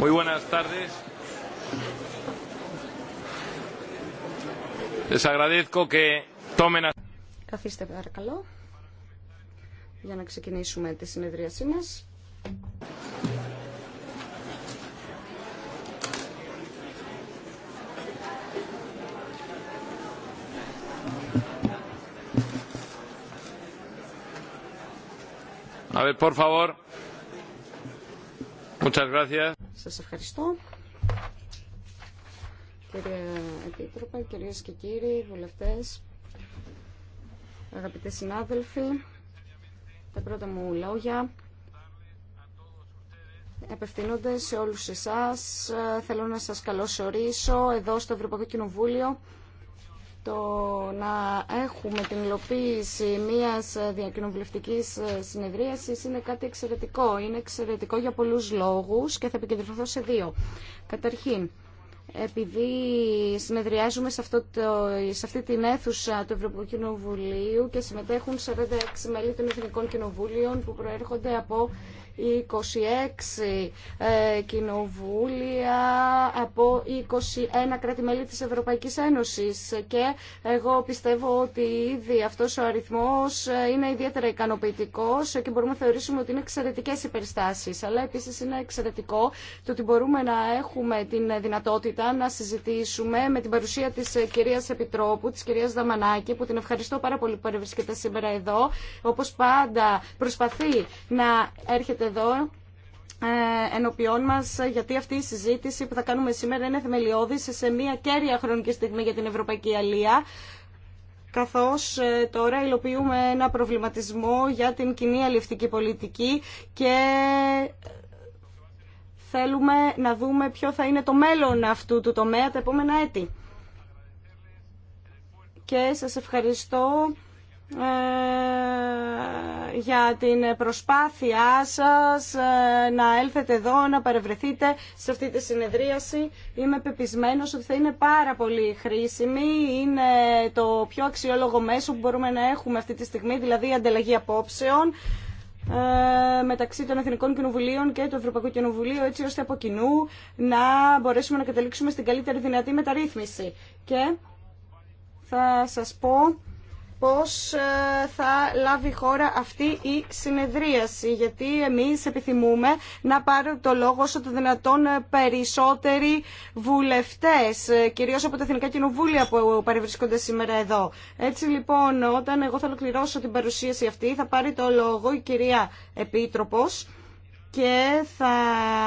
Muy buenas tardes. Les agradezco que tomen... Καθίστε παρακαλώ για να ξεκινήσουμε τη συνεδρίασή μας. A Σας ευχαριστώ. Κύριε Επίτροπε, κυρίες και κύριοι βουλευτές, αγαπητοί συνάδελφοι, τα πρώτα μου λόγια απευθύνονται σε όλους εσάς. Θέλω να σας καλωσορίσω εδώ στο Ευρωπαϊκό Κοινοβούλιο το να έχουμε την υλοποίηση μιας διακοινοβουλευτικής συνεδρίασης είναι κάτι εξαιρετικό. Είναι εξαιρετικό για πολλούς λόγους και θα επικεντρωθώ σε δύο. Καταρχήν, επειδή συνεδριάζουμε σε, αυτό το, σε αυτή την αίθουσα του Ευρωπαϊκού Κοινοβουλίου και συμμετέχουν 46 μέλη των Εθνικών Κοινοβούλιων που προέρχονται από 26 ε, κοινοβούλια από 21 κράτη-μέλη της Ευρωπαϊκής Ένωσης και εγώ πιστεύω ότι ήδη αυτός ο αριθμός ε, είναι ιδιαίτερα ικανοποιητικός και μπορούμε να θεωρήσουμε ότι είναι εξαιρετικές οι περιστάσεις. Αλλά επίσης είναι εξαιρετικό το ότι μπορούμε να έχουμε την δυνατότητα να συζητήσουμε με την παρουσία της ε, κυρίας Επιτρόπου, της κυρίας Δαμανάκη, που την ευχαριστώ πάρα πολύ που παρευρίσκεται σήμερα εδώ. Όπως πάντα προσπαθεί να έρχεται εδώ ε, ενωπιών μας γιατί αυτή η συζήτηση που θα κάνουμε σήμερα είναι θεμελιώδη σε μια κέρια χρονική στιγμή για την Ευρωπαϊκή Αλία καθώς ε, τώρα υλοποιούμε ένα προβληματισμό για την κοινή αλληλευτική πολιτική και θέλουμε να δούμε ποιο θα είναι το μέλλον αυτού του τομέα τα επόμενα έτη. Και σας ευχαριστώ ε, για την προσπάθειά σας ε, να έλθετε εδώ, να παρευρεθείτε σε αυτή τη συνεδρίαση. Είμαι πεπισμένος ότι θα είναι πάρα πολύ χρήσιμη. Είναι το πιο αξιόλογο μέσο που μπορούμε να έχουμε αυτή τη στιγμή, δηλαδή η ανταλλαγή απόψεων ε, μεταξύ των Εθνικών Κοινοβουλίων και του Ευρωπαϊκού Κοινοβουλίου, έτσι ώστε από κοινού να μπορέσουμε να καταλήξουμε στην καλύτερη δυνατή μεταρρύθμιση. Και θα σας πω πώς ε, θα λάβει η χώρα αυτή η συνεδρίαση. Γιατί εμείς επιθυμούμε να πάρουν το λόγο όσο το δυνατόν περισσότεροι βουλευτές, ε, κυρίως από τα Εθνικά Κοινοβούλια που παρευρισκόνται σήμερα εδώ. Έτσι λοιπόν, όταν εγώ θα ολοκληρώσω την παρουσίαση αυτή, θα πάρει το λόγο η κυρία Επίτροπος και θα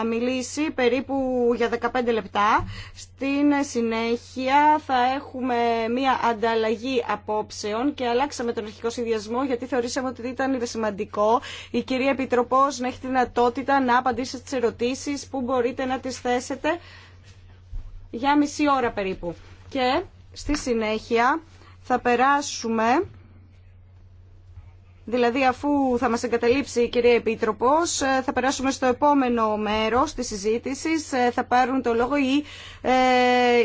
μιλήσει περίπου για 15 λεπτά. Στην συνέχεια θα έχουμε μία ανταλλαγή απόψεων και αλλάξαμε τον αρχικό συνδυασμό γιατί θεωρήσαμε ότι ήταν σημαντικό η κυρία Επιτροπός να έχει τη δυνατότητα να απαντήσει στις ερωτήσεις που μπορείτε να τις θέσετε για μισή ώρα περίπου. Και στη συνέχεια θα περάσουμε Δηλαδή αφού θα μας εγκαταλείψει η κυρία Επίτροπος ε, θα περάσουμε στο επόμενο μέρος της συζήτησης, ε, θα πάρουν το λόγο οι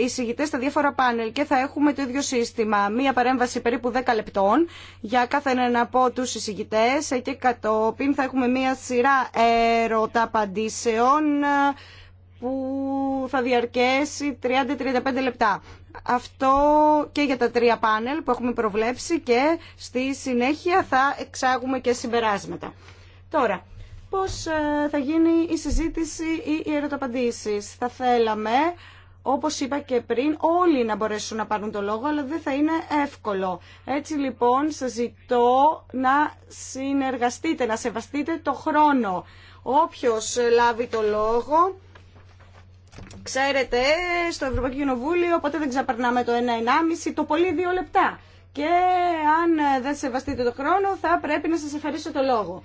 εισηγητές στα διάφορα πάνελ και θα έχουμε το ίδιο σύστημα. Μία παρέμβαση περίπου 10 λεπτών για κάθε έναν από τους εισηγητές ε, και κατόπιν θα έχουμε μία σειρά ερωταπαντήσεων που θα διαρκέσει 30-35 λεπτά. Αυτό και για τα τρία πάνελ που έχουμε προβλέψει και στη συνέχεια θα εξάγουμε και συμπεράσματα. Τώρα, πώς ε, θα γίνει η συζήτηση ή οι ερωταπαντήσεις. Θα θέλαμε, όπως είπα και πριν, όλοι να μπορέσουν να πάρουν το λόγο, αλλά δεν θα είναι εύκολο. Έτσι λοιπόν σας ζητώ να συνεργαστείτε, να σεβαστείτε το χρόνο. Όποιος λάβει το λόγο Ξέρετε, στο Ευρωπαϊκό Κοινοβούλιο ποτέ δεν ξαπερνάμε το 1,5, το πολύ δύο λεπτά. Και αν ε, δεν σεβαστείτε το χρόνο θα πρέπει να σας ευχαρίσω το λόγο.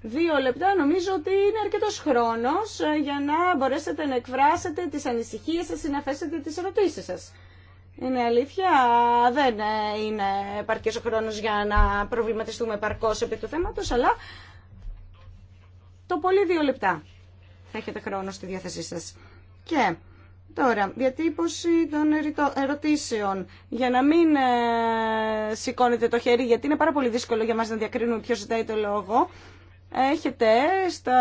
Δύο λεπτά νομίζω ότι είναι αρκετός χρόνος ε, για να μπορέσετε να εκφράσετε τις ανησυχίες σας ή να θέσετε τις ερωτήσεις σας. Είναι αλήθεια, δεν ε, είναι επαρκές ο χρόνος για να προβληματιστούμε επαρκώς επί του θέματος, αλλά το πολύ δύο λεπτά θα έχετε χρόνο στη διάθεσή σας. Και Τώρα, διατύπωση των ερωτήσεων. Για να μην ε, σηκώνετε το χέρι, γιατί είναι πάρα πολύ δύσκολο για μας να διακρίνουμε ποιος ζητάει το λόγο. Έχετε στα,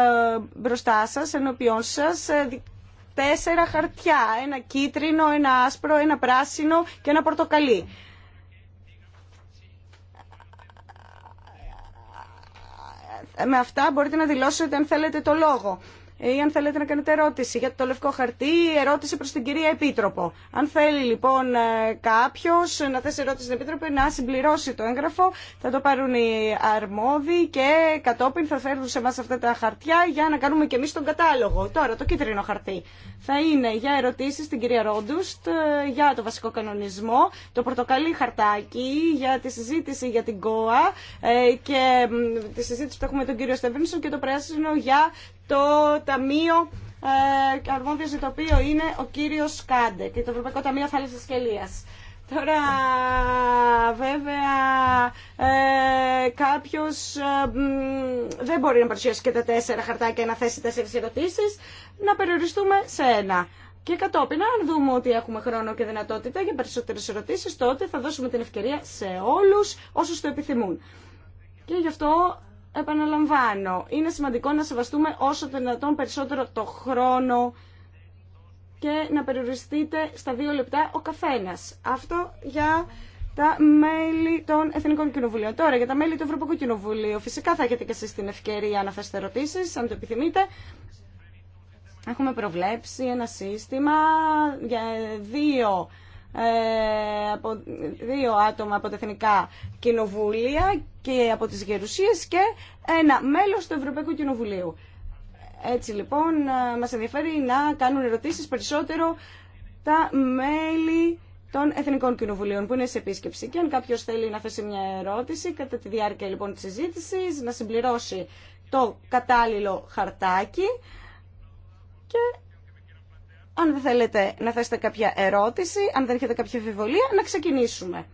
μπροστά σας, ενώπιόν σας, ε, τέσσερα χαρτιά. Ένα κίτρινο, ένα άσπρο, ένα πράσινο και ένα πορτοκαλί. Με αυτά μπορείτε να δηλώσετε αν θέλετε το λόγο ή αν θέλετε να κάνετε ερώτηση για το λευκό χαρτί, ερώτηση προς την κυρία Επίτροπο. Αν θέλει λοιπόν ε, κάποιος να θέσει ερώτηση στην Επίτροπο, να συμπληρώσει το έγγραφο, θα το πάρουν οι αρμόδιοι και κατόπιν θα φέρουν σε εμάς αυτά τα χαρτιά για να κάνουμε και εμείς τον κατάλογο. Τώρα το κίτρινο χαρτί θα είναι για ερωτήσεις στην κυρία Ρόντουστ ε, για το βασικό κανονισμό, το πορτοκαλί χαρτάκι για τη συζήτηση για την ΚΟΑ ε, και τη συζήτηση που έχουμε τον κύριο Στεβίνσον και το πράσινο για το Ταμείο ε, για το οποίο είναι ο κύριο Κάντε και το Ευρωπαϊκό Ταμείο Θάλασσα και Τώρα βέβαια ε, κάποιος ε, δεν μπορεί να παρουσιάσει και τα τέσσερα χαρτάκια να θέσει τέσσερι ερωτήσει, να περιοριστούμε σε ένα. Και κατόπιν, αν δούμε ότι έχουμε χρόνο και δυνατότητα για περισσότερε ερωτήσει, τότε θα δώσουμε την ευκαιρία σε όλου, όσου το επιθυμούν. Και γι' αυτό επαναλαμβάνω, είναι σημαντικό να σεβαστούμε όσο το δυνατόν περισσότερο το χρόνο και να περιοριστείτε στα δύο λεπτά ο καθένας. Αυτό για τα μέλη των Εθνικών Κοινοβουλίων. Τώρα, για τα μέλη του Ευρωπαϊκού Κοινοβουλίου, φυσικά θα έχετε και εσείς την ευκαιρία να θέσετε ερωτήσει, αν το επιθυμείτε. Έχουμε προβλέψει ένα σύστημα για δύο, ε, δύο άτομα από τα Εθνικά Κοινοβούλια και από τις γερουσίες και ένα μέλος του Ευρωπαϊκού Κοινοβουλίου. Έτσι λοιπόν ε, μας ενδιαφέρει να κάνουν ερωτήσεις περισσότερο τα μέλη των Εθνικών Κοινοβουλίων που είναι σε επίσκεψη. Και αν κάποιο θέλει να θέσει μια ερώτηση κατά τη διάρκεια λοιπόν της συζήτησης, να συμπληρώσει το κατάλληλο χαρτάκι και αν δεν θέλετε να θέσετε κάποια ερώτηση, αν δεν έχετε κάποια αμφιβολία, να ξεκινήσουμε.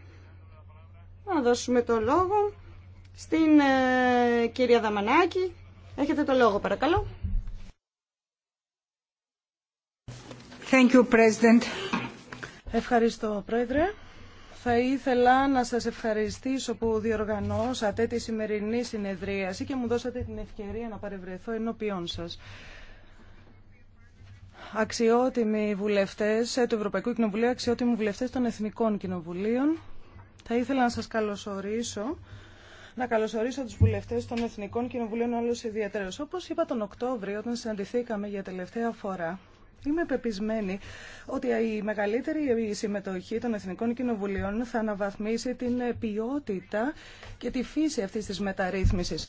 Να δώσουμε το λόγο στην ε, κυρία Δαμανάκη. Έχετε το λόγο παρακαλώ. Thank you, President. Ευχαριστώ, Πρόεδρε. Θα ήθελα να σας ευχαριστήσω που διοργανώσατε τη σημερινή συνεδρίαση και μου δώσατε την ευκαιρία να παρευρεθώ ενώπιόν σας. Αξιότιμοι βουλευτές ε, του Ευρωπαϊκού Κοινοβουλίου, αξιότιμοι βουλευτές των Εθνικών Κοινοβουλίων, θα ήθελα να σας καλωσορίσω να καλωσορίσω του βουλευτέ των Εθνικών Κοινοβουλίων όλους ιδιαίτερω. Όπω είπα τον Οκτώβριο όταν συναντηθήκαμε για τελευταία φορά, Είμαι πεπισμένη ότι η μεγαλύτερη συμμετοχή των Εθνικών Κοινοβουλίων θα αναβαθμίσει την ποιότητα και τη φύση αυτή τη μεταρρύθμισης.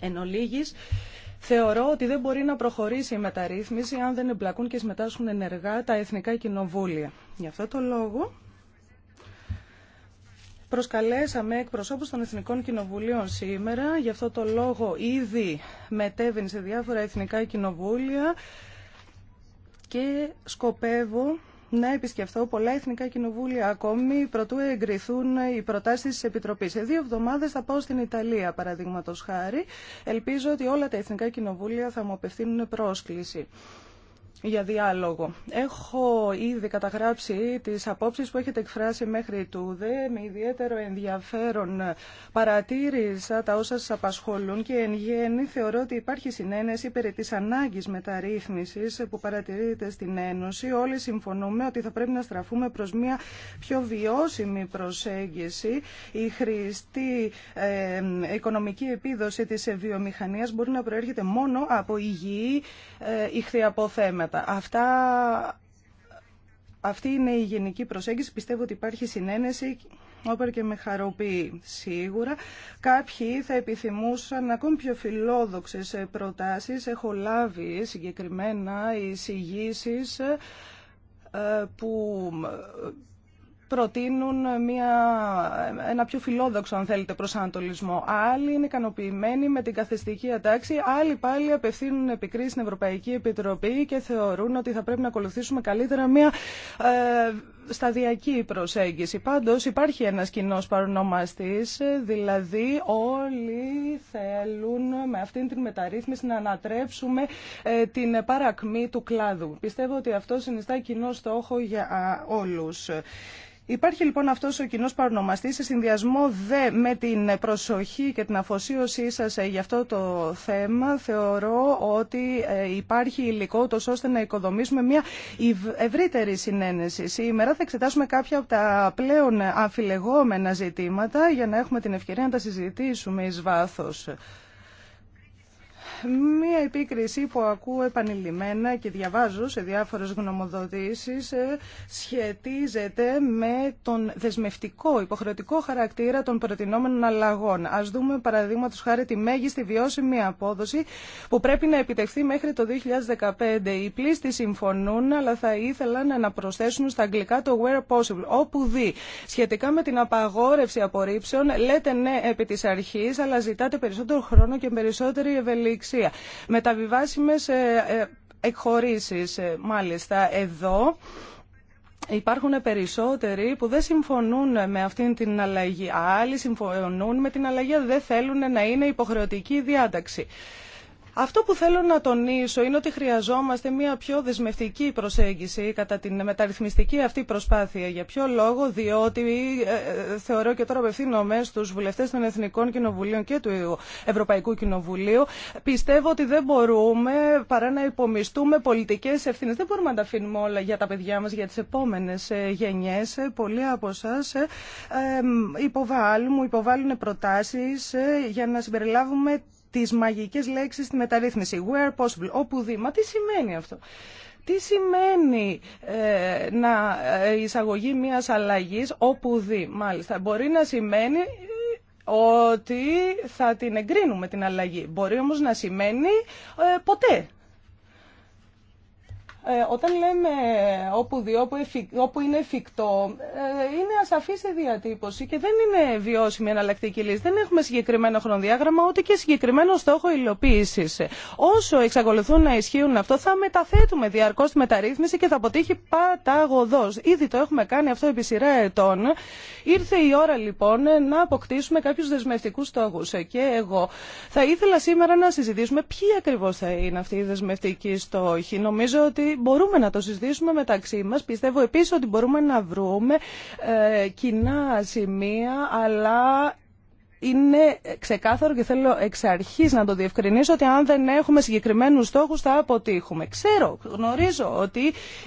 Εν ολίγης, θεωρώ ότι δεν μπορεί να προχωρήσει η μεταρρύθμιση αν δεν εμπλακούν και συμμετάσχουν ενεργά τα Εθνικά Κοινοβούλια. Γι' αυτό το λόγο Προσκαλέσαμε εκπροσώπου των Εθνικών Κοινοβουλίων σήμερα, γι' αυτό το λόγο ήδη μετέβην σε διάφορα εθνικά κοινοβούλια και σκοπεύω να επισκεφθώ πολλά εθνικά κοινοβούλια ακόμη προτού εγκριθούν οι προτάσει τη Επιτροπή. Σε δύο εβδομάδε θα πάω στην Ιταλία, παραδείγματο χάρη. Ελπίζω ότι όλα τα εθνικά κοινοβούλια θα μου απευθύνουν πρόσκληση για διάλογο. Έχω ήδη καταγράψει τις απόψεις που έχετε εκφράσει μέχρι τούδε. Με ιδιαίτερο ενδιαφέρον παρατήρησα τα όσα σας απασχολούν και εν γέννη θεωρώ ότι υπάρχει συνένεση περί της ανάγκης μεταρρύθμισης που παρατηρείται στην Ένωση. Όλοι συμφωνούμε ότι θα πρέπει να στραφούμε προς μια πιο βιώσιμη προσέγγιση. Η χρηστή ε, οικονομική επίδοση της βιομηχανίας μπορεί να προέρχεται μόνο από υγιή ε, ηχθιαποθέμε. Αυτά αυτή είναι η γενική προσέγγιση. Πιστεύω ότι υπάρχει συνένεση, όπερ και με χαροποιεί σίγουρα. Κάποιοι θα επιθυμούσαν ακόμη πιο φιλόδοξες προτάσεις. Έχω λάβει συγκεκριμένα εισηγήσει ε, που προτείνουν μια, ένα πιο φιλόδοξο, αν θέλετε, προσανατολισμό. Άλλοι είναι ικανοποιημένοι με την καθεστική ατάξη, άλλοι πάλι απευθύνουν επικρίσεις στην Ευρωπαϊκή Επιτροπή και θεωρούν ότι θα πρέπει να ακολουθήσουμε καλύτερα μια ε, σταδιακή προσέγγιση. Πάντως υπάρχει ένας κοινός παρονομαστή, δηλαδή όλοι θέλουν με αυτήν την μεταρρύθμιση να ανατρέψουμε ε, την παρακμή του κλάδου. Πιστεύω ότι αυτό συνιστά κοινό στόχο για όλους. Υπάρχει λοιπόν αυτός ο κοινός παρονομαστής σε συνδυασμό δε με την προσοχή και την αφοσίωσή σας ε, για αυτό το θέμα. Θεωρώ ότι ε, υπάρχει υλικό ώστε να οικοδομήσουμε μια ευρύτερη συνένεση θα εξετάσουμε κάποια από τα πλέον αφιλεγόμενα ζητήματα για να έχουμε την ευκαιρία να τα συζητήσουμε εις βάθος. Μία επίκριση που ακούω επανειλημμένα και διαβάζω σε διάφορες γνωμοδοτήσεις ε, σχετίζεται με τον δεσμευτικό, υποχρεωτικό χαρακτήρα των προτινόμενων αλλαγών. Ας δούμε παραδείγματο χάρη τη μέγιστη βιώσιμη απόδοση που πρέπει να επιτευχθεί μέχρι το 2015. Οι πλήστοι συμφωνούν, αλλά θα ήθελαν να προσθέσουν στα αγγλικά το where possible, όπου δει. Σχετικά με την απαγόρευση απορρίψεων, λέτε ναι επί της αρχής, αλλά ζητάτε περισσότερο χρόνο και περισσότερη ευελίξη τα Μεταβιβάσιμες ε, ε, εκχωρήσεις, ε, μάλιστα, εδώ... Υπάρχουν περισσότεροι που δεν συμφωνούν με αυτήν την αλλαγή. Άλλοι συμφωνούν με την αλλαγή, δεν θέλουν να είναι υποχρεωτική διάταξη. Αυτό που θέλω να τονίσω είναι ότι χρειαζόμαστε μια πιο δεσμευτική προσέγγιση κατά την μεταρρυθμιστική αυτή προσπάθεια. Για ποιο λόγο, διότι ε, ε, θεωρώ και τώρα απευθύνομαι στου βουλευτέ των Εθνικών Κοινοβουλίων και του Ευρωπαϊκού Κοινοβουλίου, πιστεύω ότι δεν μπορούμε παρά να υπομιστούμε πολιτικέ ευθύνε. Δεν μπορούμε να τα αφήνουμε όλα για τα παιδιά μα, για τι επόμενε ε, γενιέ. Πολλοί από εσά υποβάλλουν προτάσει για να συμπεριλάβουμε τις μαγικές λέξεις στη μεταρρύθμιση. Where possible, όπου δει. Μα τι σημαίνει αυτό. Τι σημαίνει ε, να ε, εισαγωγή μιας αλλαγής όπου δει. Μάλιστα, μπορεί να σημαίνει ε, ότι θα την εγκρίνουμε την αλλαγή. Μπορεί όμως να σημαίνει ε, ποτέ ε, όταν λέμε όπου όπου, όπου είναι εφικτό, ε, είναι ασαφή η διατύπωση και δεν είναι βιώσιμη εναλλακτική λύση. Δεν έχουμε συγκεκριμένο χρονοδιάγραμμα, ούτε και συγκεκριμένο στόχο υλοποίηση. Όσο εξακολουθούν να ισχύουν αυτό, θα μεταθέτουμε διαρκώ τη μεταρρύθμιση και θα αποτύχει παταγωδό. Ήδη το έχουμε κάνει αυτό επί σειρά ετών. Ήρθε η ώρα λοιπόν να αποκτήσουμε κάποιου δεσμευτικού στόχου. Και εγώ θα ήθελα σήμερα να συζητήσουμε ποιοι ακριβώ θα είναι αυτοί οι δεσμευτικοί στόχοι. Νομίζω ότι μπορούμε να το συζητήσουμε μεταξύ μας. Πιστεύω επίσης ότι μπορούμε να βρούμε ε, κοινά σημεία, αλλά είναι ξεκάθαρο και θέλω εξ αρχή να το διευκρινίσω ότι αν δεν έχουμε συγκεκριμένου στόχου θα αποτύχουμε. Ξέρω, γνωρίζω ότι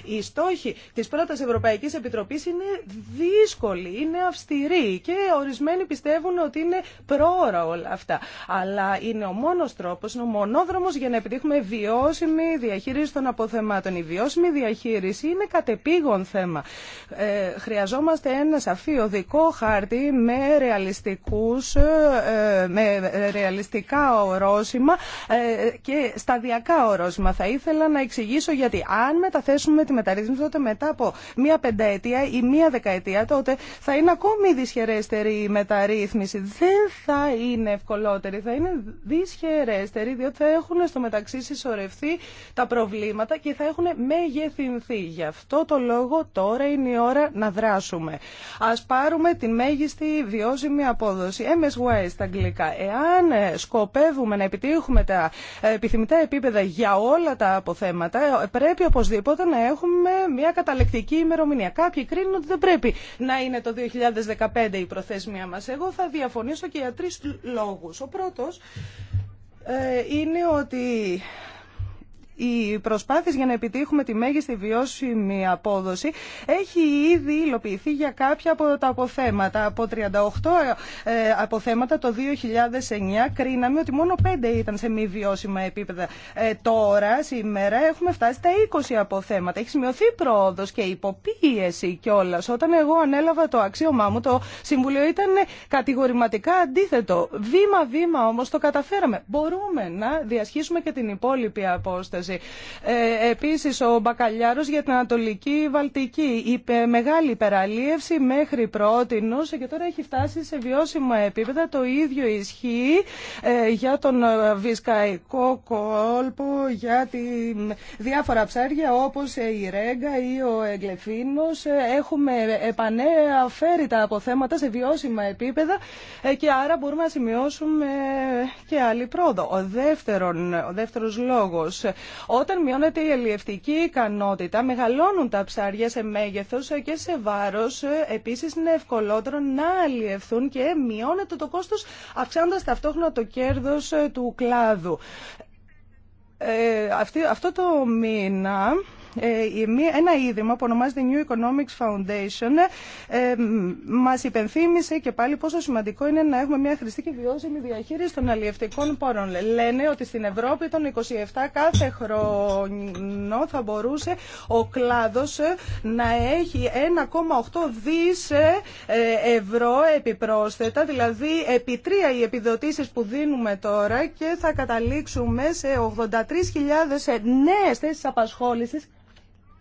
οι στόχοι τη πρώτη Ευρωπαϊκή Επιτροπή είναι δύσκολοι, είναι αυστηροί και ορισμένοι πιστεύουν ότι είναι πρόωρα όλα αυτά. Αλλά είναι ο μόνο τρόπο, είναι ο μονόδρομο για να επιτύχουμε βιώσιμη διαχείριση των αποθεμάτων. Η βιώσιμη διαχείριση είναι κατεπήγον θέμα. Ε, χρειαζόμαστε ένα σαφή οδικό χάρτη με ρεαλιστικού ε, με ρεαλιστικά ορόσημα ε, και σταδιακά ορόσημα. Θα ήθελα να εξηγήσω γιατί αν μεταθέσουμε τη μεταρρύθμιση τότε μετά από μία πενταετία ή μία δεκαετία τότε θα είναι ακόμη δυσχερέστερη η μεταρρύθμιση. Δεν θα είναι ευκολότερη, θα είναι δυσχερέστερη διότι θα έχουν στο μεταξύ συσσωρευτεί τα προβλήματα και θα έχουν μεγεθυνθεί. Γι' αυτό το λόγο τώρα είναι η ώρα να δράσουμε. Ας πάρουμε τη μέγιστη βιώσιμη απόδοση. Ε, στα αγγλικά. Εάν ε, σκοπεύουμε να επιτύχουμε τα ε, επιθυμητά επίπεδα για όλα τα αποθέματα, ε, πρέπει οπωσδήποτε να έχουμε μια καταλεκτική ημερομηνία. Κάποιοι κρίνουν ότι δεν πρέπει να είναι το 2015 η προθέσμια μας. Εγώ θα διαφωνήσω και για τρεις λόγους. Ο πρώτος είναι ότι οι προσπάθειες για να επιτύχουμε τη μέγιστη βιώσιμη απόδοση έχει ήδη υλοποιηθεί για κάποια από τα αποθέματα. Από 38 ε, αποθέματα το 2009 κρίναμε ότι μόνο 5 ήταν σε μη βιώσιμα επίπεδα. Ε, τώρα, σήμερα, έχουμε φτάσει στα 20 αποθέματα. Έχει σημειωθεί πρόοδο και υποπίεση κιόλα. Όταν εγώ ανέλαβα το αξίωμά μου, το Συμβουλίο ήταν κατηγορηματικά αντίθετο. Βήμα-βήμα όμω το καταφέραμε. Μπορούμε να διασχίσουμε και την υπόλοιπη απόσταση. Ε, επίσης, ο μπακαλιάρο για την Ανατολική Βαλτική. Η μεγάλη υπεραλίευση μέχρι νόση και τώρα έχει φτάσει σε βιώσιμα επίπεδα. Το ίδιο ισχύει ε, για τον ε, Βισκαϊκό κόλπο, για τη διάφορα ψάρια όπως η Ρέγκα ή ο Εγκλεφίνος. Έχουμε επανέφερει τα αποθέματα σε βιώσιμα επίπεδα και άρα μπορούμε να σημειώσουμε και άλλη πρόοδο. Ο, δεύτερον, ο λόγος όταν μειώνεται η ελιευτική ικανότητα, μεγαλώνουν τα ψάρια σε μέγεθο και σε βάρο. Επίση, είναι ευκολότερο να αλλιευθούν και μειώνεται το κόστο, αυξάνοντα ταυτόχρονα το κέρδο ε, του κλάδου. Ε, αυτό το μήνα ε, ένα ίδρυμα που ονομάζεται New Economics Foundation ε, μας υπενθύμησε και πάλι πόσο σημαντικό είναι να έχουμε μια χρηστή και βιώσιμη διαχείριση των αλλιευτικών πόρων. Λένε ότι στην Ευρώπη των 27 κάθε χρόνο θα μπορούσε ο κλάδος ε, να έχει 1,8 δις ευρώ επιπρόσθετα, δηλαδή επί τρία οι επιδοτήσεις που δίνουμε τώρα και θα καταλήξουμε σε 83.000 νέες θέσεις απασχόλησης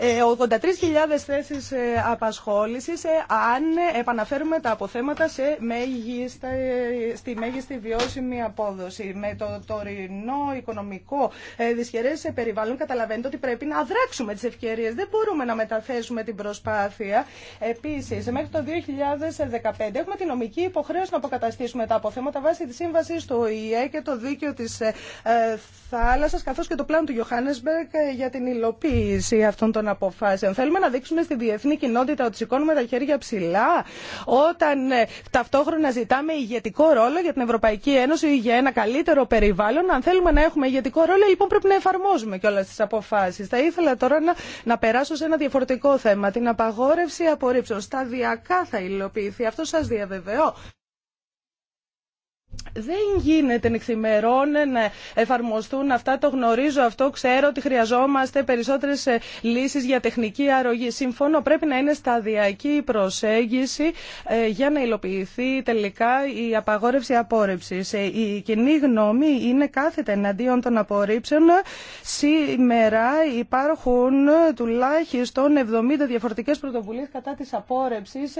83.000 ε, θέσεις ε, απασχόλησης ε, αν επαναφέρουμε τα αποθέματα σε μέγιστα, στη μέγιστη βιώσιμη απόδοση. Με το τωρινό οικονομικό δυσχερές περιβάλλον καταλαβαίνετε ότι πρέπει να δράξουμε τις ευκαιρίες. Δεν μπορούμε να μεταθέσουμε την προσπάθεια. Επίσης, μέχρι το 2015 έχουμε τη νομική υποχρέωση να αποκαταστήσουμε τα αποθέματα βάσει τη σύμβαση του ΙΕ και το δίκαιο της θάλασσας καθώς και το πλάνο του Johannesburg για την υλοποίηση αυτών των των αποφάσεων. Θέλουμε να δείξουμε στη διεθνή κοινότητα ότι σηκώνουμε τα χέρια ψηλά όταν ε, ταυτόχρονα ζητάμε ηγετικό ρόλο για την Ευρωπαϊκή Ένωση για ένα καλύτερο περιβάλλον. Αν θέλουμε να έχουμε ηγετικό ρόλο, λοιπόν πρέπει να εφαρμόζουμε και όλε τι αποφάσει. Θα ήθελα τώρα να, να περάσω σε ένα διαφορετικό θέμα, την απαγόρευση απορρίψεων. Σταδιακά θα υλοποιηθεί. Αυτό σα διαβεβαιώ δεν γίνεται νυχθημερών να εφαρμοστούν αυτά, το γνωρίζω αυτό, ξέρω ότι χρειαζόμαστε περισσότερε ε, λύσει για τεχνική αρρωγή. Συμφώνω, πρέπει να είναι σταδιακή η προσέγγιση ε, για να υλοποιηθεί τελικά η απαγόρευση Ε, Η κοινή γνώμη είναι κάθετα εναντίον των απορρίψεων. Σήμερα υπάρχουν ε, τουλάχιστον 70 διαφορετικέ πρωτοβουλίε κατά της απόρρεψης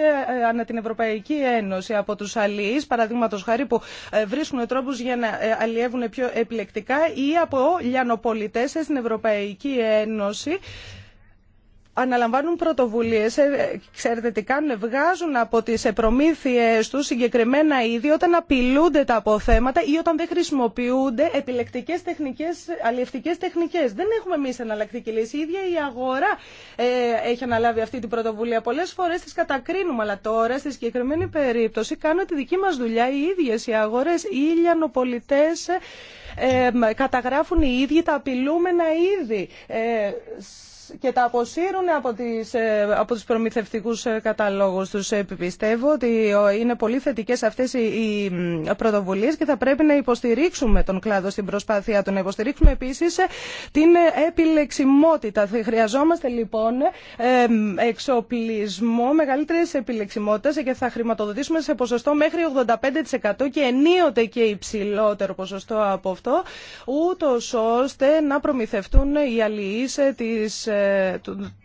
ανά την Ευρωπαϊκή Ένωση από του αλληλεί, παραδείγματο χάρη που ε, βρίσκουν τρόπους για να ε, αλλιεύουν πιο επιλεκτικά ή από λιανοπολιτές στην Ευρωπαϊκή Ένωση αναλαμβάνουν πρωτοβουλίες, ε, ξέρετε τι κάνουν, βγάζουν από τις προμήθειές του συγκεκριμένα είδη όταν απειλούνται τα αποθέματα ή όταν δεν χρησιμοποιούνται επιλεκτικές τεχνικές, αλλιευτικές τεχνικές. Δεν έχουμε εμείς εναλλακτική λύση. Η ίδια η αγορά ε, έχει αναλάβει αυτή την πρωτοβουλία. Πολλές φορές τις κατακρίνουμε, αλλά τώρα στη συγκεκριμένη περίπτωση κάνουν τη δική μας δουλειά οι ίδιες οι αγορές, οι ηλιανοπολιτές ε, καταγράφουν οι ίδιοι τα απειλούμενα είδη. Ε, και τα αποσύρουν από, τις, ε, από τους προμηθευτικούς ε, καταλόγους τους. Επιπιστεύω ότι είναι πολύ θετικές αυτές οι πρωτοβουλίες και θα πρέπει να υποστηρίξουμε τον κλάδο στην προσπάθειά του. Να υποστηρίξουμε επίσης ε, την επιλεξιμότητα. Χρειαζόμαστε λοιπόν εξοπλισμό μεγαλύτερη επιλεξιμότητα και θα χρηματοδοτήσουμε σε ποσοστό μέχρι 85% και ενίοτε και υψηλότερο ποσοστό από αυτό, ούτως ώστε να προμηθευτούν οι αλληλείς τις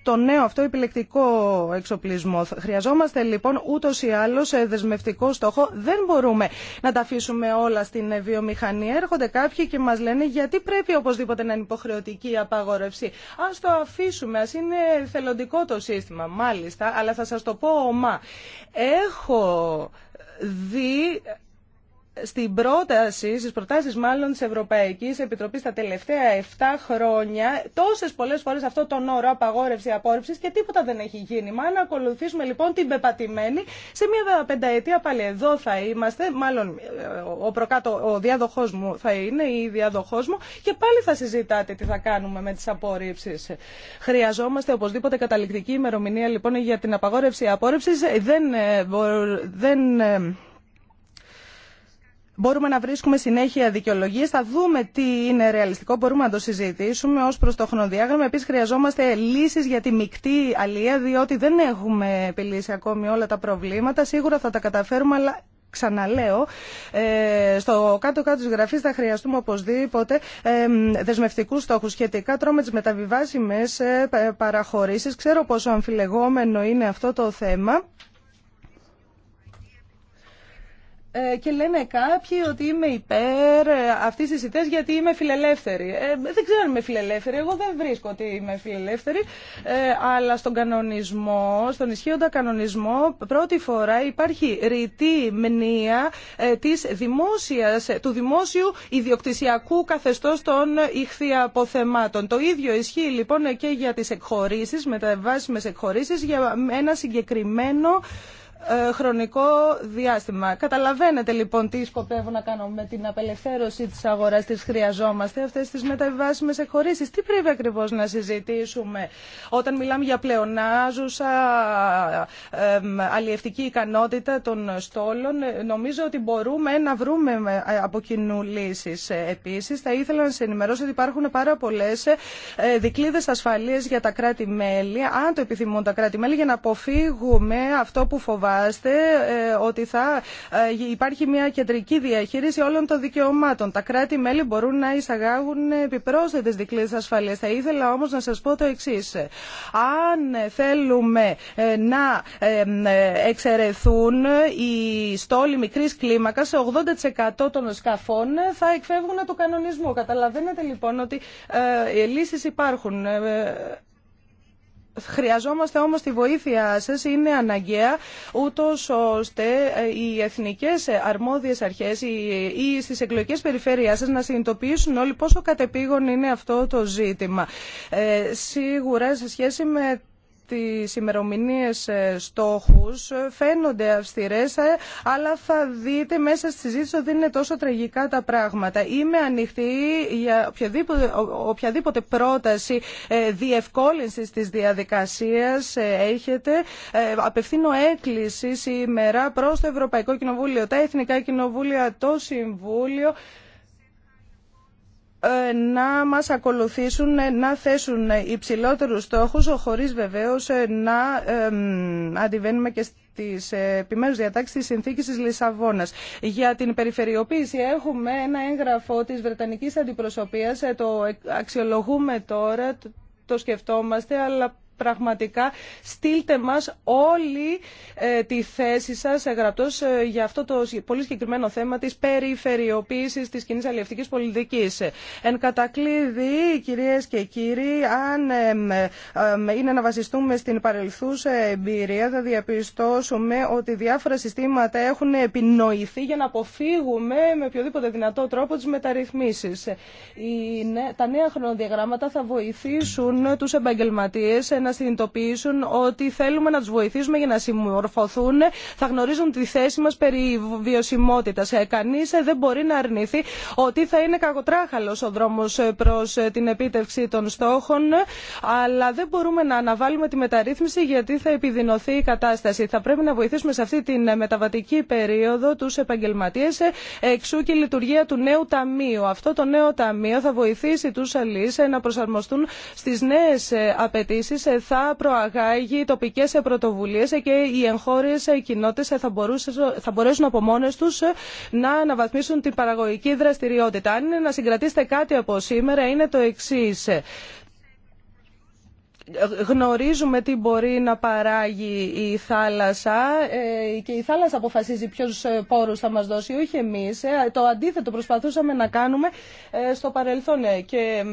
το νέο αυτό επιλεκτικό εξοπλισμό. Χρειαζόμαστε λοιπόν ούτω ή άλλω ε, δεσμευτικό στόχο. Δεν μπορούμε να τα αφήσουμε όλα στην ε, βιομηχανία. Έρχονται κάποιοι και μα λένε γιατί πρέπει οπωσδήποτε να είναι υποχρεωτική η απαγόρευση. Α το αφήσουμε, α είναι θελοντικό το σύστημα, μάλιστα, αλλά θα σα το πω ομά. Έχω δει στην πρόταση, στις προτάσεις μάλλον της Ευρωπαϊκής Επιτροπής τα τελευταία 7 χρόνια τόσες πολλές φορές αυτό τον όρο απαγόρευση απόρριψης και τίποτα δεν έχει γίνει. Μα αν ακολουθήσουμε λοιπόν την πεπατημένη σε μια πενταετία πάλι εδώ θα είμαστε, μάλλον ε, ο, προκάτω, ο διάδοχός μου θα είναι ή η διάδοχός μου και πάλι θα συζητάτε τι θα κάνουμε με τις απόρριψεις. Χρειαζόμαστε οπωσδήποτε καταληκτική ημερομηνία λοιπόν για την απαγόρευση απόρριψης. Δεν, ε, δεν ε, Μπορούμε να βρίσκουμε συνέχεια δικαιολογίε. Θα δούμε τι είναι ρεαλιστικό. Μπορούμε να το συζητήσουμε ω προ το χρονοδιάγραμμα. Επίση, χρειαζόμαστε λύσει για τη μεικτή αλία, διότι δεν έχουμε επιλύσει ακόμη όλα τα προβλήματα. Σίγουρα θα τα καταφέρουμε, αλλά ξαναλέω, ε, στο κάτω-κάτω της γραφής θα χρειαστούμε οπωσδήποτε ε, δεσμευτικούς στόχους σχετικά τρώμε τις μεταβιβάσιμες ε, παραχωρήσεις. Ξέρω πόσο αμφιλεγόμενο είναι αυτό το θέμα. Ε, και λένε κάποιοι ότι είμαι υπέρ ε, αυτή τη ιδέα γιατί είμαι φιλελεύθερη. Ε, δεν ξέρω αν είμαι φιλελεύθερη. Εγώ δεν βρίσκω ότι είμαι φιλελεύθερη. αλλά στον κανονισμό, στον ισχύοντα κανονισμό, πρώτη φορά υπάρχει ρητή μνήμα της δημόσιας, του δημόσιου ιδιοκτησιακού καθεστώ των ηχθιαποθεμάτων. Το ίδιο ισχύει λοιπόν και για τι εκχωρήσει, μεταβάσιμε εκχωρήσει, για ένα συγκεκριμένο ε, χρονικό διάστημα. Καταλαβαίνετε λοιπόν τι σκοπεύω να κάνω με την απελευθέρωση της αγοράς, τις χρειαζόμαστε αυτές τις μεταβιβάσιμες εκχωρήσει. Τι πρέπει ακριβώς να συζητήσουμε όταν μιλάμε για πλεονάζουσα ε, ε, αλλιευτική ικανότητα των στόλων. Νομίζω ότι μπορούμε να βρούμε από κοινού λύσεις. Επίσης θα ήθελα να σε ενημερώσω ότι υπάρχουν πάρα πολλές δικλείδες ασφαλείας για τα κράτη-μέλη, αν το επιθυμούν τα κράτη-μέλη, για να αποφύγουμε αυτό που φοβάμαι φοβάστε ε, ότι θα ε, υπάρχει μια κεντρική διαχείριση όλων των δικαιωμάτων. Τα κράτη-μέλη μπορούν να εισαγάγουν επιπρόσθετες δικλείδες ασφαλείας. Θα ήθελα όμως να σας πω το εξή. Αν θέλουμε ε, να εξαιρεθούν οι στόλοι μικρής κλίμακας, 80% των σκαφών θα εκφεύγουν το κανονισμό. Καταλαβαίνετε λοιπόν ότι λύσει υπάρχουν. Χρειαζόμαστε όμως τη βοήθειά σας, είναι αναγκαία, ούτως ώστε ε, οι εθνικές αρμόδιες αρχές ή στις εκλογικές περιφέρειές σας να συνειδητοποιήσουν όλοι πόσο κατεπήγον είναι αυτό το ζήτημα. Ε, σίγουρα σε σχέση με τι ημερομηνίες ε, στόχους ε, φαίνονται αυστηρές ε, αλλά θα δείτε μέσα στη συζήτηση ότι είναι τόσο τραγικά τα πράγματα. Είμαι ανοιχτή για οποιαδήποτε, οποιαδήποτε πρόταση διευκόλυνσης της διαδικασίας έχετε. Απευθύνω έκκληση σήμερα προς το Ευρωπαϊκό Κοινοβούλιο, τα Εθνικά Κοινοβούλια, το Συμβούλιο ε, να μας ακολουθήσουν, ε, να θέσουν υψηλότερους στόχους, χωρίς βεβαίως ε, να αντιβαίνουμε και στις επιμέρους διατάξεις της συνθήκης της Λισαβόνας. Για την περιφερειοποίηση έχουμε ένα έγγραφο της Βρετανικής Αντιπροσωπείας, το αξιολογούμε τώρα, το σκεφτόμαστε, αλλά πραγματικά στείλτε μας όλη ε, τη θέση σας ε, γραπτός ε, για αυτό το πολύ συγκεκριμένο θέμα της περιφερειοποίησης της κοινή αλληλευτικής πολιτικής. Εν κατακλείδη, κυρίες και κύριοι, αν είναι να βασιστούμε στην παρελθούσα εμπειρία, θα διαπιστώσουμε ότι διάφορα συστήματα έχουν επινοηθεί για να αποφύγουμε με οποιοδήποτε δυνατό τρόπο τις μεταρρυθμίσεις. Τα νέα χρονοδιαγράμματα θα βοηθήσουν τους επαγγελματίες να συνειδητοποιήσουν ότι θέλουμε να του βοηθήσουμε για να συμμορφωθούν, θα γνωρίζουν τη θέση μα περί βιωσιμότητας. Ε, κανείς ε, δεν μπορεί να αρνηθεί ότι θα είναι κακοτράχαλος ο δρόμος ε, προς την επίτευξη των στόχων, αλλά δεν μπορούμε να αναβάλουμε τη μεταρρύθμιση γιατί θα επιδεινωθεί η κατάσταση. Θα πρέπει να βοηθήσουμε σε αυτή τη μεταβατική περίοδο τους επαγγελματίε εξού και η λειτουργία του νέου ταμείου. Αυτό το νέο ταμείο θα βοηθήσει του αλλήλου να προσαρμοστούν στι νέε απαιτήσει θα προαγάγει τοπικέ πρωτοβουλίε και οι εγχώριε κοινότητε θα, θα μπορέσουν από μόνε του να αναβαθμίσουν την παραγωγική δραστηριότητα. Αν είναι να συγκρατήσετε κάτι από σήμερα είναι το εξή γνωρίζουμε τι μπορεί να παράγει η θάλασσα ε, και η θάλασσα αποφασίζει ποιου ε, πόρου θα μα δώσει, όχι εμείς. Ε, το αντίθετο προσπαθούσαμε να κάνουμε στο παρελθόν και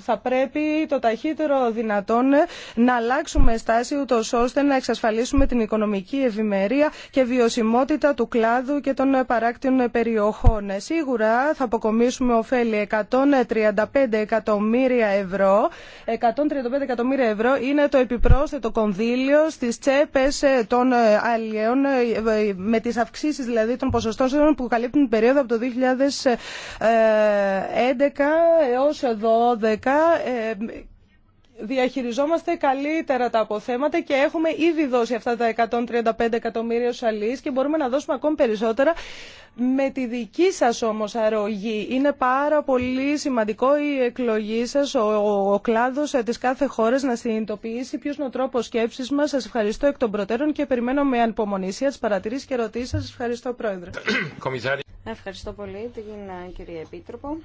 θα πρέπει το ταχύτερο δυνατόν να αλλάξουμε στάση ούτω ώστε να εξασφαλίσουμε την οικονομική ευημερία και βιωσιμότητα του κλάδου και των παράκτιων περιοχών. Σίγουρα θα αποκομίσουμε ωφέλη 135 εκατομμύρια ευρώ, 135 εκατομμύρια ευρώ είναι το επιπρόσθετο κονδύλιο στι τσέπε ε, των ε, αλλιών ε, με τι αυξήσει δηλαδή των ποσοστών που καλύπτουν την περίοδο από το 2011 έω 2012 διαχειριζόμαστε καλύτερα τα αποθέματα και έχουμε ήδη δώσει αυτά τα 135 εκατομμύρια σαλής και μπορούμε να δώσουμε ακόμη περισσότερα με τη δική σας όμως αρρωγή. Είναι πάρα πολύ σημαντικό η εκλογή σας, ο, ο, ο κλάδος ε, της κάθε χώρας να συνειδητοποιήσει ποιος είναι ο τρόπος σκέψης μας. Σας ευχαριστώ εκ των προτέρων και περιμένω με ανυπομονησία τις παρατηρήσεις και ερωτήσεις σας. Ευχαριστώ Πρόεδρε. Ευχαριστώ πολύ την ε, κυρία Επίτροπο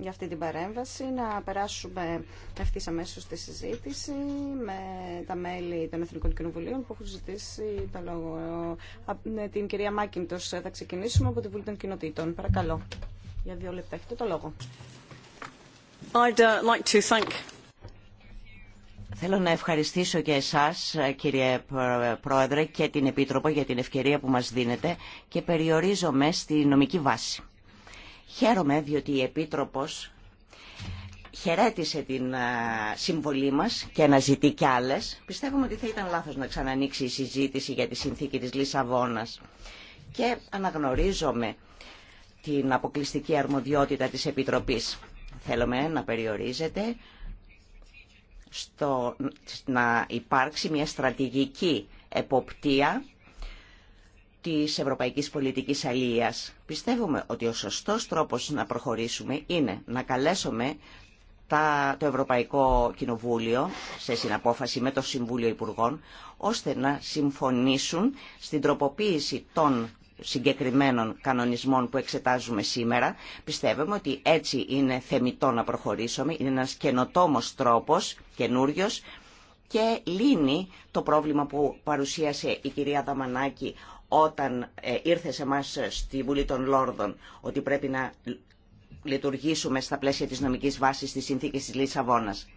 για αυτή την παρέμβαση, να περάσουμε ευθύ αμέσω στη συζήτηση με τα μέλη των Εθνικών Κοινοβουλίων που έχουν ζητήσει το λόγο. την κυρία Μάκιντο ε, θα ξεκινήσουμε από τη Βουλή των Κοινοτήτων. Παρακαλώ. Για δύο λεπτά έχετε το λόγο. I'd uh, like to thank... Θέλω να ευχαριστήσω και εσάς ε, κύριε ε, Πρόεδρε και την Επίτροπο για την ευκαιρία που μας δίνετε και περιορίζομαι στη νομική βάση. Χαίρομαι διότι η Επίτροπος χαιρέτησε την συμβολή μας και αναζητεί κι άλλες. Πιστεύουμε ότι θα ήταν λάθος να ξανανοίξει η συζήτηση για τη συνθήκη της Λισαβόνας. Και αναγνωρίζομαι την αποκλειστική αρμοδιότητα της Επιτροπής. Θέλουμε να περιορίζεται στο να υπάρξει μια στρατηγική εποπτεία της ευρωπαϊκής πολιτικής αλίας. Πιστεύουμε ότι ο σωστός τρόπος να προχωρήσουμε είναι να καλέσουμε τα, το Ευρωπαϊκό Κοινοβούλιο σε συναπόφαση με το Συμβούλιο Υπουργών ώστε να συμφωνήσουν στην τροποποίηση των συγκεκριμένων κανονισμών που εξετάζουμε σήμερα. Πιστεύουμε ότι έτσι είναι θεμητό να προχωρήσουμε, είναι ένας καινοτόμος τρόπος, καινούριο και λύνει το πρόβλημα που παρουσίασε η κυρία Δαμανάκη όταν ε, ήρθε σε εμά ε, στη Βουλή των Λόρδων ότι πρέπει να λειτουργήσουμε στα πλαίσια της νομικής βάσης της συνθήκης της Λισαβόνας.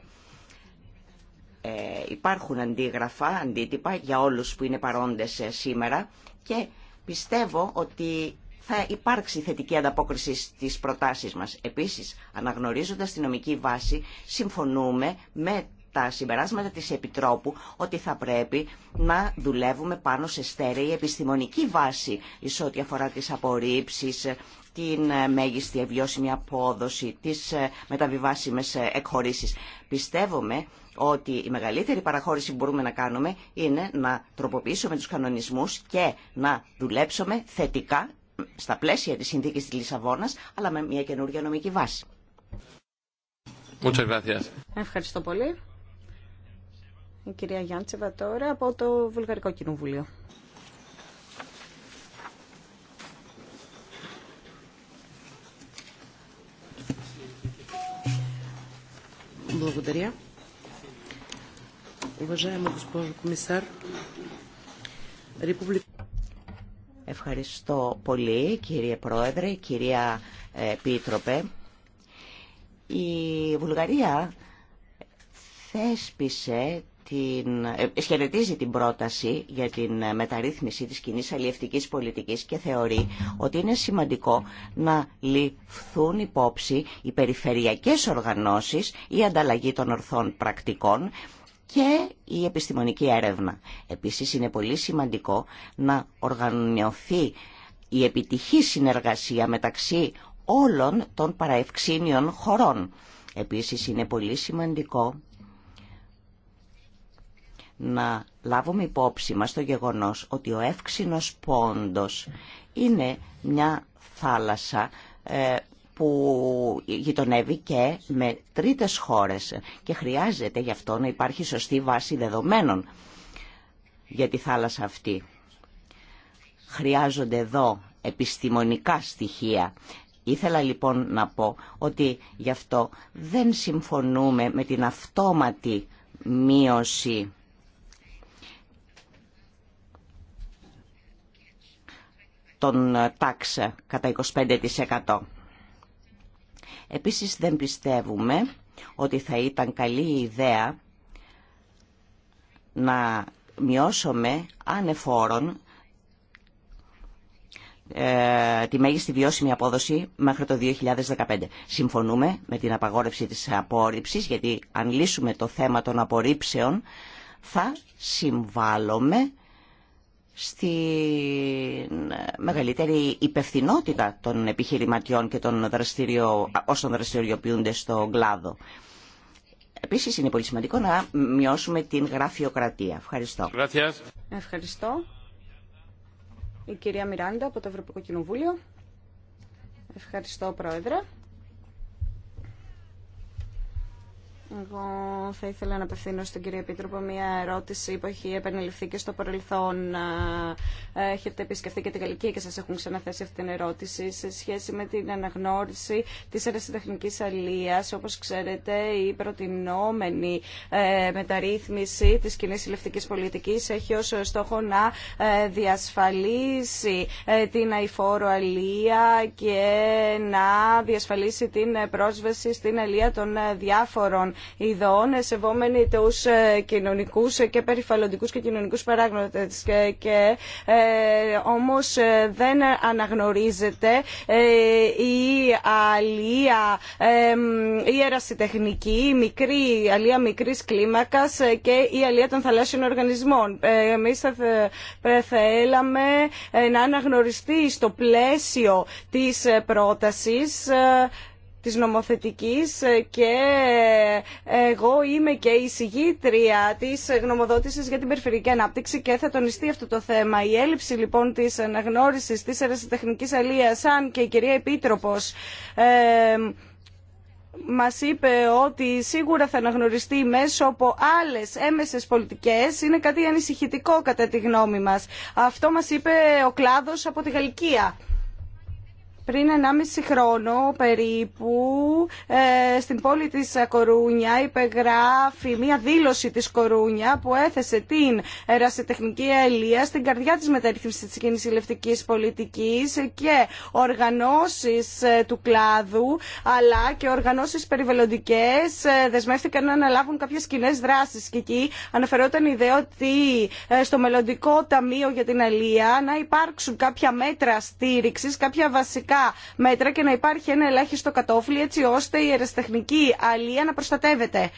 Ε, υπάρχουν αντίγραφα, αντίτυπα για όλους που είναι παρόντες σήμερα και πιστεύω ότι θα υπάρξει θετική ανταπόκριση στις προτάσεις μας. Επίσης, αναγνωρίζοντας τη νομική βάση, συμφωνούμε με τα συμπεράσματα της Επιτρόπου ότι θα πρέπει να δουλεύουμε πάνω σε στέρεη επιστημονική βάση εις ό,τι αφορά τις απορρίψεις, την μέγιστη ευβιώσιμη απόδοση, τις ε, μεταβιβάσιμες ε, εκχωρήσεις. Πιστεύουμε ότι η μεγαλύτερη παραχώρηση που μπορούμε να κάνουμε είναι να τροποποιήσουμε τους κανονισμούς και να δουλέψουμε θετικά στα πλαίσια της συνθήκης της Λισαβόνας, αλλά με μια καινούργια νομική βάση. Ευχαριστώ πολύ η κυρία Γιάντσεβα τώρα από το Βουλγαρικό Κοινοβουλίο. Ευχαριστώ πολύ κύριε Πρόεδρε, κυρία ε, Επίτροπε. Η Βουλγαρία θέσπισε την, ε, την πρόταση για την ε, μεταρρύθμιση της κοινή αλλιευτικής πολιτικής και θεωρεί ότι είναι σημαντικό να ληφθούν υπόψη οι περιφερειακές οργανώσεις, η ανταλλαγή των ορθών πρακτικών και η επιστημονική έρευνα. Επίσης είναι πολύ σημαντικό να οργανωθεί η επιτυχή συνεργασία μεταξύ όλων των παραευξήνιων χωρών. Επίσης είναι πολύ σημαντικό να λάβουμε υπόψη μας το γεγονός ότι ο εύξηνος πόντος είναι μια θάλασσα ε, που γειτονεύει και με τρίτες χώρες και χρειάζεται γι' αυτό να υπάρχει σωστή βάση δεδομένων για τη θάλασσα αυτή. Χρειάζονται εδώ επιστημονικά στοιχεία. Ήθελα λοιπόν να πω ότι γι' αυτό δεν συμφωνούμε με την αυτόματη μείωση τον ε, τάξ ε, κατά 25%. Επίσης δεν πιστεύουμε ότι θα ήταν καλή ιδέα να μειώσουμε ανεφόρον ε, τη μέγιστη βιώσιμη απόδοση μέχρι το 2015. Συμφωνούμε με την απαγόρευση της απόρριψης, γιατί αν λύσουμε το θέμα των απορρίψεων, θα συμβάλλουμε στην μεγαλύτερη υπευθυνότητα των επιχειρηματιών και των δραστηριο... όσων δραστηριοποιούνται στον κλάδο. Επίσης είναι πολύ σημαντικό να μειώσουμε την γραφειοκρατία. Ευχαριστώ. Ευχαριστώ. Η κυρία Μιράντα από το Ευρωπαϊκό Κοινοβούλιο. Ευχαριστώ, Πρόεδρε. Εγώ θα ήθελα να απευθύνω στον κύριο Επίτροπο μια ερώτηση που έχει επανεληφθεί και στο παρελθόν. Ε, έχετε επισκεφθεί και την Γαλλική και σας έχουν ξαναθέσει αυτή την ερώτηση σε σχέση με την αναγνώριση της ερασιτεχνικής αλίας. Όπως ξέρετε, η προτινόμενη ε, μεταρρύθμιση της κοινή συλλευτική πολιτικής έχει ως στόχο να ε, διασφαλίσει την αηφόρο αλία και να διασφαλίσει την πρόσβαση στην αλία των διάφορων ειδών, σεβόμενοι του ε, κοινωνικούς και περιφαλλοντικούς και κοινωνικού παράγοντε. Και ε, όμως ε, δεν αναγνωρίζεται η αλία, η ερασιτεχνική, η μικρή, η αλία μικρής κλίμακας και η αλία των θαλάσσιων οργανισμών. Εμείς θα θέλαμε να αναγνωριστεί στο πλαίσιο της πρότασης της νομοθετικής και εγώ είμαι και η συγγήτρια της γνωμοδότησης για την περιφερειακή ανάπτυξη και θα τονιστεί αυτό το θέμα. Η έλλειψη λοιπόν της αναγνώρισης της ερασιτεχνικής αλίας, αν και η κυρία Επίτροπος ε, μας είπε ότι σίγουρα θα αναγνωριστεί μέσω από άλλες έμεσες πολιτικές είναι κάτι ανησυχητικό κατά τη γνώμη μας. Αυτό μας είπε ο κλάδος από τη Γαλλικία πριν 1,5 χρόνο περίπου ε, στην πόλη της Κορούνια υπεγράφει μια δήλωση της Κορούνια που έθεσε την ερασιτεχνική αιλία στην καρδιά της μεταρρύθμισης της κινησιλευτικής πολιτικής και οργανώσεις ε, του κλάδου αλλά και οργανώσεις περιβαλλοντικές ε, δεσμεύτηκαν να αναλάβουν κάποιες κοινέ δράσεις και εκεί αναφερόταν η ιδέα ότι στο μελλοντικό ταμείο για την αιλία να υπάρξουν κάποια μέτρα στήριξης, κάποια βασικά μέτρα και να υπάρχει ένα ελάχιστο κατόφλι έτσι ώστε η αεραστεχνική αλία να προστατεύεται.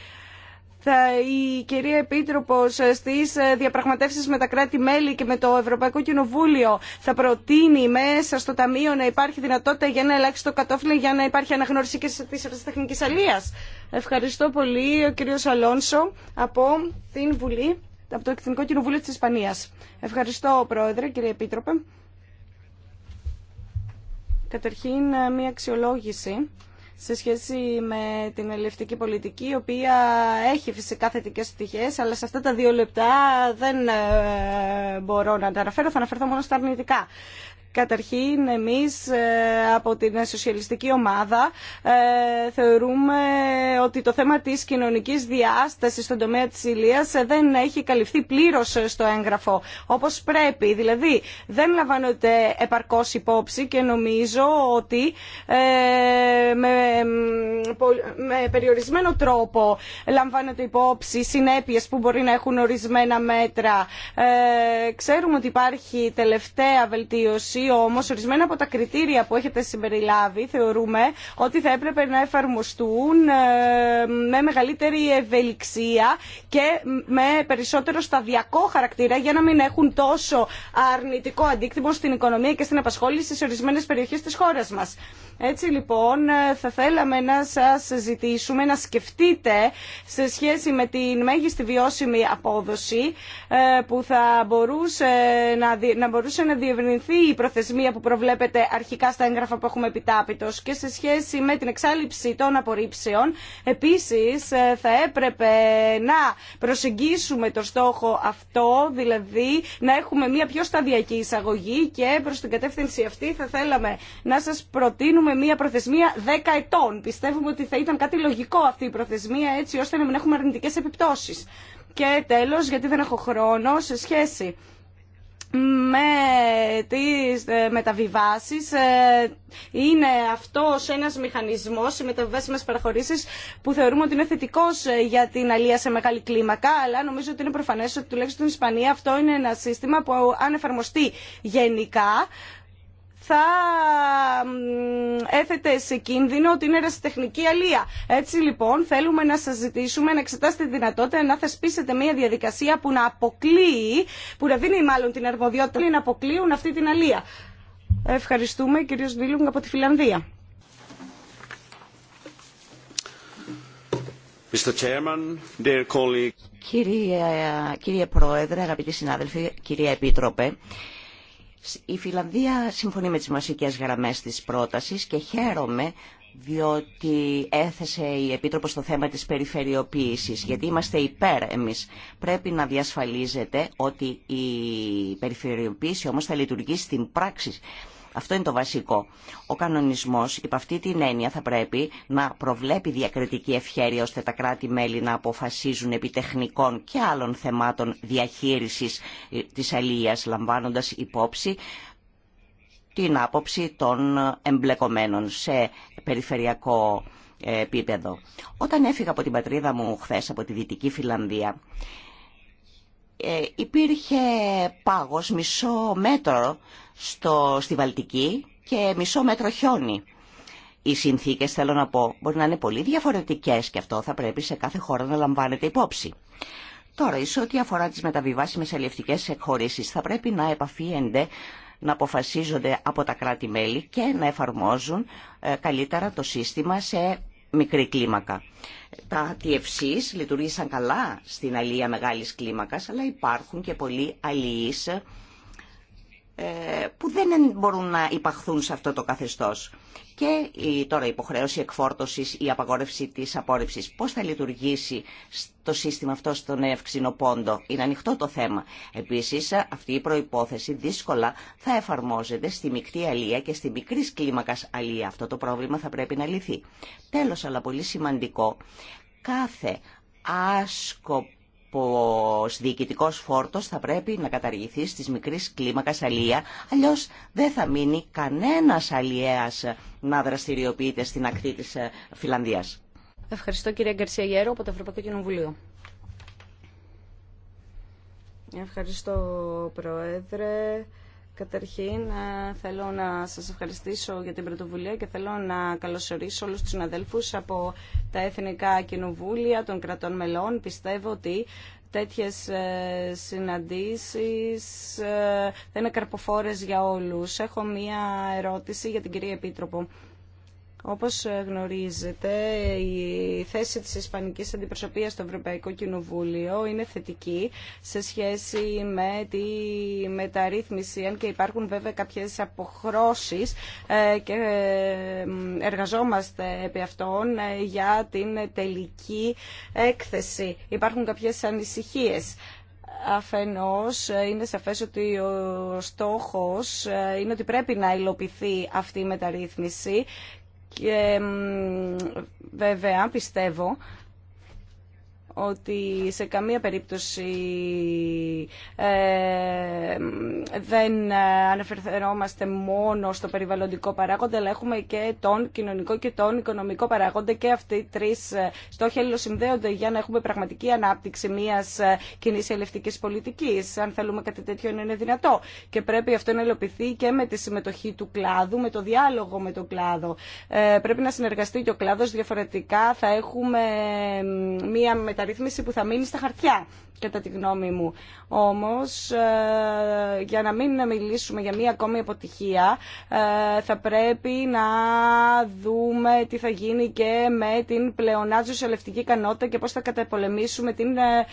Θα, η κυρία Επίτροπος ε, στις ε, διαπραγματεύσεις με τα κράτη-μέλη και με το Ευρωπαϊκό Κοινοβούλιο θα προτείνει μέσα στο Ταμείο να υπάρχει δυνατότητα για ένα ελάχιστο κατόφλι για να υπάρχει αναγνώριση και της αεραστεχνική αλίας. Ευχαριστώ πολύ ο κύριο Αλόνσο από την Βουλή από το Εθνικό Κοινοβούλιο της Ισπανίας. Ευχαριστώ, Πρόεδρε, κύριε Επίτροπε. Καταρχήν, ε, μια αξιολόγηση σε σχέση με την ελευτική πολιτική, η οποία έχει φυσικά θετικές στοιχείες, αλλά σε αυτά τα δύο λεπτά δεν ε, μπορώ να τα αναφέρω, θα αναφερθώ μόνο στα αρνητικά. Καταρχήν, εμείς ε, από την σοσιαλιστική ομάδα ε, θεωρούμε ότι το θέμα της κοινωνικής διάστασης στον τομέα της ηλίας ε, δεν έχει καλυφθεί πλήρως στο έγγραφο, όπως πρέπει. Δηλαδή, δεν λαμβάνονται επαρκώς υπόψη και νομίζω ότι με περιορισμένο τρόπο λαμβάνεται υπόψη συνέπειες που μπορεί να έχουν ορισμένα μέτρα. Ξέρουμε ότι υπάρχει τελευταία βελτίωση Όμω, ορισμένα από τα κριτήρια που έχετε συμπεριλάβει θεωρούμε ότι θα έπρεπε να εφαρμοστούν ε, με μεγαλύτερη ευελιξία και με περισσότερο σταδιακό χαρακτήρα για να μην έχουν τόσο αρνητικό αντίκτυπο στην οικονομία και στην απασχόληση σε ορισμένε περιοχέ τη χώρα μα. Έτσι λοιπόν ε, θα θέλαμε να σα ζητήσουμε να σκεφτείτε σε σχέση με την μέγιστη βιώσιμη απόδοση ε, που θα μπορούσε να, να διευρυνθεί η που προβλέπεται αρχικά στα έγγραφα που έχουμε επιτάπητο και σε σχέση με την εξάλληψη των απορρίψεων. Επίσης ε, θα έπρεπε να προσεγγίσουμε το στόχο αυτό, δηλαδή να έχουμε μια πιο σταδιακή εισαγωγή και προς την κατεύθυνση αυτή θα θέλαμε να σας προτείνουμε μια προθεσμία 10 ετών. Πιστεύουμε ότι θα ήταν κάτι λογικό αυτή η προθεσμία έτσι ώστε να μην έχουμε αρνητικέ επιπτώσει. Και τέλος, γιατί δεν έχω χρόνο, σε σχέση με τις ε, μεταβιβάσεις ε, είναι αυτός ένας μηχανισμός, οι μεταβιβάσιμες παραχωρήσεις που θεωρούμε ότι είναι θετικός ε, για την αλία σε μεγάλη κλίμακα αλλά νομίζω ότι είναι προφανές ότι τουλάχιστον στην Ισπανία αυτό είναι ένα σύστημα που αν εφαρμοστεί γενικά θα έθετε σε κίνδυνο την είναι ερασιτεχνική αλεία. Έτσι λοιπόν θέλουμε να σας ζητήσουμε να εξετάσετε τη δυνατότητα να θεσπίσετε μια διαδικασία που να αποκλείει, που να δίνει μάλλον την αρμοδιότητα να αποκλείουν αυτή την αλεία. Ευχαριστούμε κύριος Βίλουγκ από τη Φιλανδία. Mr. Chairman, dear κύριε Πρόεδρε, αγαπητοί συνάδελφοι, κυρία Επίτροπε, η Φιλανδία συμφωνεί με τις μασικές γραμμές της πρότασης και χαίρομαι διότι έθεσε η Επίτροπος το θέμα της περιφερειοποίησης, γιατί είμαστε υπέρ εμείς. Πρέπει να διασφαλίζεται ότι η περιφερειοποίηση όμως θα λειτουργεί στην πράξη αυτό είναι το βασικό. Ο κανονισμός, υπ' αυτή την έννοια, θα πρέπει να προβλέπει διακριτική ευχέρεια ώστε τα κράτη-μέλη να αποφασίζουν επιτεχνικών και άλλων θεμάτων διαχείρισης ε, της αλληλεία, λαμβάνοντας υπόψη την άποψη των εμπλεκομένων σε περιφερειακό ε, επίπεδο. Όταν έφυγα από την πατρίδα μου χθες, από τη Δυτική Φιλανδία, ε, υπήρχε πάγος μισό μέτρο στο, στη Βαλτική και μισό μέτρο χιόνι. Οι συνθήκες, θέλω να πω, μπορεί να είναι πολύ διαφορετικές και αυτό θα πρέπει σε κάθε χώρα να λαμβάνεται υπόψη. Τώρα, ίσως ό,τι αφορά τις μεταβιβάσιμες αλληλευτικές εκχωρήσεις, θα πρέπει να επαφίενται να αποφασίζονται από τα κράτη-μέλη και να εφαρμόζουν ε, καλύτερα το σύστημα σε μικρή κλίμακα. Τα TFCs λειτουργήσαν καλά στην αλληλεία μεγάλης κλίμακας, αλλά υπάρχουν και πολλοί αλληλείς ε, που δεν μπορούν να υπαχθούν σε αυτό το καθεστώς. Και η, τώρα η υποχρέωση εκφόρτωσης ή απαγόρευση της απόρριψης. Πώς θα λειτουργήσει το σύστημα αυτό στον ευξηνοπόντο. Είναι ανοιχτό το θέμα. Επίσης αυτή η προϋπόθεση δύσκολα θα λειτουργησει το συστημα αυτο στον πόντο. ειναι ανοιχτο το θεμα επισης αυτη η προυποθεση δυσκολα θα εφαρμοζεται στη μικρή αλία και στη μικρή κλίμακα αλία. Αυτό το πρόβλημα θα πρέπει να λυθεί. Τέλος αλλά πολύ σημαντικό, κάθε άσκοπο πως διοικητικός φόρτος θα πρέπει να καταργηθεί στις μικρής κλίμακας αλία, αλλιώς δεν θα μείνει κανένας αλιέας να δραστηριοποιείται στην ακτή της ε, Φιλανδίας. Ευχαριστώ κυρία Γκαρσία Γέρο από το Ευρωπαϊκό Κοινοβουλίο. Ευχαριστώ Πρόεδρε. Καταρχήν ε, θέλω να σας ευχαριστήσω για την πρωτοβουλία και θέλω να καλωσορίσω όλους τους συναδέλφους από τα Εθνικά Κοινοβούλια των κρατών μελών. Πιστεύω ότι τέτοιες ε, συναντήσεις δεν είναι καρποφόρες για όλους. Έχω μία ερώτηση για την κυρία Επίτροπο. Όπως ε, γνωρίζετε, η θέση της Ισπανικής Αντιπροσωπείας στο Ευρωπαϊκό Κοινοβούλιο είναι θετική σε σχέση με τη μεταρρύθμιση, αν και υπάρχουν βέβαια κάποιες αποχρώσεις ε, και ε, εργαζόμαστε επί αυτών για την τελική έκθεση. Υπάρχουν κάποιες ανησυχίες αφενός είναι σαφές ότι ο στόχος είναι ότι πρέπει να υλοποιηθεί αυτή η μεταρρύθμιση και βέβαια πιστεύω ότι σε καμία περίπτωση ε, δεν αναφερθερόμαστε μόνο στο περιβαλλοντικό παράγοντα, αλλά έχουμε και τον κοινωνικό και τον οικονομικό παράγοντα και αυτοί οι τρεις στόχοι αλληλοσυνδέονται για να έχουμε πραγματική ανάπτυξη μιας ε, κοινή ελευτικής πολιτικής. Αν θέλουμε κάτι τέτοιο να είναι δυνατό. Και πρέπει αυτό να ελοπιθεί και με τη συμμετοχή του κλάδου, με το διάλογο με τον κλάδο. Ε, πρέπει να συνεργαστεί και ο κλάδος, διαφορετικά θα έχουμε ε, μια μετα μεταρρύθμιση που θα μείνει στα χαρτιά, κατά τη γνώμη μου. Όμως, ε, για να μην μιλήσουμε για μία ακόμη αποτυχία, ε, θα πρέπει να δούμε τι θα γίνει και με την πλεονάζουσα ελευτική ικανότητα και πώς θα καταπολεμήσουμε την ε,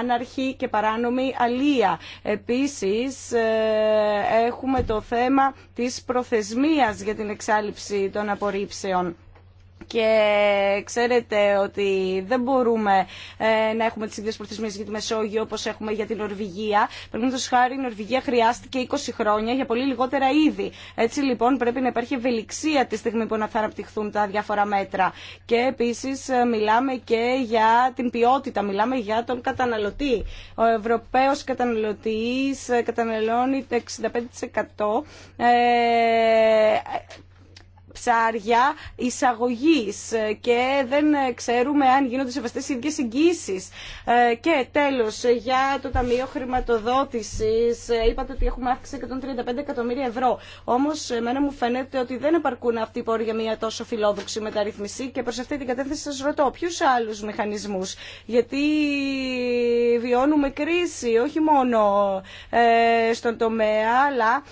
άναρχη και παράνομη αλία. Επίσης, έχουμε το θέμα της προθεσμίας για την εξάλληψη των απορρίψεων και ξέρετε ότι δεν μπορούμε ε, να έχουμε τις ίδιες προθεσμίες για τη Μεσόγειο όπως έχουμε για την Νορβηγία. το χάρη η Νορβηγία χρειάστηκε 20 χρόνια για πολύ λιγότερα είδη. Έτσι λοιπόν πρέπει να υπάρχει ευελιξία τη στιγμή που θα αναπτυχθούν τα διάφορα μέτρα. Και επίσης ε, μιλάμε και για την ποιότητα, μιλάμε για τον καταναλωτή. Ο Ευρωπαίος καταναλωτής ε, καταναλώνει το 65% ψάρια εισαγωγή ε, και δεν ξέρουμε αν γίνονται σεβαστές οι ίδιες εγγύησει. Ε, και τέλος, για το Ταμείο Χρηματοδότησης, ε, είπατε ότι έχουμε αύξηση 135 εκατομμύρια ευρώ. Όμως, εμένα μου φαίνεται ότι δεν επαρκούν αυτή οι πόροι για μια τόσο φιλόδοξη μεταρρυθμισή και προ αυτή την κατεύθυνση σα ρωτώ, Ποιου άλλου μηχανισμού, γιατί βιώνουμε κρίση, όχι μόνο στον τομέα, αλλά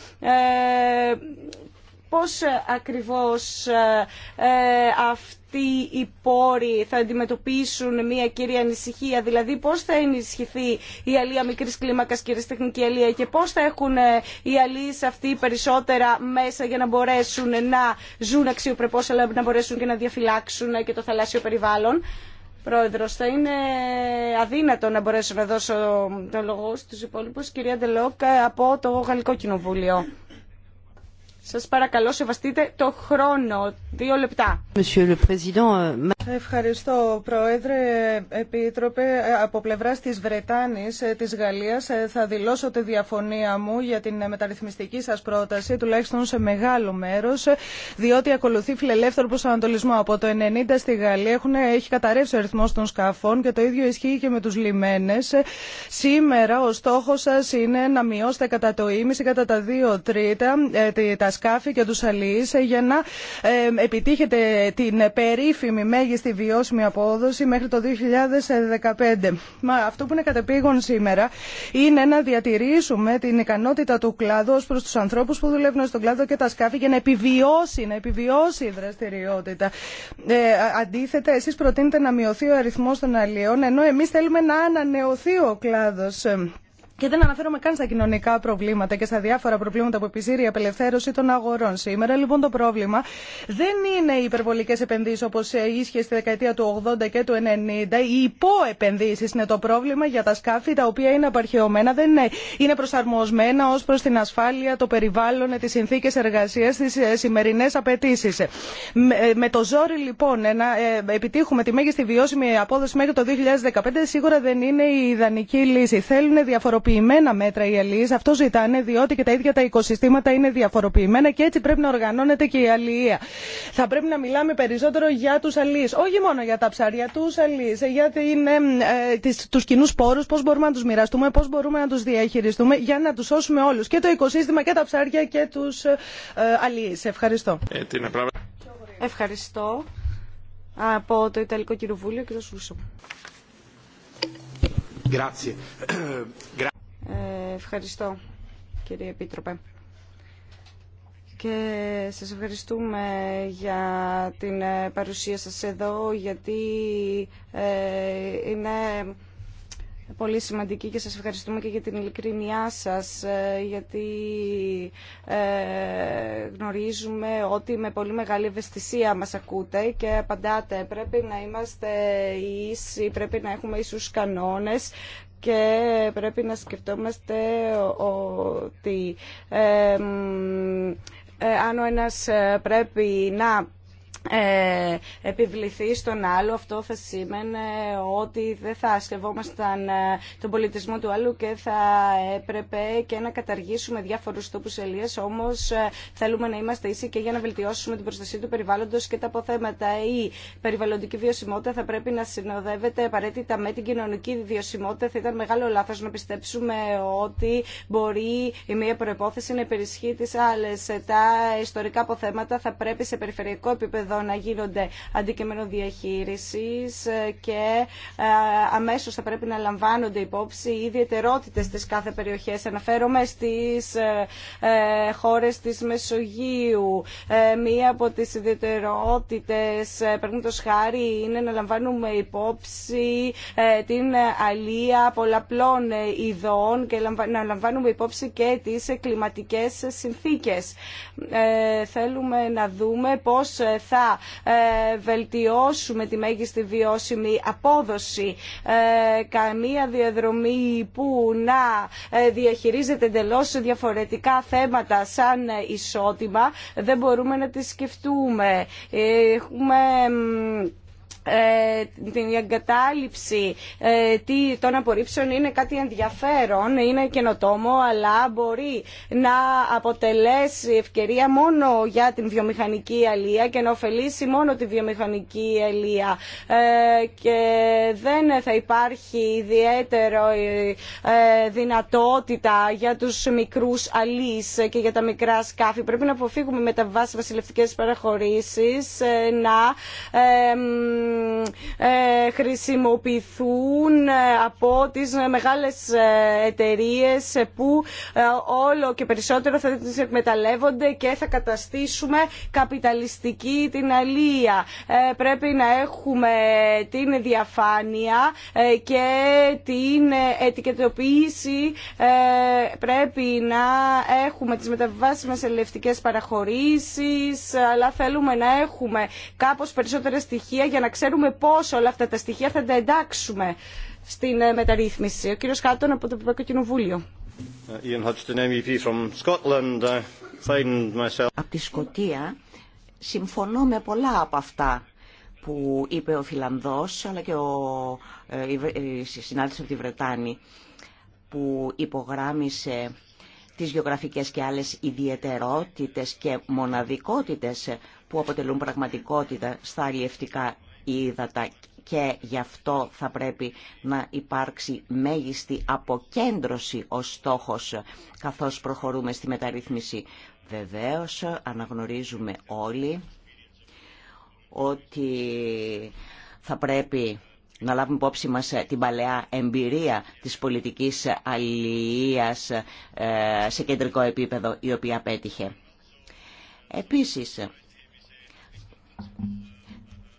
πώς ε, ακριβώς ε, ε, αυτοί οι πόροι θα αντιμετωπίσουν μια κύρια ανησυχία, δηλαδή πώς θα ενισχυθεί η αλία μικρής κλίμακας κυρίες τεχνική αλία και πώς θα έχουν οι αλίες αυτοί περισσότερα μέσα για να μπορέσουν να ζουν αξιοπρεπώς αλλά να μπορέσουν και να διαφυλάξουν και το θαλάσσιο περιβάλλον. Πρόεδρος, θα είναι αδύνατο να μπορέσω να δώσω το λόγο στους υπόλοιπους. Κυρία Ντελόκ από το Γαλλικό Κοινοβούλιο. Σας παρακαλώ σεβαστείτε το χρόνο λεπτά. Euh, Ευχαριστώ, Πρόεδρε. Επίτροπε, από πλευρά τη Βρετάνη, ε, τη Γαλλία, ε, θα δηλώσω τη διαφωνία μου για την ε, μεταρρυθμιστική σα πρόταση, τουλάχιστον σε μεγάλο μέρο, διότι ακολουθεί φιλελεύθερο προσανατολισμό. Από το 90 στη Γαλλία έχουν, έχει καταρρεύσει ο αριθμό των σκαφών και το ίδιο ισχύει και με του λιμένε. Σήμερα ο στόχο σα είναι να μειώσετε κατά το ίμιση, κατά τα δύο τρίτα, τα σκάφη και του αλληλεί για να επιτύχετε την περίφημη μέγιστη βιώσιμη απόδοση μέχρι το 2015. Μα αυτό που είναι κατεπήγον σήμερα είναι να διατηρήσουμε την ικανότητα του κλάδου ω προς τους ανθρώπους που δουλεύουν στον κλάδο και τα σκάφη για να επιβιώσει, να επιβιώσει η δραστηριότητα. Ε, αντίθετα, εσεί προτείνετε να μειωθεί ο αριθμό των αλλιών, ενώ εμεί θέλουμε να ανανεωθεί ο κλάδος. Και δεν αναφέρομαι καν στα κοινωνικά προβλήματα και στα διάφορα προβλήματα που επιζήρει η απελευθέρωση των αγορών. Σήμερα λοιπόν το πρόβλημα δεν είναι οι υπερβολικέ επενδύσει όπω ίσχυε στη δεκαετία του 80 και του 90. Οι υποεπενδύσει είναι το πρόβλημα για τα σκάφη τα οποία είναι απαρχαιωμένα, δεν είναι, είναι προσαρμοσμένα ω προ την ασφάλεια, το περιβάλλον, τι συνθήκε εργασία, τι ε, σημερινέ απαιτήσει. Ε, με, το ζόρι λοιπόν να ε, επιτύχουμε τη μέγιστη βιώσιμη απόδοση μέχρι το 2015 σίγουρα δεν είναι η ιδανική λύση. Θέλουν διαφοροποιήσει διαφοροποιημένα μέτρα οι αλληλείς. Αυτό ζητάνε διότι και τα ίδια τα οικοσυστήματα είναι διαφοροποιημένα και έτσι πρέπει να οργανώνεται και η αλληλεία. Θα πρέπει να μιλάμε περισσότερο για τους αλληλείς. Όχι μόνο για τα ψάρια, τους αλληλείς, ε, για την, ε, ε τους κοινούς πόρους, πώς μπορούμε να τους μοιραστούμε, πώς μπορούμε να τους διαχειριστούμε για να τους σώσουμε όλους. Και το οικοσύστημα και τα ψάρια και τους ε, ε Ευχαριστώ. Ευχαριστώ από το Ιταλικό Κοινοβούλιο και το Ε, ευχαριστώ, κύριε Επίτροπε. Και σας ευχαριστούμε για την ε, παρουσία σας εδώ, γιατί ε, είναι πολύ σημαντική και σας ευχαριστούμε και για την ειλικρινιά σας ε, γιατί ε, γνωρίζουμε ότι με πολύ μεγάλη ευαισθησία μας ακούτε και απαντάτε πρέπει να είμαστε ίσοι, πρέπει να έχουμε ίσους κανόνες και πρέπει να σκεφτόμαστε ότι ε, ε αν ο ένας πρέπει να ε, επιβληθεί στον άλλο, αυτό θα σήμαινε ότι δεν θα ασκευόμασταν ε, τον πολιτισμό του άλλου και θα έπρεπε και να καταργήσουμε διάφορους τόπους ελίε. όμως ε, θέλουμε να είμαστε ίσοι και για να βελτιώσουμε την προστασία του περιβάλλοντος και τα αποθέματα. Η περιβαλλοντική βιωσιμότητα θα πρέπει να συνοδεύεται απαραίτητα με την κοινωνική βιωσιμότητα. Θα ήταν μεγάλο λάθος να πιστέψουμε ότι μπορεί η μία προπόθεση να υπερισχύει τις άλλες. Τα ιστορικά αποθέματα θα πρέπει σε περιφερειακό επίπεδο εδώ να γίνονται αντικείμενο και ε, αμέσως θα πρέπει να λαμβάνονται υπόψη οι ιδιαιτερότητες τη κάθε περιοχή. Αναφέρομαι στις ε, ε, χώρες της Μεσογείου. Μία από τις ιδιαιτερότητες, το χάρη, είναι να λαμβάνουμε υπόψη την αλία πολλαπλών ειδών και να λαμβάνουμε υπόψη και τις κλιματικές συνθήκες. Θέλουμε να δούμε πώς θα θα ε, βελτιώσουμε τη μέγιστη βιώσιμη απόδοση. Ε, καμία διαδρομή που να ε, διαχειρίζεται εντελώ διαφορετικά θέματα σαν ισότιμα δεν μπορούμε να τη σκεφτούμε. Έχουμε ε, την εγκατάλειψη ε, των απορρίψεων είναι κάτι ενδιαφέρον, είναι καινοτόμο, αλλά μπορεί να αποτελέσει ευκαιρία μόνο για την βιομηχανική αλεία και να ωφελήσει μόνο τη βιομηχανική αλεία. Ε, και δεν θα υπάρχει ιδιαίτερο δυνατότητα για τους μικρούς αλείς και για τα μικρά σκάφη. Πρέπει να αποφύγουμε με τα βάση βασιλευτικές παραχωρήσεις να ε, χρησιμοποιηθούν ε, από τις μεγάλες ε, εταιρείες που όλο και περισσότερο θα τις εκμεταλλεύονται και θα καταστήσουμε καπιταλιστική την αλία. Πρέπει να έχουμε την διαφάνεια και την ετικετοποίηση. Πρέπει να έχουμε τις μεταβάσιμες ελευτικές παραχωρήσεις, αλλά θέλουμε να έχουμε κάπως περισσότερα στοιχεία για να ξέρουμε ξέρουμε πώ όλα αυτά τα στοιχεία θα τα εντάξουμε στην ε, μεταρρύθμιση. Ο κύριο Χάτον από το Ευρωπαϊκό Κοινοβούλιο. Ε, e από τη Σκωτία συμφωνώ με πολλά από αυτά που είπε ο Φιλανδός αλλά και ο ε, συνάδελφος από τη Βρετάνη που υπογράμμισε τις γεωγραφικές και άλλες ιδιαιτερότητες και μοναδικότητες που αποτελούν πραγματικότητα στα αλλιευτικά ύδατα και γι' αυτό θα πρέπει να υπάρξει μέγιστη αποκέντρωση ως στόχος καθώς προχωρούμε στη μεταρρύθμιση. Βεβαίως αναγνωρίζουμε όλοι ότι θα πρέπει να λάβουμε υπόψη μας ε, την παλαιά εμπειρία της πολιτικής αλληλείας ε, σε κεντρικό επίπεδο η οποία πέτυχε. Επίσης,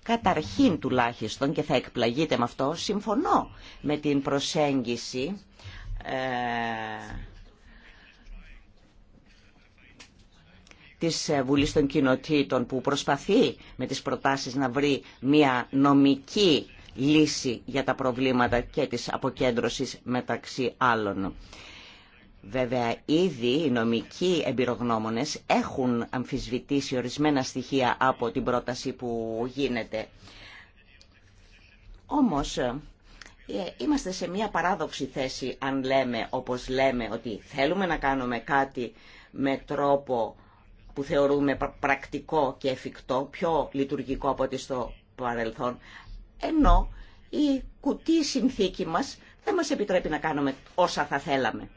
Καταρχήν τουλάχιστον, και θα εκπλαγείτε με αυτό, συμφωνώ με την προσέγγιση ε, της Βουλής των Κοινοτήτων που προσπαθεί με τις προτάσεις να βρει μια νομική λύση για τα προβλήματα και της αποκέντρωσης μεταξύ άλλων. Βέβαια, ήδη οι νομικοί εμπειρογνώμονες έχουν αμφισβητήσει ορισμένα στοιχεία από την πρόταση που γίνεται. Όμως, ε, είμαστε σε μια παράδοξη θέση αν λέμε, όπως λέμε, ότι θέλουμε να κάνουμε κάτι με τρόπο που θεωρούμε πρακτικό και εφικτό, πιο λειτουργικό από ό,τι στο παρελθόν, ενώ η κουτή συνθήκη μας δεν μας επιτρέπει να κάνουμε όσα θα θέλαμε.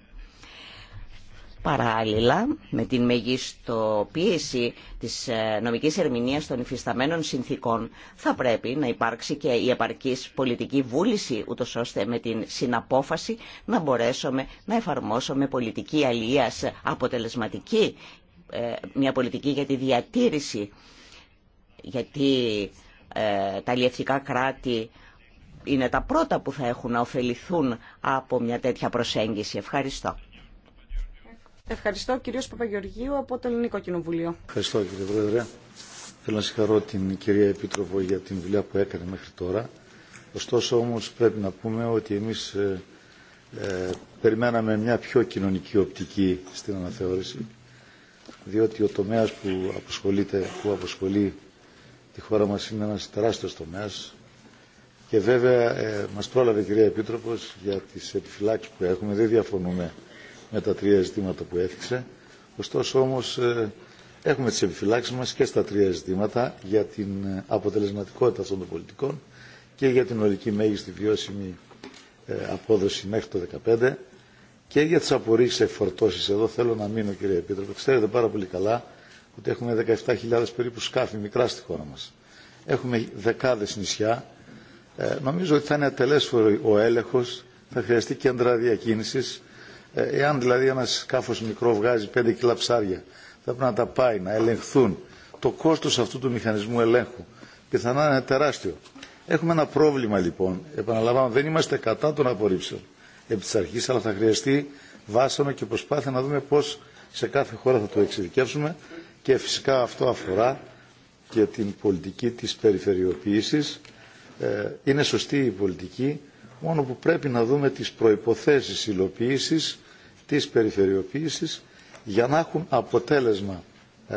Παράλληλα, με την μεγιστοποίηση της ε, νομικής ερμηνείας των υφισταμένων συνθήκων, θα πρέπει να υπάρξει και η επαρκής πολιτική βούληση, ούτω ώστε με την συναπόφαση να μπορέσουμε να εφαρμόσουμε πολιτική αλληλείας αποτελεσματική, ε, μια πολιτική για τη διατήρηση, γιατί ε, τα αλλιευτικά κράτη είναι τα πρώτα που θα έχουν να ωφεληθούν από μια τέτοια προσέγγιση. Ευχαριστώ. Ευχαριστώ κύριο Παπαγεωργίου από το Ελληνικό Κοινοβουλίο. Ευχαριστώ κύριε Πρόεδρε. Θέλω να συγχαρώ την κυρία Επίτροπο για την δουλειά που έκανε μέχρι τώρα. Ωστόσο όμως πρέπει να πούμε ότι εμείς ε, ε περιμέναμε μια πιο κοινωνική οπτική στην αναθεώρηση διότι ο τομέας που αποσχολείται, που αποσχολεί τη χώρα μας είναι ένας τεράστιος τομέας και βέβαια ε, μας πρόλαβε η κυρία Επίτροπος για τις επιφυλάξεις που έχουμε, δεν διαφωνούμε με τα τρία ζητήματα που έθιξε. Ωστόσο όμως ε, έχουμε τις επιφυλάξεις μας και στα τρία ζητήματα για την ε, αποτελεσματικότητα αυτών των πολιτικών και για την ολική μέγιστη βιώσιμη ε, απόδοση μέχρι το 2015 και για τις απορρίξεις εφορτώσεις Εδώ θέλω να μείνω κύριε Επίτροπε. Ξέρετε πάρα πολύ καλά ότι έχουμε 17.000 περίπου σκάφη μικρά στη χώρα μας. Έχουμε δεκάδες νησιά. νομίζω ότι θα είναι ατελέσφορο ο έλεγχος, θα χρειαστεί κέντρα διακίνησης ε, εάν δηλαδή ένα σκάφο μικρό βγάζει 5 κιλά ψάρια, θα πρέπει να τα πάει, να ελεγχθούν. Το κόστο αυτού του μηχανισμού ελέγχου πιθανά είναι τεράστιο. Έχουμε ένα πρόβλημα λοιπόν. Επαναλαμβάνω, δεν είμαστε κατά των απορρίψεων επί τη αρχή, αλλά θα χρειαστεί βάσανο και προσπάθεια να δούμε πώ σε κάθε χώρα θα το εξειδικεύσουμε και φυσικά αυτό αφορά και την πολιτική της περιφερειοποίησης. Ε, είναι σωστή η πολιτική μόνο που πρέπει να δούμε τις προϋποθέσεις υλοποίηση, της περιφερειοποίησης για να έχουν αποτέλεσμα ε,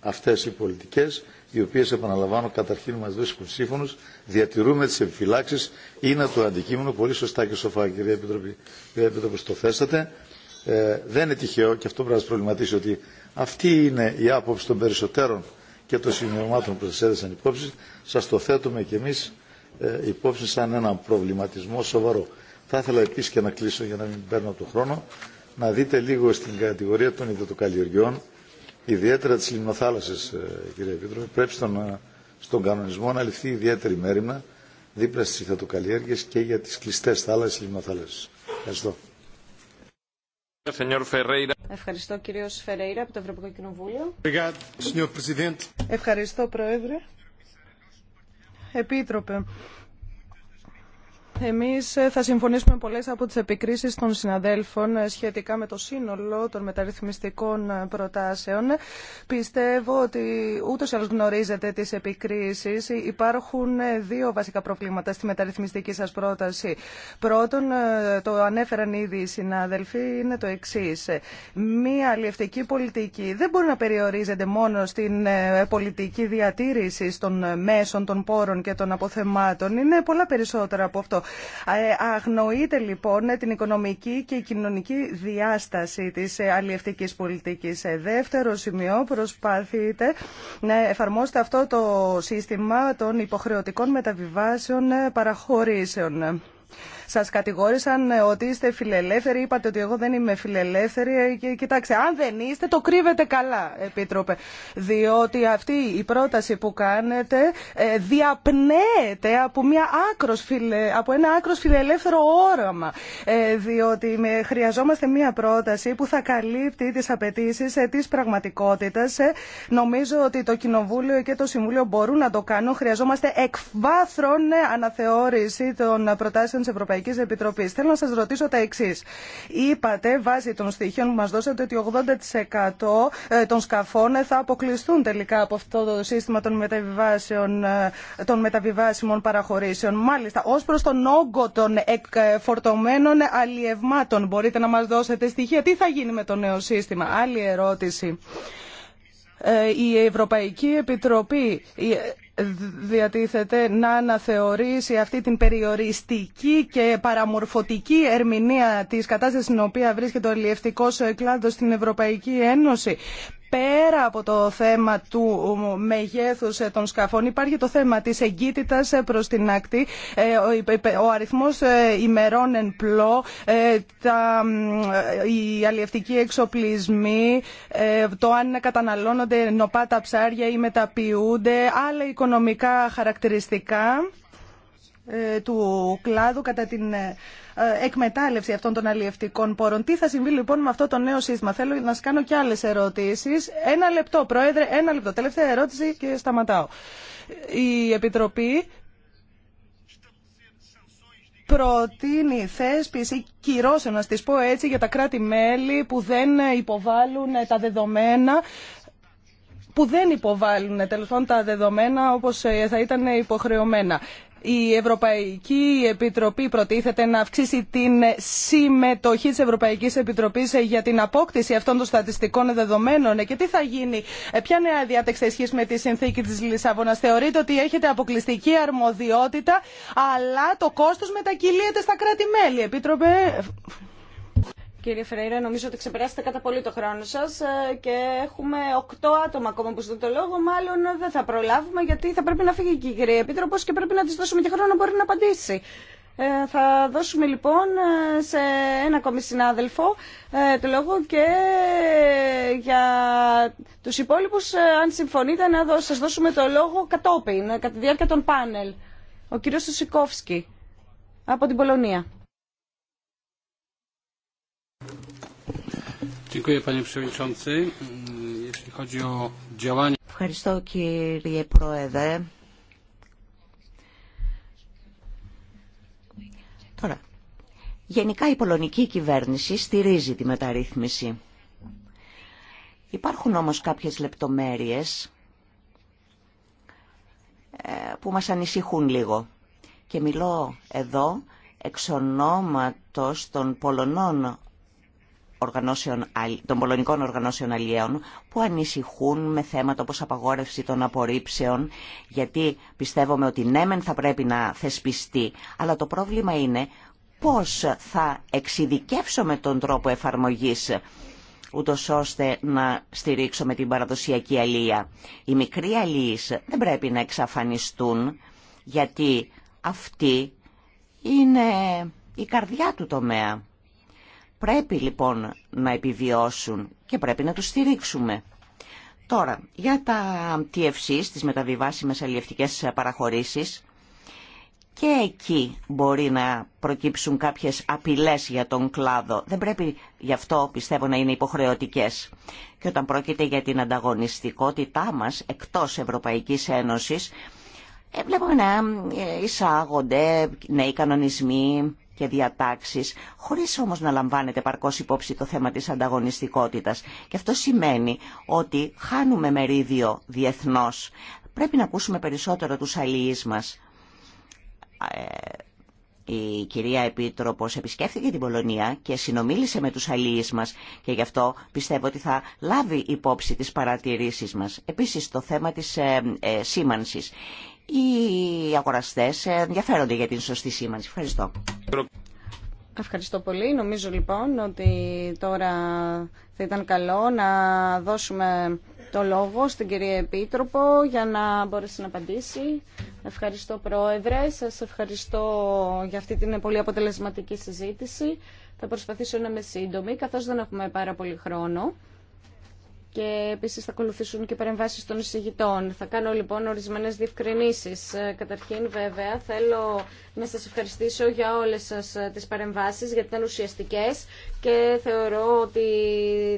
αυτές οι πολιτικές οι οποίες επαναλαμβάνω καταρχήν μας βρίσκουν σύμφωνος, διατηρούμε τις επιφυλάξεις, είναι το αντικείμενο, πολύ σωστά και σοφά κυρία Επιτροπή, κυρία Επιτροπή το θέσατε. Ε, δεν είναι τυχαίο και αυτό πρέπει να σας προβληματίσει ότι αυτή είναι η άποψη των περισσότερων και των συνειδημάτων που σας έδεσαν υπόψη. Σας το θέτουμε και εμείς ε, υπόψη σαν ένα προβληματισμό σοβαρό. Θα ήθελα επίσης και να κλείσω για να μην παίρνω από τον χρόνο, να δείτε λίγο στην κατηγορία των υδατοκαλλιεργειών, ιδιαίτερα της λιμνοθάλασσας, ε, κύριε Επίτροπε, πρέπει στον, ε, στον κανονισμό να ληφθεί ιδιαίτερη μέρημνα δίπλα στις υδατοκαλλιέργειες και για τις κλειστές θάλασσες λιμνοθάλασσες. Ευχαριστώ. Ευχαριστώ κύριο Φερέιρα από το Ευρωπαϊκό Κοινοβούλιο. Ευχαριστώ Πρόεδρε. Επίτροπε. Εμείς ε, θα συμφωνήσουμε πολλές από τις επικρίσεις των συναδέλφων ε, σχετικά με το σύνολο των μεταρρυθμιστικών ε, προτάσεων. Πιστεύω ότι ούτως ή άλλως γνωρίζετε τις επικρίσεις. Υπάρχουν δύο βασικά προβλήματα στη μεταρρυθμιστική σας πρόταση. Πρώτον, το ανέφεραν ήδη οι συνάδελφοι, είναι το εξή. Μία αλληλευτική πολιτική δεν μπορεί να περιορίζεται μόνο στην πολιτική διατήρηση των μέσων, των πόρων και των αποθεμάτων. Είναι πολλά περισσότερα από αυτό. Ε, αγνοείται λοιπόν την οικονομική και κοινωνική διάσταση της ε, αλλιευτικής πολιτικής. Ε, δεύτερο σημείο, προσπαθείτε να εφαρμόσετε αυτό το σύστημα των υποχρεωτικών μεταβιβάσεων παραχωρήσεων. Σα κατηγόρησαν ε, ότι είστε φιλελεύθεροι, είπατε ότι εγώ δεν είμαι φιλελεύθερη. Ε, και, κοιτάξτε, αν δεν είστε, το κρύβετε καλά, Επίτροπε. Διότι αυτή η πρόταση που κάνετε ε, διαπνέεται από, μια άκρος φιλε, από ένα άκρο φιλελεύθερο όραμα. διότι χρειαζόμαστε μια πρόταση που θα καλύπτει τι απαιτήσει ε, πραγματικότητα. νομίζω ότι το Κοινοβούλιο και το Συμβούλιο μπορούν να το κάνουν. Χρειαζόμαστε εκβάθρον αναθεώρηση των προτάσεων τη Ευρωπαϊκή επιτροπή Θέλω να σας ρωτήσω τα εξή. Είπατε βάσει των στοιχείων που μας δώσατε ότι 80% ε, των σκαφών ε, θα αποκλειστούν τελικά από αυτό το σύστημα των, μεταβιβάσεων, ε, των μεταβιβάσιμων παραχωρήσεων. Μάλιστα, ω προς τον όγκο των εκφορτωμένων αλλιευμάτων μπορείτε να μας δώσετε στοιχεία. Τι θα γίνει με το νέο σύστημα. Άλλη ερώτηση η Ευρωπαϊκή Επιτροπή διατίθεται να αναθεωρήσει αυτή την περιοριστική και παραμορφωτική ερμηνεία της κατάστασης στην οποία βρίσκεται ο ελιευτικός κλάδος στην Ευρωπαϊκή Ένωση πέρα από το θέμα του μεγέθους ε, των σκαφών υπάρχει το θέμα της εγκύτητας ε, προς την άκτη, ε, ο αριθμός ημερών εν πλώ, τα, οι αλλιευτικοί εξοπλισμοί, το αν καταναλώνονται νοπά τα ψάρια ή μεταποιούνται, άλλα οικονομικά χαρακτηριστικά του κλάδου κατά την ε, εκμετάλλευση αυτών των αλλιευτικών πόρων. Τι θα συμβεί λοιπόν με αυτό το νέο σύστημα. Θέλω να σα κάνω και άλλε ερωτήσει. Ένα λεπτό, Πρόεδρε, ένα λεπτό. Τελευταία ερώτηση και σταματάω. Η Επιτροπή προτείνει θέσπιση κυρώσεων, να στις πω έτσι, για τα κράτη-μέλη που δεν υποβάλλουν τα δεδομένα που δεν υποβάλλουν τέλος τα δεδομένα όπως ε, θα ήταν υποχρεωμένα. Η Ευρωπαϊκή Επιτροπή προτίθεται να αυξήσει την συμμετοχή της Ευρωπαϊκής Επιτροπής για την απόκτηση αυτών των στατιστικών δεδομένων και τι θα γίνει, ε, ποια νέα διάταξη θα ισχύσει με τη συνθήκη της Λισαβόνας. Θεωρείτε ότι έχετε αποκλειστική αρμοδιότητα, αλλά το κόστος μετακυλίεται στα κράτη-μέλη. Επίτροπε, Κύριε Φεραίρα, νομίζω ότι ξεπεράσατε κατά πολύ το χρόνο σα ε, και έχουμε οκτώ άτομα ακόμα που ζητούν το λόγο. Μάλλον δεν θα προλάβουμε γιατί θα πρέπει να φύγει και η κυρία Επίτροπο και πρέπει να τη δώσουμε και χρόνο να μπορεί να απαντήσει. Ε, θα δώσουμε λοιπόν ε, σε ένα ακόμη συνάδελφο ε, το λόγο και για τους υπόλοιπους αν συμφωνείτε να σας δώσουμε το λόγο κατόπιν, κατά τη διάρκεια των πάνελ. Ο κύριος Σουσικόφσκι από την Πολωνία. Mm, Ευχαριστώ κύριε Πρόεδρε. Τώρα, γενικά η πολωνική κυβέρνηση στηρίζει τη μεταρρύθμιση. Υπάρχουν όμως κάποιες λεπτομέρειες ε, που μας ανησυχούν λίγο. Και μιλώ εδώ εξ ονόματος των Πολωνών των πολωνικών οργανώσεων αλλιέων που ανησυχούν με θέματα όπως απαγόρευση των απορρίψεων γιατί πιστεύουμε ότι ναι μεν θα πρέπει να θεσπιστεί αλλά το πρόβλημα είναι πώς θα εξειδικεύσουμε τον τρόπο εφαρμογής ούτω ώστε να στηρίξουμε την παραδοσιακή αλία. Οι μικροί αλίες δεν πρέπει να εξαφανιστούν γιατί αυτή είναι η καρδιά του τομέα. Πρέπει λοιπόν να επιβιώσουν και πρέπει να τους στηρίξουμε. Τώρα, για τα TFC, τις μεταβιβάσιμες αλλιευτικές παραχωρήσεις, και εκεί μπορεί να προκύψουν κάποιες απειλές για τον κλάδο. Δεν πρέπει γι' αυτό πιστεύω να είναι υποχρεωτικές. Και όταν πρόκειται για την ανταγωνιστικότητά μας εκτός Ευρωπαϊκής Ένωσης, ε, βλέπουμε να ε, εισάγονται νέοι κανονισμοί, και διατάξεις, χωρίς όμως να λαμβάνεται παρκώς υπόψη το θέμα της ανταγωνιστικότητας. Και αυτό σημαίνει ότι χάνουμε μερίδιο διεθνώς. Πρέπει να ακούσουμε περισσότερο τους αλληλείς μας. Ε, η κυρία Επίτροπος επισκέφθηκε την Πολωνία και συνομίλησε με τους αλληλείς μας και γι' αυτό πιστεύω ότι θα λάβει υπόψη τις παρατηρήσεις μας. Επίσης το θέμα της ε, ε, σήμανσης οι αγοραστές ενδιαφέρονται για την σωστή σήμανση. Ευχαριστώ. Ευχαριστώ πολύ. Νομίζω λοιπόν ότι τώρα θα ήταν καλό να δώσουμε το λόγο στην κυρία Επίτροπο για να μπορέσει να απαντήσει. Ευχαριστώ Πρόεδρε, σας ευχαριστώ για αυτή την πολύ αποτελεσματική συζήτηση. Θα προσπαθήσω να είμαι σύντομη, καθώς δεν έχουμε πάρα πολύ χρόνο και επίσης θα ακολουθήσουν και παρεμβάσει των εισηγητών. Θα κάνω λοιπόν ορισμένες διευκρίνήσει ε, Καταρχήν βέβαια θέλω να σας ευχαριστήσω για όλες σας ε, τις παρεμβάσεις γιατί ήταν ουσιαστικέ και θεωρώ ότι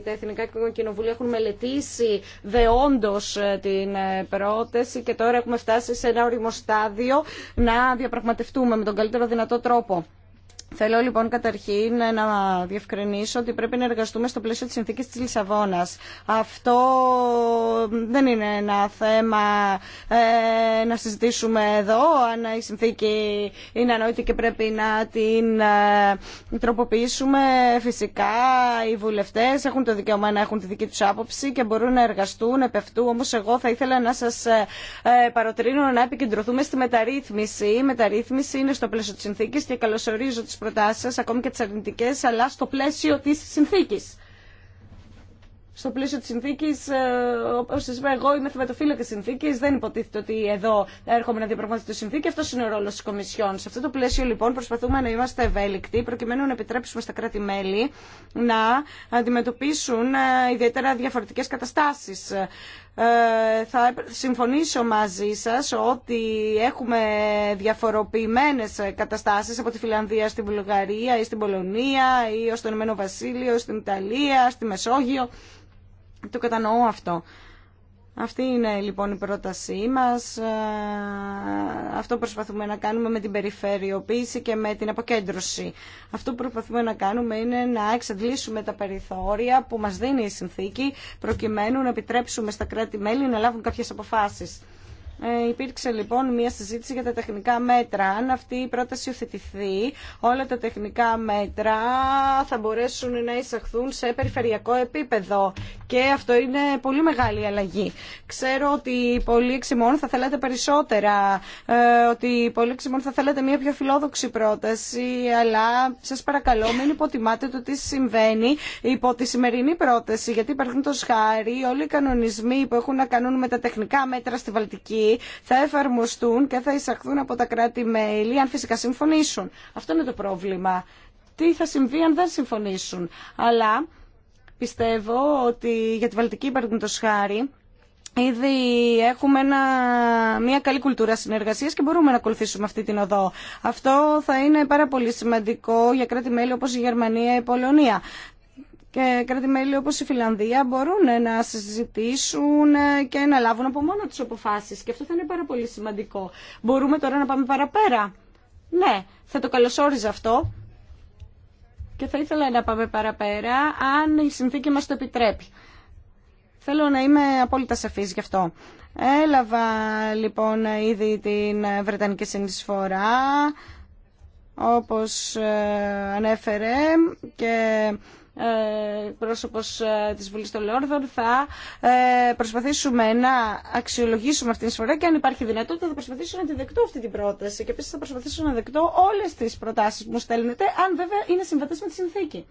τα Εθνικά Κοινοβούλια έχουν μελετήσει δεόντως ε, την πρόταση και τώρα έχουμε φτάσει σε ένα οριμοστάδιο να διαπραγματευτούμε με τον καλύτερο δυνατό τρόπο. Θέλω λοιπόν καταρχήν να διευκρινίσω ότι πρέπει να εργαστούμε στο πλαίσιο της συνθήκης της Λισαβόνας. Αυτό δεν είναι ένα θέμα ε, να συζητήσουμε εδώ, αν η συνθήκη είναι ανόητη και πρέπει να την ε, τροποποιήσουμε. Φυσικά οι βουλευτές έχουν το δικαίωμα να έχουν τη δική τους άποψη και μπορούν να εργαστούν επ' αυτού. Όμως εγώ θα ήθελα να σας ε, ε παροτρύνω να επικεντρωθούμε στη μεταρρύθμιση. Η μεταρρύθμιση είναι στο πλαίσιο της συνθήκης και καλωσορίζω τις προτάσεις ακόμη και τι αρνητικέ, αλλά στο πλαίσιο τη συνθήκη. Στο πλαίσιο της συνθήκης, ε, όπως σα είπα, εγώ είμαι τη συνθήκη, δεν υποτίθεται ότι εδώ έρχομαι να διαπραγματεύσω τη συνθήκη, αυτό είναι ο ρόλο τη Κομισιόν. Σε αυτό το πλαίσιο λοιπόν προσπαθούμε να είμαστε ευέλικτοι, προκειμένου να επιτρέψουμε στα κράτη-μέλη να αντιμετωπίσουν ε, ιδιαίτερα διαφορετικέ καταστάσει. Ε, θα συμφωνήσω μαζί σας ότι έχουμε διαφοροποιημένες καταστάσεις από τη Φιλανδία στη Βουλγαρία ή στην Πολωνία ή στον το Ηνωμένο Βασίλειο, στην Ιταλία, στη Μεσόγειο. Το κατανοώ αυτό. Αυτή είναι λοιπόν η πρότασή μας. Ε, αυτό προσπαθούμε να κάνουμε με την περιφερειοποίηση και με την αποκέντρωση. Αυτό που προσπαθούμε να κάνουμε είναι να εξαντλήσουμε τα περιθώρια που μας δίνει η συνθήκη προκειμένου να επιτρέψουμε στα κράτη-μέλη να λάβουν κάποιες αποφάσεις. Ε, υπήρξε λοιπόν μια συζήτηση για τα τεχνικά μέτρα. Αν αυτή η πρόταση υιοθετηθεί, όλα τα τεχνικά μέτρα θα μπορέσουν να εισαχθούν σε περιφερειακό επίπεδο. Και αυτό είναι πολύ μεγάλη αλλαγή. Ξέρω ότι πολλοί εξημών θα θέλατε περισσότερα, ε, ότι πολλοί εξημών θα θέλατε μια πιο φιλόδοξη πρόταση, αλλά σα παρακαλώ μην υποτιμάτε το τι συμβαίνει υπό τη σημερινή πρόταση, γιατί υπάρχουν το σχάρι όλοι οι κανονισμοί που έχουν να κάνουν με τα τεχνικά μέτρα στη Βαλτική θα εφαρμοστούν και θα εισαχθούν από τα κράτη-μέλη αν φυσικά συμφωνήσουν. Αυτό είναι το πρόβλημα. Τι θα συμβεί αν δεν συμφωνήσουν. Αλλά πιστεύω ότι για τη Βαλτική παραδείγματο χάρη Ήδη έχουμε μια καλή κουλτούρα συνεργασίας και μπορούμε να ακολουθήσουμε αυτή την οδό. Αυτό θα είναι πάρα πολύ σημαντικό για κράτη-μέλη όπως η Γερμανία ή η Πολωνία και κράτη-μέλη όπως η Φιλανδία μπορούν ε, να συζητήσουν ε, και να λάβουν από μόνο τους αποφάσει. Και αυτό θα είναι πάρα πολύ σημαντικό. Μπορούμε τώρα να πάμε παραπέρα. Ναι, θα το καλωσόριζα αυτό. Και θα ήθελα να πάμε παραπέρα αν η συνθήκη μας το επιτρέπει. Θέλω να είμαι απόλυτα σαφής γι' αυτό. Έλαβα λοιπόν ήδη την Βρετανική συνεισφορά, όπως ε, ανέφερε, και ε, πρόσωπος ε, της Βουλής των Λόρδων θα ε, προσπαθήσουμε να αξιολογήσουμε αυτήν τη σφορά και αν υπάρχει δυνατότητα θα προσπαθήσω να τη δεκτώ αυτή την πρόταση και επίσης θα προσπαθήσω να δεκτώ όλες τις προτάσεις που μου στέλνετε αν βέβαια είναι συμβατές με τη συνθήκη.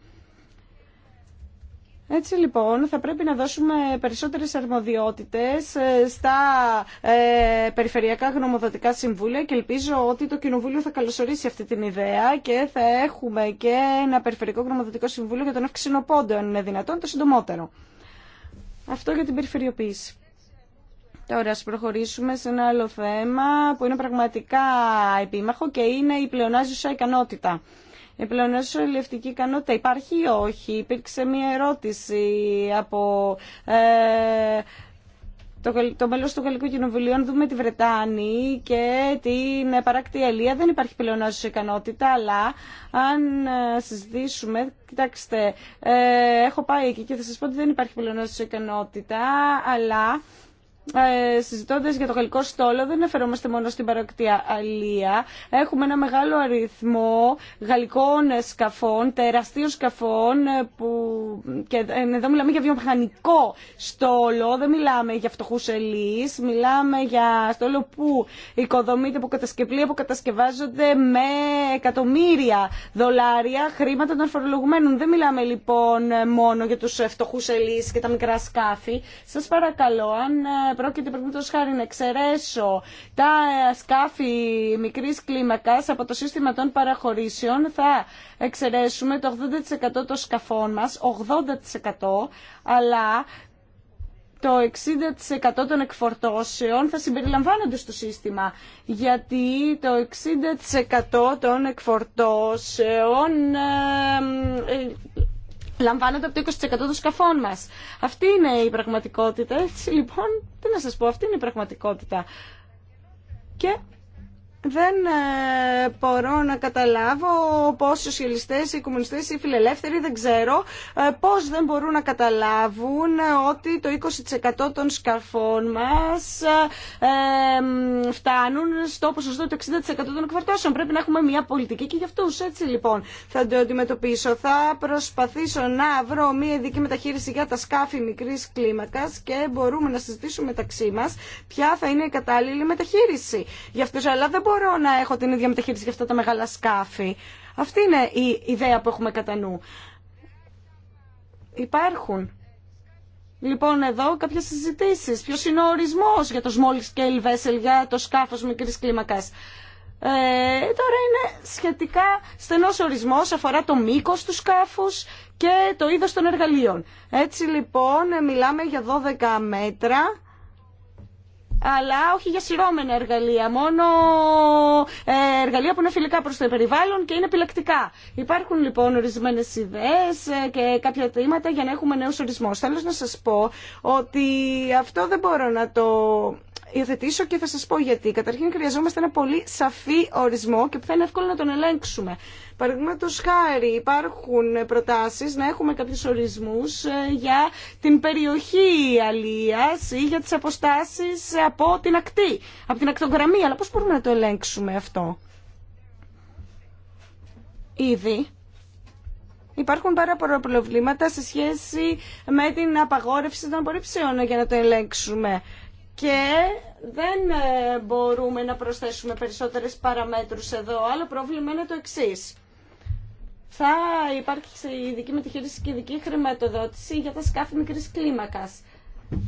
Έτσι λοιπόν θα πρέπει να δώσουμε περισσότερες αρμοδιότητες ε, στα ε, περιφερειακά γνωμοδοτικά συμβούλια και ελπίζω ότι το Κοινοβούλιο θα καλωσορίσει αυτή την ιδέα και θα έχουμε και ένα περιφερειακό γνωμοδοτικό συμβούλιο για τον αυξηνοπόντο αν είναι δυνατόν το συντομότερο. Αυτό για την περιφερειοποίηση. Τώρα ας προχωρήσουμε σε ένα άλλο θέμα που είναι πραγματικά επίμαχο και είναι η πλεονάζουσα ικανότητα. Η πλεονέσου ελευτική ικανότητα υπάρχει ή όχι. Υπήρξε μία ερώτηση από ε, το, το μέλος του Γαλλικού Κοινοβουλίου, αν δούμε τη Βρετάνη και την παράκτη Ελία, δεν υπάρχει πλεονάζουσα ικανότητα, αλλά αν ε, συζητήσουμε, κοιτάξτε, ε, έχω πάει εκεί και θα σας πω ότι δεν υπάρχει πλεονάζουσα ικανότητα, αλλά ε, συζητώντα για το γαλλικό στόλο, δεν εφερόμαστε μόνο στην παρακτία αλία. Έχουμε ένα μεγάλο αριθμό γαλλικών σκαφών, τεραστίων σκαφών, ε, που, και ε, εδώ μιλάμε για βιομηχανικό στόλο, δεν μιλάμε για φτωχού ελεί, μιλάμε για στόλο που οικοδομείται, που κατασκευή, που κατασκευάζονται με εκατομμύρια δολάρια χρήματα των φορολογουμένων. Δεν μιλάμε λοιπόν μόνο για του φτωχού ελεί και τα μικρά σκάφη. Σα παρακαλώ, αν ε, πρόκειται παραδείγματο χάρη να εξαιρέσω τα σκάφη μικρή κλίμακα από το σύστημα των παραχωρήσεων, θα εξαιρέσουμε το 80% των σκαφών μα, 80%, αλλά το 60% των εκφορτώσεων θα συμπεριλαμβάνονται στο σύστημα. Γιατί το 60% των εκφορτώσεων ε, ε, λαμβάνονται από το 20% των σκαφών μας. Αυτή είναι η πραγματικότητα. Έτσι λοιπόν, τι να σας πω, αυτή είναι η πραγματικότητα. Και δεν ε, μπορώ να καταλάβω πώς οι σοσιαλιστές, οι κομμουνιστές, οι φιλελεύθεροι δεν ξέρω ε, πώς δεν μπορούν να καταλάβουν ότι το 20% των σκαφών μας ε, φτάνουν στο ποσοστό του 60% των εκφορτώσεων. Πρέπει να έχουμε μια πολιτική και για αυτούς. Έτσι λοιπόν θα το αντιμετωπίσω. Θα προσπαθήσω να βρω μια ειδική μεταχείριση για τα σκάφη μικρής κλίμακας και μπορούμε να συζητήσουμε μεταξύ μας ποια θα είναι η κατάλληλη μεταχείριση για Αλλά δεν μπορώ να έχω την ίδια μεταχείριση για αυτά τα μεγάλα σκάφη. Αυτή είναι η ιδέα που έχουμε κατά νου. Υπάρχουν. Λοιπόν, εδώ κάποιε συζητήσει. Ποιο είναι ο ορισμό για το small scale vessel, για το σκάφο μικρή κλίμακα. Ε, τώρα είναι σχετικά στενός ορισμός, αφορά το μήκος του σκάφους και το είδος των εργαλείων. Έτσι λοιπόν μιλάμε για 12 μέτρα αλλά όχι για σειρώμενα εργαλεία, μόνο ε, εργαλεία που είναι φιλικά προς το περιβάλλον και είναι επιλεκτικά. Υπάρχουν λοιπόν ορισμένες ιδέες ε, και κάποια θέματα για να έχουμε νέου ορισμούς. Θέλω να σας πω ότι αυτό δεν μπορώ να το υιοθετήσω και θα σας πω γιατί. Καταρχήν χρειαζόμαστε ένα πολύ σαφή ορισμό και που θα είναι εύκολο να τον ελέγξουμε. Παραδείγματο χάρη υπάρχουν προτάσεις να έχουμε κάποιους ορισμούς ε, για την περιοχή αλίας ή για τις αποστάσεις από την ακτή, από την ακτογραμμή. Αλλά πώς μπορούμε να το ελέγξουμε αυτό. Ήδη Υπάρχουν πάρα πολλά προβλήματα σε σχέση με την απαγόρευση των απορρίψεων για να το ελέγξουμε και δεν ε, μπορούμε να προσθέσουμε περισσότερες παραμέτρους εδώ. Άλλο πρόβλημα είναι το εξής. Θα η ειδική μεταχείριση και ειδική χρηματοδότηση για τα σκάφη μικρής κλίμακας.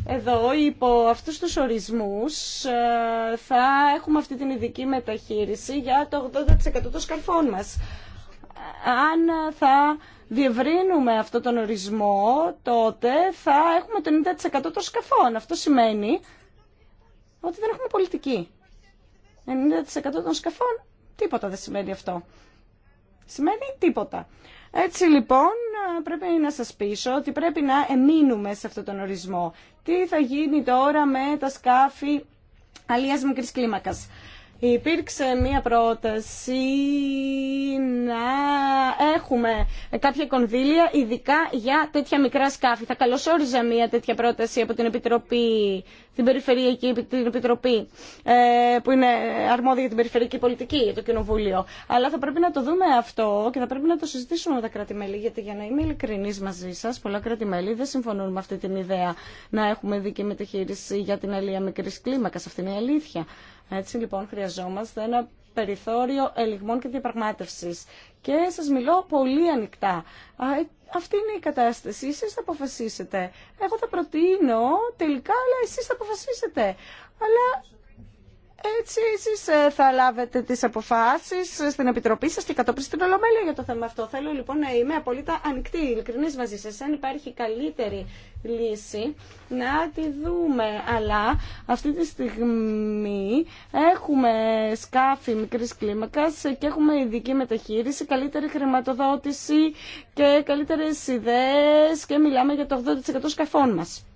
Εδώ, υπό αυτούς τους ορισμούς, ε, θα έχουμε αυτή την ειδική μεταχείριση για το 80% των σκαφών μας. Αν θα διευρύνουμε αυτόν τον ορισμό, τότε θα έχουμε το 90% των σκαφών. Αυτό σημαίνει ότι δεν έχουμε πολιτική. 90% των σκαφών, τίποτα δεν σημαίνει αυτό. Σημαίνει τίποτα. Έτσι λοιπόν πρέπει να σας πείσω ότι πρέπει να εμείνουμε σε αυτόν τον ορισμό. Τι θα γίνει τώρα με τα σκάφη αλίας μικρής κλίμακας. Υπήρξε μία πρόταση να έχουμε κάποια κονδύλια ειδικά για τέτοια μικρά σκάφη. Θα καλωσόριζα μία τέτοια πρόταση από την Επιτροπή, την Περιφερειακή την Επιτροπή, ε, που είναι αρμόδια για την Περιφερειακή Πολιτική, για το Κοινοβούλιο. Αλλά θα πρέπει να το δούμε αυτό και θα πρέπει να το συζητήσουμε με τα κράτη-μέλη, γιατί για να είμαι ειλικρινή μαζί σα, πολλά κράτη-μέλη δεν συμφωνούν με αυτή την ιδέα να έχουμε δική μεταχείριση για την αλληλεία μικρή κλίμακα. Αυτή είναι η αλήθεια. Έτσι λοιπόν χρειαζόμαστε ένα περιθώριο ελιγμών και διαπραγμάτευσης. Και σας μιλώ πολύ ανοιχτά. Ε, αυτή είναι η κατάσταση. Εσείς θα αποφασίσετε. Εγώ θα προτείνω τελικά, αλλά εσείς θα αποφασίσετε. Αλλά έτσι εσείς ε, θα λάβετε τις αποφάσεις στην Επιτροπή σας και κατόπιν στην Ολομέλεια για το θέμα αυτό. Θέλω λοιπόν να είμαι απολύτω ανοιχτή, ειλικρινής μαζί σας. Αν υπάρχει καλύτερη λύση, να τη δούμε. Αλλά αυτή τη στιγμή έχουμε σκάφη μικρής κλίμακας και έχουμε ειδική μεταχείριση, καλύτερη χρηματοδότηση και καλύτερες ιδέες και μιλάμε για το 80% σκαφών μας.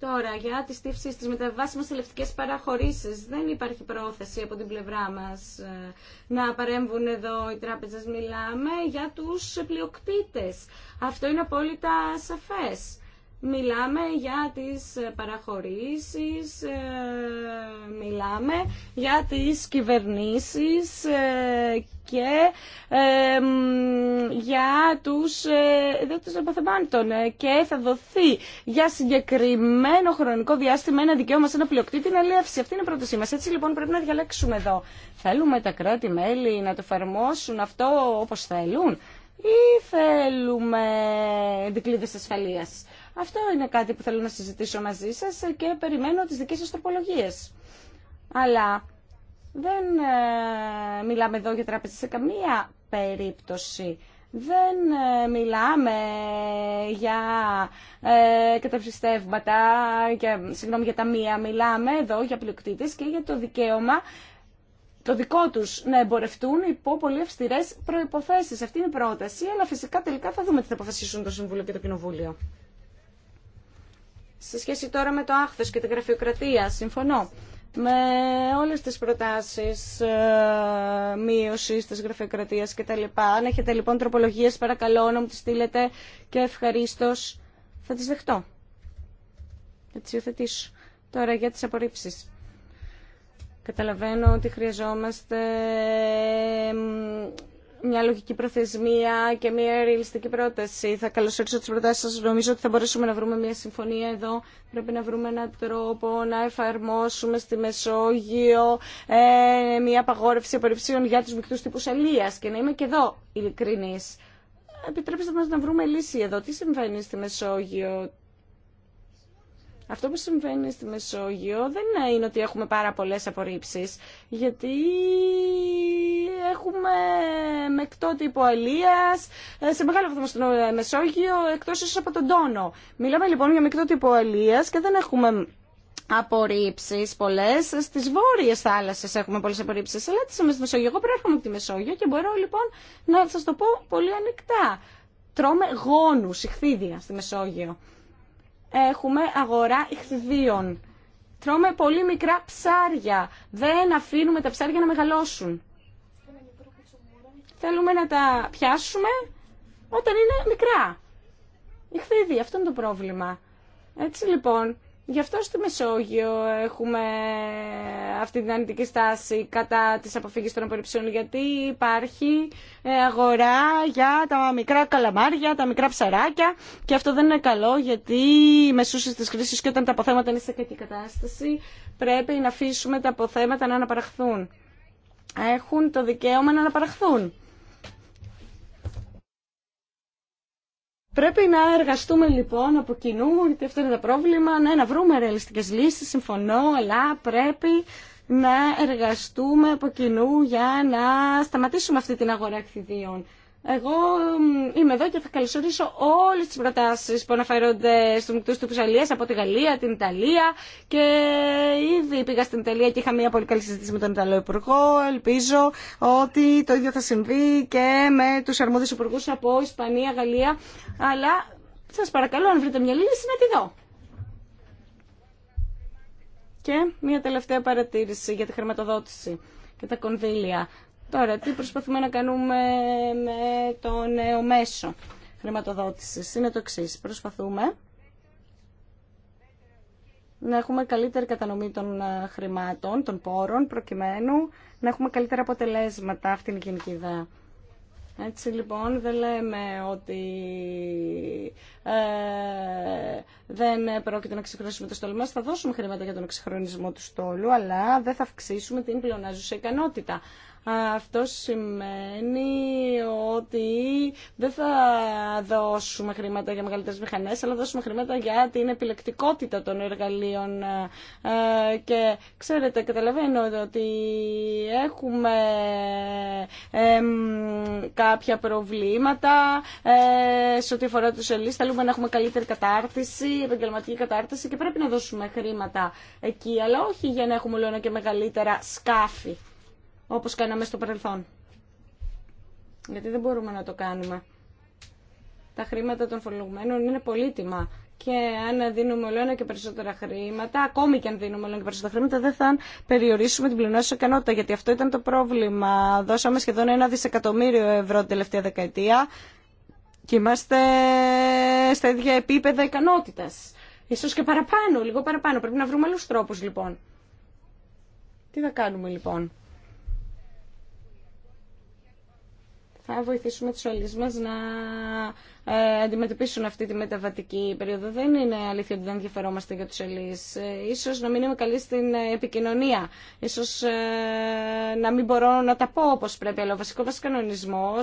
Τώρα, για τις τύψεις, τις μεταβάσιμες ελευτικές παραχωρήσεις, δεν υπάρχει πρόθεση από την πλευρά μας ε, να παρέμβουν εδώ οι τράπεζες. Μιλάμε για τους πλειοκτήτες. Αυτό είναι απόλυτα σαφές. Μιλάμε για τις παραχωρήσεις, ε, μιλάμε για τις κυβερνήσεις ε, και ε, για τους ιδιώτες των και θα δοθεί για συγκεκριμένο χρονικό διάστημα ένα δικαίωμα σε ένα πλειοκτήτη να αυξηση Αυτή είναι η πρότασή μας. Έτσι λοιπόν πρέπει να διαλέξουμε εδώ. Θέλουμε τα κράτη-μέλη να το εφαρμόσουν αυτό όπως θέλουν ή θέλουμε δικλείδες ασφαλείας. Αυτό είναι κάτι που θέλω να συζητήσω μαζί σας και περιμένω τις δικές σας τροπολογίες. Αλλά δεν ε, μιλάμε εδώ για τράπεζα σε καμία περίπτωση. Δεν ε, μιλάμε για ε, για, συγγνώμη για ταμεία. μιλάμε εδώ για πλειοκτήτες και για το δικαίωμα το δικό τους να εμπορευτούν υπό πολύ αυστηρές προϋποθέσεις. Αυτή είναι η πρόταση, αλλά φυσικά τελικά θα δούμε τι θα αποφασίσουν το Συμβούλιο και το Κοινοβούλιο. Σε σχέση τώρα με το άχθος και την γραφειοκρατία, συμφωνώ με όλες τις προτάσεις ε, της γραφειοκρατίας και τα Αν έχετε λοιπόν τροπολογίες παρακαλώ να μου τις στείλετε και ευχαρίστω θα τις δεχτώ. Θα τις υιοθετήσω. Τώρα για τις απορρίψεις. Καταλαβαίνω ότι χρειαζόμαστε μια λογική προθεσμία και μια ρεαλιστική πρόταση. Θα καλωσορίσω τι προτάσει σας. Νομίζω ότι θα μπορέσουμε να βρούμε μια συμφωνία εδώ. Πρέπει να βρούμε έναν τρόπο να εφαρμόσουμε στη Μεσόγειο ε, μια απαγόρευση απορριψίων για τους μικτούς τύπους αλίας. Και να είμαι και εδώ ειλικρινή. Επιτρέψτε μα να βρούμε λύση εδώ. Τι συμβαίνει στη Μεσόγειο, αυτό που συμβαίνει στη Μεσόγειο δεν είναι ότι έχουμε πάρα πολλές απορρίψεις, γιατί έχουμε μεκτό τύπο αλίας ε, σε μεγάλο βαθμό στο ε, Μεσόγειο, εκτός ίσως από τον τόνο. Μιλάμε λοιπόν για μεκτό τύπο αλίας και δεν έχουμε απορρίψει πολλέ. Στι βόρειε θάλασσε έχουμε πολλέ απορρίψει. τι τις στη Μεσόγειο. Εγώ προέρχομαι από τη Μεσόγειο και μπορώ λοιπόν να σα το πω πολύ ανοιχτά. Τρώμε γόνου, ηχθίδια στη Μεσόγειο έχουμε αγορά ηχθιδίων. Τρώμε πολύ μικρά ψάρια. Δεν αφήνουμε τα ψάρια να μεγαλώσουν. Θέλουμε να τα πιάσουμε όταν είναι μικρά. Ηχθίδι, αυτό είναι το πρόβλημα. Έτσι λοιπόν, Γι' αυτό στη Μεσόγειο έχουμε αυτή την ανητική στάση κατά της αποφύγης των απορριψιών γιατί υπάρχει ε, αγορά για τα μικρά καλαμάρια, τα μικρά ψαράκια και αυτό δεν είναι καλό γιατί μεσούσες της κρίσης και όταν τα αποθέματα είναι σε κακή κατάσταση πρέπει να αφήσουμε τα αποθέματα να αναπαραχθούν. Έχουν το δικαίωμα να αναπαραχθούν. Πρέπει να εργαστούμε λοιπόν από κοινού, γιατί αυτό είναι το πρόβλημα, ναι, να βρούμε ρεαλιστικές λύσει. συμφωνώ, αλλά πρέπει να εργαστούμε από κοινού για να σταματήσουμε αυτή την αγορά εκθηδίων. Εγώ είμαι εδώ και θα καλωσορίσω όλε τι προτάσει που αναφέρονται στου μικρού του από τη Γαλλία, την Ιταλία. Και ήδη πήγα στην Ιταλία και είχα μια πολύ καλή συζήτηση με τον Ιταλό Υπουργό. Ελπίζω ότι το ίδιο θα συμβεί και με του αρμόδιου υπουργού από Ισπανία, Γαλλία. Αλλά σα παρακαλώ, αν βρείτε μια λύση, να τη δω. Και μια τελευταία παρατήρηση για τη χρηματοδότηση και τα κονδύλια. Τώρα, τι προσπαθούμε να κάνουμε με το νέο μέσο χρηματοδότησης. Είναι το εξή. Προσπαθούμε να έχουμε καλύτερη κατανομή των ε, χρημάτων, των πόρων, προκειμένου να έχουμε καλύτερα αποτελέσματα. Αυτή είναι η γενική ιδέα. Έτσι λοιπόν δεν λέμε ότι ε, δεν πρόκειται να ξεχρονίσουμε το στόλο μας, θα δώσουμε χρήματα για τον ξεχρονισμό του στόλου, αλλά δεν θα αυξήσουμε την πλεονάζουσα ικανότητα. Αυτό σημαίνει ότι δεν θα δώσουμε χρήματα για μεγαλύτερες μηχανές, αλλά θα δώσουμε χρήματα για την επιλεκτικότητα των εργαλείων. Και ξέρετε, καταλαβαίνω ότι έχουμε κάποια προβλήματα ε, σε ό,τι αφορά τους ελίς. Θέλουμε να έχουμε καλύτερη κατάρτιση, επαγγελματική κατάρτιση και πρέπει να δώσουμε χρήματα εκεί, αλλά όχι για να έχουμε όλο και μεγαλύτερα σκάφη όπως κάναμε στο παρελθόν. Γιατί δεν μπορούμε να το κάνουμε. Τα χρήματα των φορολογουμένων είναι πολύτιμα και αν δίνουμε όλο ένα και περισσότερα χρήματα, ακόμη και αν δίνουμε όλο ένα και περισσότερα χρήματα, δεν θα περιορίσουμε την πλειονότητα ικανότητα. Γιατί αυτό ήταν το πρόβλημα. Δώσαμε σχεδόν ένα δισεκατομμύριο ευρώ την τελευταία δεκαετία και είμαστε στα ίδια επίπεδα ικανότητα. Ίσως και παραπάνω, λίγο παραπάνω. Πρέπει να βρούμε άλλου τρόπου λοιπόν. Τι θα κάνουμε λοιπόν. θα βοηθήσουμε τους όλους μας να ε, αντιμετωπίσουν αυτή τη μεταβατική περίοδο. Δεν είναι αλήθεια ότι δεν ενδιαφερόμαστε για τους Ελλείς. Ε, Σω να μην είμαι καλή στην επικοινωνία. Ίσως ε, να μην μπορώ να τα πω όπω πρέπει. Αλλά ο βασικό μα κανονισμό,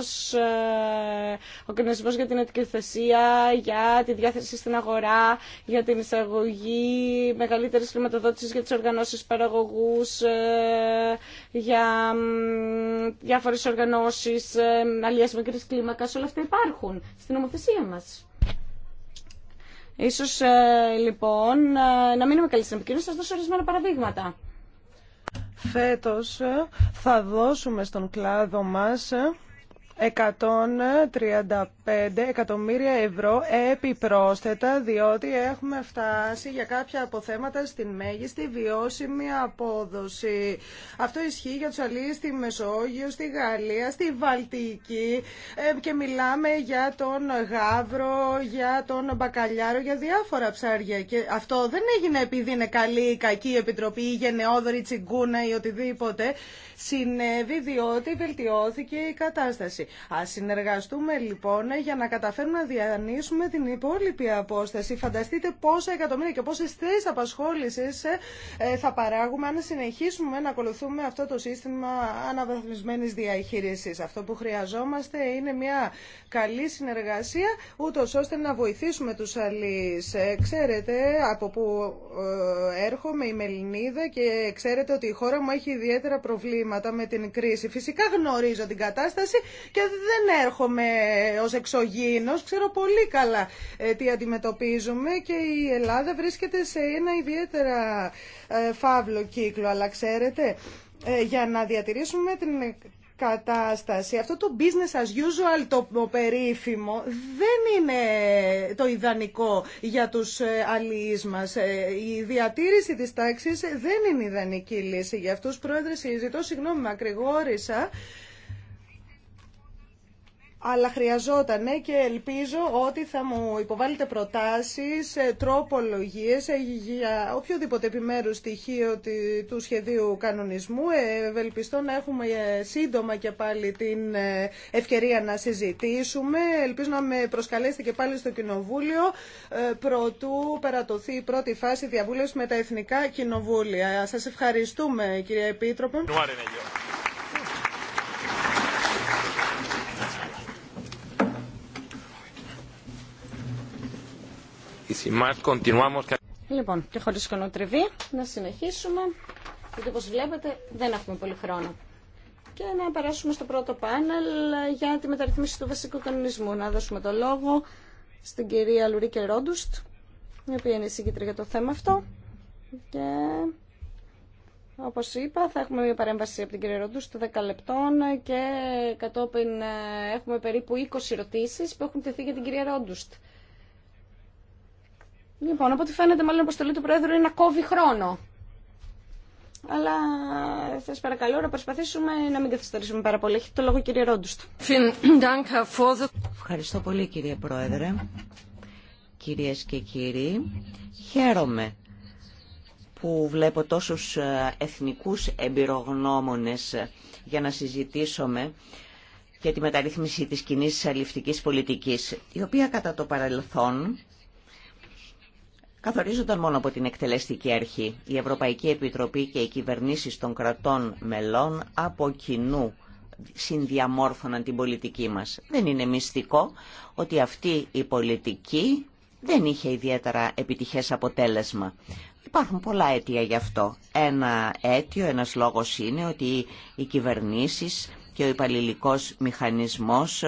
ο κανονισμό για την ετικοθεσία, για τη διάθεση στην αγορά, για την εισαγωγή μεγαλύτερη χρηματοδότηση για τις οργανώσεις παραγωγούς, για διάφορες οργανώσεις, αλλιέ μικρή κλίμακα, όλα αυτά υπάρχουν στην νομοθεσία μας. Ίσως ε, λοιπόν ε, να μην είμαι καλή στην επικοινωνία, σας δώσω ορισμένα παραδείγματα. Φέτος ε, θα δώσουμε στον κλάδο μας 135 εκατομμύρια ευρώ επιπρόσθετα διότι έχουμε φτάσει για κάποια αποθέματα στην μέγιστη βιώσιμη απόδοση. Αυτό ισχύει για τους αλλήλους στη Μεσόγειο, στη Γαλλία, στη Βαλτική ε, και μιλάμε για τον γάβρο, για τον μπακαλιάρο, για διάφορα ψάρια. Και αυτό δεν έγινε επειδή είναι καλή ή κακή η κακη ή γενναιόδορη τσιγκούνα ή οτιδήποτε συνέβη διότι βελτιώθηκε η κατάσταση. Α συνεργαστούμε λοιπόν για να καταφέρουμε να διανύσουμε την υπόλοιπη απόσταση. Φανταστείτε πόσα εκατομμύρια και πόσε θέσει απασχόληση ε, ε, θα παράγουμε αν συνεχίσουμε να ακολουθούμε αυτό το σύστημα αναβαθμισμένη διαχείριση. Αυτό που χρειαζόμαστε είναι μια καλή συνεργασία, ούτω ώστε να βοηθήσουμε του αλληλεί. Ε, ξέρετε από πού έρχομαι, η Μελληνίδα, και ξέρετε ότι η χώρα μου έχει ιδιαίτερα προβλήματα προβλήματα με την κρίση. Φυσικά γνωρίζω την κατάσταση και δεν έρχομαι ως εξωγήινος. Ξέρω πολύ καλά ε, τι αντιμετωπίζουμε και η Ελλάδα βρίσκεται σε ένα ιδιαίτερα ε, φαύλο κύκλο. Αλλά ξέρετε, ε, για να διατηρήσουμε την κατάσταση. Αυτό το business as usual το περίφημο δεν είναι το ιδανικό για τους ε, αλληλείς μας. Ε, η διατήρηση της τάξης δεν είναι ιδανική λύση για αυτούς. Πρόεδρε, συζητώ, συγγνώμη, μακρηγόρησα αλλά χρειαζόταν και ελπίζω ότι θα μου υποβάλλετε προτάσεις, ε, τρόπολογίες ε, για οποιοδήποτε επιμέρου στοιχείο του σχεδίου κανονισμού. Ε, ευελπιστώ να έχουμε σύντομα και πάλι την ευκαιρία να συζητήσουμε. Ελπίζω να με προσκαλέσετε και πάλι στο Κοινοβούλιο προτού περατωθεί η πρώτη φάση διαβούλευση με τα Εθνικά Κοινοβούλια. Σας ευχαριστούμε κύριε Επίτροπο. Λοιπόν, και χωρίς κονοτριβή, να συνεχίσουμε, γιατί όπως βλέπετε δεν έχουμε πολύ χρόνο. Και να περάσουμε στο πρώτο πάνελ για τη μεταρρύθμιση του βασικού κανονισμού. Να δώσουμε το λόγο στην κυρία Λουρίκε Ρόντουστ, η οποία είναι η για το θέμα αυτό. Και όπως είπα, θα έχουμε μια παρέμβαση από την κυρία Ρόντουστ 10 λεπτών και κατόπιν ε, έχουμε περίπου 20 ερωτήσει που έχουν τεθεί για την κυρία Ρόντουστ. Λοιπόν, από ό,τι φαίνεται, μάλλον η αποστολή του Πρόεδρου είναι να κόβει χρόνο. Αλλά σα παρακαλώ να προσπαθήσουμε να μην καθυστερήσουμε πάρα πολύ. Έχει το λόγο κύριε Ρόντουστ. Ευχαριστώ πολύ κύριε Πρόεδρε. Κυρίες και κύριοι, χαίρομαι που βλέπω τόσους ε, εθνικούς εμπειρογνώμονες για να συζητήσουμε για τη μεταρρύθμιση της κοινή αληφτική πολιτικής, η οποία κατά το παρελθόν καθορίζονταν μόνο από την εκτελεστική αρχή. Η Ευρωπαϊκή Επιτροπή και οι κυβερνήσει των κρατών μελών από κοινού συνδιαμόρφωναν την πολιτική μας. Δεν είναι μυστικό ότι αυτή η πολιτική δεν είχε ιδιαίτερα επιτυχές αποτέλεσμα. Υπάρχουν πολλά αίτια γι' αυτό. Ένα αίτιο, ένα λόγος είναι ότι οι κυβερνήσεις και ο υπαλληλικό μηχανισμός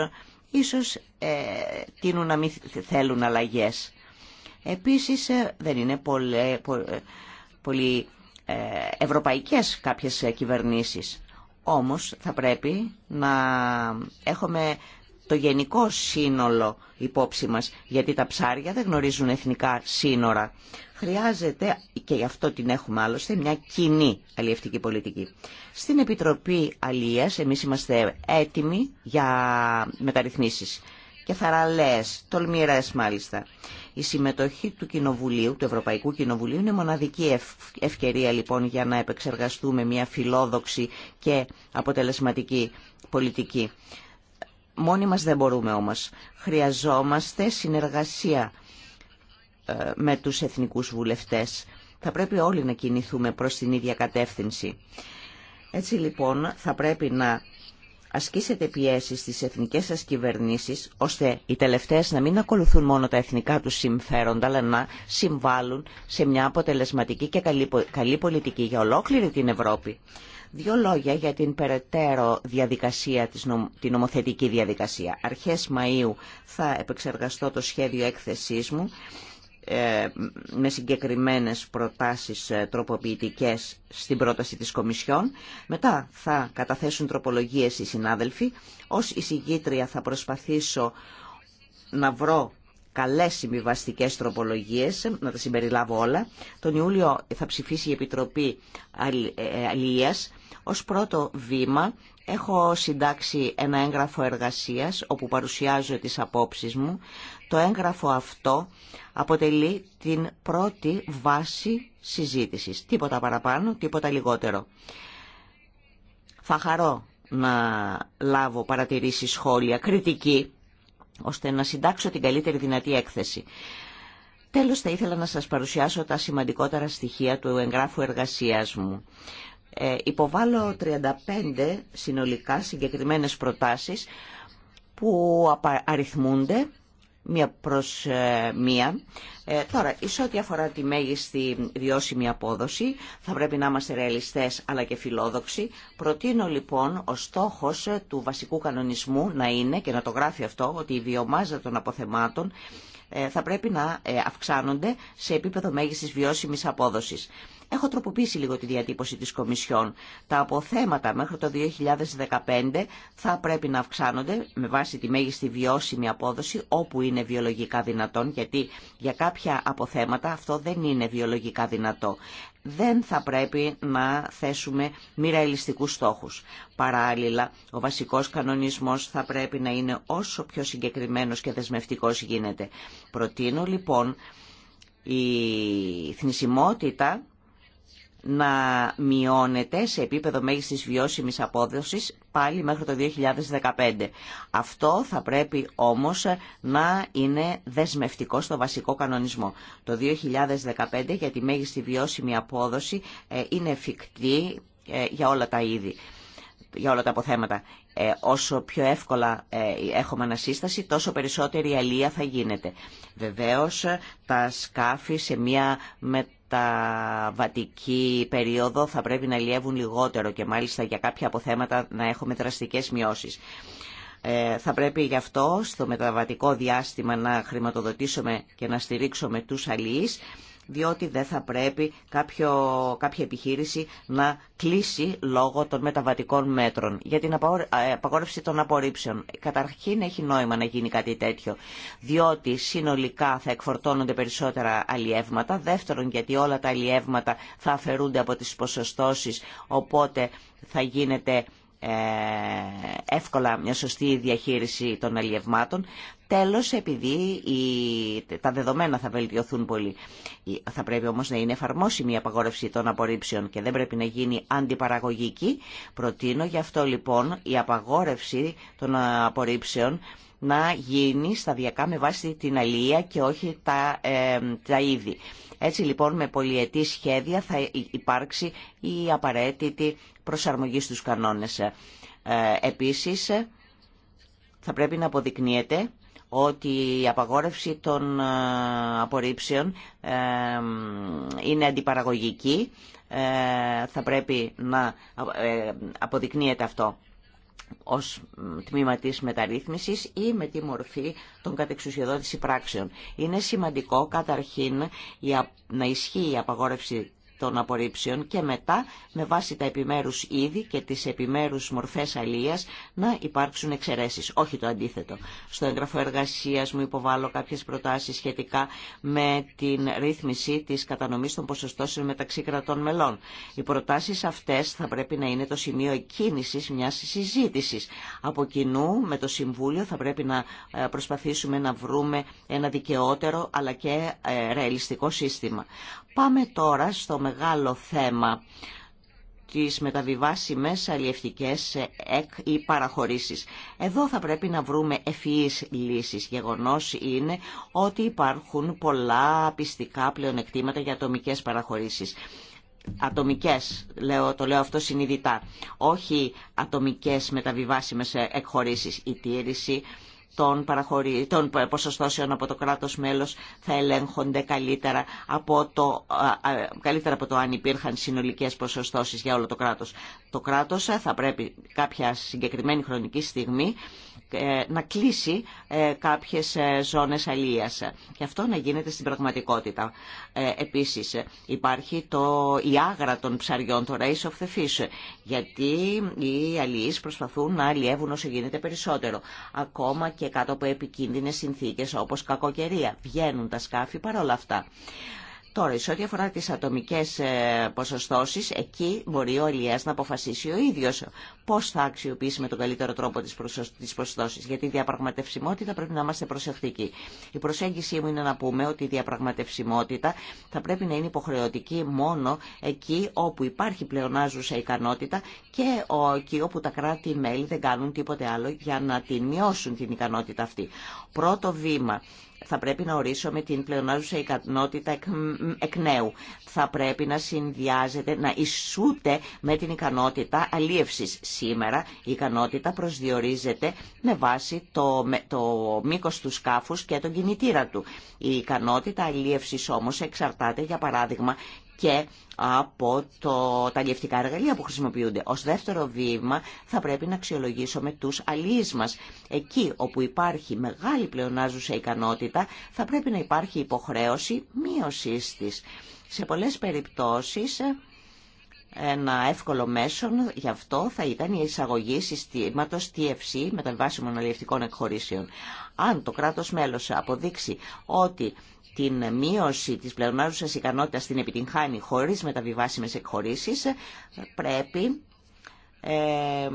ίσως ε, να μην θέλουν αλλαγές. Επίσης ε, δεν είναι ε, πολύ, πολύ ε, ευρωπαϊκές κάποιες κυβερνήσεις. Όμως θα πρέπει να έχουμε το γενικό σύνολο υπόψη μας, γιατί τα ψάρια δεν γνωρίζουν εθνικά σύνορα. Χρειάζεται, και γι' αυτό την έχουμε άλλωστε, μια κοινή αλλιευτική πολιτική. Στην Επιτροπή Αλίας εμείς είμαστε έτοιμοι για μεταρρυθμίσεις και θαραλέες, τολμηρές μάλιστα. Η συμμετοχή του Κοινοβουλίου, του Ευρωπαϊκού Κοινοβουλίου, είναι μοναδική ευκαιρία λοιπόν για να επεξεργαστούμε μια φιλόδοξη και αποτελεσματική πολιτική. Μόνοι μας δεν μπορούμε όμως. Χρειαζόμαστε συνεργασία ε, με τους εθνικούς βουλευτές. Θα πρέπει όλοι να κινηθούμε προς την ίδια κατεύθυνση. Έτσι λοιπόν θα πρέπει να ασκήσετε πιέσεις στις εθνικές σας κυβερνήσεις, ώστε οι τελευταίες να μην ακολουθούν μόνο τα εθνικά τους συμφέροντα, αλλά να συμβάλλουν σε μια αποτελεσματική και καλή πολιτική για ολόκληρη την Ευρώπη. Δύο λόγια για την περαιτέρω διαδικασία, την νομοθετική διαδικασία. Αρχές Μαΐου θα επεξεργαστώ το σχέδιο έκθεσής μου ε, με συγκεκριμένες προτάσεις ε, τροποποιητικές στην πρόταση της Κομισιόν. Μετά θα καταθέσουν τροπολογίες οι συνάδελφοι. Ως εισηγήτρια θα προσπαθήσω να βρω καλές συμβιβαστικέ τροπολογίες, να τα συμπεριλάβω όλα. Τον Ιούλιο θα ψηφίσει η Επιτροπή Αλίας. Ε, Ως πρώτο βήμα έχω συντάξει ένα έγγραφο εργασίας όπου παρουσιάζω τις απόψεις μου. Το έγγραφο αυτό αποτελεί την πρώτη βάση συζήτησης. Τίποτα παραπάνω, τίποτα λιγότερο. Θα χαρώ να λάβω παρατηρήσεις, σχόλια, κριτική, ώστε να συντάξω την καλύτερη δυνατή έκθεση. Τέλος θα ήθελα να σας παρουσιάσω τα σημαντικότερα στοιχεία του εγγράφου εργασίας μου. Ε, υποβάλλω 35 συνολικά συγκεκριμένες προτάσεις που αριθμούνται μία προς ε, μία. Ε, τώρα, εις ό,τι αφορά τη μέγιστη βιώσιμη απόδοση, θα πρέπει να είμαστε ρεαλιστές αλλά και φιλόδοξοι. Προτείνω λοιπόν ο στόχος ε, του βασικού κανονισμού να είναι, και να το γράφει αυτό, ότι η βιομάζα των αποθεμάτων θα πρέπει να αυξάνονται σε επίπεδο μέγιστης βιώσιμης απόδοσης. Έχω τροποποιήσει λίγο τη διατύπωση της Κομισιόν. Τα αποθέματα μέχρι το 2015 θα πρέπει να αυξάνονται με βάση τη μέγιστη βιώσιμη απόδοση όπου είναι βιολογικά δυνατόν, γιατί για κάποια αποθέματα αυτό δεν είναι βιολογικά δυνατό δεν θα πρέπει να θέσουμε ρεαλιστικούς στόχους. Παράλληλα, ο βασικός κανονισμός θα πρέπει να είναι όσο πιο συγκεκριμένος και δεσμευτικός γίνεται. Προτείνω λοιπόν η θνησιμότητα να μειώνεται σε επίπεδο μέγιστης βιώσιμης απόδοσης πάλι μέχρι το 2015. Αυτό θα πρέπει όμως να είναι δεσμευτικό στο βασικό κανονισμό. Το 2015 για τη μέγιστη βιώσιμη απόδοση ε, είναι εφικτή ε, για όλα τα είδη για όλα τα αποθέματα. Ε, όσο πιο εύκολα έχουμε ανασύσταση, τόσο περισσότερη αλία θα γίνεται. Βεβαίως, τα σκάφη σε μια με, τα βατική περίοδο θα πρέπει να λιεύουν λιγότερο και μάλιστα για κάποια αποθέματα να έχουμε δραστικές μειώσεις. Ε, θα πρέπει γι' αυτό στο μεταβατικό διάστημα να χρηματοδοτήσουμε και να στηρίξουμε τους αλληλείς διότι δεν θα πρέπει κάποιο, κάποια επιχείρηση να κλείσει λόγω των μεταβατικών μέτρων για την ε, απαγόρευση των απορρίψεων. Καταρχήν έχει νόημα να γίνει κάτι τέτοιο, διότι συνολικά θα εκφορτώνονται περισσότερα αλλιεύματα. Δεύτερον, γιατί όλα τα αλλιεύματα θα αφαιρούνται από τις ποσοστώσεις, οπότε θα γίνεται ε, εύκολα μια σωστή διαχείριση των αλλιευμάτων. Τέλος, επειδή τα δεδομένα θα βελτιωθούν πολύ. Θα πρέπει όμως να είναι εφαρμόσιμη η απαγόρευση των απορρίψεων και δεν πρέπει να γίνει αντιπαραγωγική. Προτείνω γι' αυτό λοιπόν η απαγόρευση των απορρίψεων να γίνει σταδιακά με βάση την αλληλεία και όχι τα, ε, είδη. Έτσι λοιπόν με πολυετή σχέδια θα υπάρξει η απαραίτητη προσαρμογή στους κανόνες. Ε, επίσης θα πρέπει να αποδεικνύεται ότι η απαγόρευση των ε, απορρίψεων ε, είναι αντιπαραγωγική. Ε, θα πρέπει να αποδεικνύεται αυτό ως τμήμα της μεταρρύθμισης ή με τη μορφή των κατεξουσιοδότηση πράξεων. Είναι σημαντικό καταρχήν να ισχύει η απαγόρευση των απορρίψεων και μετά με βάση τα επιμέρους είδη και τις επιμέρους μορφές αλίας να υπάρξουν εξαιρέσει, όχι το αντίθετο. Στο έγγραφο εργασίας μου υποβάλλω κάποιες προτάσεις σχετικά με την ρύθμιση της κατανομής των ποσοστώσεων μεταξύ κρατών μελών. Οι προτάσεις αυτές θα πρέπει να είναι το σημείο εκκίνησης μιας συζήτησης. Από κοινού με το Συμβούλιο θα πρέπει να ε, προσπαθήσουμε να βρούμε ένα δικαιότερο αλλά και ε, ρεαλιστικό σύστημα. Πάμε τώρα στο μεγάλο θέμα τις μεταβιβάσιμες αλλιευτικές εκ ή παραχωρήσεις. Εδώ θα πρέπει να βρούμε ευφυείς λύσεις. Γεγονός είναι ότι υπάρχουν πολλά πιστικά πλεονεκτήματα για ατομικές παραχωρήσεις. Ατομικές, λέω, το λέω αυτό συνειδητά, όχι ατομικές μεταβιβάσιμες εκχωρήσεις. Η τήρηση των, παραχωρή, των ποσοστώσεων από το κράτος μέλος θα ελέγχονται καλύτερα από, το, καλύτερα από το αν υπήρχαν συνολικές ποσοστώσεις για όλο το κράτος. Το κράτος θα πρέπει κάποια συγκεκριμένη χρονική στιγμή ε, να κλείσει ε, κάποιες ε, ζώνες αλίας. Και αυτό να γίνεται στην πραγματικότητα. Επίσης υπάρχει το, η άγρα των ψαριών, το race of the fish, γιατί οι αλίες προσπαθούν να αλλιεύουν όσο γίνεται περισσότερο. Ακόμα και κάτω από επικίνδυνες συνθήκες όπως κακοκαιρία. Βγαίνουν τα σκάφη παρόλα αυτά. Τώρα, σε ό,τι αφορά τις ατομικές ε, ποσοστώσεις, εκεί μπορεί ο Ελιάς να αποφασίσει ο ίδιος πώς θα αξιοποιήσει με τον καλύτερο τρόπο τις ποσοστώσεις, γιατί η διαπραγματευσιμότητα πρέπει να είμαστε προσεκτικοί. Η προσέγγιση μου είναι να πούμε ότι η διαπραγματευσιμότητα θα πρέπει να είναι υποχρεωτική μόνο εκεί όπου υπάρχει πλεονάζουσα ικανότητα και εκεί όπου τα κράτη-μέλη δεν κάνουν τίποτε άλλο για να την μειώσουν την ικανότητα αυτή. Πρώτο βήμα θα πρέπει να ορίσουμε την πλεονάζουσα ικανότητα εκ, νέου. Θα πρέπει να συνδυάζεται, να ισούται με την ικανότητα αλίευσης. Σήμερα η ικανότητα προσδιορίζεται με βάση το, το μήκος του σκάφους και τον κινητήρα του. Η ικανότητα αλίευσης όμως εξαρτάται, για παράδειγμα, και από το, τα αλληλευτικά εργαλεία που χρησιμοποιούνται. Ως δεύτερο βήμα θα πρέπει να αξιολογήσουμε τους αλείς μας. Εκεί όπου υπάρχει μεγάλη πλεονάζουσα ικανότητα θα πρέπει να υπάρχει υποχρέωση μείωσής της. Σε πολλές περιπτώσεις ένα εύκολο μέσο γι' αυτό θα ήταν η εισαγωγή συστήματος TFC μεταβάσιμων αλληλευτικών εκχωρήσεων. Αν το κράτος μέλος αποδείξει ότι την μείωση της πλεονάζουσας ικανότητας την επιτυγχάνει χωρίς μεταβιβάσιμες εκχωρήσεις, πρέπει ε, ε,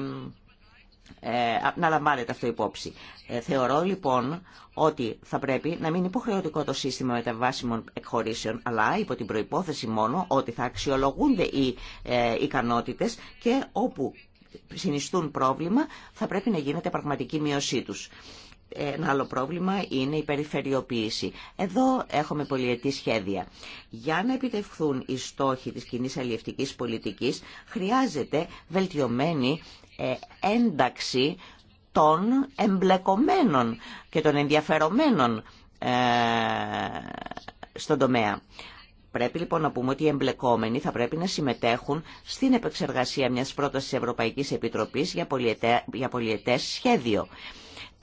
να λαμβάνεται αυτό υπόψη. Ε, θεωρώ λοιπόν ότι θα πρέπει να μην υποχρεωτικό το σύστημα μεταβάσιμων εκχωρήσεων, αλλά υπό την προϋπόθεση μόνο ότι θα αξιολογούνται οι ε, ικανότητες και όπου συνιστούν πρόβλημα θα πρέπει να γίνεται πραγματική μείωσή τους. Ένα άλλο πρόβλημα είναι η περιφερειοποίηση. Εδώ έχουμε πολιετή σχέδια. Για να επιτευχθούν οι στόχοι της κοινή αλληλευτικής πολιτικής χρειάζεται βελτιωμένη ε, ένταξη των εμπλεκομένων και των ενδιαφερομένων ε, στον τομέα. Πρέπει λοιπόν να πούμε ότι οι εμπλεκόμενοι θα πρέπει να συμμετέχουν στην επεξεργασία μιας πρότασης Ευρωπαϊκής Επιτροπής για πολιετές σχέδιο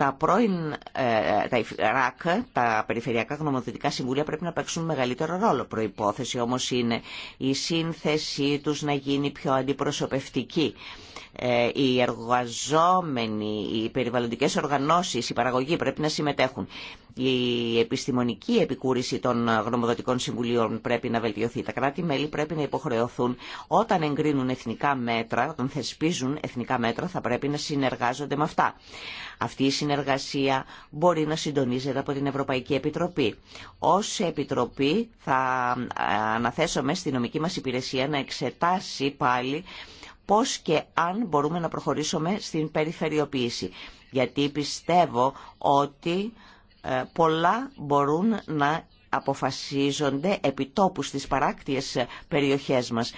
τα πρώην ε, τα ΡΑΚ, τα Περιφερειακά Γνωμοδοτικά Συμβούλια πρέπει να παίξουν μεγαλύτερο ρόλο. Προϋπόθεση όμως είναι η σύνθεσή τους να γίνει πιο αντιπροσωπευτική. Ε, οι εργαζόμενοι, οι περιβαλλοντικές οργανώσεις, η παραγωγή πρέπει να συμμετέχουν. Η επιστημονική επικούρηση των γνωμοδοτικών συμβουλίων πρέπει να βελτιωθεί. Τα κράτη-μέλη πρέπει να υποχρεωθούν όταν εγκρίνουν εθνικά μέτρα, όταν θεσπίζουν εθνικά μέτρα θα πρέπει να συνεργάζονται με αυτά. Αυτή η συνεργασία μπορεί να συντονίζεται από την Ευρωπαϊκή Επιτροπή. Ως Επιτροπή θα ε, αναθέσουμε στη νομική μας υπηρεσία να εξετάσει πάλι πώς και αν μπορούμε να προχωρήσουμε στην περιφερειοποίηση. Γιατί πιστεύω ότι ε, πολλά μπορούν να αποφασίζονται επιτόπου στις παράκτιες ε, περιοχές μας.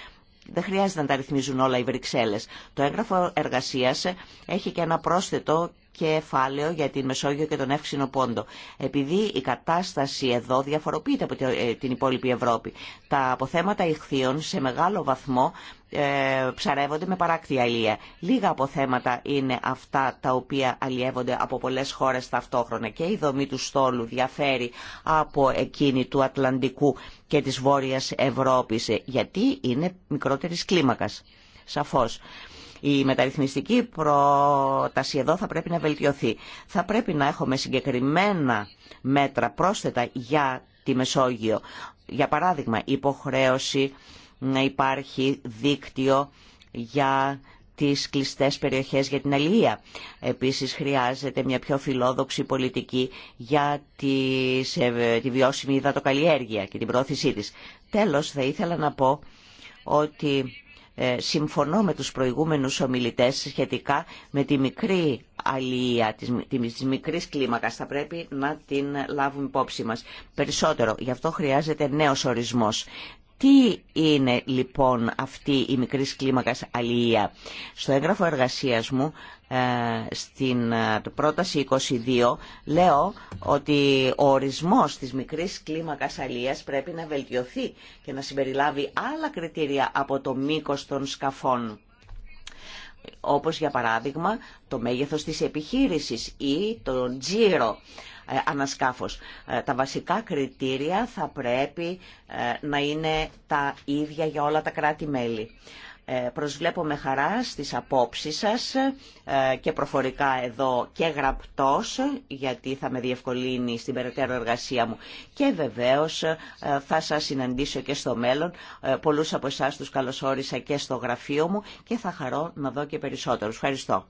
Δεν χρειάζεται να τα ρυθμίζουν όλα οι Βρυξέλλες. Το έγγραφο εργασίας έχει και ένα πρόσθετο κεφάλαιο για την Μεσόγειο και τον Εύξηνο Πόντο. Επειδή η κατάσταση εδώ διαφοροποιείται από ε, την υπόλοιπη Ευρώπη, τα αποθέματα ηχθείων σε μεγάλο βαθμό ε, ψαρεύονται με παράκτη αλία. Λίγα αποθέματα είναι αυτά τα οποία αλλιεύονται από πολλές χώρες ταυτόχρονα και η δομή του στόλου διαφέρει από εκείνη του Ατλαντικού και της Βόρειας Ευρώπης ε, γιατί είναι μικρότερης κλίμακας. Σαφώς. Η μεταρρυθμιστική πρόταση εδώ θα πρέπει να βελτιωθεί. Θα πρέπει να έχουμε συγκεκριμένα μέτρα πρόσθετα για τη Μεσόγειο. Για παράδειγμα, υποχρέωση να υπάρχει δίκτυο για τις κλειστές περιοχές για την αλληλεία. Επίσης χρειάζεται μια πιο φιλόδοξη πολιτική για ε, τη βιώσιμη υδατοκαλλιέργεια και την πρόθεσή της. Τέλος θα ήθελα να πω ότι ε, συμφωνώ με τους προηγούμενους ομιλητές σχετικά με τη μικρή αλληλεία, τη μικρής κλίμακας. Θα πρέπει να την λάβουμε υπόψη μας περισσότερο. Γι' αυτό χρειάζεται νέος ορισμός. Τι είναι λοιπόν αυτή η μικρή κλίμακας αλληλεία. Στο έγγραφο εργασίας μου, ε, στην ε, πρόταση 22, λέω ότι ο ορισμός της μικρής κλίμακας αλληλείας πρέπει να βελτιωθεί και να συμπεριλάβει άλλα κριτήρια από το μήκος των σκαφών όπως για παράδειγμα το μέγεθος της επιχείρησης ή το τζίρο. Ε, ανασκάφος. Ε, τα βασικά κριτήρια θα πρέπει ε, να είναι τα ίδια για όλα τα κράτη-μέλη. Προσβλέπω με χαρά στις απόψεις σας και προφορικά εδώ και γραπτός γιατί θα με διευκολύνει στην περαιτέρω εργασία μου και βεβαίως θα σας συναντήσω και στο μέλλον. Πολλούς από εσάς τους καλωσόρισα και στο γραφείο μου και θα χαρώ να δω και περισσότερους. Ευχαριστώ.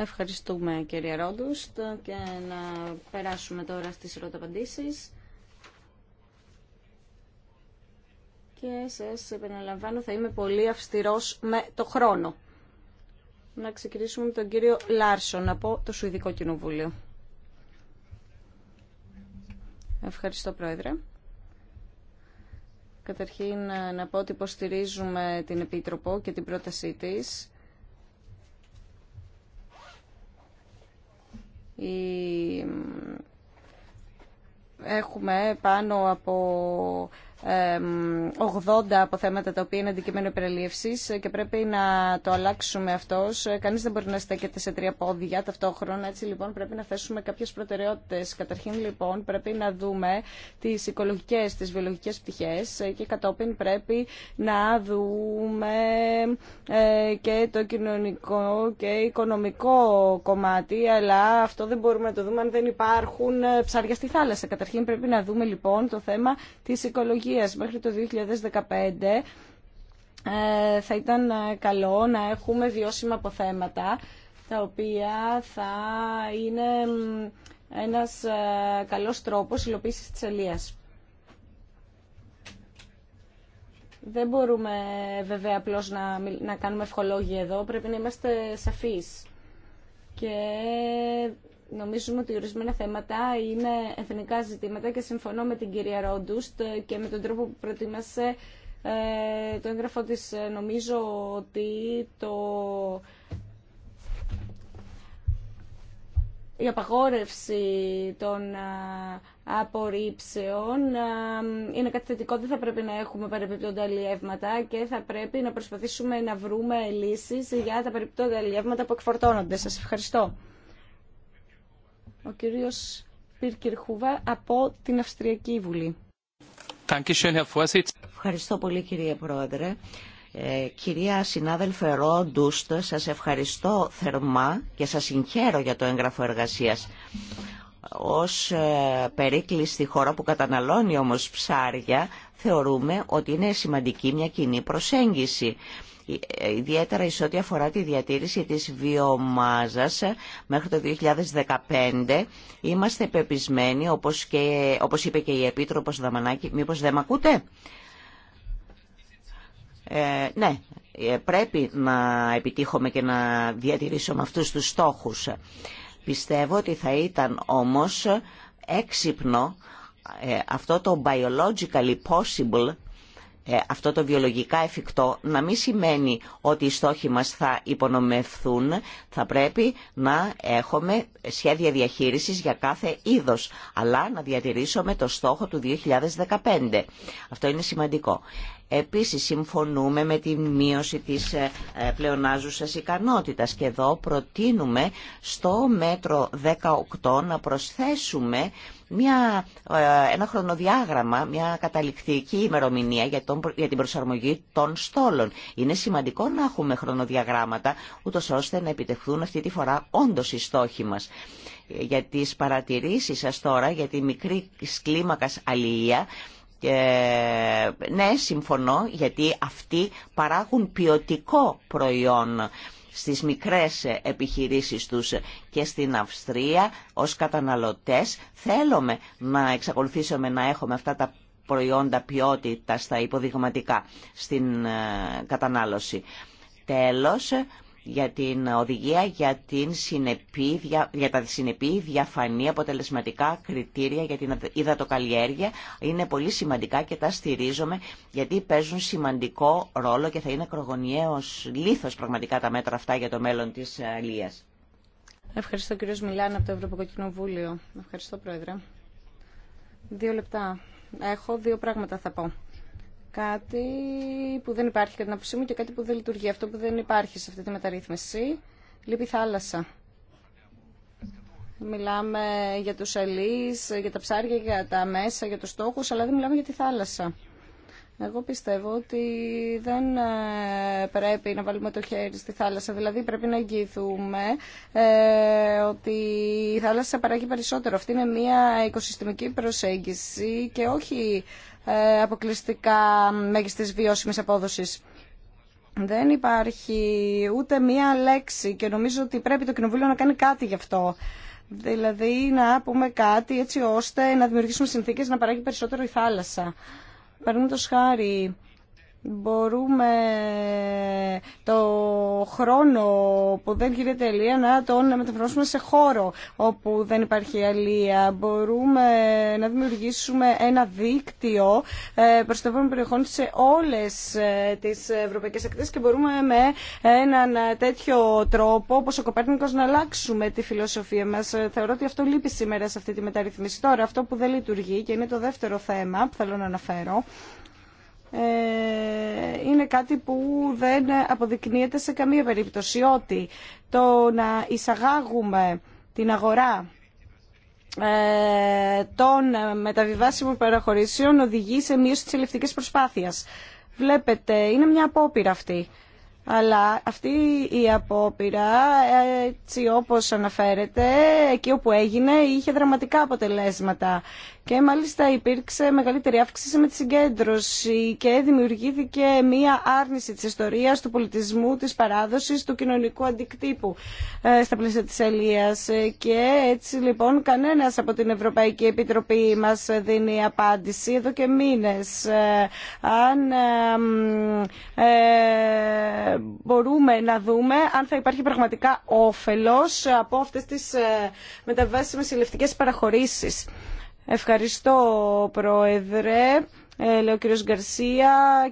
Ευχαριστούμε κύριε Ρόντουστ και να περάσουμε τώρα στις ερωταπαντήσεις. Και σας επαναλαμβάνω θα είμαι πολύ αυστηρός με το χρόνο. Να ξεκινήσουμε με τον κύριο Λάρσον από το Σουηδικό Κοινοβούλιο. Ευχαριστώ Πρόεδρε. Καταρχήν να πω ότι υποστηρίζουμε την Επίτροπο και την πρότασή της Έχουμε πάνω από 80 από θέματα τα οποία είναι αντικείμενο υπερελίευση και πρέπει να το αλλάξουμε αυτό. Κανεί δεν μπορεί να στέκεται σε τρία πόδια ταυτόχρονα. Έτσι λοιπόν πρέπει να θέσουμε κάποιε προτεραιότητε. Καταρχήν λοιπόν πρέπει να δούμε τι οικολογικέ, τι βιολογικέ πτυχέ και κατόπιν πρέπει να δούμε ε, και το κοινωνικό και οικονομικό κομμάτι. Αλλά αυτό δεν μπορούμε να το δούμε αν δεν υπάρχουν ε, ψάρια στη θάλασσα. Καταρχήν πρέπει να δούμε λοιπόν το θέμα τη οικολογική ηλικίας μέχρι το 2015 ε, θα ήταν ε, καλό να έχουμε βιώσιμα αποθέματα τα οποία θα είναι ένας ε, καλός τρόπος υλοποίησης της αλίας. Δεν μπορούμε βέβαια απλώς να, να κάνουμε ευχολόγια εδώ, πρέπει να είμαστε σαφείς. Και Νομίζουμε ότι ορισμένα θέματα είναι εθνικά ζητήματα και συμφωνώ με την κυρία Ρόντουστ και με τον τρόπο που προτίμασε ε, το έγγραφο της. Νομίζω ότι το... η απαγόρευση των ε, απορρίψεων ε, είναι κάτι θετικό. Δεν θα πρέπει να έχουμε παρεμπιπτόντα αλλιεύματα και θα πρέπει να προσπαθήσουμε να βρούμε λύσεις για τα παρεμπιπτόντα αλλιεύματα που εκφορτώνονται. Σας ευχαριστώ ο κύριος Πίρκερ Χουβά από την Αυστριακή Βουλή. Ευχαριστώ πολύ κύριε Πρόεδρε. Ε, κυρία συνάδελφε Ρόντουστ, σας ευχαριστώ θερμά και σας συγχαίρω για το έγγραφο εργασίας. Ως ε, περίκλειστη χώρα που καταναλώνει όμως ψάρια, θεωρούμε ότι είναι σημαντική μια κοινή προσέγγιση ιδιαίτερα εις ό,τι αφορά τη διατήρηση της βιομάζας μέχρι το 2015. Είμαστε πεπισμένοι, όπως, και, όπως είπε και η Επίτροπος Δαμανάκη, μήπως δεν με ακούτε. Ε, ναι, ε, πρέπει να επιτύχουμε και να διατηρήσουμε αυτούς τους στόχους. Πιστεύω ότι θα ήταν όμως έξυπνο ε, αυτό το biologically possible ε, αυτό το βιολογικά εφικτό να μην σημαίνει ότι οι στόχοι μας θα υπονομευθούν. Θα πρέπει να έχουμε σχέδια διαχείρισης για κάθε είδος, αλλά να διατηρήσουμε το στόχο του 2015. Αυτό είναι σημαντικό. Επίσης συμφωνούμε με τη μείωση της ε, πλεονάζουσας ικανότητας και εδώ προτείνουμε στο μέτρο 18 να προσθέσουμε μια, ε, ένα χρονοδιάγραμμα, μια καταληκτική ημερομηνία για, τον, για την προσαρμογή των στόλων. Είναι σημαντικό να έχουμε χρονοδιαγράμματα, ούτω ώστε να επιτευχθούν αυτή τη φορά όντω οι στόχοι μα. Για τι παρατηρήσει σα τώρα, για τη μικρή κλίμακα αλληλεία, ε, ναι, συμφωνώ, γιατί αυτοί παράγουν ποιοτικό προϊόν στις μικρές επιχειρήσεις τους και στην Αυστρία ως καταναλωτές. Θέλουμε να εξακολουθήσουμε να έχουμε αυτά τα προϊόντα ποιότητα στα υποδειγματικά στην ε, κατανάλωση. Τέλος, για την οδηγία για, την συνεπή, για τα συνεπή διαφανή αποτελεσματικά κριτήρια για την υδατοκαλλιέργεια είναι πολύ σημαντικά και τα στηρίζομαι γιατί παίζουν σημαντικό ρόλο και θα είναι ακρογωνιαίος λίθος πραγματικά τα μέτρα αυτά για το μέλλον της Αλίας. Ευχαριστώ κύριο Μιλάν από το Ευρωπαϊκό Κοινοβούλιο. Ευχαριστώ πρόεδρε. Δύο λεπτά. Έχω δύο πράγματα θα πω κάτι που δεν υπάρχει κατά την άποψή μου και κάτι που δεν λειτουργεί. Αυτό που δεν υπάρχει σε αυτή τη μεταρρύθμιση λείπει θάλασσα. Μιλάμε για τους αλείς, για τα ψάρια, για τα μέσα, για τους στόχους, αλλά δεν μιλάμε για τη θάλασσα. Εγώ πιστεύω ότι δεν ε, πρέπει να βάλουμε το χέρι στη θάλασσα, δηλαδή πρέπει να εγγυηθούμε ε, ότι η θάλασσα παράγει περισσότερο. Αυτή είναι μια οικοσυστημική προσέγγιση και όχι ε, αποκλειστικά μέγιστη βιώσιμη απόδοση. Δεν υπάρχει ούτε μία λέξη και νομίζω ότι πρέπει το Κοινοβούλιο να κάνει κάτι γι' αυτό. Δηλαδή να πούμε κάτι έτσι ώστε να δημιουργήσουμε συνθήκες να παράγει περισσότερο η θάλασσα. Παραδείγματο χάρη, μπορούμε το χρόνο που δεν γίνεται ελεία να τον μεταφράσουμε σε χώρο όπου δεν υπάρχει αλεία. Μπορούμε να δημιουργήσουμε ένα δίκτυο ε, επόμενο περιοχών σε όλες ε, τις ευρωπαϊκές ακτές και μπορούμε με έναν τέτοιο τρόπο όπως ο Κοπέρνικος να αλλάξουμε τη φιλοσοφία μας. Ε, θεωρώ ότι αυτό λείπει σήμερα σε αυτή τη μεταρρύθμιση. Τώρα αυτό που δεν λειτουργεί και είναι το δεύτερο θέμα που θέλω να αναφέρω ε, είναι κάτι που δεν αποδεικνύεται σε καμία περίπτωση ότι το να εισαγάγουμε την αγορά ε, των μεταβιβάσιμων παραχωρήσεων οδηγεί σε μείωση της ελευτικής προσπάθειας. Βλέπετε, είναι μια απόπειρα αυτή. Αλλά αυτή η απόπειρα, έτσι όπως αναφέρεται, εκεί όπου έγινε, είχε δραματικά αποτελέσματα και μάλιστα υπήρξε μεγαλύτερη αύξηση με τη συγκέντρωση και δημιουργήθηκε μία άρνηση της ιστορίας, του πολιτισμού, της παράδοσης, του κοινωνικού αντικτύπου ε, στα πλαίσια της Ελίας. Ε, και έτσι λοιπόν κανένας από την Ευρωπαϊκή Επιτροπή μας δίνει απάντηση εδώ και μήνες. Ε, αν μπορούμε να δούμε αν θα υπάρχει πραγματικά όφελος από αυτές τις μεταβάσιμες ηλεκτρικές παραχωρήσεις. Ευχαριστώ, Πρόεδρε. Ε, ο κύριος Γκαρσία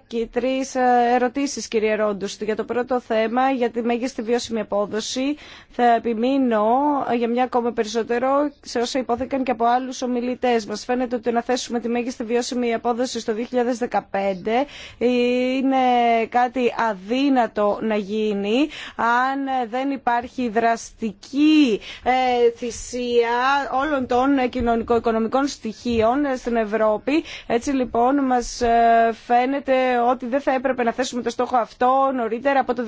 και τρεις ε, ερωτήσεις κύριε Ρόντους. Για το πρώτο θέμα, για τη μέγιστη βιώσιμη απόδοση, θα επιμείνω ε, για μια ακόμα περισσότερο σε όσα υπόθηκαν και από άλλους ομιλητές. Μας φαίνεται ότι να θέσουμε τη μέγιστη βιώσιμη απόδοση στο 2015 είναι κάτι αδύνατο να γίνει αν δεν υπάρχει δραστική ε, θυσία όλων των κοινωνικο-οικονομικών στοιχείων στην Ευρώπη. Έτσι λοιπόν μα λοιπόν, μας ε, φαίνεται ότι δεν θα έπρεπε να θέσουμε το στόχο αυτό νωρίτερα από το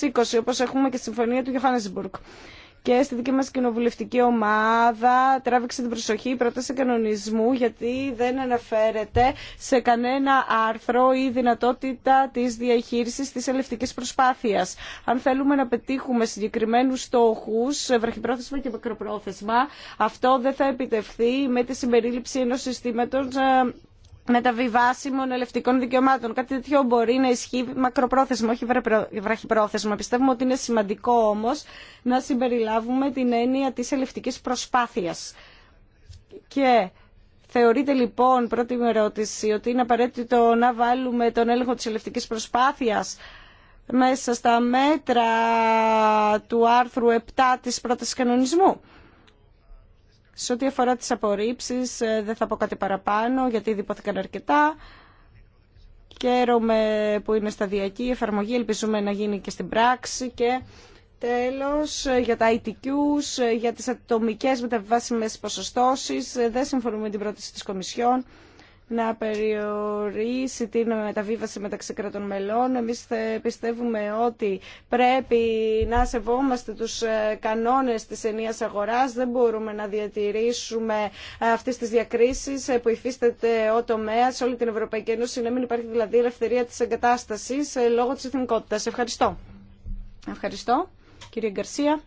2020 όπω έχουμε και στη συμφωνία του Johannesburg. Και στη δική μα κοινοβουλευτική ομάδα τράβηξε την προσοχή η πρόταση κανονισμού γιατί δεν αναφέρεται σε κανένα άρθρο ή δυνατότητα τη διαχείριση τη ελευτική προσπάθεια. Αν θέλουμε να πετύχουμε συγκεκριμένου στόχου, βραχυπρόθεσμα και μακροπρόθεσμα, αυτό δεν θα επιτευχθεί με τη συμπερίληψη ενό συστήματο. Ε, μεταβιβάσιμων ελευτικών δικαιωμάτων. Κάτι τέτοιο μπορεί να ισχύει μακροπρόθεσμα, όχι βραχυπρόθεσμα. Πιστεύουμε ότι είναι σημαντικό όμω να συμπεριλάβουμε την έννοια τη ελευτική προσπάθεια. Και θεωρείτε λοιπόν, πρώτη μου ερώτηση, ότι είναι απαραίτητο να βάλουμε τον έλεγχο τη ελευτικής προσπάθεια μέσα στα μέτρα του άρθρου 7 της πρώτης κανονισμού. Σε ό,τι αφορά τις απορρίψεις ε, δεν θα πω κάτι παραπάνω γιατί ήδη υπόθηκαν αρκετά. Χαίρομαι που είναι σταδιακή η εφαρμογή, ελπίζουμε να γίνει και στην πράξη και τέλος ε, για τα ITQs, ε, για τις ατομικές μεταβιβάσιμες ποσοστώσεις. Δεν συμφωνούμε με την πρόταση της Κομισιόν να περιορίσει την μεταβίβαση μεταξύ κρατών μελών. Εμείς πιστεύουμε ότι πρέπει να σεβόμαστε τους ε, κανόνες της ενίας αγοράς. Δεν μπορούμε να διατηρήσουμε ε, αυτές τις διακρίσεις ε, που υφίσταται ο τομέα σε όλη την Ευρωπαϊκή Ένωση, να μην υπάρχει δηλαδή ελευθερία της εγκατάστασης λόγω της εθνικότητας. Ευχαριστώ. Ευχαριστώ. Κύριε Γκαρσία.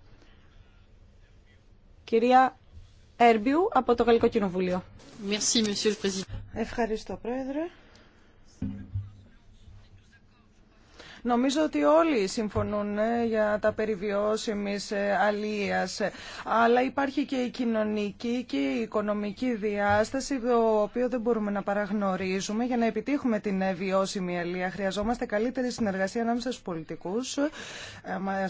Κυρία Έρμπιου από το Γαλλικό Ευχαριστώ, Πρόεδρε. Νομίζω ότι όλοι συμφωνούν ε, για τα περιβιώσιμη ε, αλίας, αλλά υπάρχει και η κοινωνική και η οικονομική διάσταση, το οποίο δεν μπορούμε να παραγνωρίζουμε. Για να επιτύχουμε την ε, βιώσιμη αλία χρειαζόμαστε καλύτερη συνεργασία ανάμεσα στους πολιτικούς,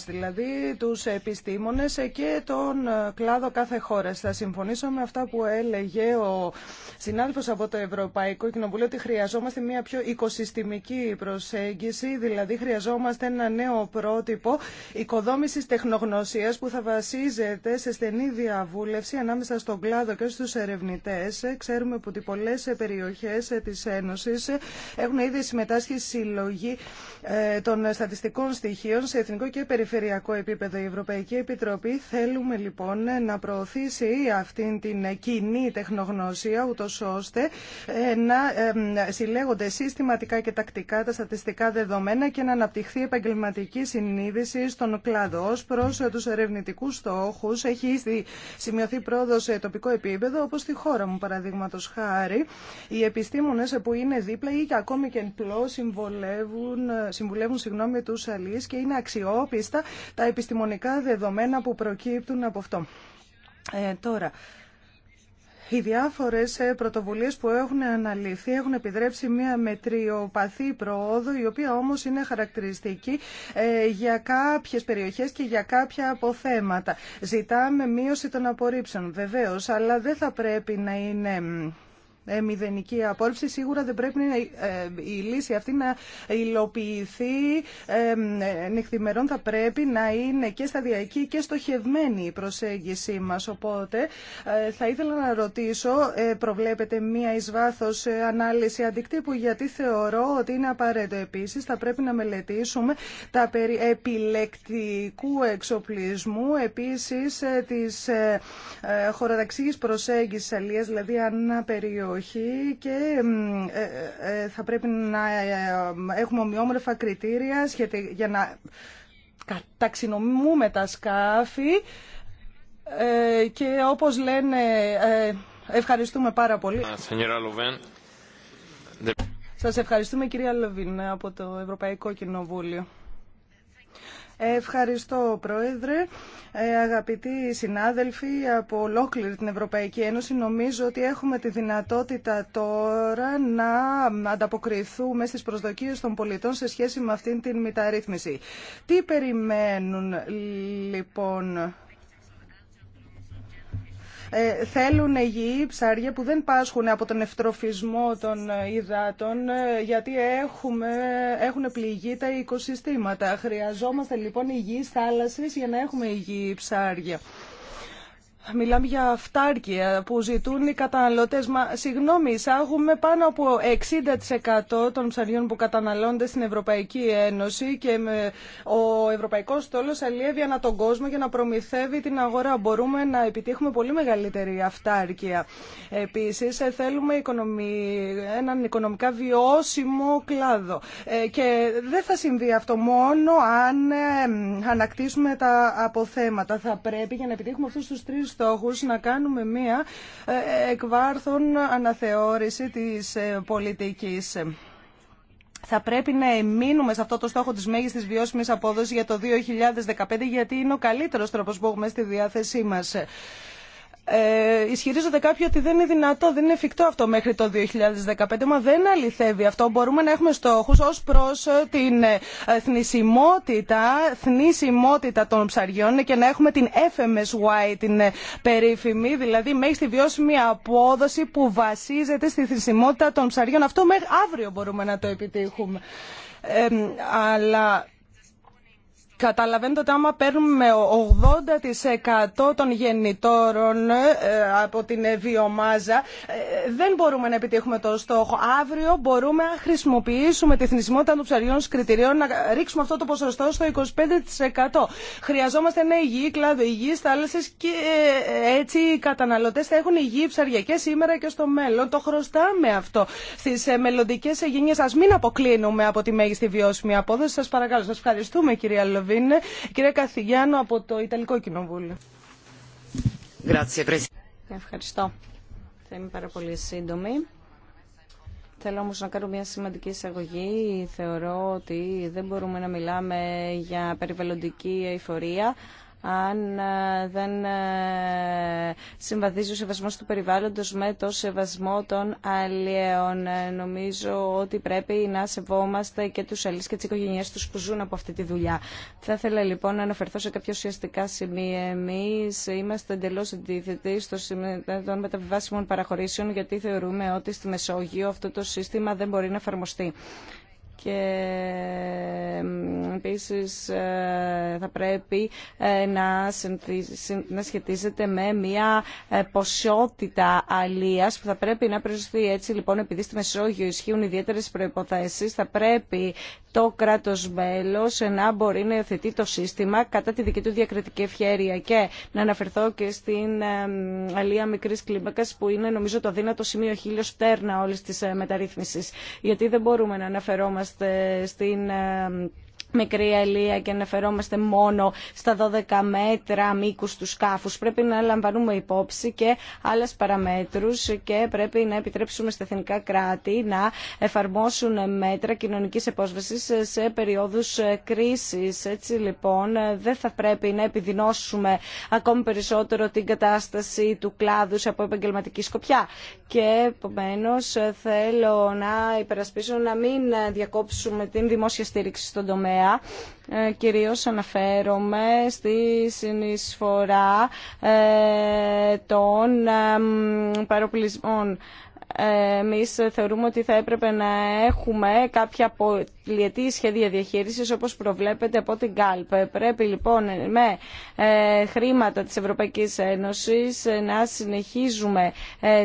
δηλαδή τους επιστήμονες και τον κλάδο κάθε χώρα. Θα συμφωνήσω με αυτά που έλεγε ο συνάδελφος από το Ευρωπαϊκό Κοινοβούλιο ότι χρειαζόμαστε μια πιο οικοσυστημική προσέγγιση, δηλαδή χρειαζόμαστε ένα νέο πρότυπο οικοδόμησης τεχνογνωσίας που θα βασίζεται σε στενή διαβούλευση ανάμεσα στον κλάδο και στους ερευνητές. Ξέρουμε ότι πολλές περιοχές της Ένωσης έχουν ήδη συμμετάσχει στη συλλογή ε, των στατιστικών στοιχείων σε εθνικό και περιφερειακό επίπεδο. Η Ευρωπαϊκή Επιτροπή θέλουμε λοιπόν να προωθήσει αυτήν την κοινή τεχνογνωσία ούτως ώστε ε, να συλλέγονται συστηματικά και τακτικά τα στατιστικά δεδομένα και να αναπτυχθεί επαγγελματική συνείδηση στον κλάδο. Ω προ ε, του ερευνητικού στόχου έχει ήδη σημειωθεί πρόοδο σε τοπικό επίπεδο, όπω στη χώρα μου παραδείγματο χάρη. Οι επιστήμονε ε, που είναι δίπλα ή και ακόμη και εν πλώ συμβουλεύουν, ε, συμβουλεύουν συγγνώμη, του αλληλεί και είναι αξιόπιστα τα επιστημονικά δεδομένα που προκύπτουν από αυτό. Ε, τώρα, οι διάφορε πρωτοβουλίε που έχουν αναλυθεί έχουν επιδρέψει μια μετριοπαθή προόδο, η οποία όμως είναι χαρακτηριστική ε, για κάποιες περιοχές και για κάποια αποθέματα. Ζητάμε μείωση των απορρίψεων, βεβαίω, αλλά δεν θα πρέπει να είναι ε, μηδενική απόρριψη. Σίγουρα δεν πρέπει ε, ε, η λύση αυτή να υλοποιηθεί νυχθημερών. Θα πρέπει να είναι και σταδιακή και στοχευμένη η προσέγγιση μας. Οπότε θα ήθελα να ρωτήσω, προβλέπετε μία εις βάθος ανάλυση αντικτύπου, γιατί θεωρώ ότι είναι απαραίτητο. Επίσης θα πρέπει να μελετήσουμε τα περί επιλεκτικού εξοπλισμού, επίσης της χωροταξίγης προσέγγισης αλίας, δηλαδή ανά και ε, ε, ε, θα πρέπει να έχουμε ομοιόμορφα κριτήρια για να ταξινομούμε τα σκάφη και όπως λένε ευχαριστούμε πάρα πολύ. Σας ευχαριστούμε κυρία Λοβίν από το Ευρωπαϊκό Κοινοβούλιο. Ευχαριστώ, Πρόεδρε. Ε, αγαπητοί συνάδελφοι από ολόκληρη την Ευρωπαϊκή Ένωση, νομίζω ότι έχουμε τη δυνατότητα τώρα να ανταποκριθούμε στις προσδοκίες των πολιτών σε σχέση με αυτήν την μεταρρύθμιση. Τι περιμένουν, λοιπόν, ε, θέλουν υγιή ψάρια που δεν πάσχουν από τον ευτροφισμό των ε, υδάτων ε, γιατί έχουμε, έχουν πληγεί τα οικοσυστήματα. Χρειαζόμαστε λοιπόν υγιείς θάλασσες για να έχουμε υγιή ψάρια. Μιλάμε για αυτάρκεια που ζητούν οι καταναλωτές. Μα, συγγνώμη, εισάγουμε πάνω από 60% των ψαριών που καταναλώνται στην Ευρωπαϊκή Ένωση και ο ευρωπαϊκό στόλο αλλιεύει ανά τον κόσμο για να προμηθεύει την αγορά. Μπορούμε να επιτύχουμε πολύ μεγαλύτερη αυτάρκεια. Επίσης, ε, θέλουμε έναν οικονομικά βιώσιμο κλάδο. Ε, και δεν θα συμβεί αυτό μόνο αν ε, ανακτήσουμε τα αποθέματα. Θα πρέπει για να επιτύχουμε αυτού του τρει στόχους να κάνουμε μία ε, εκβάρθων αναθεώρηση της ε, πολιτικής. Θα πρέπει να εμείνουμε σε αυτό το στόχο της μέγιστης βιώσιμης απόδοσης για το 2015 γιατί είναι ο καλύτερος τρόπος που έχουμε στη διάθεσή μας. Ε, ισχυρίζονται κάποιοι ότι δεν είναι δυνατό, δεν είναι εφικτό αυτό μέχρι το 2015. Μα δεν αληθεύει αυτό. Μπορούμε να έχουμε στόχου ω προ ε, την ε, θνησιμότητα, θνησιμότητα των ψαριών και να έχουμε την FMSY, την περίφημη, δηλαδή μέχρι τη βιώσιμη απόδοση που βασίζεται στη θνησιμότητα των ψαριών. Αυτό μέχρι αύριο μπορούμε να το επιτύχουμε. αλλά Καταλαβαίνετε ότι άμα παίρνουμε 80% των γεννητόρων ε, από την βιομάζα, ε, δεν μπορούμε να επιτύχουμε το στόχο. Αύριο μπορούμε να χρησιμοποιήσουμε τη θνησιμότητα των ψαριών κριτηρίων, να ρίξουμε αυτό το ποσοστό στο 25%. Χρειαζόμαστε ένα υγιή κλάδο, υγιή θάλασσε και ε, έτσι οι καταναλωτέ θα έχουν υγιή και σήμερα και στο μέλλον. Το χρωστάμε αυτό στι μελλοντικέ γενιέ. Α μην αποκλίνουμε από τη μέγιστη βιώσιμη απόδοση. Σα παρακαλώ, σα ευχαριστούμε κυρία Κύριε από το Ιταλικό Κοινοβούλιο. Ευχαριστώ. Θα είμαι πάρα πολύ σύντομη. Θέλω όμως να κάνω μια σημαντική εισαγωγή. Θεωρώ ότι δεν μπορούμε να μιλάμε για περιβαλλοντική εφορία αν ε, δεν ε, συμβαδίζει ο σεβασμός του περιβάλλοντος με το σεβασμό των αλλιέων. Ε, νομίζω ότι πρέπει να σεβόμαστε και τους αλλιείς και τις οικογένειές τους που ζουν από αυτή τη δουλειά. Θα ήθελα λοιπόν να αναφερθώ σε κάποια ουσιαστικά σημεία. Εμείς είμαστε εντελώ αντίθετοι στο σημείο των μεταβιβάσιμων παραχωρήσεων γιατί θεωρούμε ότι στη Μεσόγειο αυτό το σύστημα δεν μπορεί να εφαρμοστεί και επίσης ε, θα πρέπει ε, να σχετίζεται με μια ε, ποσότητα αλίας που θα πρέπει να προσθεί έτσι λοιπόν επειδή στη Μεσόγειο ισχύουν ιδιαίτερες προϋποθέσεις θα πρέπει το κράτος μέλος να μπορεί να υιοθετεί το σύστημα κατά τη δική του διακριτική ευχέρεια και να αναφερθώ και στην αλία μικρής κλίμακας που είναι νομίζω το δύνατο σημείο χίλιο πτέρνα όλης της μεταρρύθμισης γιατί δεν μπορούμε να αναφερόμαστε είμαστε στην ε, μικρή αλία και αναφερόμαστε μόνο στα 12 μέτρα μήκους του σκάφους. Πρέπει να λαμβανούμε υπόψη και άλλες παραμέτρους και πρέπει να επιτρέψουμε στα εθνικά κράτη να εφαρμόσουν μέτρα κοινωνικής επόσβεσης σε περιόδους κρίσης. Έτσι λοιπόν δεν θα πρέπει να επιδεινώσουμε ακόμη περισσότερο την κατάσταση του κλάδου από επαγγελματική σκοπιά. Και επομένω θέλω να υπερασπίσω να μην διακόψουμε την δημόσια στήριξη στον τομέα ε, κυρίως αναφέρομαι στη συνεισφορά ε, των παροπλισμών ε, Εμεί θεωρούμε ότι θα έπρεπε να έχουμε κάποια πολιετή σχέδια διαχείριση όπω προβλέπεται από την ΚΑΛΠ. Πρέπει λοιπόν με χρήματα τη Ευρωπαϊκή Ένωση να συνεχίζουμε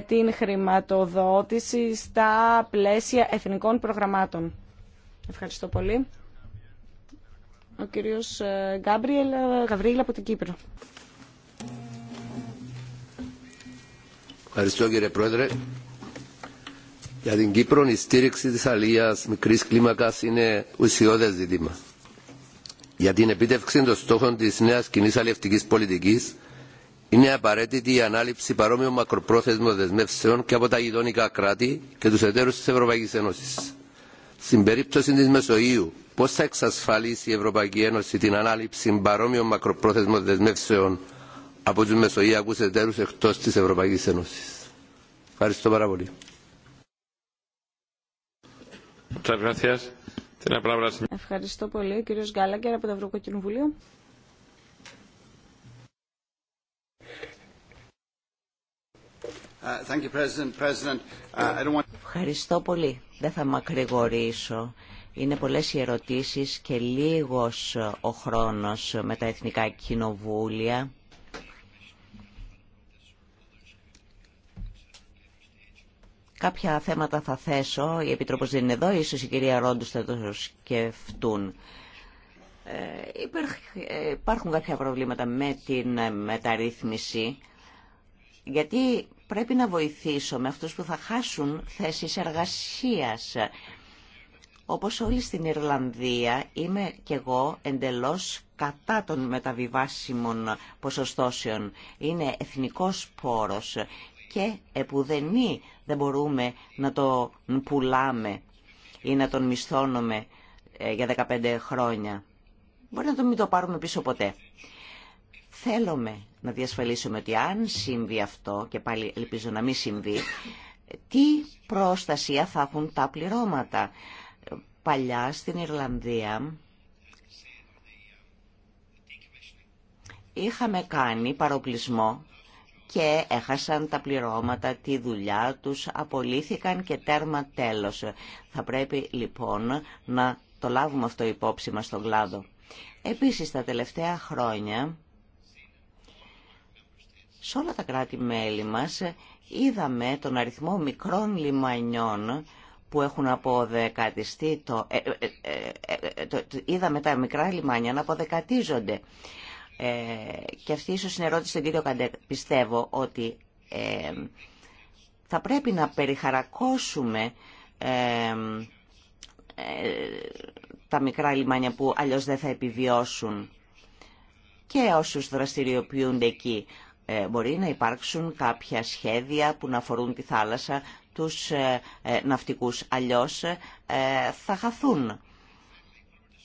την χρηματοδότηση στα πλαίσια εθνικών προγραμμάτων. Ευχαριστώ πολύ. Ο κύριος ε, Γκάμπριελ ε, Γαβρίλ από την Κύπρο. Ευχαριστώ κύριε Πρόεδρε. Για την Κύπρο η στήριξη της αλίας μικρής κλίμακας είναι ουσιώδες ζήτημα. Για την επίτευξη των στόχων της νέας κοινή αλληλευτικής πολιτικής είναι απαραίτητη η ανάληψη παρόμοιων μακροπρόθεσμων δεσμεύσεων και από τα γειτονικά κράτη και τους εταίρους της Ευρωπαϊκής Ένωσης στην περίπτωση της Μεσογείου, πώς θα εξασφαλίσει η Ευρωπαϊκή Ένωση την ανάληψη παρόμοιων μακροπρόθεσμων δεσμεύσεων από τους μεσογειακούς εταίρους εκτός της Ευρωπαϊκής Ένωσης. Ευχαριστώ πάρα πολύ. Ευχαριστώ πολύ. Κύριος Γκάλαγκερ από το Κοινοβούλιο. Uh, uh, Ευχαριστώ πολύ. Δεν θα μακρηγορήσω. Είναι πολλές οι ερωτήσεις και λίγος ο χρόνος με τα Εθνικά Κοινοβούλια. Κάποια θέματα θα θέσω. Η Επιτροπός δεν είναι εδώ. Ίσως η κυρία Ρόντους θα το σκεφτούν. Ε, ε, υπάρχουν κάποια προβλήματα με την μεταρρύθμιση. Γιατί πρέπει να βοηθήσουμε αυτούς που θα χάσουν θέσεις εργασίας. Όπως όλοι στην Ιρλανδία, είμαι κι εγώ εντελώς κατά των μεταβιβάσιμων ποσοστώσεων. Είναι εθνικός πόρος και επουδενή δεν μπορούμε να τον πουλάμε ή να τον μισθώνουμε ε, για 15 χρόνια. Μπορεί να το μην το πάρουμε πίσω ποτέ θέλουμε να διασφαλίσουμε ότι αν συμβεί αυτό, και πάλι ελπίζω να μην συμβεί, τι προστασία θα έχουν τα πληρώματα. Παλιά στην Ιρλανδία είχαμε κάνει παροπλισμό και έχασαν τα πληρώματα, τη δουλειά τους, απολύθηκαν και τέρμα τέλος. Θα πρέπει λοιπόν να το λάβουμε αυτό υπόψη μας στον κλάδο. Επίσης τα τελευταία χρόνια σε όλα τα κράτη-μέλη μας είδαμε τον αριθμό μικρών λιμανιών που έχουν αποδεκατιστεί, το, ε, ε, ε, το, είδαμε τα μικρά λιμάνια να αποδεκατίζονται. και αυτή ίσως είναι ερώτηση στον κύριο Πιστεύω ότι θα πρέπει να περιχαρακώσουμε τα μικρά λιμάνια που αλλιώς δεν θα επιβιώσουν και όσους δραστηριοποιούνται εκεί. Ε, μπορεί να υπάρξουν κάποια σχέδια που να αφορούν τη θάλασσα, τους ε, ε, ναυτικούς, αλλιώς θα χαθούν.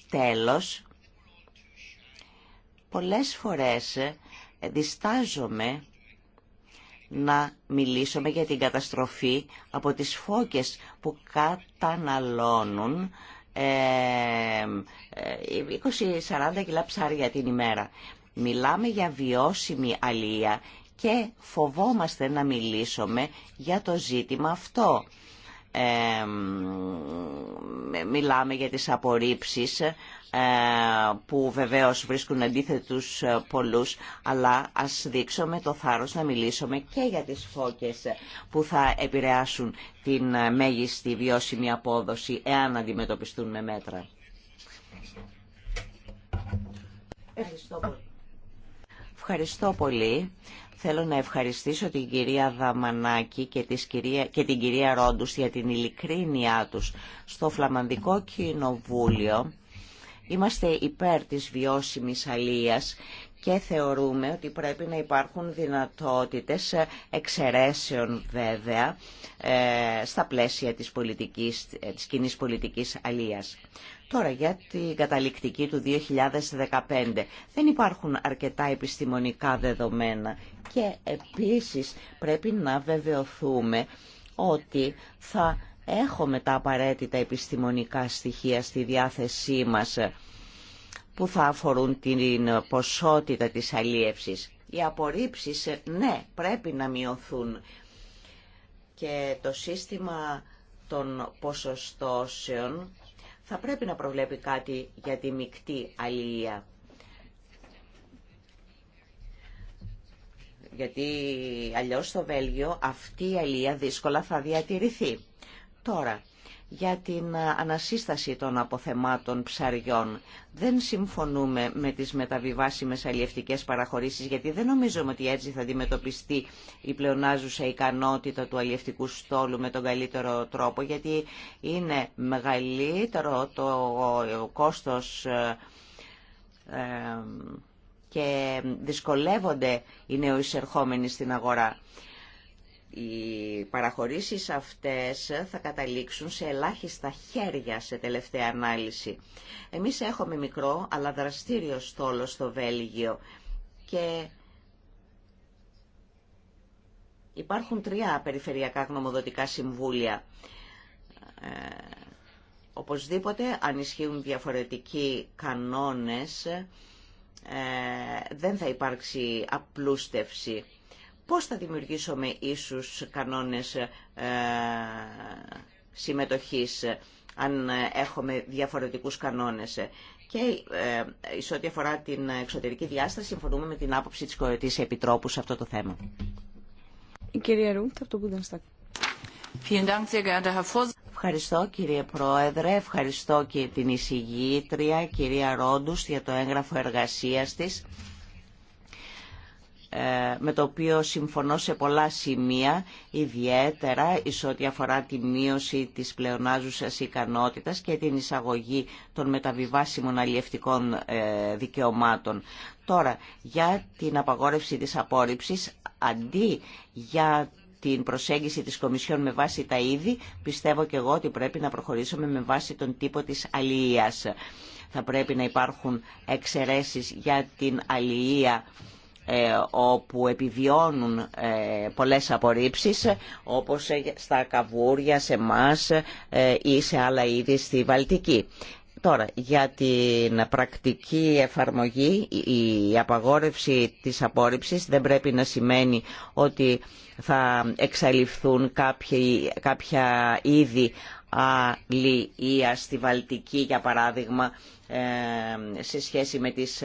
Τέλος, πολλές φορές διστάζομαι να μιλήσουμε για την καταστροφή από τις φώκες που καταναλώνουν 20-40 κιλά ψάρια την ημέρα. Μιλάμε για βιώσιμη αλία και φοβόμαστε να μιλήσουμε για το ζήτημα αυτό. μιλάμε για τις απορρίψεις ε, που βεβαίως βρίσκουν αντίθετους ε, πολλούς αλλά ας δείξουμε το θάρρος να μιλήσουμε και για τις φώκες που θα επηρεάσουν την ε, μέγιστη βιώσιμη απόδοση εάν αντιμετωπιστούν με μέτρα. Ευχαριστώ πολύ. Ευχαριστώ πολύ. Θέλω να ευχαριστήσω την κυρία Δαμανάκη και, την κυρία Ρόντους για την ειλικρίνειά τους. Στο Φλαμανδικό Κοινοβούλιο είμαστε υπέρ της βιώσιμης αλίας και θεωρούμε ότι πρέπει να υπάρχουν δυνατότητες εξαιρέσεων βέβαια ε, στα πλαίσια της, πολιτικής, της κοινής πολιτικής αλίας. Τώρα για την καταληκτική του 2015 δεν υπάρχουν αρκετά επιστημονικά δεδομένα και επίσης πρέπει να βεβαιωθούμε ότι θα έχουμε τα απαραίτητα επιστημονικά στοιχεία στη διάθεσή μας που θα αφορούν την ποσότητα της αλίευσης. Οι απορρίψεις, ναι, πρέπει να μειωθούν και το σύστημα των ποσοστώσεων θα πρέπει να προβλέπει κάτι για τη μεικτή αλληλεία. Γιατί αλλιώς στο Βέλγιο αυτή η αλληλεία δύσκολα θα διατηρηθεί. Τώρα, για την ανασύσταση των αποθεμάτων ψαριών. Δεν συμφωνούμε με τις μεταβιβάσιμες αλλιευτικές παραχωρήσεις, γιατί δεν νομίζουμε ότι έτσι θα αντιμετωπιστεί η πλεονάζουσα ικανότητα του αλλιευτικού στόλου με τον καλύτερο τρόπο, γιατί είναι μεγαλύτερο το κόστος ε, ε, και δυσκολεύονται οι νεοεισερχόμενοι στην αγορά οι παραχωρήσεις αυτές θα καταλήξουν σε ελάχιστα χέρια σε τελευταία ανάλυση. Εμείς έχουμε μικρό αλλά δραστήριο στόλο στο Βέλγιο και υπάρχουν τρία περιφερειακά γνωμοδοτικά συμβούλια. Ε, οπωσδήποτε αν ισχύουν διαφορετικοί κανόνες ε, δεν θα υπάρξει απλούστευση Πώς θα δημιουργήσουμε ίσους κανόνες ε, συμμετοχής αν έχουμε διαφορετικούς κανόνες. Και ε, σε ό,τι αφορά την εξωτερική διάσταση, συμφωνούμε με την άποψη της Επιτρόπου σε αυτό το θέμα. Η κυρία από το Ευχαριστώ κύριε Πρόεδρε, ευχαριστώ και την εισηγήτρια κυρία Ρόντους για το έγγραφο εργασίας της. Ε, με το οποίο συμφωνώ σε πολλά σημεία, ιδιαίτερα εις ό,τι αφορά τη μείωση της πλεονάζουσας ικανότητας και την εισαγωγή των μεταβιβάσιμων αλλιευτικών ε, δικαιωμάτων. Τώρα, για την απαγόρευση της απόρριψης, αντί για την προσέγγιση της Κομισιόν με βάση τα είδη, πιστεύω και εγώ ότι πρέπει να προχωρήσουμε με βάση τον τύπο της αλληλείας. Θα πρέπει να υπάρχουν εξαιρέσεις για την αλληλεία ε, όπου επιβιώνουν ε, πολλές απορρίψεις όπως στα καβούρια, σε μας ε, ή σε άλλα είδη στη Βαλτική. Τώρα, για την πρακτική εφαρμογή, η απαγόρευση της απόρριψης δεν πρέπει να σημαίνει ότι θα εξαλειφθούν κάποια είδη αλληλεία στη Βαλτική, για παράδειγμα, σε σχέση με τις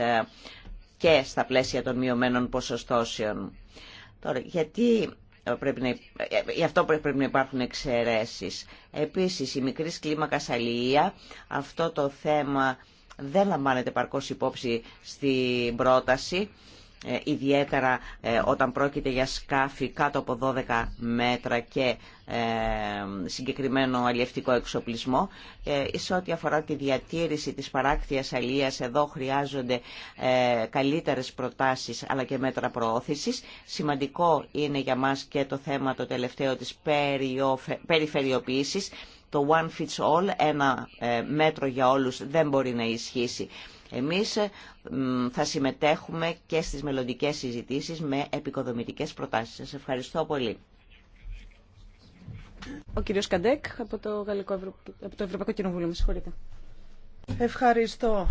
και στα πλαίσια των μειωμένων ποσοστώσεων. Τώρα, γιατί πρέπει ε, ε, γι' αυτό πρέπει να υπάρχουν εξαιρέσεις. Επίσης, η μικρή κλίμακα αλληλεία, αυτό το θέμα δεν λαμβάνεται παρκώς υπόψη στην πρόταση. Ε, ιδιαίτερα ε, όταν πρόκειται για σκάφη κάτω από 12 μέτρα και ε, συγκεκριμένο αλλιευτικό εξοπλισμό. Σε ό,τι αφορά τη διατήρηση της παράκτειας αλίας, εδώ χρειάζονται καλύτερες προτάσεις αλλά και μέτρα προώθησης. Σημαντικό είναι για μας και το θέμα το τελευταίο της περιφερειοποίησης. Το one fits all, ένα μέτρο για όλους δεν μπορεί να ισχύσει. Εμείς ε, θα συμμετέχουμε και στις μελλοντικέ συζητήσεις με επικοδομητικές προτάσεις. Σας ευχαριστώ πολύ. Ο κύριος Καντέκ από το, Γαλλικό Ευρω... από το Ευρωπαϊκό Κοινοβούλιο. Με συγχωρείτε. Ευχαριστώ.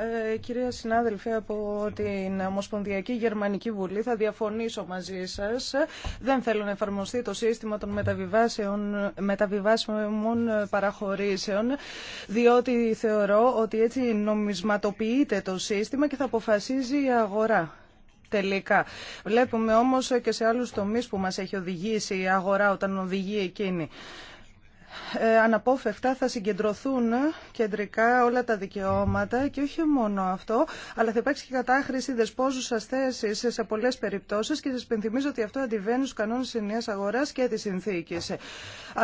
Ε, κυρία συνάδελφε από την Ομοσπονδιακή Γερμανική Βουλή, θα διαφωνήσω μαζί σας. Δεν θέλω να εφαρμοστεί το σύστημα των μεταβιβάσεων, μεταβιβάσιμων παραχωρήσεων, διότι θεωρώ ότι έτσι νομισματοποιείται το σύστημα και θα αποφασίζει η αγορά τελικά. Βλέπουμε όμως και σε άλλους τομείς που μας έχει οδηγήσει η αγορά όταν οδηγεί εκείνη. Ε, αναπόφευκτα θα συγκεντρωθούν κεντρικά όλα τα δικαιώματα και όχι μόνο αυτό, αλλά θα υπάρξει και κατάχρηση δεσπόζουσα θέση σε πολλέ περιπτώσει και σα πενθυμίζω ότι αυτό αντιβαίνει στου κανόνε τη νέα αγορά και τη συνθήκη.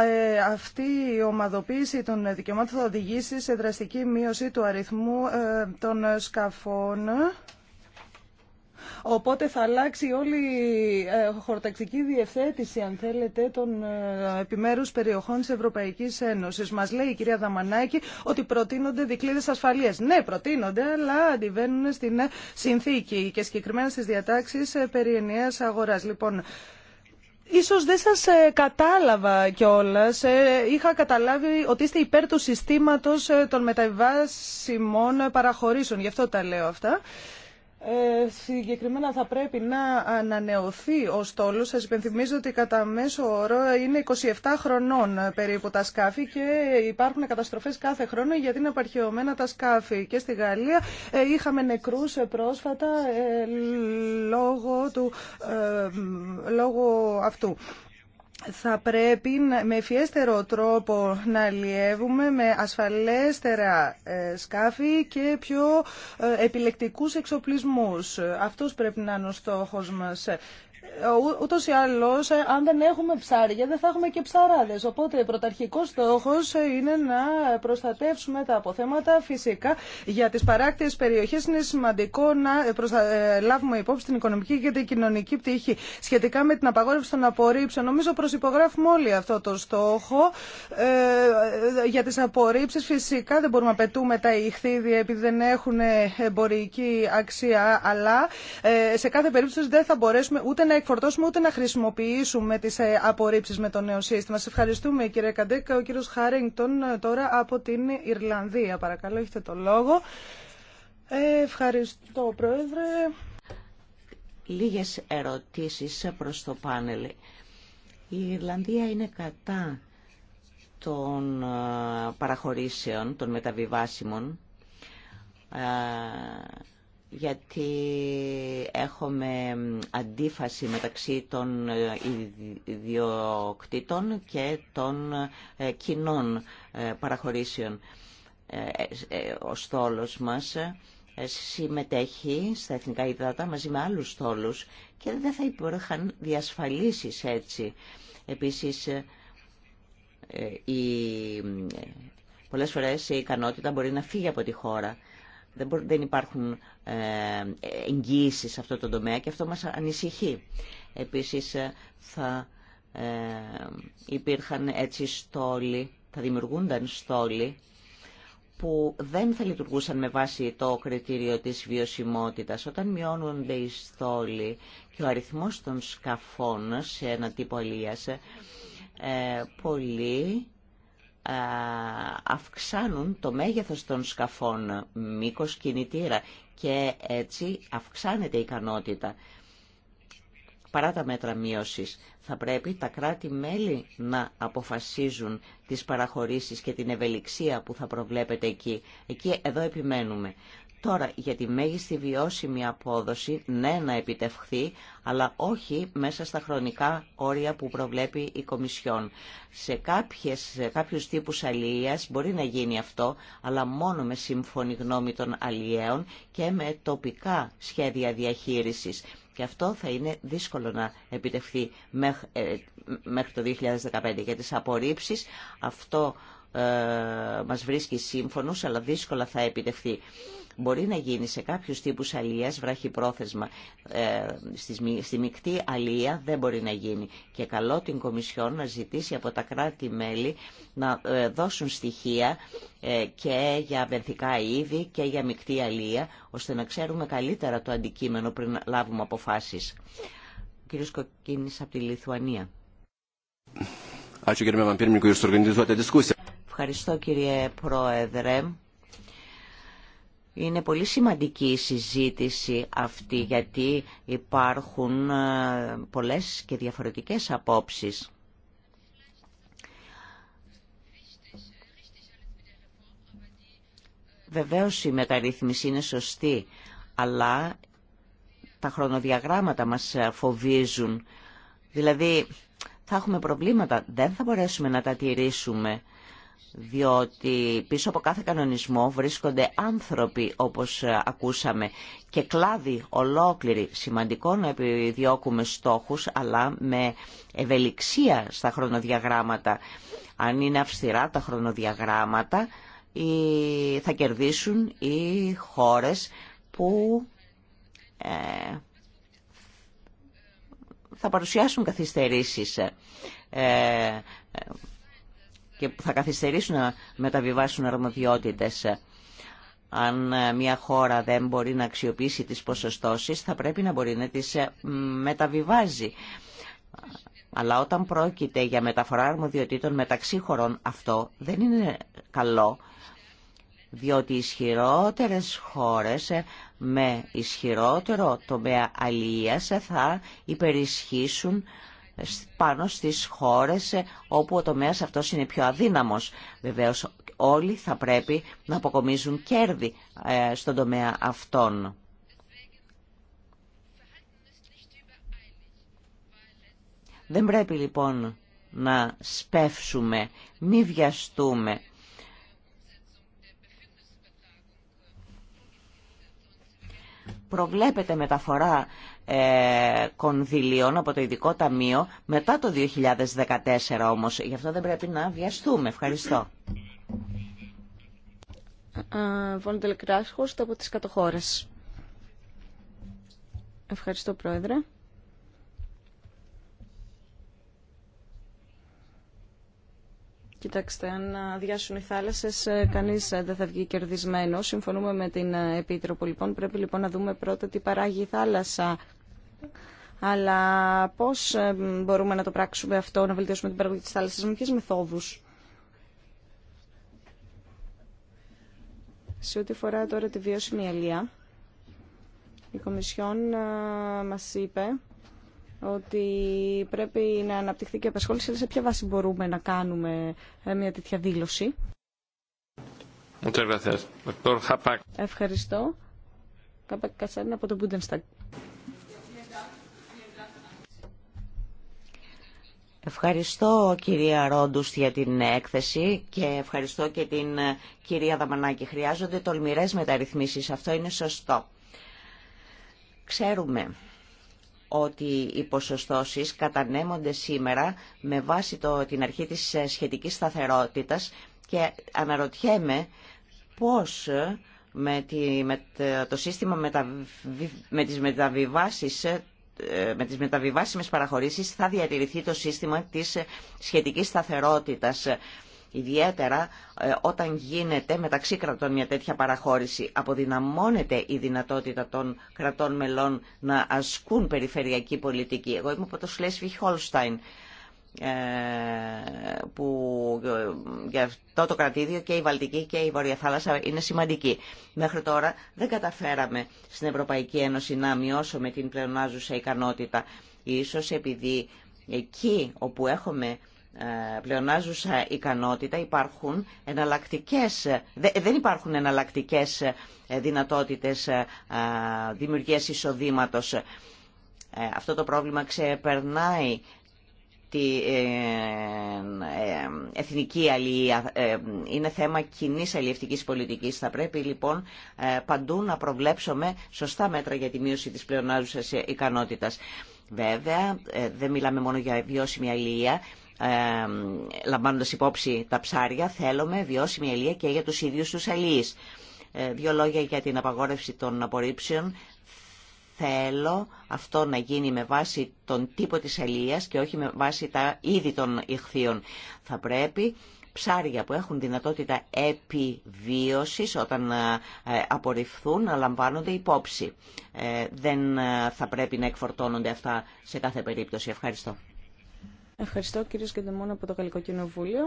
Ε, αυτή η ομαδοποίηση των δικαιωμάτων θα οδηγήσει σε δραστική μείωση του αριθμού ε, των σκαφών Οπότε θα αλλάξει όλη η ε, χορτακτική διευθέτηση, αν θέλετε, των ε, επιμέρους περιοχών της Ευρωπαϊκής Ένωσης. Μας λέει η κυρία Δαμανάκη ότι προτείνονται δικλείδες ασφαλείας. Ναι, προτείνονται, αλλά αντιβαίνουν στην ε, συνθήκη και συγκεκριμένα στις διατάξεις περί ενιαίας αγοράς. Λοιπόν, Ίσως δεν σας κατάλαβα κιόλας. είχα καταλάβει ότι είστε υπέρ του συστήματος των μεταβάσιμων παραχωρήσεων. Γι' αυτό τα λέω αυτά. Ε, συγκεκριμένα θα πρέπει να ανανεωθεί ο στόλος. Σας υπενθυμίζω ότι κατά μέσο όρο είναι 27 χρονών περίπου τα σκάφη και υπάρχουν καταστροφές κάθε χρόνο γιατί είναι απαρχαιωμένα τα σκάφη. Και στη Γαλλία ε, είχαμε νεκρούς πρόσφατα ε, λόγω, του, λόγω αυτού θα πρέπει με ευφιέστερο τρόπο να αλλιεύουμε με ασφαλέστερα ε, σκάφη και πιο ε, επιλεκτικούς εξοπλισμούς. Αυτός πρέπει να είναι ο στόχος μας ούτω ή άλλω, ε, αν δεν έχουμε ψάρια, δεν θα έχουμε και ψαράδε. Οπότε, πρωταρχικό στόχο ε, είναι να προστατεύσουμε τα αποθέματα. Φυσικά, για τι παράκτιε περιοχέ είναι σημαντικό να ε, προστα... λάβουμε υπόψη την οικονομική και την κοινωνική πτυχή. Σχετικά με την απαγόρευση των απορρίψεων, νομίζω προσυπογράφουμε όλοι αυτό το στόχο. για τι απορρίψει, φυσικά δεν μπορούμε να πετούμε τα ηχθίδια επειδή δεν έχουν εμπορική αξία, αλλά σε κάθε περίπτωση δεν θα μπορέσουμε ούτε να εκφορτώσουμε ούτε να χρησιμοποιήσουμε τις ε, απορρίψει με το νέο σύστημα. Σα ευχαριστούμε κύριε Καντέκα. Ο κύριο Χάρινγκτον ε, τώρα από την Ιρλανδία. Παρακαλώ, έχετε το λόγο. Ε, ευχαριστώ πρόεδρε. Λίγε ερωτήσει προ το πάνελ. Η Ιρλανδία είναι κατά των παραχωρήσεων, των μεταβιβάσιμων γιατί έχουμε αντίφαση μεταξύ των ε, ιδιοκτήτων και των ε, κοινών ε, παραχωρήσεων. Ο στόλος μας συμμετέχει στα εθνικά ιδρύματα μαζί με άλλους στόλους και δεν θα υπήρχαν διασφαλίσεις έτσι. Επίσης, η... πολλές φορές η ικανότητα μπορεί να φύγει από τη χώρα. Δεν υπάρχουν ε, εγγύηση σε αυτό το τομέα και αυτό μας ανησυχεί. Επίσης ε, θα ε, υπήρχαν έτσι στόλοι, θα δημιουργούνταν στόλοι που δεν θα λειτουργούσαν με βάση το κριτήριο της βιωσιμότητας. Όταν μειώνονται οι στόλοι και ο αριθμός των σκαφών σε ένα τύπο αλίας, πολλοί αυξάνουν το μέγεθος των σκαφών, μήκος κινητήρα και έτσι αυξάνεται η ικανότητα. Παρά τα μέτρα μείωσης, θα πρέπει τα κράτη-μέλη να αποφασίζουν τις παραχωρήσεις και την ευελιξία που θα προβλέπεται εκεί. Εκεί εδώ επιμένουμε. Τώρα, για τη μέγιστη βιώσιμη απόδοση, ναι να επιτευχθεί, αλλά όχι μέσα στα χρονικά όρια που προβλέπει η Κομισιόν. Σε, κάποιες, σε κάποιους τύπους αλληλείας μπορεί να γίνει αυτό, αλλά μόνο με σύμφωνη γνώμη των αλλιέων και με τοπικά σχέδια διαχείρισης. Και αυτό θα είναι δύσκολο να επιτευχθεί μέχρι ε, το 2015. Για τις απορρίψεις, αυτό ε, μας βρίσκει σύμφωνος, αλλά δύσκολα θα επιτευχθεί. Μπορεί να γίνει σε κάποιους τύπους αλίας βραχυπρόθεσμα. Ε, στη μεικτή αλία δεν μπορεί να γίνει. Και καλό την Κομισιόν να ζητήσει από τα κράτη-μέλη να ε, δώσουν στοιχεία ε, και για βενθικά είδη και για μεικτή αλία, ώστε να ξέρουμε καλύτερα το αντικείμενο πριν λάβουμε αποφάσεις. Ο κύριος Κοκκίνης από τη Λιθουανία. Ευχαριστώ κύριε Πρόεδρε. Είναι πολύ σημαντική η συζήτηση αυτή γιατί υπάρχουν ε, πολλές και διαφορετικές απόψεις. Βεβαίως η μεταρρύθμιση είναι σωστή, αλλά τα χρονοδιαγράμματα μας ε, φοβίζουν. Δηλαδή θα έχουμε προβλήματα, δεν θα μπορέσουμε να τα τηρήσουμε διότι πίσω από κάθε κανονισμό βρίσκονται άνθρωποι όπως ε, ακούσαμε και κλάδοι ολόκληροι. Σημαντικό να επιδιώκουμε στόχους αλλά με ευελιξία στα χρονοδιαγράμματα. Αν είναι αυστηρά τα χρονοδιαγράμματα θα κερδίσουν οι χώρες που ε, θα παρουσιάσουν καθυστερήσεις ε, και που θα καθυστερήσουν να μεταβιβάσουν αρμοδιότητες. Αν ε, μια χώρα δεν μπορεί να αξιοποιήσει τις ποσοστώσεις, θα πρέπει να μπορεί να τις ε, μεταβιβάζει. Αλλά όταν πρόκειται για μεταφορά αρμοδιοτήτων μεταξύ χωρών, αυτό δεν είναι καλό, διότι οι ισχυρότερες χώρες ε, με ισχυρότερο τομέα αλληλείας θα υπερισχύσουν πάνω στις χώρες ε, όπου ο τομέας αυτός είναι πιο αδύναμος. Βεβαίως όλοι θα πρέπει να αποκομίζουν κέρδη ε, στον τομέα αυτών. Δεν πρέπει λοιπόν να σπεύσουμε, μη βιαστούμε. Προβλέπεται μεταφορά ε, κονδυλίων από το Ειδικό Ταμείο μετά το 2014 όμως. Γι' αυτό δεν πρέπει να βιαστούμε. Ευχαριστώ. από τις κατοχώρες. Ευχαριστώ, Πρόεδρε. Κοιτάξτε, αν αδειάσουν οι θάλασσε, ε, κανεί ε, δεν θα βγει κερδισμένο. Συμφωνούμε με την Επίτροπο, λοιπόν. Πρέπει λοιπόν να δούμε πρώτα τι παράγει η θάλασσα. Αλλά πώς ε, μπορούμε να το πράξουμε αυτό, να βελτιώσουμε την παραγωγή τη θάλασσα με ποιε μεθόδους. Σε ό,τι φορά τώρα τη βιώσιμη αλία, η Κομισιόν ε, μας είπε ότι πρέπει να αναπτυχθεί και απασχόληση, αλλά σε ποια βάση μπορούμε να κάνουμε ε, μια τέτοια δήλωση. Ευχαριστώ. Καπακ Κασένα από τον Στακ Ευχαριστώ κυρία Ρόντους για την έκθεση και ευχαριστώ και την ε, κυρία Δαμανάκη. Χρειάζονται τολμηρές μεταρρυθμίσεις, αυτό είναι σωστό. Ξέρουμε ότι οι ποσοστώσεις κατανέμονται σήμερα με βάση το, την αρχή της ε, σχετικής σταθερότητας και αναρωτιέμαι πώς ε, με, τη, το σύστημα με τις μεταβιβάσεις ε, με τις μεταβιβάσιμες παραχωρήσεις θα διατηρηθεί το σύστημα της σχετικής σταθερότητας ιδιαίτερα ε, όταν γίνεται μεταξύ κρατών μια τέτοια παραχώρηση. Αποδυναμώνεται η δυνατότητα των κρατών μελών να ασκούν περιφερειακή πολιτική. Εγώ είμαι από το Σλέσβι Χόλσταϊν ε, που ε, για αυτό το κρατήδιο και η Βαλτική και η Βορεια Θάλασσα είναι σημαντική. Μέχρι τώρα δεν καταφέραμε στην Ευρωπαϊκή Ένωση να μειώσουμε την πλεονάζουσα ικανότητα. Ίσως επειδή εκεί όπου έχουμε ε, πλεονάζουσα ικανότητα υπάρχουν εναλλακτικές, δεν υπάρχουν εναλλακτικές δυνατότητες δημιουργίας εισοδήματος. Αυτό το πρόβλημα ξεπερνάει την ε, ε, εθνική αλληλεία. Ε, είναι θέμα κοινή αλληλευτική πολιτικής. Θα πρέπει λοιπόν παντού να προβλέψουμε σωστά μέτρα για τη μείωση της πλεονάζουσας ικανότητας. Βέβαια, δεν μιλάμε μόνο για βιώσιμη αλληλεία, ε, λαμβάνοντας υπόψη τα ψάρια, θέλουμε βιώσιμη αλληλεία και για τους ίδιους τους αλληλείς. δύο λόγια για την απαγόρευση των απορρίψεων θέλω αυτό να γίνει με βάση τον τύπο της αλίας και όχι με βάση τα είδη των ηχθείων. Θα πρέπει ψάρια που έχουν δυνατότητα επιβίωσης όταν ε, απορριφθούν να λαμβάνονται υπόψη. Ε, δεν ε, θα πρέπει να εκφορτώνονται αυτά σε κάθε περίπτωση. Ευχαριστώ. Ευχαριστώ κύριε Σκεντεμόν από το Καλλικό Κοινοβούλιο.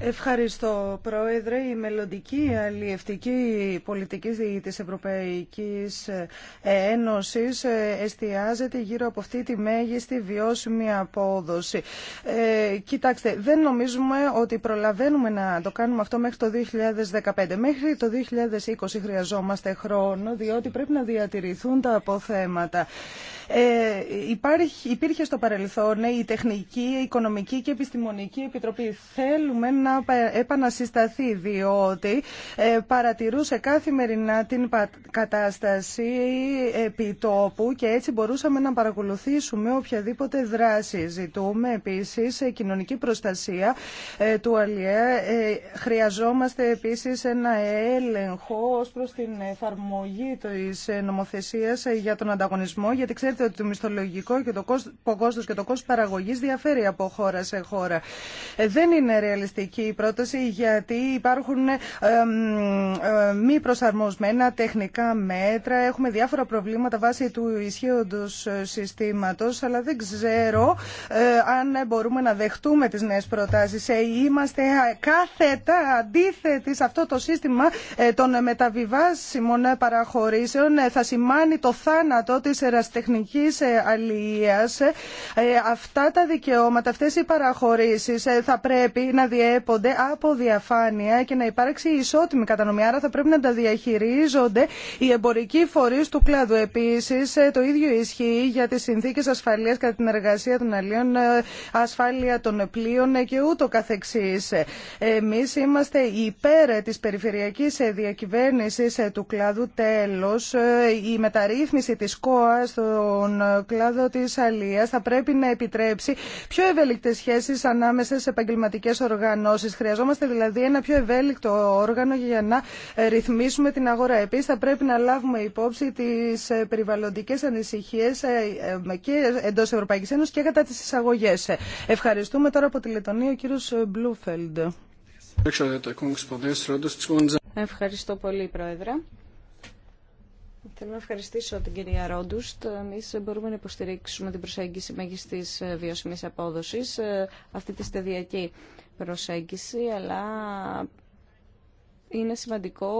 Ευχαριστώ, Πρόεδρε. Η μελλοντική αλλιευτική πολιτική της Ευρωπαϊκής Ένωσης εστιάζεται γύρω από αυτή τη μέγιστη βιώσιμη απόδοση. Ε, κοιτάξτε, δεν νομίζουμε ότι προλαβαίνουμε να το κάνουμε αυτό μέχρι το 2015. Μέχρι το 2020 χρειαζόμαστε χρόνο, διότι πρέπει να διατηρηθούν τα αποθέματα. Ε, υπάρχει, υπήρχε στο παρελθόν η Τεχνική, Οικονομική και Επιστημονική Επιτροπή. Θέλουμε να επανασυσταθεί διότι ε, παρατηρούσε καθημερινά την κατάσταση επιτόπου και έτσι μπορούσαμε να παρακολουθήσουμε οποιαδήποτε δράση. Ζητούμε επίσης κοινωνική προστασία ε, του ΑΛΙΕ. Χρειαζόμαστε επίσης ένα έλεγχο ω προς την εφαρμογή της νομοθεσίας για τον ανταγωνισμό γιατί ότι το μισθολογικό και το κόστος και το κόστος παραγωγής διαφέρει από χώρα σε χώρα. Ε, δεν είναι ρεαλιστική η πρόταση γιατί υπάρχουν ε, ε, μη προσαρμοσμένα τεχνικά μέτρα. Έχουμε διάφορα προβλήματα βάσει του ισχύοντος συστήματος, αλλά δεν ξέρω αν μπορούμε να δεχτούμε τις νέες προτάσεις. Είμαστε κάθετα αντίθετοι σε αυτό το σύστημα των μεταβιβάσιμων παραχωρήσεων. Θα σημάνει το θάνατο της ερασιτεχνικής βιομηχανικής ε, αλληλεία, ε, ε, αυτά τα δικαιώματα, αυτέ οι παραχωρήσει θα πρέπει να διέπονται από διαφάνεια και να υπάρξει ισότιμη κατανομή. Άρα θα πρέπει να τα διαχειρίζονται οι εμπορικοί εργασία των αλλήλ, ασφάλεια των πλοίων και ούτω καθεσή. Εμεί είμαστε υπέρε τη περιφερειακή διακυβέρνηση του κλάδου. επιση το ίδιο ισχύει για τι συνθηκε ασφαλεια κατά την εργασία των αλλήλων, ασφάλεια των πλοίων και ούτω καθεξή. εμει είμαστε υπέρ τη περιφερειακη διακυβερνηση του κλάδου. τελο η μεταρρύθμιση τη ΚΟΑ στο στον κλάδο της αλίας θα πρέπει να επιτρέψει πιο ευέλικτε σχέσεις ανάμεσα σε επαγγελματικέ οργανώσεις. Χρειαζόμαστε δηλαδή ένα πιο ευέλικτο όργανο για να ρυθμίσουμε την αγορά. Επίση. θα πρέπει να λάβουμε υπόψη τις περιβαλλοντικές ανησυχίες ε, ε, και εντός Ευρωπαϊκής Ένωσης και κατά τι εισαγωγέ. Ευχαριστούμε τώρα από τη Λετωνία ο κύριο Μπλούφελντ. Ευχαριστώ πολύ, Πρόεδρε. Θέλω να ευχαριστήσω την κυρία Ρόντουστ. Εμεί μπορούμε να υποστηρίξουμε την προσέγγιση μέγιστη βιώσιμη απόδοση, ε, αυτή τη στεδιακή προσέγγιση, αλλά είναι σημαντικό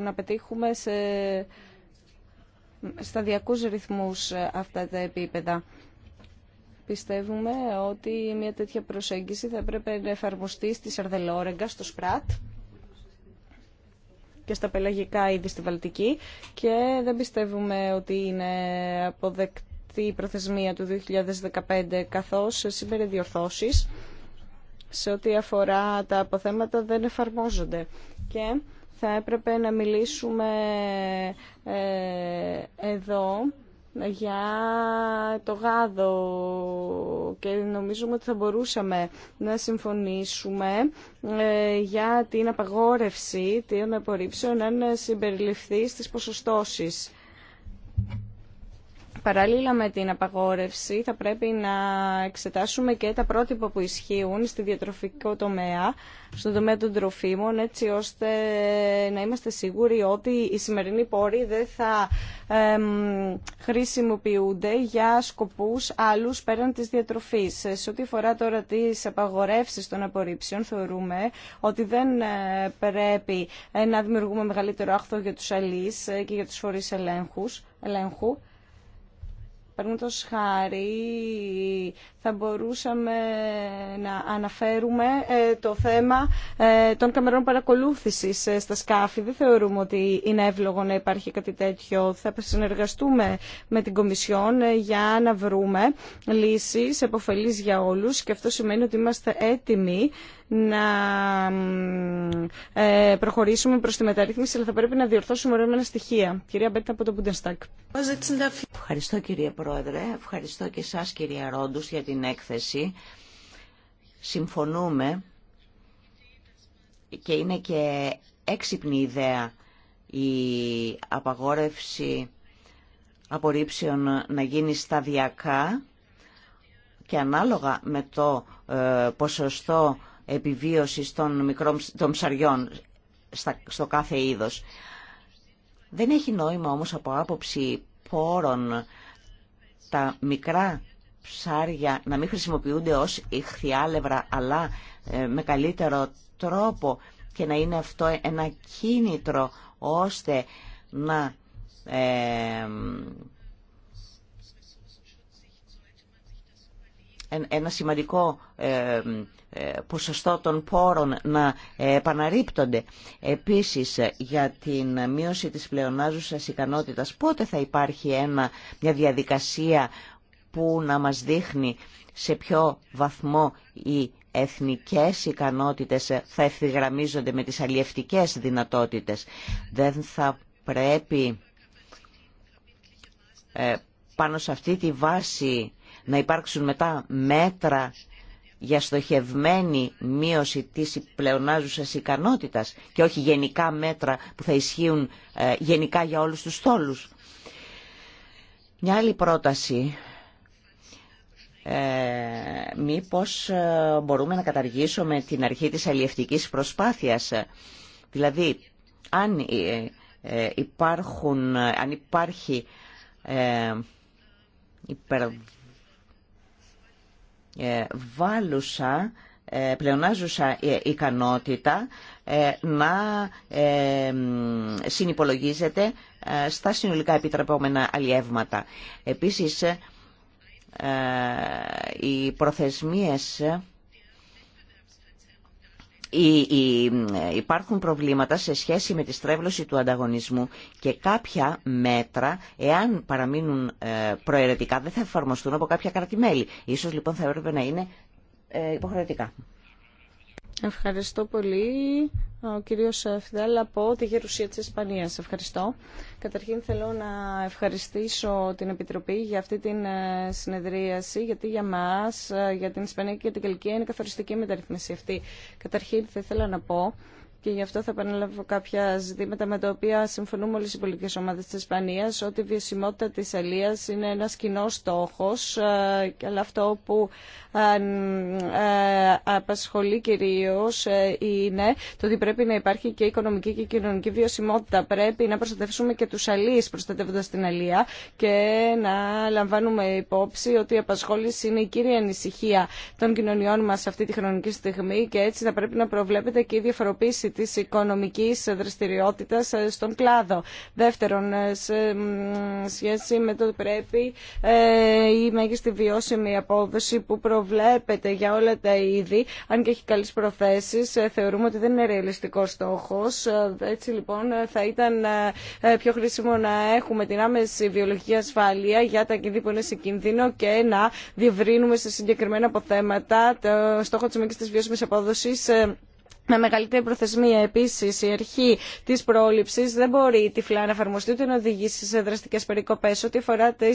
να πετύχουμε σε σταδιακούς ρυθμούς αυτά τα επίπεδα. Πιστεύουμε ότι μια τέτοια προσέγγιση θα πρέπει να εφαρμοστεί στη Σαρδελόρεγκα, στο ΣΠΡΑΤ, και στα πελαγικά είδη στη Βαλτική και δεν πιστεύουμε ότι είναι αποδεκτή η προθεσμία του 2015 καθώς σήμερα οι διορθώσεις σε ό,τι αφορά τα αποθέματα δεν εφαρμόζονται και θα έπρεπε να μιλήσουμε ε, εδώ για το γάδο και νομίζουμε ότι θα μπορούσαμε να συμφωνήσουμε ε, για την απαγόρευση των απορρίψεων αν συμπεριληφθεί στις ποσοστώσεις παράλληλα με την απαγόρευση θα πρέπει να εξετάσουμε και τα πρότυπα που ισχύουν στη διατροφικό τομέα, στον τομέα των τροφίμων, έτσι ώστε να είμαστε σίγουροι ότι οι σημερινοί πόροι δεν θα χρησιμοποιούνται για σκοπούς άλλους πέραν της διατροφής. Ε, σε ό,τι αφορά τώρα τις απαγορεύσεις των απορρίψεων, θεωρούμε ότι δεν ε, πρέπει ε, να δημιουργούμε μεγαλύτερο άχθο για τους αλείς και για τους φορείς ελέγχους, ελέγχου Παραδείγματο χάρη θα μπορούσαμε να αναφέρουμε ε, το θέμα ε, των καμερών παρακολούθησης ε, στα σκάφη. Δεν θεωρούμε ότι είναι εύλογο να υπάρχει κάτι τέτοιο. Θα συνεργαστούμε με την Κομισιόν για να βρούμε λύσεις επωφελείς για όλους και αυτό σημαίνει ότι είμαστε έτοιμοι να ε, προχωρήσουμε προς τη μεταρρύθμιση, αλλά θα πρέπει να διορθώσουμε ορισμένα στοιχεία. Κυρία Μπέκτα από το Bundestag. Ευχαριστώ κύριε Πρόεδρε, ευχαριστώ και εσάς κυρία Ρόντους για την έκθεση. Συμφωνούμε και είναι και έξυπνη ιδέα η απαγόρευση απορρίψεων να γίνει σταδιακά και ανάλογα με το ε, ποσοστό Επιβίωση των μικρών των ψαριών στο κάθε είδος. Δεν έχει νόημα όμως από άποψη πόρων τα μικρά ψάρια να μην χρησιμοποιούνται ως ηχθιάλευρα αλλά ε, με καλύτερο τρόπο και να είναι αυτό ένα κίνητρο ώστε να ε, ένα σημαντικό ε, ε, ποσοστό των πόρων να ε, επαναρρίπτονται. Επίσης, για την μείωση της πλεονάζουσας ικανότητας, πότε θα υπάρχει ένα, μια διαδικασία που να μας δείχνει σε ποιο βαθμό οι εθνικές ικανότητες θα ευθυγραμμίζονται με τις αλλιευτικές δυνατότητες. Δεν θα πρέπει πάνω σε αυτή τη βάση να υπάρξουν μετά μέτρα για στοχευμένη μείωση της πλεονάζουσας ικανότητας και όχι γενικά μέτρα που θα ισχύουν ε, γενικά για όλους τους στόλους. Μια άλλη πρόταση. Ε, μήπως ε, μπορούμε να καταργήσουμε την αρχή της αλλιευτικής προσπάθειας. Δηλαδή, αν, ε, υπάρχουν, αν υπάρχει ε, βάλουσα, ε, πλεονάζουσα ε, ικανότητα να συνυπολογίζεται στα συνολικά επιτρεπόμενα αλλιεύματα. Επίσης, οι προθεσμίες υπάρχουν προβλήματα σε σχέση με τη στρέβλωση του ανταγωνισμού και κάποια μέτρα, εάν παραμείνουν ε, προαιρετικά, δεν θα εφαρμοστούν από κάποια κράτη-μέλη. Ίσως λοιπόν θα έπρεπε να είναι ε, υποχρεωτικά. Ευχαριστώ πολύ. Ο κύριος από τη Γερουσία της Ισπανίας. Ευχαριστώ. Καταρχήν θέλω να ευχαριστήσω την Επιτροπή για αυτή την ε, συνεδρίαση, γιατί για μας, ε, για την Ισπανία και την Γαλλική είναι καθοριστική μεταρρυθμίση αυτή. Καταρχήν θα ήθελα να πω και γι' αυτό θα επαναλάβω κάποια ζητήματα με τα οποία συμφωνούμε όλε οι πολιτικέ ομάδε τη Ισπανίας ότι η βιωσιμότητα τη αλίας είναι ένα κοινό στόχο. Ε, αλλά αυτό που ε, ε, απασχολεί κυρίω είναι το ότι πρέπει να υπάρχει και οικονομική και κοινωνική βιωσιμότητα. Πρέπει να προστατεύσουμε και του αλίες προστατεύοντα την αλία και να λαμβάνουμε υπόψη ότι η απασχόληση είναι η κύρια ανησυχία των κοινωνιών μας αυτή τη χρονική στιγμή και έτσι θα πρέπει να προβλέπεται και η διαφοροποίηση της οικονομική δραστηριότητα ε, στον κλάδο. Δεύτερον, ε, σε σχέση με το πρέπει ε, η μέγιστη βιώσιμη απόδοση που προβλέπεται για όλα τα είδη, αν και έχει καλές προθέσεις, θεωρούμε ότι δεν είναι ρεαλιστικό στόχο. Έτσι λοιπόν θα ήταν πιο χρήσιμο να έχουμε την άμεση βιολογική ασφάλεια για τα κινδύνα που είναι σε κίνδυνο και να διευρύνουμε σε συγκεκριμένα αποθέματα το στόχο της μέγιστης βιώσιμης απόδοσης με μεγαλύτερη προθεσμία επίση η αρχή τη πρόληψη δεν μπορεί τυφλά να εφαρμοστεί ούτε να οδηγήσει σε δραστικέ περικοπέ. Ό,τι αφορά τι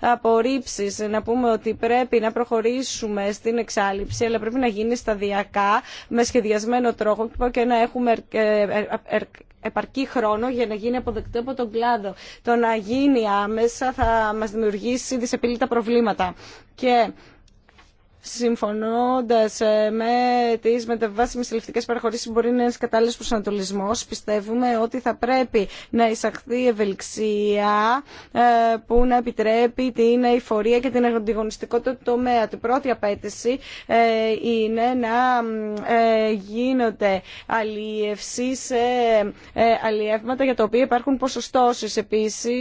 απορρίψει, να πούμε ότι πρέπει να προχωρήσουμε στην εξάλληψη, αλλά πρέπει να γίνει σταδιακά, με σχεδιασμένο τρόπο και να έχουμε ε, ε, ε, επαρκή χρόνο για να γίνει αποδεκτό από τον κλάδο. Το να γίνει άμεσα θα μα δημιουργήσει δυσεπίλητα προβλήματα. Και συμφωνώντας ε, με τις μεταβάσιμε ελευθερικές παραχωρήσει μπορεί να είναι ένα κατάλληλο προσανατολισμό. Πιστεύουμε ότι θα πρέπει να εισαχθεί ευελιξία ε, που να επιτρέπει την εφορία και την αντιγωνιστικότητα του τομέα. Την πρώτη απέτηση ε, είναι να γίνονται αλλιεύσει σε αλλιεύματα για τα οποία υπάρχουν ποσοστώσεις. επίση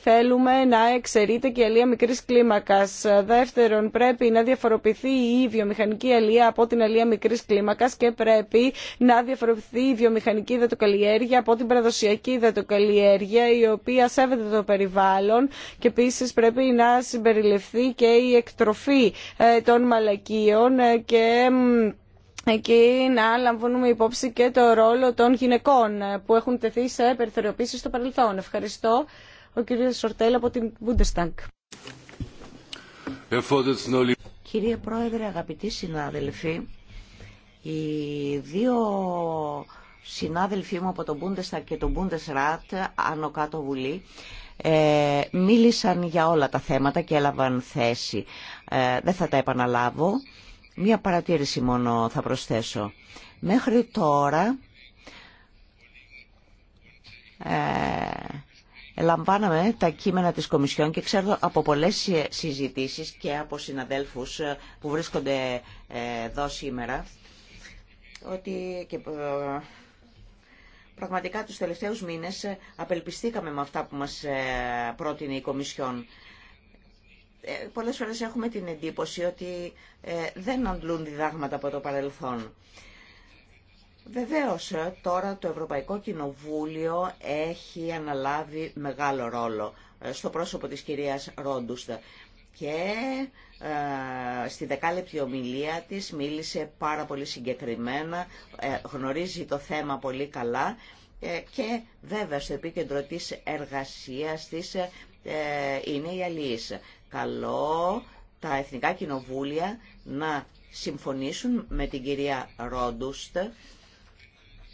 θέλουμε να εξαιρείται και η αλλία μικρή κλίμακα. Δεύτερον, πρέπει να διαφοροποιηθεί η βιομηχανική αλία από την αλία μικρή κλίμακα και πρέπει να διαφοροποιηθεί η βιομηχανική υδατοκαλλιέργεια από την παραδοσιακή υδατοκαλλιέργεια, η οποία σέβεται το περιβάλλον και επίση πρέπει να συμπεριληφθεί και η εκτροφή ε, των μαλακίων ε, και εκεί να λαμβάνουμε υπόψη και το ρόλο των γυναικών ε, που έχουν τεθεί σε περιθωριοποίηση στο παρελθόν. Ευχαριστώ. Ο κύριος Σορτέλ από την Bundestag. Κύριε Πρόεδρε, αγαπητοί συνάδελφοι, οι δύο συνάδελφοί μου από τον Bundestag και τον Bundesrat, άνω κάτω βουλή, ε, μίλησαν για όλα τα θέματα και έλαβαν θέση. Ε, δεν θα τα επαναλάβω. Μία παρατήρηση μόνο θα προσθέσω. Μέχρι τώρα... Ε, λαμβάναμε τα κείμενα της Κομισιόν και ξέρω από πολλές συζητήσεις και από συναδέλφους ε, που βρίσκονται ε, εδώ σήμερα ότι και ε, πραγματικά τους τελευταίους μήνες απελπιστήκαμε με αυτά που μας πρότεινε η Κομισιόν. Πολλές φορές έχουμε την εντύπωση ότι δεν αντλούν διδάγματα από το παρελθόν. Βεβαίως ε, τώρα το Ευρωπαϊκό Κοινοβούλιο έχει αναλάβει μεγάλο ρόλο ε, στο πρόσωπο της κυρίας Ρόντουστα και ε, στη δεκάλεπτη ομιλία της μίλησε πάρα πολύ συγκεκριμένα, γνωρίζει το θέμα πολύ καλά και βέβαια στο επίκεντρο της εργασίας της είναι η αλληλής. Καλό τα Εθνικά Κοινοβούλια να συμφωνήσουν με την κυρία Ρόντουστα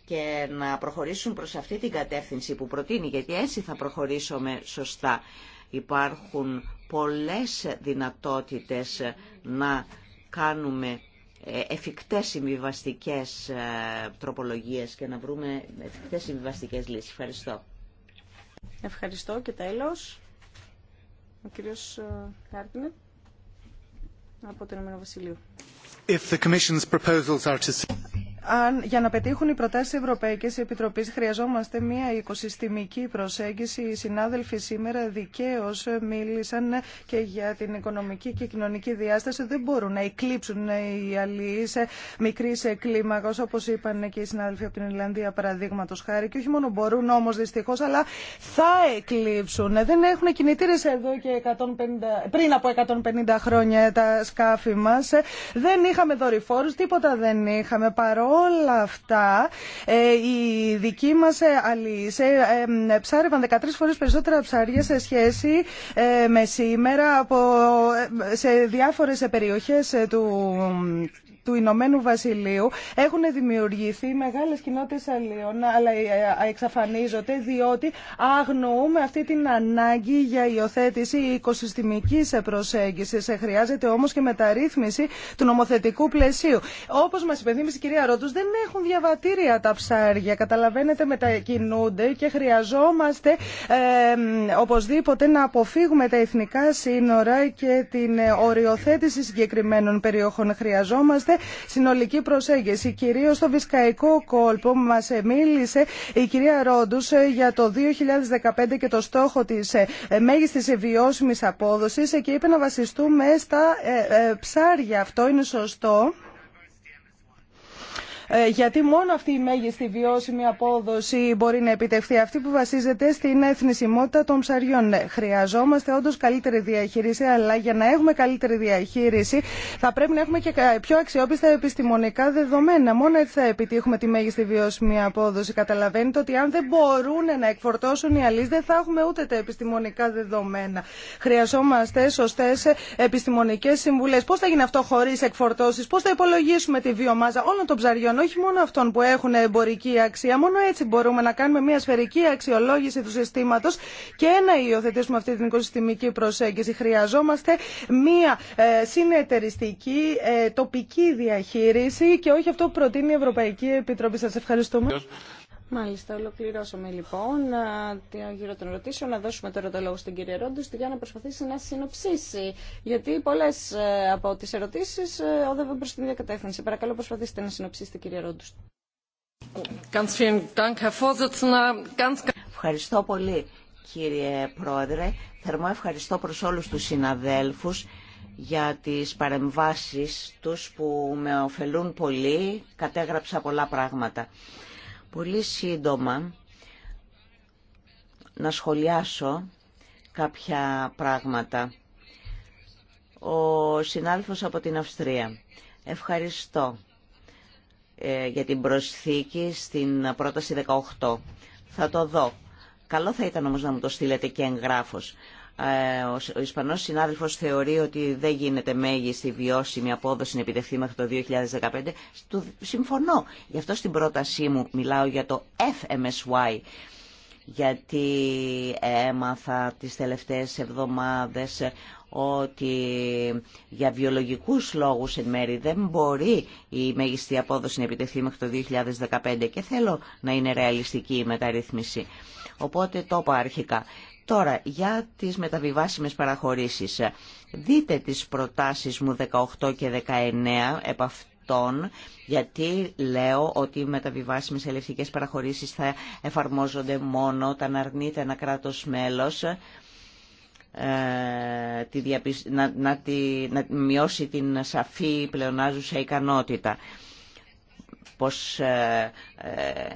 και να προχωρήσουν προς αυτή την κατεύθυνση που προτείνει, γιατί έτσι θα προχωρήσουμε σωστά. Υπάρχουν πολλές δυνατότητες να κάνουμε ε, εφικτές συμβιβαστικέ ε, τροπολογίες και να βρούμε εφικτές συμβιβαστικέ λύσεις. Ευχαριστώ. Ευχαριστώ και τέλος. Ο κύριος Κάρτινε ε, από το Ηνωμένο Βασιλείο. If the Commission's proposals are to αν, για να πετύχουν οι προτάσει τη Ευρωπαϊκή Επιτροπής χρειαζόμαστε μια οικοσυστημική προσέγγιση. Οι συνάδελφοι σήμερα δικαίω μίλησαν και για την οικονομική και κοινωνική διάσταση. Δεν μπορούν να εκλείψουν οι σε μικρή ε, κλίμακα, όπω είπαν και οι συνάδελφοι από την Ιρλανδία παραδείγματο χάρη. Και όχι μόνο μπορούν όμω δυστυχώ, αλλά θα εκλείψουν. Δεν έχουν κινητήρε εδώ και 150, πριν από 150 χρόνια τα σκάφη μα. Δεν είχαμε δορυφόρου, τίποτα δεν είχαμε παρό όλα αυτά οι ε, δικοί μας ε, ε ψάρευαν 13 φορές περισσότερα ψάρια σε σχέση ε, με σήμερα από, σε διάφορες περιοχές του του Ηνωμένου Βασιλείου έχουν δημιουργηθεί μεγάλες κοινότητες αλλιών, αλλά ε, ε, εξαφανίζονται διότι αγνοούμε αυτή την ανάγκη για υιοθέτηση οικοσυστημικής προσέγγισης. Χρειάζεται όμως και μεταρρύθμιση του νομοθετικού πλαισίου. Όπως μας υπενθύμισε η κυρία Ρότους, δεν έχουν διαβατήρια τα ψάρια. Καταλαβαίνετε, μετακινούνται και χρειαζόμαστε ε, οπωσδήποτε να αποφύγουμε τα εθνικά σύνορα και την ε, οριοθέτηση συγκεκριμένων περιοχών. Χρειαζόμαστε συνολική προσέγγιση. Κυρίω στο Βυσκαϊκό κόλπο μα μίλησε η κυρία Ρόντου ε, για το 2015 και το στόχο τη ε, ε, μέγιστη βιώσιμη απόδοση και είπε να βασιστούμε στα ψάρια. Αυτό είναι σωστό. Ε, γιατί μόνο αυτή η μέγιστη βιώσιμη απόδοση μπορεί να επιτευχθεί, αυτή που βασίζεται στην εθνισμότητα των ψαριών. Ναι, χρειαζόμαστε όντω καλύτερη διαχείριση, αλλά για να έχουμε καλύτερη διαχείριση θα πρέπει να έχουμε και πιο αξιόπιστα επιστημονικά δεδομένα. Μόνο έτσι θα επιτύχουμε τη μέγιστη βιώσιμη απόδοση. Καταλαβαίνετε ότι αν δεν μπορούν να εκφορτώσουν οι αλείς δεν θα έχουμε ούτε τα επιστημονικά δεδομένα. Χρειαζόμαστε σωστέ επιστημονικέ συμβουλέ. Πώ θα γίνει αυτό χωρί εκφορτώσει, πώ θα υπολογίσουμε τη βιομάζα όλων των ψαριών όχι μόνο αυτών που έχουν εμπορική αξία. Μόνο έτσι μπορούμε να κάνουμε μια σφαιρική αξιολόγηση του συστήματο και να υιοθετήσουμε αυτή την οικοσυστημική προσέγγιση. Χρειαζόμαστε μια ε, συνεταιριστική ε, τοπική διαχείριση και όχι αυτό που προτείνει η Ευρωπαϊκή Επιτροπή. Σα ευχαριστούμε. Μάλιστα, ολοκληρώσαμε λοιπόν το γύρω των ερωτήσεων. Να δώσουμε τώρα το λόγο στην κυρία Ρόντουστ για να προσπαθήσει να συνοψίσει. Γιατί πολλέ ε, από τι ερωτήσει ε, οδεύουν προ την ίδια κατεύθυνση. Παρακαλώ, προσπαθήστε να συνοψίσετε, κυρία Ρόντουστ. Ευχαριστώ πολύ, κύριε Πρόεδρε. Θερμό ευχαριστώ προς όλους τους συναδέλφους για τις παρεμβάσεις τους που με ωφελούν πολύ. Κατέγραψα πολλά πράγματα. Πολύ σύντομα να σχολιάσω κάποια πράγματα. Ο συνάδελφος από την Αυστρία. Ευχαριστώ ε, για την προσθήκη στην πρόταση 18. Θα το δω. Καλό θα ήταν όμως να μου το στείλετε και εγγράφος. Ε, ο Ισπανός συνάδελφος θεωρεί ότι δεν γίνεται μέγιστη βιώσιμη απόδοση να επιτευχθεί μέχρι το 2015. συμφωνώ. Γι' αυτό στην πρότασή μου μιλάω για το FMSY γιατί έμαθα τις τελευταίες εβδομάδες ότι για βιολογικούς λόγους εν μέρη δεν μπορεί η μέγιστη απόδοση να επιτευχθεί μέχρι το 2015 και θέλω να είναι ρεαλιστική η μεταρρύθμιση. Οπότε το είπα αρχικά. Τώρα, για τις μεταβιβάσιμες παραχωρήσεις. Δείτε τις προτάσεις μου 18 και 19 επ' αυτών, γιατί λέω ότι οι μεταβιβάσιμες ελευθερικές παραχωρήσεις θα εφαρμόζονται μόνο όταν αρνείται ένα κράτος μέλος ε, τη να, να, τη... μειώσει την σαφή πλεονάζουσα ικανότητα. Πως ε, ε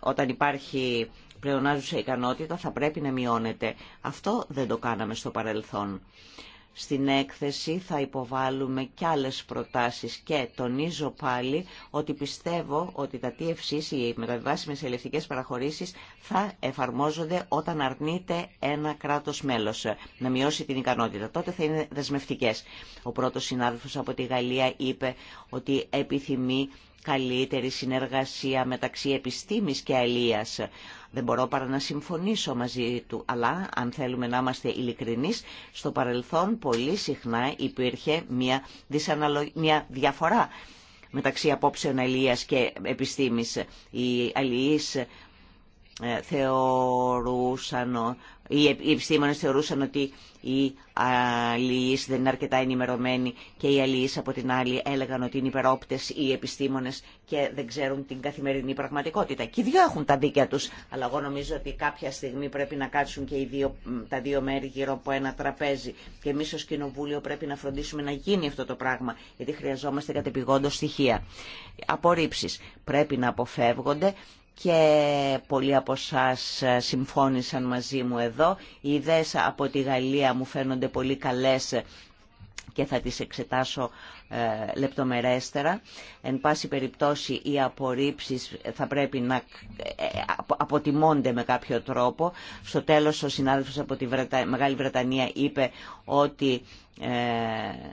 όταν υπάρχει πλεονάζουσα ικανότητα θα πρέπει να μειώνεται. Αυτό δεν το κάναμε στο παρελθόν. Στην έκθεση θα υποβάλουμε κι άλλες προτάσεις και τονίζω πάλι ότι πιστεύω ότι τα TFCs, οι μεταβιβάσιμες ελευθερικές παραχωρήσεις, θα εφαρμόζονται όταν αρνείται ένα κράτος μέλος να μειώσει την ικανότητα. Τότε θα είναι δεσμευτικές. Ο πρώτος συνάδελφος από τη Γαλλία είπε ότι επιθυμεί καλύτερη συνεργασία μεταξύ επιστήμης και αλίας. Δεν μπορώ παρά να συμφωνήσω μαζί του, αλλά αν θέλουμε να είμαστε ειλικρινεί, στο παρελθόν πολύ συχνά υπήρχε μια, διαφορά μεταξύ απόψεων αλληλείας και επιστήμης. Οι αλληλείς ε, θεωρούσαν, οι επιστήμονες θεωρούσαν ότι οι αλληλείς δεν είναι αρκετά ενημερωμένοι και οι αλληλείς από την άλλη έλεγαν ότι είναι υπερόπτες οι επιστήμονες και δεν ξέρουν την καθημερινή πραγματικότητα. Και οι δύο έχουν τα δίκαια τους, αλλά εγώ νομίζω ότι κάποια στιγμή πρέπει να κάτσουν και οι δύο, τα δύο μέρη γύρω από ένα τραπέζι. Και εμείς ως Κοινοβούλιο πρέπει να φροντίσουμε να γίνει αυτό το πράγμα, γιατί χρειαζόμαστε κατεπηγόντως στοιχεία. Απορρίψεις πρέπει να αποφεύγονται και πολλοί από εσά συμφώνησαν μαζί μου εδώ. Οι ιδέες από τη Γαλλία μου φαίνονται πολύ καλές και θα τις εξετάσω ε, λεπτομερέστερα. Εν πάση περιπτώσει οι απορρίψεις θα πρέπει να ε, αποτιμώνται με κάποιο τρόπο. Στο τέλος ο συνάδελφος από τη Μεγάλη Βρετανία είπε ότι... Ε,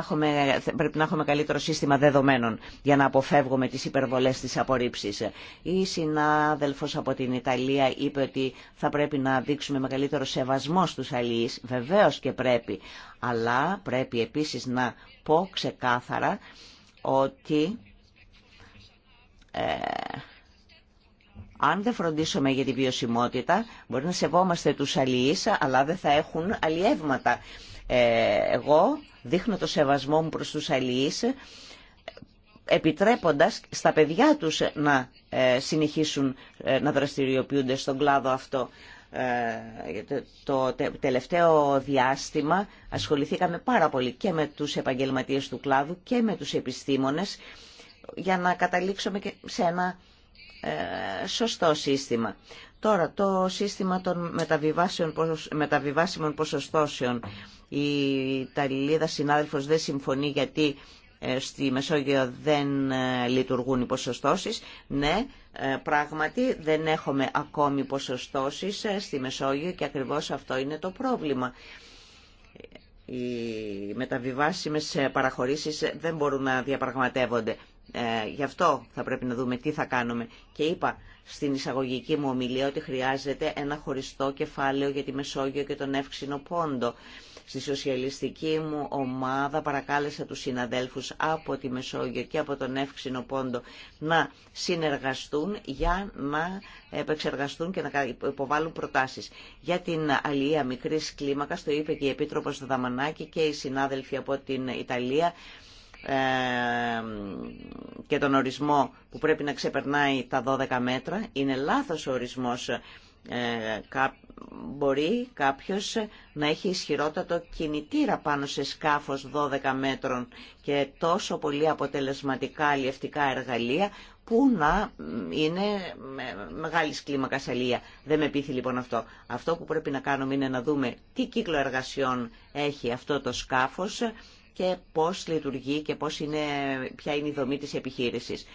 θα πρέπει να έχουμε καλύτερο σύστημα δεδομένων για να αποφεύγουμε τις υπερβολές της απορρίψης. Η συνάδελφος από την Ιταλία είπε ότι θα πρέπει να δείξουμε μεγαλύτερο σεβασμό στους αλληλείς. Βεβαίως και πρέπει. Αλλά πρέπει επίσης να πω ξεκάθαρα ότι... Ε, αν δεν φροντίσουμε για την βιωσιμότητα, μπορεί να σεβόμαστε τους αλληλείς, αλλά δεν θα έχουν αλλιεύματα. Ε, εγώ δείχνω το σεβασμό μου προς τους αλληλείς επιτρέποντας στα παιδιά τους να ε, συνεχίσουν ε, να δραστηριοποιούνται στον κλάδο αυτό. Το τελευταίο διάστημα ασχοληθήκαμε πάρα πολύ και με τους επαγγελματίες του κλάδου και με τους επιστήμονες για να καταλήξουμε σε ένα σωστό σύστημα. Τώρα, το σύστημα των μεταβιβάσιμων ποσοστώσεων η Ιταλίδα συνάδελφος δεν συμφωνεί γιατί ε, στη Μεσόγειο δεν ε, λειτουργούν οι ποσοστώσεις. Ναι, ε, πράγματι δεν έχουμε ακόμη ποσοστώσεις στη Μεσόγειο και ακριβώς αυτό είναι το πρόβλημα. Οι μεταβιβάσιμες παραχωρήσεις δεν μπορούν να διαπραγματεύονται. Γι' αυτό θα πρέπει να δούμε τι θα κάνουμε. Και είπα στην εισαγωγική μου ομιλία ότι χρειάζεται ένα χωριστό κεφάλαιο για τη Μεσόγειο και τον Εύξηνο Πόντο. Στη σοσιαλιστική μου ομάδα παρακάλεσα τους συναδέλφους από τη Μεσόγειο και από τον Εύξηνο Πόντο να συνεργαστούν για να επεξεργαστούν και να υποβάλουν προτάσεις. Για την αλληλεία μικρής κλίμακας, το είπε και η Επίτροπος Δαμανάκη και οι συνάδελφοι από την Ιταλία, ε, και τον ορισμό που πρέπει να ξεπερνάει τα 12 μέτρα. Είναι λάθος ο ορισμός ε, μπορεί κάποιος να έχει ισχυρότατο κινητήρα πάνω σε σκάφος 12 μέτρων και τόσο πολύ αποτελεσματικά αλλιευτικά εργαλεία που να είναι μεγάλης κλίμακας αλληλεία. Δεν με πείθει λοιπόν αυτό. Αυτό που πρέπει να κάνουμε είναι να δούμε τι κύκλο εργασιών έχει αυτό το σκάφος και πώς λειτουργεί και πώς είναι, ποια είναι η δομή της επιχείρησης.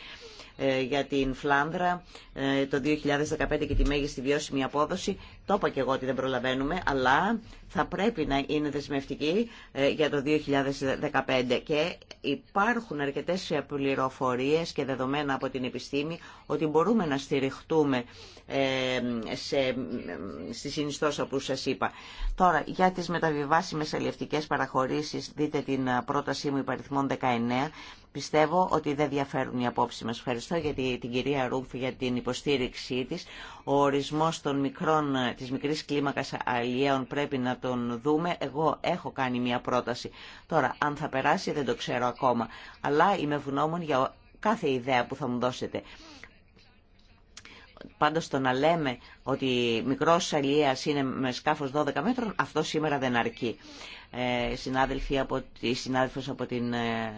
Ε, για την Φλάνδρα ε, το 2015 και τη μέγιστη βιώσιμη απόδοση. Το είπα και εγώ ότι δεν προλαβαίνουμε, αλλά θα πρέπει να είναι δεσμευτική ε, για το 2015. Και υπάρχουν αρκετές πληροφορίες και δεδομένα από την επιστήμη ότι μπορούμε να στηριχτούμε σε, στη συνιστόσα που σας είπα. Τώρα, για τις μεταβιβάσιμες αλληλευτικές παραχωρήσεις, δείτε την πρότασή μου υπαριθμών 19 Πιστεύω ότι δεν διαφέρουν οι απόψεις μας. Ευχαριστώ για την κυρία Ρούφ για την υποστήριξή της. Ο ορισμός των μικρών, της μικρής κλίμακας αλλιέων πρέπει να τον δούμε. Εγώ έχω κάνει μια πρόταση. Τώρα, αν θα περάσει δεν το ξέρω ακόμα. Αλλά είμαι ευγνώμων για κάθε ιδέα που θα μου δώσετε. Πάντως το να λέμε ότι μικρός αλλιέας είναι με σκάφος 12 μέτρων, αυτό σήμερα δεν αρκεί. Ε, συνάδελφοι από, συνάδελφος από την ε,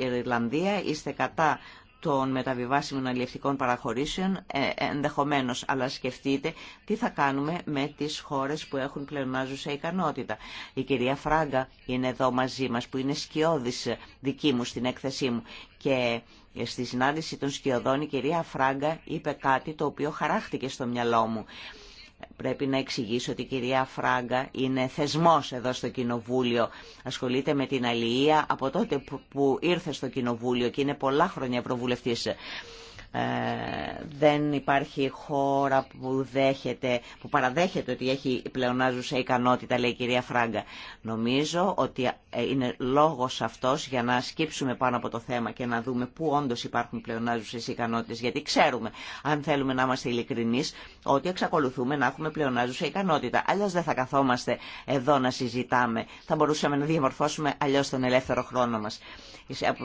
ε, Ιρλανδία, είστε κατά των μεταβιβάσιμων αλληλευτικών παραχωρήσεων, ενδεχομένως, αλλά σκεφτείτε τι θα κάνουμε με τις χώρες που έχουν πλεονάζουσα ικανότητα. Η κυρία Φράγκα είναι εδώ μαζί μας, που είναι σκιώδης δική μου στην έκθεσή μου και στη συνάντηση των σκιωδών η κυρία Φράγκα είπε κάτι το οποίο χαράχτηκε στο μυαλό μου. Πρέπει να εξηγήσω ότι η κυρία Φράγκα είναι θεσμός εδώ στο Κοινοβούλιο. Ασχολείται με την αλληλεία από τότε που ήρθε στο Κοινοβούλιο και είναι πολλά χρόνια ευρωβουλευτής. Ε, δεν υπάρχει χώρα που, δέχεται, που παραδέχεται ότι έχει πλεονάζουσα ικανότητα, λέει η κυρία Φράγκα. Νομίζω ότι ε, είναι λόγος αυτός για να σκύψουμε πάνω από το θέμα και να δούμε πού όντως υπάρχουν πλεονάζουσες ικανότητες, γιατί ξέρουμε, αν θέλουμε να είμαστε ειλικρινεί, ότι εξακολουθούμε να έχουμε πλεονάζουσα ικανότητα. Αλλιώς δεν θα καθόμαστε εδώ να συζητάμε. Θα μπορούσαμε να διαμορφώσουμε αλλιώς τον ελεύθερο χρόνο μας.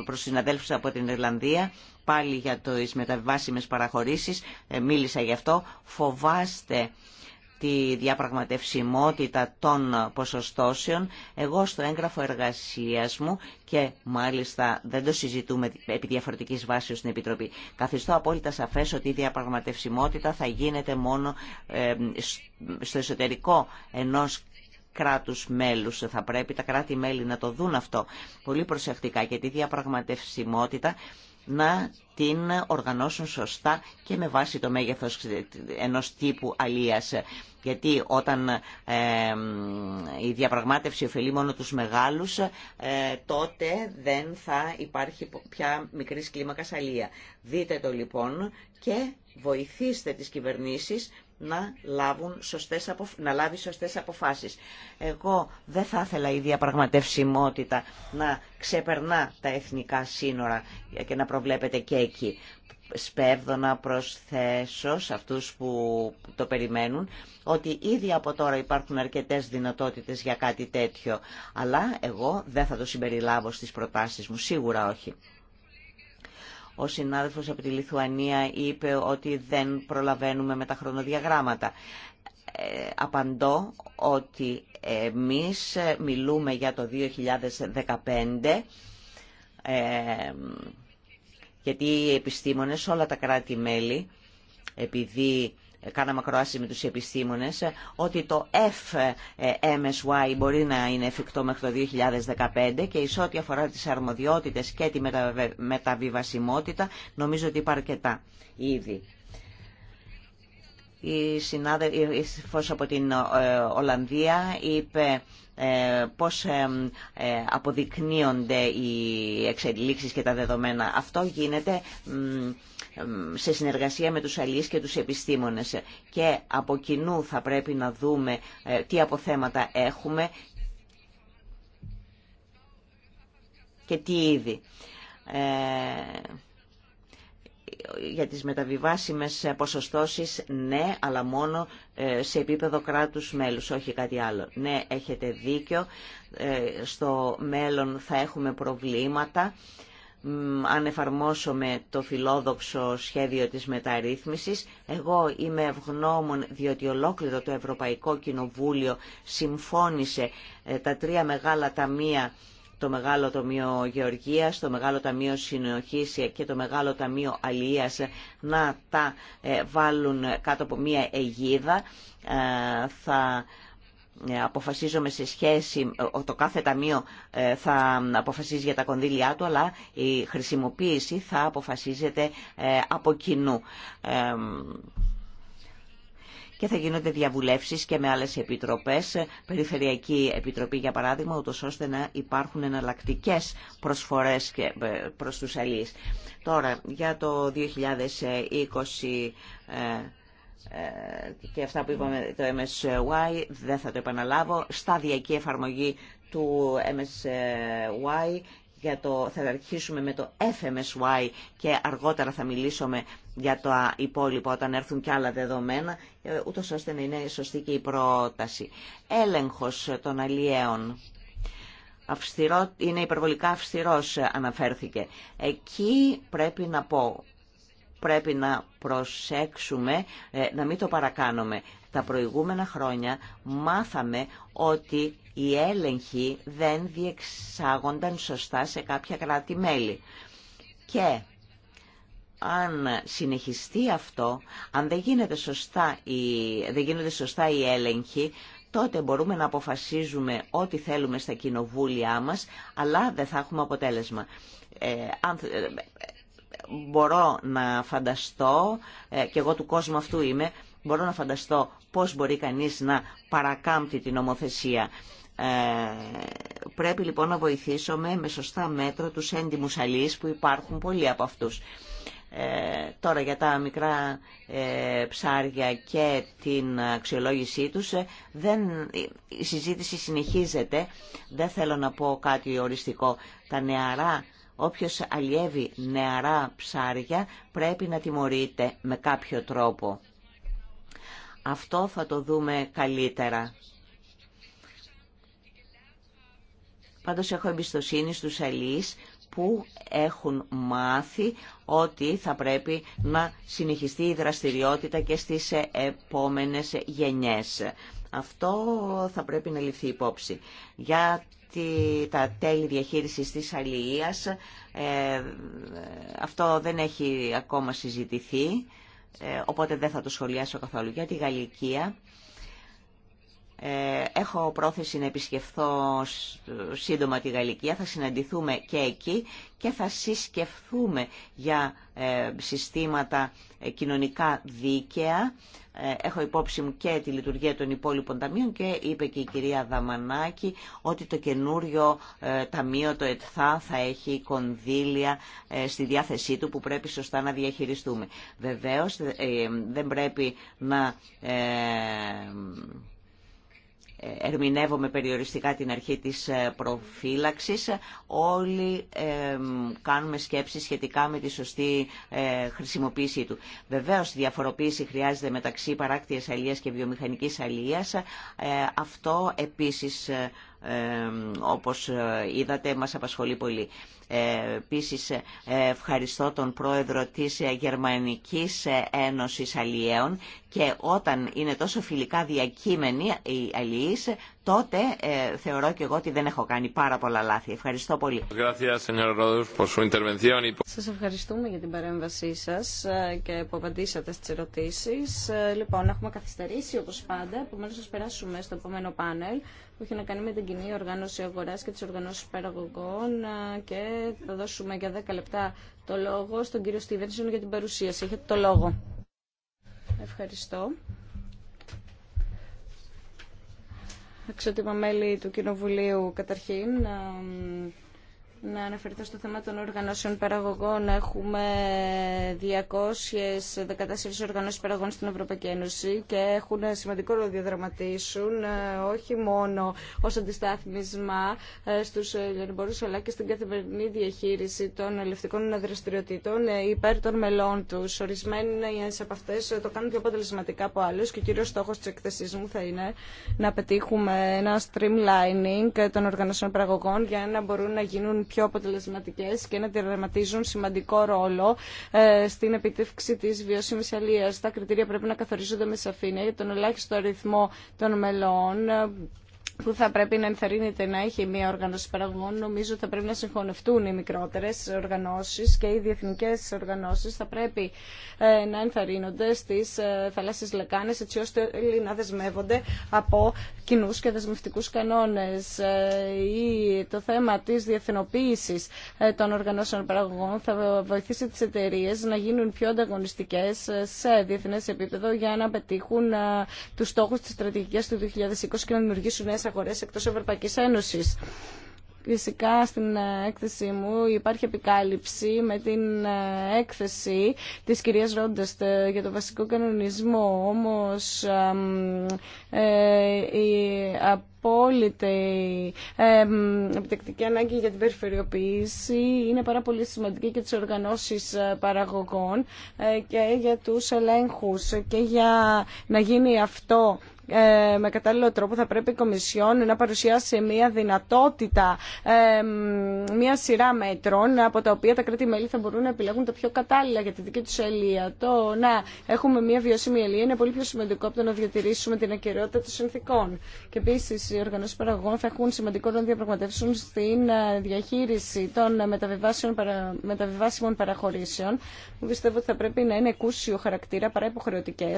Προς συναδέλφους από την Ιρλανδία πάλι για τις μεταβάσιμες παραχωρήσεις, ε, μίλησα γι' αυτό, φοβάστε τη διαπραγματευσιμότητα των ποσοστώσεων. Εγώ στο έγγραφο εργασίας μου και μάλιστα δεν το συζητούμε επί διαφορετικής βάσης στην Επιτροπή. Καθιστώ απόλυτα σαφές ότι η διαπραγματευσιμότητα θα γίνεται μόνο ε, στο εσωτερικό ενός κράτους μέλους. Θα πρέπει τα κράτη-μέλη να το δουν αυτό πολύ προσεκτικά και τη διαπραγματευσιμότητα να την οργανώσουν σωστά και με βάση το μέγεθος ενός τύπου αλίας. Γιατί όταν η διαπραγμάτευση ωφελεί μόνο τους μεγάλους, ε, τότε δεν θα υπάρχει πια μικρής κλίμακας αλία. Δείτε το λοιπόν και βοηθήστε τις κυβερνήσεις να, λάβουν σωστές να λάβει σωστές αποφάσεις. Εγώ δεν θα ήθελα η διαπραγματευσιμότητα να ξεπερνά τα εθνικά σύνορα και να προβλέπεται και εκεί. Σπέβδω να προσθέσω σε αυτούς που το περιμένουν ότι ήδη από τώρα υπάρχουν αρκετές δυνατότητες για κάτι τέτοιο, αλλά εγώ δεν θα το συμπεριλάβω στις προτάσεις μου, σίγουρα όχι. Ο συνάδελφος από τη Λιθουανία είπε ότι δεν προλαβαίνουμε με τα χρονοδιαγράμματα. Ε, απαντώ ότι εμείς μιλούμε για το 2015 ε, γιατί οι επιστήμονες όλα τα κράτη-μέλη επειδή κάναμε ακροάση με τους επιστήμονες, ότι το FMSY μπορεί να είναι εφικτό μέχρι το 2015 και ισότι ό,τι αφορά τις αρμοδιότητες και τη μεταβιβασιμότητα, νομίζω ότι υπάρχει αρκετά ήδη. Η συνάδελφος από την ε, Ολλανδία είπε ε, πώς ε, αποδεικνύονται οι εξελίξεις και τα δεδομένα. Αυτό γίνεται σε συνεργασία με τους αλληλείς και τους επιστήμονες. Και από κοινού θα πρέπει να δούμε ε, τι αποθέματα έχουμε και τι είδη. Ε, για τις μεταβιβάσιμες ποσοστώσεις, ναι, αλλά μόνο ε, σε επίπεδο κράτους μέλους, όχι κάτι άλλο. Ναι, έχετε δίκιο, στο μέλλον θα έχουμε προβλήματα αν εφαρμόσουμε το φιλόδοξο σχέδιο της μεταρρύθμισης. Εγώ είμαι ευγνώμων διότι ολόκληρο το Ευρωπαϊκό Κοινοβούλιο συμφώνησε ε, τα τρία μεγάλα ταμεία το Μεγάλο Ταμείο Γεωργίας, το Μεγάλο Ταμείο Συνοχής ε, και το Μεγάλο Ταμείο Αλίας ε, να τα βάλουν κάτω από μία αιγίδα. Θα ε, αποφασίζομαι σε σχέση, το κάθε ταμείο ε, θα αποφασίζει για τα κονδύλια του, αλλά η χρησιμοποίηση θα αποφασίζεται ε, από κοινού. Και θα γίνονται διαβουλεύσεις και με άλλες επιτροπές, Περιφερειακή Επιτροπή για παράδειγμα, ούτως ώστε να υπάρχουν εναλλακτικέ προσφορές προς τους αλληλείς. Τώρα, για το 2020 ε, και αυτά που είπαμε το MSY, δεν θα το επαναλάβω, σταδιακή εφαρμογή του MSY για το, θα αρχίσουμε με το FMSY και αργότερα θα μιλήσουμε για το υπόλοιπο όταν έρθουν και άλλα δεδομένα, ε, ούτως ώστε να είναι σωστή και η πρόταση. Έλεγχος των αλλιέων. Αυστηρό, είναι υπερβολικά αυστηρός αναφέρθηκε. Εκεί πρέπει να πω πρέπει να προσέξουμε ε, να μην το παρακάνουμε. Τα προηγούμενα χρόνια μάθαμε ότι οι έλεγχοι δεν διεξάγονταν σωστά σε κάποια κράτη-μέλη. Και αν συνεχιστεί αυτό, αν δεν, γίνεται σωστά η, δεν γίνονται σωστά οι έλεγχοι, τότε μπορούμε να αποφασίζουμε ό,τι θέλουμε στα κοινοβούλια μας, αλλά δεν θα έχουμε αποτέλεσμα. Ε, ε μπορώ να φανταστώ, ε, και εγώ του κόσμου αυτού είμαι, μπορώ να φανταστώ πώς μπορεί κανείς να παρακάμπτει την νομοθεσία. Ε, πρέπει λοιπόν να βοηθήσουμε με σωστά μέτρα τους έντιμους αλείς που υπάρχουν πολλοί από αυτούς. Ε, τώρα για τα μικρά ε, ψάρια και την αξιολόγησή τους ε, δεν, η συζήτηση συνεχίζεται δεν θέλω να πω κάτι οριστικό τα νεαρά Όποιος αλλιεύει νεαρά ψάρια πρέπει να τιμωρείται με κάποιο τρόπο. Αυτό θα το δούμε καλύτερα. Πάντως έχω εμπιστοσύνη στους αλληλείς που έχουν μάθει ότι θα πρέπει να συνεχιστεί η δραστηριότητα και στις επόμενες γενιές. Αυτό θα πρέπει να ληφθεί υπόψη. Για τα τέλη διαχείρισης της αλληλείας, ε, αυτό δεν έχει ακόμα συζητηθεί, ε, οπότε δεν θα το σχολιάσω καθόλου. Για τη Γαλλικία, ε, έχω πρόθεση να επισκεφθώ σύντομα τη Γαλλικία, θα συναντηθούμε και εκεί και θα συσκεφθούμε για ε, συστήματα ε, κοινωνικά δίκαια. Έχω υπόψη μου και τη λειτουργία των υπόλοιπων ταμείων και είπε και η κυρία Δαμανάκη ότι το καινούριο ταμείο, το ΕΤΘΑ, θα έχει κονδύλια στη διάθεσή του που πρέπει σωστά να διαχειριστούμε. Βεβαίως δεν πρέπει να ερμηνεύομαι περιοριστικά την αρχή της ε, προφύλαξης, όλοι κάνουμε σκέψεις σχετικά με τη σωστή ε, χρησιμοποίησή του. Βεβαίως, διαφοροποίηση χρειάζεται μεταξύ παράκτιας αλίας και βιομηχανικής αλίας. Ε, αυτό επίσης όπως ε, είδατε μας απασχολεί πολύ. Ε, επίσης ε, ευχαριστώ τον πρόεδρο της Γερμανικής Ένωσης Αλλιέων και όταν είναι τόσο φιλικά διακείμενοι οι αλλιείς τότε θεωρώ και εγώ ότι δεν έχω κάνει πάρα πολλά λάθη. Ευχαριστώ πολύ. Σας ευχαριστούμε για την παρέμβασή σας και που απαντήσατε στις ερωτήσεις. Λοιπόν, έχουμε καθυστερήσει όπως πάντα, επομένως θα περάσουμε στο επόμενο πάνελ που έχει να κάνει με την κοινή οργάνωση αγορά και τι οργανώσει παραγωγών. Και θα δώσουμε για 10 λεπτά το λόγο στον κύριο Στίβενσον για την παρουσίαση. Έχετε το λόγο. Ευχαριστώ. Εξότιμα μέλη του Κοινοβουλίου, καταρχήν, να αναφερθώ στο θέμα των οργανώσεων παραγωγών. Έχουμε 214 οργανώσεις παραγωγών στην Ευρωπαϊκή Ένωση και έχουν σημαντικό ρόλο διαδραματίσουν ε, όχι μόνο ως αντιστάθμισμα ε, στους λιανιμπόρους αλλά και στην καθημερινή διαχείριση των ελευτικών δραστηριοτήτων ε, υπέρ των μελών τους. Ορισμένε από αυτές το κάνουν πιο αποτελεσματικά από άλλους και ο κύριος στόχος της εκθεσής μου θα είναι να πετύχουμε ένα streamlining των οργανώσεων παραγωγών για να μπορούν να γίνουν πιο αποτελεσματικέ και να διαδραματίζουν σημαντικό ρόλο ε, στην επιτεύξη της βιώσιμη Τα κριτήρια πρέπει να καθορίζονται με σαφήνεια για τον ελάχιστο αριθμό των μελών που θα πρέπει να ενθαρρύνεται να έχει μια οργάνωση παραγωγών, νομίζω θα πρέπει να συγχωνευτούν οι μικρότερε οργανώσει και οι διεθνικέ οργανώσει θα πρέπει ε, να ενθαρρύνονται στι ε, θαλάσσιε λεκάνε, έτσι ώστε να δεσμεύονται από κοινού και δεσμευτικού κανόνε. Ε, το θέμα τη διεθνοποίηση των οργανώσεων παραγωγών θα βοηθήσει τι εταιρείε να γίνουν πιο ανταγωνιστικέ σε διεθνέ επίπεδο για να πετύχουν του στόχου τη στρατηγική του 2020 και να δημιουργήσουν αγορές εκτός Ευρωπαϊκής Ένωσης. Φυσικά στην ε, έκθεση μου υπάρχει επικάλυψη με την ε, έκθεση της κυρίας Ρόντεστ ε, για το βασικό κανονισμό, όμως ε, η απόλυτη επιτεκτική ανάγκη για την περιφερειοποίηση είναι πάρα πολύ σημαντική και τις οργανώσεις ε, παραγωγών ε, και για τους ελέγχους και για να γίνει αυτό ε, με κατάλληλο τρόπο θα πρέπει η Κομισιόν να παρουσιάσει μια δυνατότητα, μια σειρά μέτρων από τα οποία τα κράτη-μέλη θα μπορούν να επιλέγουν τα πιο κατάλληλα για τη δική του ελεία. Το να έχουμε μια βιώσιμη ελεία είναι πολύ πιο σημαντικό από το να διατηρήσουμε την ακαιρεότητα των συνθήκων. Και επίση οι οργανώσει παραγωγών θα έχουν σημαντικό να διαπραγματεύσουν στην ε, διαχείριση των ε, μεταβιβάσιμων παραχωρήσεων, που πιστεύω ότι θα πρέπει να είναι κούσιο χαρακτήρα παρά υποχρεωτικέ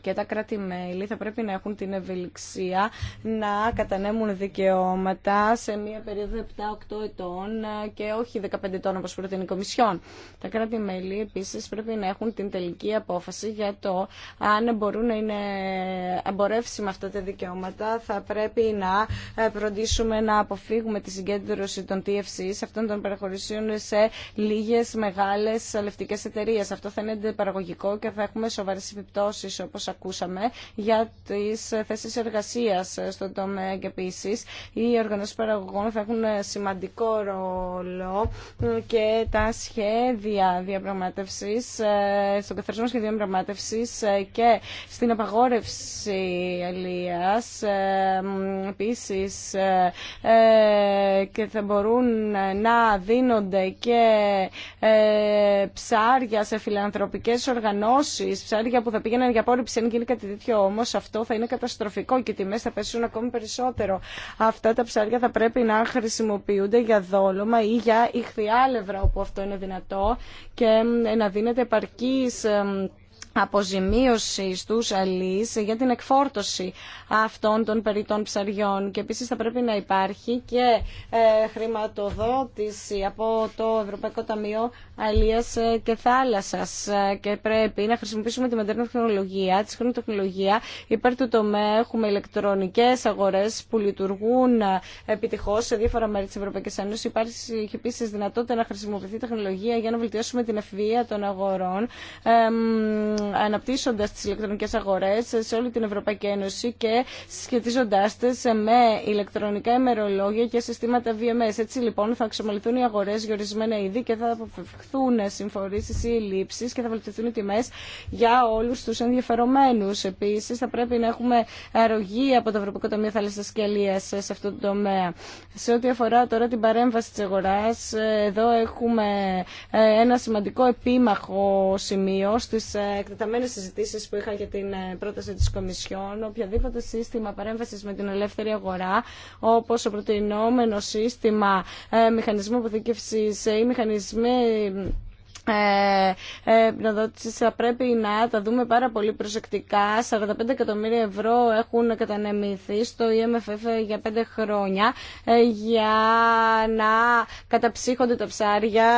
και τα κράτη-μέλη θα πρέπει να έχουν την ευελιξία να κατανέμουν δικαιώματα σε μία περίοδο 7-8 ετών και όχι 15 ετών όπως προτείνει η Κομισιόν. Τα κράτη-μέλη επίσης πρέπει να έχουν την τελική απόφαση για το αν μπορούν να είναι εμπορεύσιμα αυτά τα δικαιώματα. Θα πρέπει να φροντίσουμε να αποφύγουμε τη συγκέντρωση των TFC σε αυτών των παραχωρήσεων σε λίγες μεγάλες αλευτικές εταιρείες. Αυτό θα είναι παραγωγικό και θα έχουμε σοβαρές επιπτώσεις όπως όπως ακούσαμε, για τις θέσεις εργασίας στον τομέα και επίση. Οι οργανώσεις παραγωγών θα έχουν σημαντικό ρόλο και τα σχέδια διαπραγμάτευσης, στον καθαρισμό σχεδίων διαπραγμάτευσης και στην απαγόρευση αλίας Επίση, και θα μπορούν να δίνονται και ε, ψάρια σε φιλανθρωπικές οργανώσεις, ψάρια που θα πήγαιναν για απόρριψη επανάληψη. Αν γίνει κάτι τέτοιο όμω, αυτό θα είναι καταστροφικό και οι τιμέ θα πέσουν ακόμη περισσότερο. Αυτά τα ψάρια θα πρέπει να χρησιμοποιούνται για δόλωμα ή για ηχθιάλευρα όπου αυτό είναι δυνατό και να δίνεται επαρκή αποζημίωση στου αλείς για την εκφόρτωση αυτών των περιττών ψαριών και επίση θα πρέπει να υπάρχει και ε, χρηματοδότηση από το Ευρωπαϊκό Ταμείο Αλεία ε, και Θάλασσα. Ε, και πρέπει να χρησιμοποιήσουμε τη μοντέρνα τεχνολογία, τη σύγχρονη τεχνολογία υπέρ του τομέα έχουμε ηλεκτρονικέ αγορέ που λειτουργούν επιτυχώ σε διάφορα μέρη τη Ευρωπαϊκή Ένωση. υπάρχει επίση δυνατότητα να χρησιμοποιηθεί τεχνολογία για να βελτιώσουμε την ευβία των αγορών αναπτύσσοντα τι ηλεκτρονικέ αγορέ σε όλη την Ευρωπαϊκή Ένωση και σχετίζοντά τι με ηλεκτρονικά ημερολόγια και συστήματα VMS. Έτσι λοιπόν θα αξιομολυθούν οι αγορέ για ορισμένα είδη και θα αποφευχθούν συμφορήσει ή λήψει και θα βελτιωθούν οι τιμές για όλου του ενδιαφερομένους. Επίση, θα πρέπει να έχουμε αρρωγή από το Ευρωπαϊκό Ταμείο Θάλασσα και σε αυτό το τομέα. Σε ό,τι αφορά τώρα την παρέμβαση τη αγορά, εδώ έχουμε ε, ένα σημαντικό επίμαχο σημείο στις ε, εκτεταμένε συζητήσει που είχα για την ε, πρόταση τη Κομισιόν, οποιαδήποτε σύστημα παρέμβαση με την ελεύθερη αγορά, όπω ο προτινόμενο σύστημα ε, μηχανισμού αποθήκευση ή ε, μηχανισμοί ε, ε, θα πρέπει να τα δούμε πάρα πολύ προσεκτικά. 45 εκατομμύρια ευρώ έχουν κατανεμηθεί στο EMFF για 5 χρόνια για να καταψύχονται τα ψάρια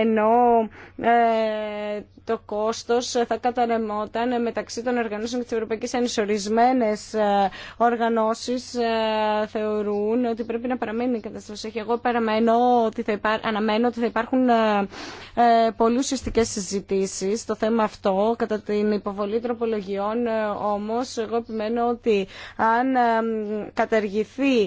ενώ ε, το κόστος θα κατανεμόταν μεταξύ των οργανώσεων και της Ευρωπαϊκής Ένωσης. Ορισμένες ε, οργανώσεις ε, θεωρούν ότι πρέπει να παραμείνει η κατάσταση. Εγώ παραμένω ότι θα αναμένω ότι θα υπάρχουν ε, πολύ ουσιαστικές συζητήσεις στο θέμα αυτό κατά την υποβολή τροπολογιών όμως εγώ επιμένω ότι αν καταργηθεί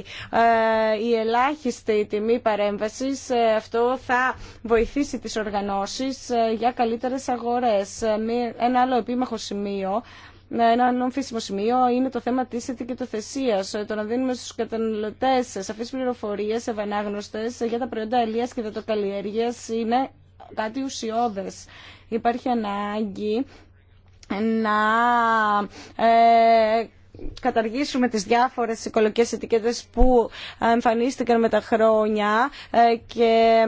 η ελάχιστη τιμή παρέμβασης αυτό θα βοηθήσει τις οργανώσεις ε, για καλύτερες αγορές. Ε, ένα άλλο επίμαχο σημείο ε, ένα νόμφισιμο σημείο είναι το θέμα τη ετικετοθεσία. Το να δίνουμε στου καταναλωτέ σαφεί πληροφορίε, ευανάγνωστε για τα προϊόντα ελιάς και δατοκαλλιέργεια είναι κάτι ουσιώδε. Υπάρχει ανάγκη να καταργήσουμε τις διάφορες οικολογικές ετικέτες που εμφανίστηκαν με τα χρόνια ε, και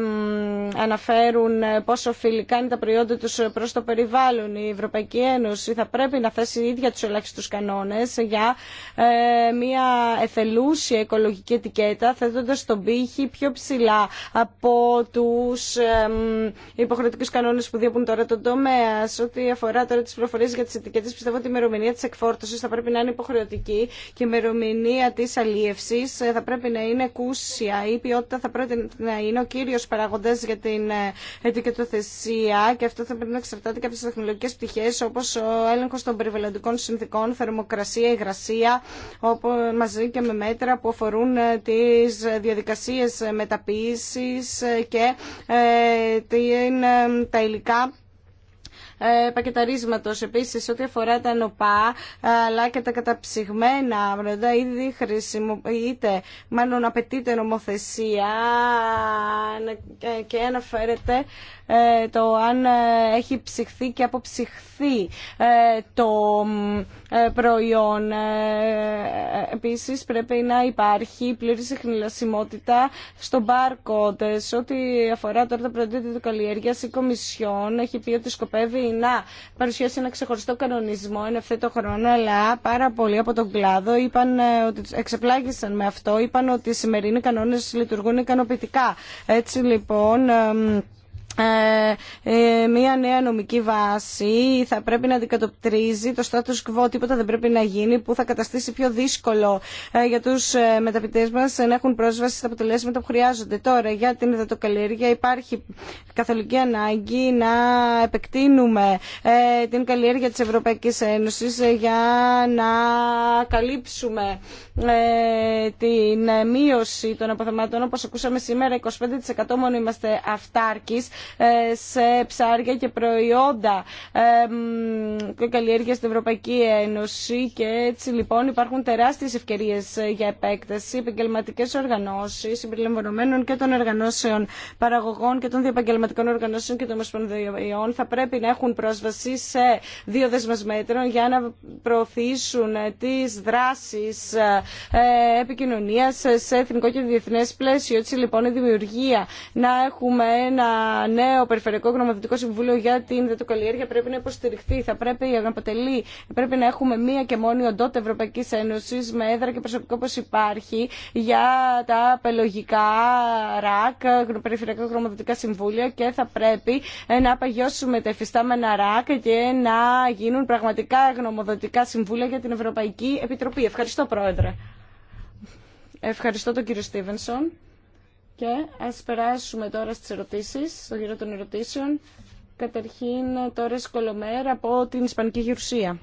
αναφέρουν πόσο φιλικά είναι τα προϊόντα τους προς το περιβάλλον. Η Ευρωπαϊκή Ένωση θα πρέπει να θέσει ίδια τους ελάχιστους κανόνες για ε, μια εθελούσια οικολογική ετικέτα θέτοντας τον πύχη πιο ψηλά από τους ε, υποχρεωτικούς κανόνες που διαπούν τώρα τον τομέα. Σε ό,τι αφορά τώρα τις πληροφορίες για τις ετικέτες πιστεύω ότι η ημερομηνία της εκφόρτωσης θα πρέπει να είναι υποχρεωτική και η ημερομηνία τη αλίευση ε, θα πρέπει να είναι κούσια. Η ποιότητα θα πρέπει να είναι ο κύριος παραγοντές για την ε, ετικετοθεσία και αυτό θα πρέπει να εξαρτάται και από τι τεχνολογικέ πτυχές όπως ο έλεγχο των περιβαλλοντικών συνθήκων, θερμοκρασία, υγρασία, μαζί και με μέτρα που αφορούν ε, τι διαδικασίε μεταποίηση και τα υλικά ε, πακεταρίσματος. Επίσης, ό,τι αφορά τα νοπά αλλά και τα καταψυγμένα ήδη χρησιμοποιείται, μάλλον απαιτείται νομοθεσία ε, και αναφέρεται ε, το αν ε, έχει ψυχθεί και αποψυχθεί ε, το προϊόν. Επίσης πρέπει να υπάρχει πλήρη συχνηλασιμότητα στο barcode. Σε ό,τι αφορά τώρα το προϊόντα του καλλιέργειας, η Κομισιόν έχει πει ότι σκοπεύει να παρουσιάσει ένα ξεχωριστό κανονισμό εν ευθέτω χρόνο, αλλά πάρα πολλοί από τον κλάδο είπαν ότι εξεπλάγησαν με αυτό, είπαν ότι οι σημερινοί κανόνες λειτουργούν ικανοποιητικά. Έτσι λοιπόν ε, ε, μια νέα νομική βάση θα πρέπει να αντικατοπτρίζει το status quo, τίποτα δεν πρέπει να γίνει που θα καταστήσει πιο δύσκολο ε, για τους μεταπιτές μας να έχουν πρόσβαση στα αποτελέσματα που χρειάζονται. Τώρα για την υδατοκαλλιέργεια υπάρχει καθολική ανάγκη να επεκτείνουμε την καλλιέργεια της Ευρωπαϊκής Ένωσης για να καλύψουμε την μείωση των αποθεμάτων όπως ακούσαμε σήμερα 25% μόνο είμαστε αυτάρκης ε, σε ψάρια και προϊόντα και ε, καλλιέργεια στην Ευρωπαϊκή Ένωση και έτσι λοιπόν υπάρχουν τεράστιες ευκαιρίες ε, για επέκταση. Επαγγελματικέ οργανώσεις συμπεριλαμβανομένων και των οργανώσεων παραγωγών και των διαπαγγελματικών οργανώσεων και των ομοσπονδιών θα πρέπει να έχουν πρόσβαση σε δύο δεσμες μέτρων για να προωθήσουν τις δράσεις επικοινωνίας σε εθνικό και διεθνές πλαίσιο. Έτσι λοιπόν η δημιουργία να έχουμε ένα νέο Περιφερειακό Γνωμοδοτικό Συμβούλιο για την Δετοκαλλιέργεια πρέπει να υποστηριχθεί. Θα πρέπει να αποτελεί, πρέπει να έχουμε μία και μόνη οντότητα Ευρωπαϊκή Ένωση με έδρα και προσωπικό όπω υπάρχει για τα απελογικά ρακ, Περιφερειακά Γνωμοδοτικά Συμβούλια και θα πρέπει ε, να παγιώσουμε τα εφιστάμενα ρακ και να γίνουν πραγματικά γνωμοδοτικά συμβούλια για την Ευρωπαϊκή Επιτροπή. Ευχαριστώ, Πρόεδρε. Ευχαριστώ τον κύριο Στίβενσον. Και ας περάσουμε τώρα στις ερωτήσεις, στο γύρο των ερωτήσεων. Καταρχήν τώρα Σκολομέρα από την Ισπανική Γερουσία.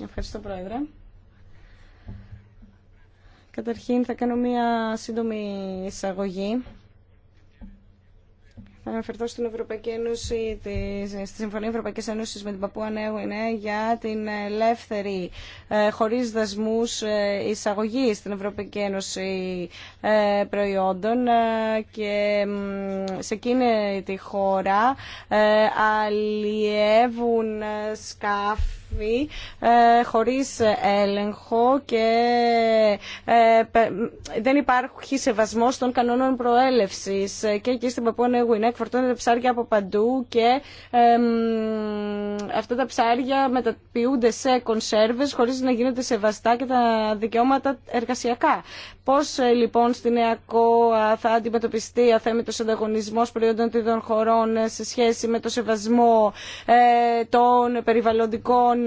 Ευχαριστώ Πρόεδρε. Καταρχήν θα κάνω μία σύντομη εισαγωγή αναφερθώ στην Ευρωπαϊκή Ένωση, στη Συμφωνία Ευρωπαϊκής Ένωσης με την Παππού Νέου για την ελεύθερη, ε, χωρίς δασμούς ε, εισαγωγή στην Ευρωπαϊκή Ένωση ε, προϊόντων και σε εκείνη τη χώρα αλλιεύουν σκάφη Χωρί ε, χωρίς έλεγχο και ε, δεν υπάρχει σεβασμός των κανόνων προέλευσης. Ε, και εκεί στην Παππούα Γουινέκ φορτώνεται ψάρια από παντού και αυτά τα ψάρια μεταποιούνται σε κονσέρβες χωρίς να γίνονται σεβαστά και τα δικαιώματα εργασιακά. Πώ ε, λοιπόν στην ΕΑΚΟ ε, θα αντιμετωπιστεί ε, αθέμητο ανταγωνισμό προϊόντων τρίτων χωρών σε σχέση με το σεβασμό των περιβαλλοντικών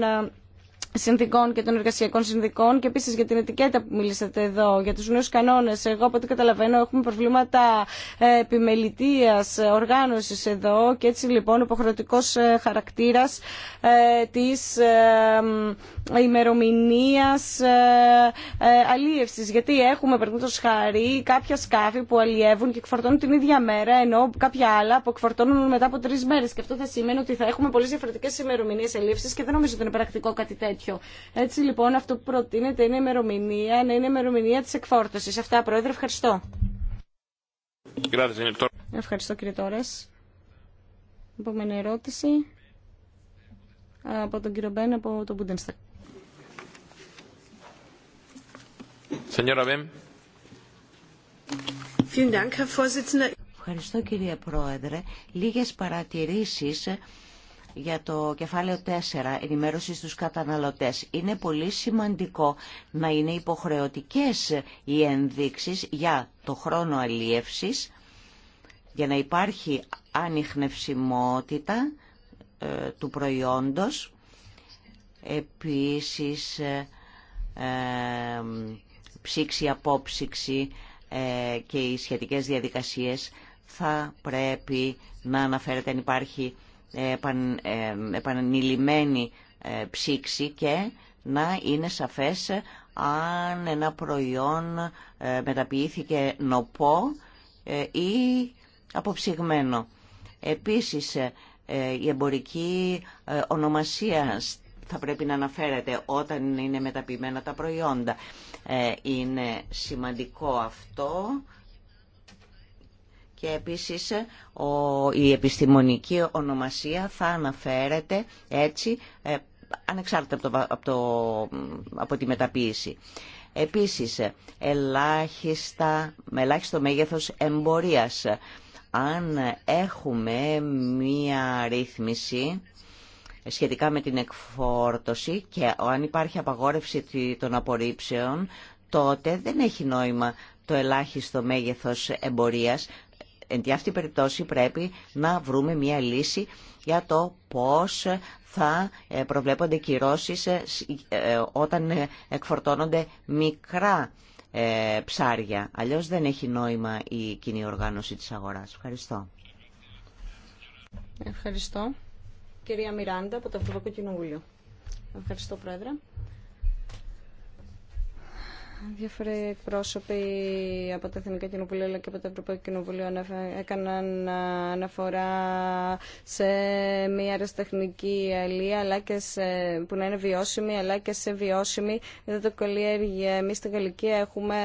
συνδικών και των εργασιακών συνδικών και επίση για την ετικέτα που μιλήσατε εδώ, για του νέου κανόνε. Εγώ από ό,τι καταλαβαίνω έχουμε προβλήματα ε, επιμελητία, ε, οργάνωση εδώ και έτσι λοιπόν ο υποχρεωτικό ε, χαρακτήρα τη ημερομηνία αλίευση. Γιατί έχουμε, παραδείγματο χάρη, κάποια σκάφη που αλλιεύουν και εκφορτώνουν την ίδια μέρα, ενώ κάποια άλλα που εκφορτώνουν μετά από τρει μέρε. Και αυτό θα σημαίνει ότι θα έχουμε πολλέ διαφορετικέ ημερομηνίε αλίευση και δεν νομίζω ότι είναι πρακτικό κάτι τέτοιο τέτοιο. Έτσι λοιπόν αυτό που προτείνεται είναι η ημερομηνία, να είναι η ημερομηνία της εκφόρτωσης. Αυτά Πρόεδρε, ευχαριστώ. Ευχαριστώ κύριε Τόρας. Επόμενη ερώτηση από τον κύριο Μπέν από τον Μπούντενστακ. Ευχαριστώ κύριε Πρόεδρε. Λίγες παρατηρήσεις για το κεφάλαιο 4, ενημέρωση στους καταναλωτές. Είναι πολύ σημαντικό να είναι υποχρεωτικές οι ενδείξεις για το χρόνο αλίευσης, για να υπάρχει ανιχνευσιμότητα ε, του προϊόντος. Επίσης, ε, ε ψήξη, ε, και οι σχετικές διαδικασίες θα πρέπει να αναφέρεται αν υπάρχει επαν, επανειλημμένη ε, ψήξη και να είναι σαφές αν ένα προϊόν ε, μεταποιήθηκε νοπό ε, ή αποψυγμένο. Επίσης, η εμπορική ονομασία θα πρέπει να αναφέρεται όταν είναι μεταποιημένα τα προϊόντα. Είναι σημαντικό αυτό και επίσης η επιστημονική ονομασία θα αναφέρεται έτσι ε, ανεξάρτητα από, το, από, το, από τη μεταποίηση. Επίσης, ελάχιστα, με ελάχιστο μέγεθος εμπορίας. Αν έχουμε μία ρύθμιση σχετικά με την εκφόρτωση και αν υπάρχει απαγόρευση των απορρίψεων, τότε δεν έχει νόημα το ελάχιστο μέγεθος εμπορίας εν τη αυτή περίπτωση πρέπει να βρούμε μια λύση για το πώς θα ε, προβλέπονται κυρώσεις ε, ε, όταν εκφορτώνονται μικρά ψάρια. Αλλιώς δεν έχει νόημα η κοινή οργάνωση της αγοράς. Ευχαριστώ. Ευχαριστώ. Κυρία Μιράντα από το Ευρωπαϊκό Κοινοβούλιο. Ευχαριστώ, Πρόεδρε διάφοροι εκπρόσωποι από τα Εθνικά Κοινοβουλία αλλά και από το Ευρωπαϊκό Κοινοβουλίο έκαναν αναφορά σε μια αεροστεχνική αλία αλλά και σε, που να είναι βιώσιμη αλλά και σε βιώσιμη δεδοκολιέργεια. Εμείς στην Γαλλική έχουμε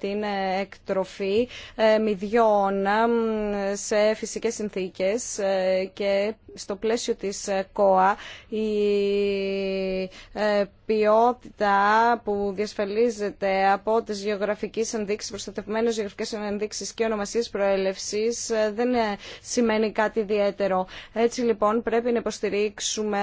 την εκτροφή ε, μηδιών σε φυσικές συνθήκες ε, και στο πλαίσιο της ε, ΚΟΑ η ποιότητα που διασφαλίζεται προέρχεται από τι γεωγραφικέ ενδείξει, προστατευμένε γεωγραφικέ ενδείξει και ονομασίες προέλευση ε, δεν ε, σημαίνει κάτι ιδιαίτερο. Έτσι λοιπόν πρέπει να υποστηρίξουμε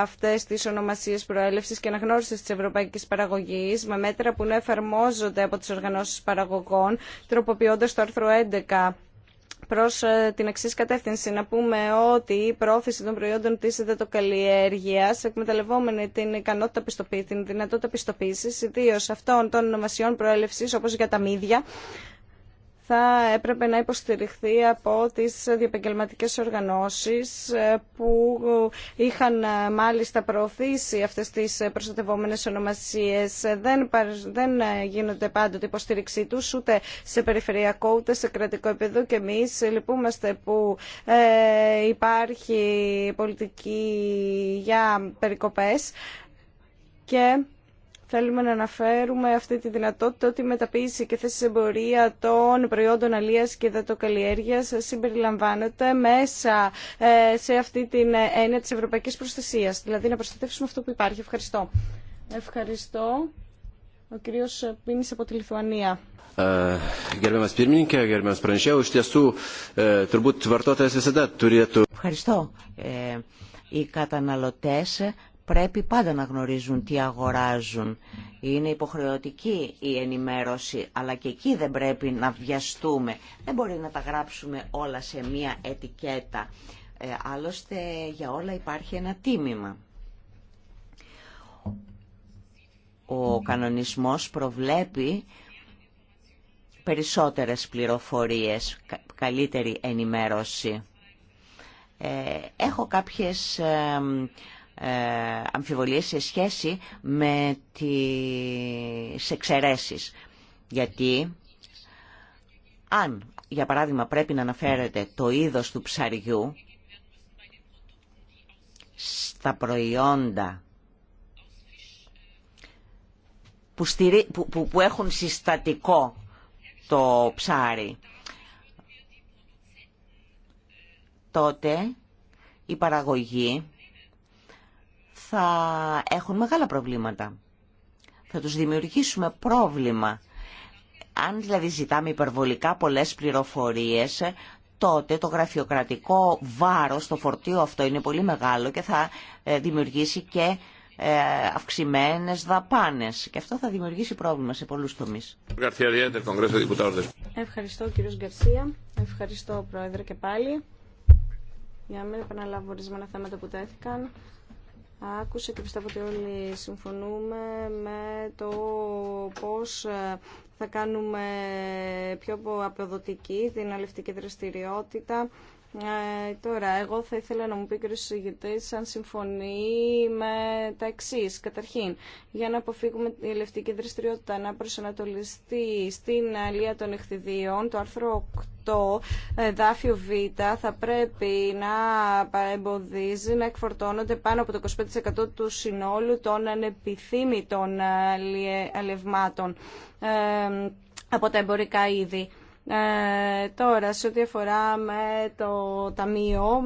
αυτές τις ονομασίε προέλευση και αναγνώριση τη Ευρωπαϊκή παραγωγής με μέτρα που να εφαρμόζονται από τις οργανώσεις παραγωγών τροποποιώντα το άρθρο 11 Προ ε, την εξή κατεύθυνση. Να πούμε ότι η πρόθεση των προϊόντων τη ιδετοκαλλιέργεια, εκμεταλλευόμενη την ικανότητα πιστοποίηση, την δυνατότητα πιστοποίησης, ιδίω αυτών των ονομασιών προέλευση, όπω για τα μύδια, θα έπρεπε να υποστηριχθεί από τις διαπεγγελματικές οργανώσεις ε, που είχαν ε, μάλιστα προωθήσει αυτές τις προστατευόμενες ονομασίες. Ε, δεν, δεν γίνονται πάντοτε υποστήριξή τους ούτε σε περιφερειακό ούτε σε κρατικό επίπεδο και εμείς λυπούμαστε που υπάρχει πολιτική για περικοπές και Θέλουμε να αναφέρουμε αυτή τη δυνατότητα ότι η μεταποίηση και θέση εμπορία των προϊόντων αλίας και δατοκαλλιέργειας συμπεριλαμβάνεται μέσα ε, σε αυτή την έννοια της ευρωπαϊκής προστασίας. Δηλαδή να προστατεύσουμε αυτό που υπάρχει. Ευχαριστώ. Ευχαριστώ. Ο κύριος Πίνης από τη Λιθουανία. Ευχαριστώ. Ε, οι καταναλωτές πρέπει πάντα να γνωρίζουν τι αγοράζουν. Είναι υποχρεωτική η ενημέρωση, αλλά και εκεί δεν πρέπει να βιαστούμε. Δεν μπορεί να τα γράψουμε όλα σε μία ετικέτα. Ε, άλλωστε για όλα υπάρχει ένα τίμημα. Ο κανονισμός προβλέπει περισσότερες πληροφορίες, καλύτερη ενημέρωση. Ε, έχω κάποιες... Ε, αμφιβολίες σε σχέση με τις εξαιρέσεις. Γιατί αν, για παράδειγμα, πρέπει να αναφέρεται το είδος του ψαριού στα προϊόντα που, που έχουν συστατικό το ψάρι, τότε η παραγωγή θα έχουν μεγάλα προβλήματα. Θα τους δημιουργήσουμε πρόβλημα. Αν δηλαδή ζητάμε υπερβολικά πολλές πληροφορίες, τότε το γραφειοκρατικό βάρος, το φορτίο αυτό είναι πολύ μεγάλο και θα ε, δημιουργήσει και ε, αυξημένες δαπάνες. Και αυτό θα δημιουργήσει πρόβλημα σε πολλούς τομείς. Ευχαριστώ κύριο Γκαρσία. Ευχαριστώ πρόεδρε και πάλι. Για να μην επαναλάβω ορισμένα θέματα που τέθηκαν άκουσα και πιστεύω ότι όλοι συμφωνούμε με το πώς ε, θα κάνουμε πιο αποδοτική την αλευτική δραστηριότητα ε, τώρα, εγώ θα ήθελα να μου πει ο συζητητή αν συμφωνεί με τα εξή. Καταρχήν, για να αποφύγουμε η ελευτική δραστηριότητα να προσανατολιστεί στην αλία των Εκτιδίων, το άρθρο 8, ε, δάφιο Β, θα πρέπει να εμποδίζει να εκφορτώνονται πάνω από το 25% του συνόλου των ανεπιθύμητων ε, αλευμάτων από τα εμπορικά είδη. Ε, τώρα, σε ό,τι αφορά με το Ταμείο,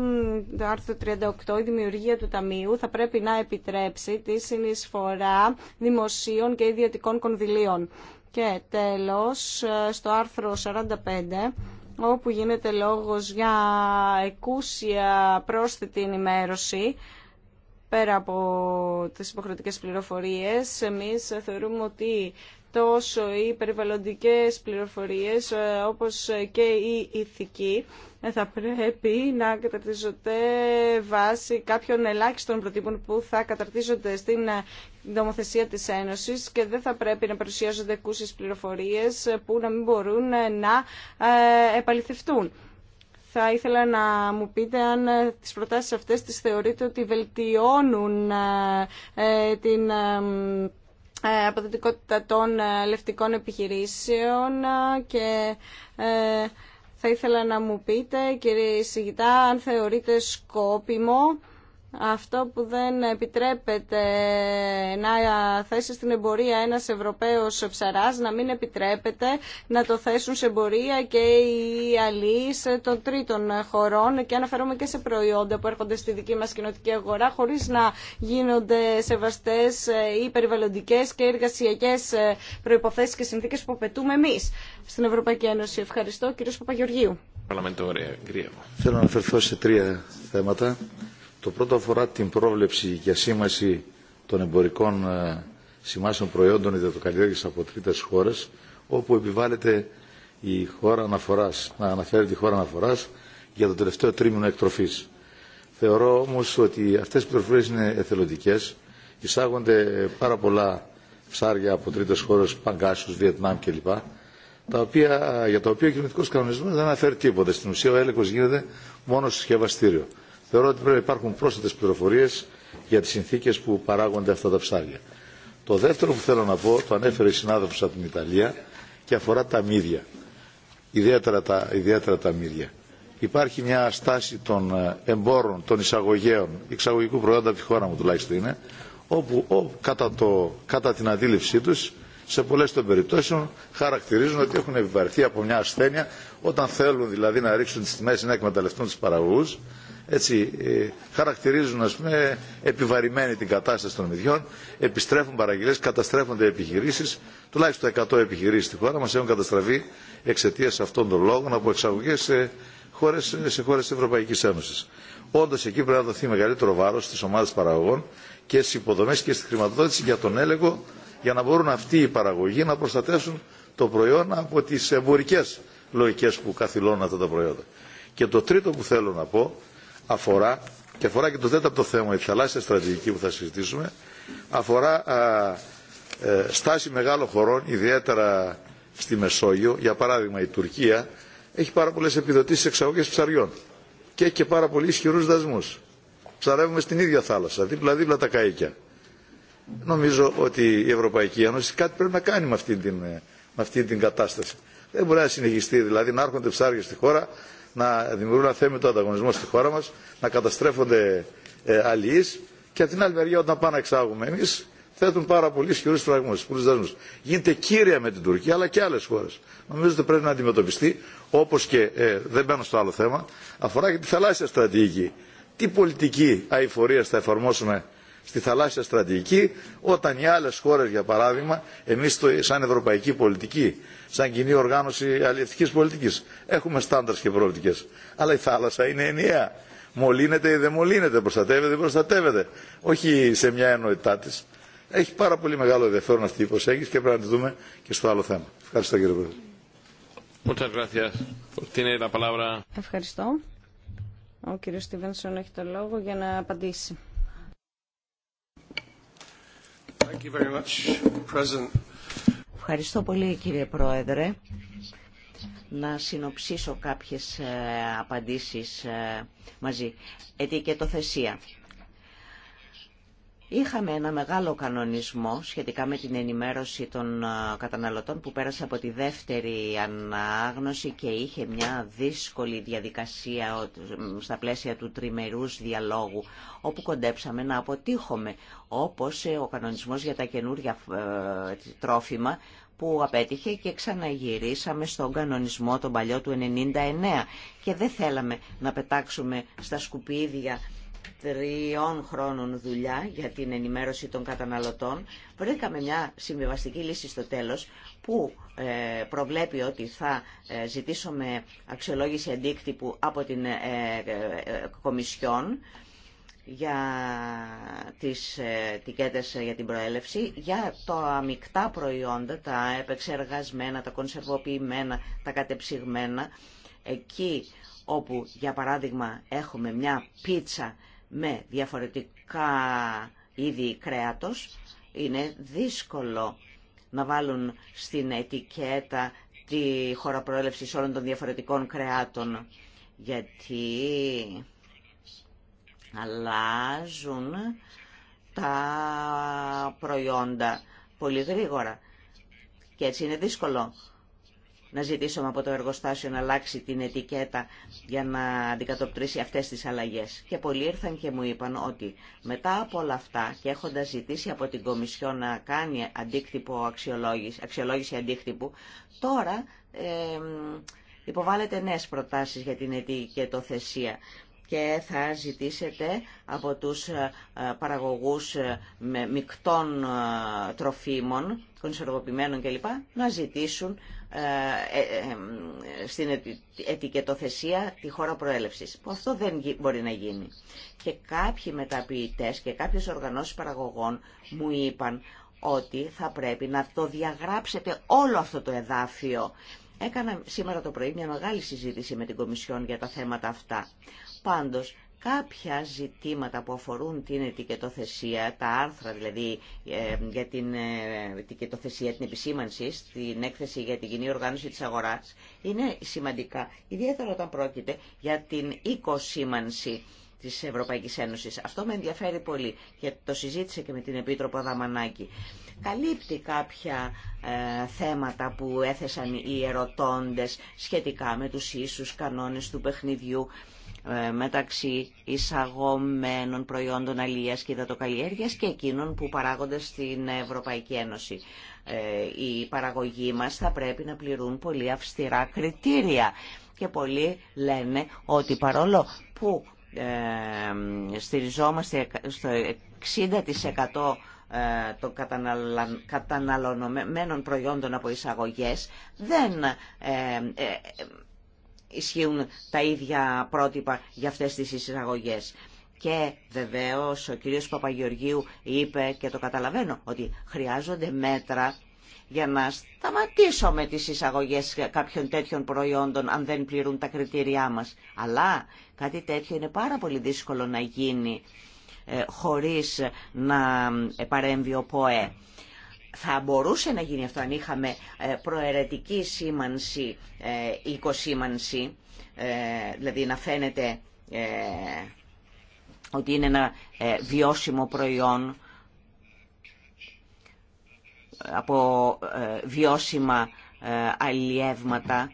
το άρθρο 38, η δημιουργία του Ταμείου θα πρέπει να επιτρέψει τη συνεισφορά δημοσίων και ιδιωτικών κονδυλίων. Και τέλος, ε, στο άρθρο 45, όπου γίνεται λόγος για εκούσια πρόσθετη ενημέρωση, πέρα από τις υποχρεωτικές πληροφορίες, εμείς θεωρούμε ότι τόσο οι περιβαλλοντικές πληροφορίες ε, όπως και η ηθική ε, θα πρέπει να καταρτίζονται βάσει κάποιων ελάχιστων προτύπων που θα καταρτίζονται στην ε, νομοθεσία της Ένωσης και δεν θα πρέπει να παρουσιάζονται κούσεις πληροφορίες που να μην μπορούν να επαληθευτούν. Θα ήθελα να μου πείτε αν τις προτάσεις αυτές τις θεωρείτε ότι βελτιώνουν την ε, αποδοτικότητα των ε, λευτικών επιχειρήσεων ε, και θα ήθελα να μου πείτε, κύριε Σιγητά, αν θεωρείτε σκόπιμο αυτό που δεν επιτρέπεται να θέσει στην εμπορία ένας Ευρωπαίος ψαράς να μην επιτρέπεται να το θέσουν σε εμπορία και οι αλείς των τρίτων χωρών και αναφέρομαι και σε προϊόντα που έρχονται στη δική μας κοινοτική αγορά χωρίς να γίνονται σεβαστές οι περιβαλλοντικές και εργασιακές προϋποθέσεις και συνθήκες που απαιτούμε εμείς στην Ευρωπαϊκή Ένωση. Ευχαριστώ κύριο Παπαγεωργίου. Θέλω να αναφερθώ σε τρία θέματα. Το πρώτο αφορά την πρόβλεψη για σήμαση των εμπορικών ε, σημάσεων προϊόντων ιδιωτοκαλλιέργειας από τρίτες χώρες, όπου επιβάλλεται η χώρα αναφοράς, να αναφέρει τη χώρα αναφοράς για το τελευταίο τρίμηνο εκτροφής. Θεωρώ όμως ότι αυτές οι πληροφορίες είναι εθελοντικές, εισάγονται πάρα πολλά ψάρια από τρίτες χώρες, Παγκάσους, Βιετνάμ κλπ. Τα οποία, ε, για τα οποία ο κοινωνικός κανονισμός δεν αναφέρει τίποτα. Στην ουσία ο έλεγχος γίνεται μόνο στο συσκευαστήριο. Θεωρώ ότι πρέπει να υπάρχουν πρόσθετες πληροφορίες για τις συνθήκες που παράγονται αυτά τα ψάρια. Το δεύτερο που θέλω να πω, το ανέφερε η συνάδελφος από την Ιταλία και αφορά τα μύδια, ιδιαίτερα τα, ιδιαίτερα τα μύδια. Υπάρχει μια στάση των ε, εμπόρων, των εισαγωγέων, εξαγωγικού προϊόντα από τη χώρα μου τουλάχιστον είναι, όπου ό, κατά, το, κατά την αντίληψή τους σε πολλέ των περιπτώσεων χαρακτηρίζουν ότι έχουν επιβαρθεί από μια ασθένεια όταν θέλουν δηλαδή να ρίξουν τι τιμέ ή να εκμεταλλευτούν του παραγωγού έτσι, ε, χαρακτηρίζουν ας πούμε, επιβαρημένη την κατάσταση των μηδιών, επιστρέφουν παραγγελίες, καταστρέφονται επιχειρήσεις. Τουλάχιστον 100 επιχειρήσεις στη χώρα μας έχουν καταστραφεί εξαιτίας αυτών των λόγων από εξαγωγές σε χώρες, σε χώρες της Ευρωπαϊκής Ένωσης. Όντως εκεί πρέπει να δοθεί μεγαλύτερο βάρος στις ομάδες παραγωγών και στις υποδομές και στη χρηματοδότηση για τον έλεγχο για να μπορούν αυτοί οι παραγωγοί να προστατεύσουν το προϊόν από τις εμπορικέ λογικέ που καθυλώνουν αυτά τα προϊόντα. Και το τρίτο που θέλω να πω αφορά και αφορά και το τέταρτο θέμα, η θαλάσσια στρατηγική που θα συζητήσουμε, αφορά α, ε, στάση μεγάλων χωρών, ιδιαίτερα στη Μεσόγειο. Για παράδειγμα, η Τουρκία έχει πάρα πολλέ επιδοτήσει εξαγωγές ψαριών και έχει και πάρα πολύ ισχυρού δασμού. Ψαρεύουμε στην ίδια θάλασσα, δίπλα-δίπλα τα καίκια. Νομίζω ότι η Ευρωπαϊκή Ένωση κάτι πρέπει να κάνει με αυτή την, με αυτή την κατάσταση. Δεν μπορεί να συνεχιστεί δηλαδή να έρχονται ψάρια στη χώρα να δημιουργούν αθέμητο ανταγωνισμό στη χώρα μας, να καταστρέφονται ε, αλληλείς και από την άλλη μεριά όταν πάμε να εξάγουμε εμείς θέτουν πάρα πολλοί ισχυρού φραγμού, Γίνεται κύρια με την Τουρκία αλλά και άλλε χώρε. Νομίζω ότι πρέπει να αντιμετωπιστεί όπως και ε, δεν μπαίνω στο άλλο θέμα αφορά και τη θαλάσσια στρατηγική. Τι πολιτική αηφορία θα εφαρμόσουμε στη θαλάσσια στρατηγική όταν οι άλλες χώρες για παράδειγμα εμείς σαν ευρωπαϊκή πολιτική σαν κοινή οργάνωση αλληλευτικής πολιτικής έχουμε στάνταρς και προοπτικές αλλά η θάλασσα είναι ενιαία μολύνεται ή δεν μολύνεται, προστατεύεται ή προστατεύεται όχι σε μια ενότητά της έχει πάρα πολύ μεγάλο ενδιαφέρον αυτή η προσέγγιση και πρέπει να τη δούμε και στο άλλο θέμα. Ευχαριστώ κύριε Πρόεδρε. Ευχαριστώ. Ο κύριος Στιβένσον έχει το λόγο για να απαντήσει. Ευχαριστώ πολύ κύριε Πρόεδρε. Να συνοψίσω κάποιες ε, απαντήσεις ε, μαζί. Ετικετοθεσία. Είχαμε ένα μεγάλο κανονισμό σχετικά με την ενημέρωση των καταναλωτών που πέρασε από τη δεύτερη ανάγνωση και είχε μια δύσκολη διαδικασία στα πλαίσια του τριμερούς διαλόγου όπου κοντέψαμε να αποτύχουμε όπως ε, ο κανονισμός για τα καινούργια ε, τρόφιμα που απέτυχε και ξαναγυρίσαμε στον κανονισμό τον παλιό του 99 και δεν θέλαμε να πετάξουμε στα σκουπίδια τριών χρόνων δουλειά για την ενημέρωση των καταναλωτών, βρήκαμε μια συμβιβαστική λύση στο τέλος που ε, προβλέπει ότι θα ε, ζητήσουμε αξιολόγηση αντίκτυπου από την ε, Κομισιόν για τις τικέτες για την προέλευση, για τα αμυκτά προϊόντα, τα επεξεργασμένα, τα κονσερβοποιημένα, τα κατεψυγμένα, εκεί όπου για παράδειγμα έχουμε μια πίτσα με διαφορετικά είδη κρέατος, είναι δύσκολο να βάλουν στην ετικέτα τη χώρα προέλευσης όλων των διαφορετικών κρεάτων, γιατί αλλάζουν τα προϊόντα πολύ γρήγορα. Και έτσι είναι δύσκολο να ζητήσουμε από το εργοστάσιο να αλλάξει την ετικέτα για να αντικατοπτρίσει αυτές τις αλλαγές. Και πολλοί ήρθαν και μου είπαν ότι μετά από όλα αυτά και έχοντας ζητήσει από την Κομισιό να κάνει αντίκτυπο αξιολόγηση, αξιολόγηση αντίκτυπου, τώρα ε, υποβάλλεται νέες προτάσεις για την ετικετοθεσία και θα ζητήσετε από τους ε, παραγωγούς ε, με ε, τροφίμων, κονσεργοποιημένων κλπ, να ζητήσουν ε, ε, ε, στην ετικετοθεσία τη χώρα προέλευσης. αυτό δεν μπορεί να γίνει. Και κάποιοι μεταποιητές και κάποιες οργανώσεις παραγωγών μου είπαν ότι θα πρέπει να το διαγράψετε όλο αυτό το εδάφιο. Έκανα σήμερα το πρωί μια μεγάλη συζήτηση με την Κομισιόν για τα θέματα αυτά. Πάντως κάποια ζητήματα που αφορούν την ετικετοθεσία, τα άρθρα δηλαδή ε, για την ε, ετικετοθεσία, την επισήμανση την έκθεση για την κοινή οργάνωση της αγοράς, είναι σημαντικά, ιδιαίτερα όταν πρόκειται για την οικοσήμανση της Ευρωπαϊκής Ένωσης. Αυτό με ενδιαφέρει πολύ, και το συζήτησε και με την Επίτροπο Δαμανάκη. Καλύπτει κάποια ε, θέματα που έθεσαν οι ερωτώντες σχετικά με τους ίσους κανόνες του παιχνιδιού, ε, μεταξύ εισαγωμένων προϊόντων αλίας και υδατοκαλλιέργειας και εκείνων που παράγονται στην Ευρωπαϊκή Ένωση. Ε, οι παραγωγοί μας θα πρέπει να πληρούν πολύ αυστηρά κριτήρια και πολλοί λένε ότι παρόλο που ε, στηριζόμαστε στο 60% των καταναλωμένων προϊόντων από εισαγωγές δεν ισχύουν τα ίδια πρότυπα για αυτές τις εισαγωγές. Και βεβαίως ο κύριος Παπαγεωργίου είπε και το καταλαβαίνω ότι χρειάζονται μέτρα για να σταματήσουμε τις εισαγωγές κάποιων τέτοιων προϊόντων αν δεν πληρούν τα κριτήριά μας. Αλλά κάτι τέτοιο είναι πάρα πολύ δύσκολο να γίνει ε, χωρίς να παρέμβει ο ΠΟΕ. Θα μπορούσε να γίνει αυτό αν είχαμε ε, προαιρετική σήμανση, ε, οικοσήμανση, ε, δηλαδή να φαίνεται ότι είναι ένα βιώσιμο προϊόν από βιώσιμα αλλιεύματα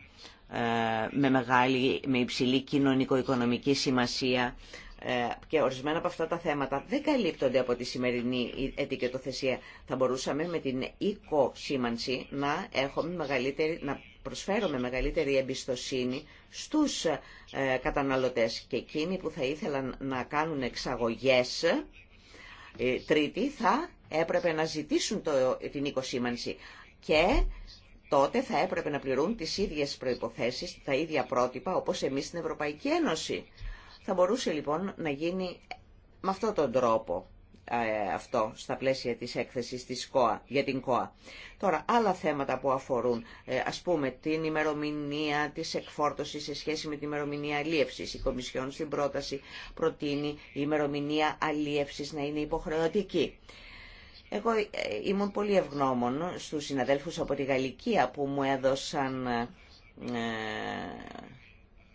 με, μεγάλη, με υψηλή κοινωνικο-οικονομική σημασία ε, και ορισμένα από αυτά τα θέματα δεν καλύπτονται από τη σημερινή ετικετοθεσία. Θα μπορούσαμε με την οικοσήμανση να, έχουμε να προσφέρουμε μεγαλύτερη εμπιστοσύνη στους ε, καταναλωτές και εκείνοι που θα ήθελαν να κάνουν εξαγωγές ε, τρίτη θα έπρεπε να ζητήσουν το, την οικοσήμανση και τότε θα έπρεπε να πληρούν τις ίδιες προϋποθέσεις, τα ίδια πρότυπα όπως εμείς στην Ευρωπαϊκή Ένωση. Θα μπορούσε λοιπόν να γίνει με αυτόν τον τρόπο ε, αυτό στα πλαίσια της έκθεσης της ΚΟΑ, για την ΚΟΑ. Τώρα, άλλα θέματα που αφορούν, ε, ας πούμε, την ημερομηνία της εκφόρτωσης σε σχέση με την ημερομηνία αλίευσης. Η Κομισιόν στην πρόταση προτείνει η ημερομηνία αλίευσης να είναι υποχρεωτική. Εγώ ε, ήμουν πολύ ευγνώμων στους συναδέλφους από τη Γαλλικία που μου έδωσαν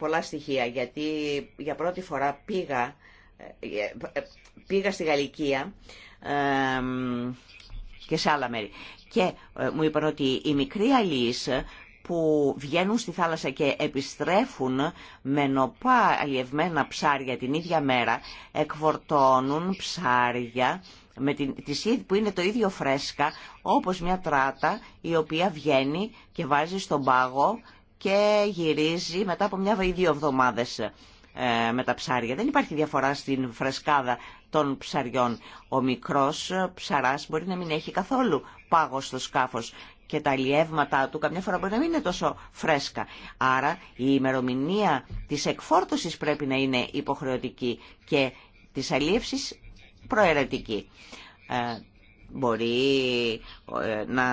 πολλά στοιχεία, γιατί για πρώτη φορά πήγα, ε, πήγα στη Γαλλικία και σε άλλα μέρη. Και ε, μου είπαν ότι οι μικροί αλείς που βγαίνουν στη θάλασσα και επιστρέφουν με νοπά αλλιευμένα ψάρια την ίδια μέρα, εκφορτώνουν ψάρια με την, που είναι το ίδιο φρέσκα, όπως μια τράτα η οποία βγαίνει και βάζει στον πάγο και γυρίζει μετά από μια ή δύο εβδομάδες ε, με τα ψάρια. Δεν υπάρχει διαφορά στην φρεσκάδα των ψαριών. Ο μικρός ψαράς μπορεί να μην έχει καθόλου πάγο στο σκάφος και τα αλλιεύματά του καμιά φορά μπορεί να μην είναι τόσο φρέσκα. Άρα η ημερομηνία της εκφόρτωσης πρέπει να είναι υποχρεωτική και της αλλιεύσης προαιρετική. Ε, Μπορεί ε, να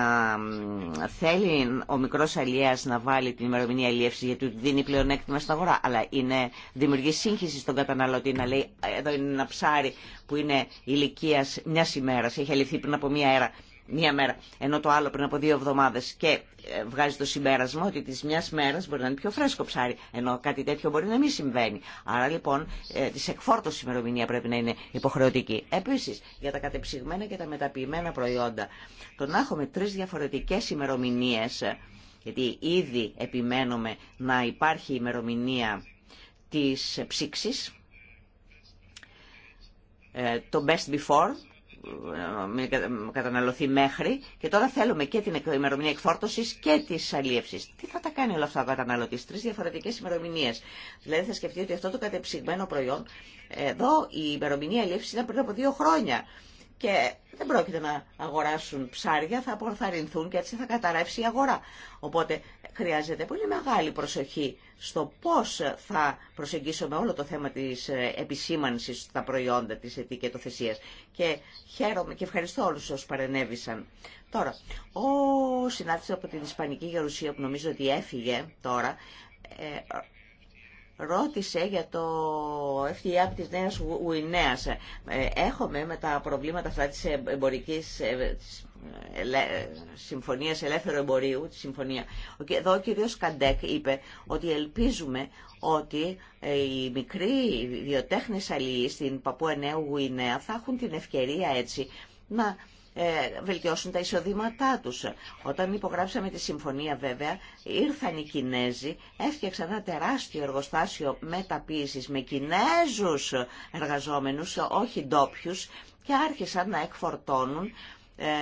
θέλει ο μικρός αλλιέας να βάλει την ημερομηνία αλλιεύση γιατί του δίνει πλεονέκτημα στην αγορά, αλλά είναι, δημιουργεί σύγχυση στον καταναλωτή να λέει «Ε, εδώ είναι ένα ψάρι που είναι ηλικία μια ημέρα, έχει αληθεί πριν από μία έρα μία μέρα, ενώ το άλλο πριν από δύο εβδομάδες και ε, βγάζει το συμπέρασμα ότι τη μια μέρα μπορεί να είναι πιο φρέσκο ψάρι, ενώ κάτι τέτοιο μπορεί να μην συμβαίνει. Άρα λοιπόν ε, της εκφόρτωσης ημερομηνία πρέπει να είναι υποχρεωτική. Επίσης, για τα κατεψυγμένα και τα μεταποιημένα προϊόντα, το να έχουμε τρεις διαφορετικέ ημερομηνίε, ε, γιατί ήδη επιμένουμε να υπάρχει ημερομηνία της ψήξης, ε, το best before, ε, καταναλωθεί μέχρι και τώρα θέλουμε και την ημερομηνία εκφόρτωση και τη αλλίευση. Τι θα τα κάνει όλα αυτά ο καταναλωτή, τρει διαφορετικέ ημερομηνίε. Δηλαδή θα σκεφτεί ότι αυτό το κατεψυγμένο προϊόν, εδώ η ημερομηνία αλλίευση ήταν πριν από δύο χρόνια και δεν πρόκειται να αγοράσουν ψάρια, θα απορθαρρυνθούν και έτσι θα καταρρεύσει η αγορά. Οπότε χρειάζεται πολύ μεγάλη προσοχή στο πώς θα προσεγγίσουμε όλο το θέμα της ε, επισήμανσης στα προϊόντα της ετικετοθεσίας. Και χαίρομαι και ευχαριστώ όλους όσους παρενέβησαν. Τώρα, ο συνάδελφος από την Ισπανική Γερουσία που νομίζω ότι έφυγε τώρα, ε, ρώτησε για το FTA της Νέας Ουινέας. Ε, έχουμε με τα προβλήματα αυτά της εμπορικής, Συμφωνίας Ελεύθερου Εμπορίου, τη συμφωνία. Εδώ ο κύριος Καντέκ είπε ότι ελπίζουμε ότι ε, οι μικροί βιοτέχνες αλληλείς στην Παππούα Νέου Γουινέα θα έχουν την ευκαιρία έτσι να ε, βελτιώσουν τα εισοδήματά τους. Όταν υπογράψαμε τη συμφωνία βέβαια, ήρθαν οι Κινέζοι, έφτιαξαν ένα τεράστιο εργοστάσιο μεταποίησης με Κινέζους εργαζόμενους, όχι ντόπιου, και άρχισαν να εκφορτώνουν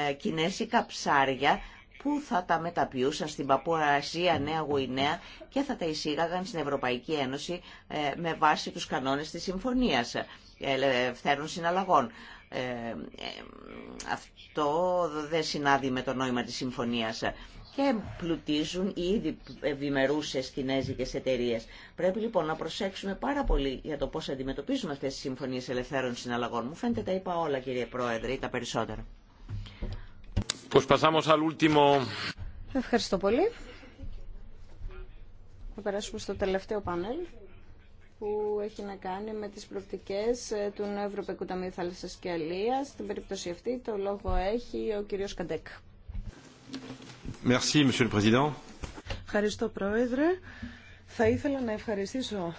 ε, κινέζικα ψάρια που θα τα μεταποιούσαν στην Παπουασία Νέα Γουινέα και θα τα εισήγαγαν στην Ευρωπαϊκή Ένωση ε, με βάση τους κανόνες της Συμφωνίας Ελευθέρων Συναλλαγών. Ε, ε, αυτό δεν συνάδει με το νόημα της Συμφωνίας και πλουτίζουν οι ήδη ευημερούσε κινέζικε εταιρείε. Πρέπει λοιπόν να προσέξουμε πάρα πολύ για το πώ αντιμετωπίζουμε αυτέ τι συμφωνίε ελευθέρων συναλλαγών. Μου φαίνεται τα είπα όλα, κύριε Πρόεδρε, ή τα περισσότερα. Ευχαριστώ πολύ. Θα περάσουμε στο τελευταίο πάνελ που έχει να κάνει με τις προοπτικές ε, του Νέου Ευρωπαϊκού Ταμείου Θάλασσας και Αλίας. Στην περίπτωση αυτή το λόγο έχει ο κύριος Καντέκ. Ευχαριστώ, Πρόεδρε. Θα ήθελα να ευχαριστήσω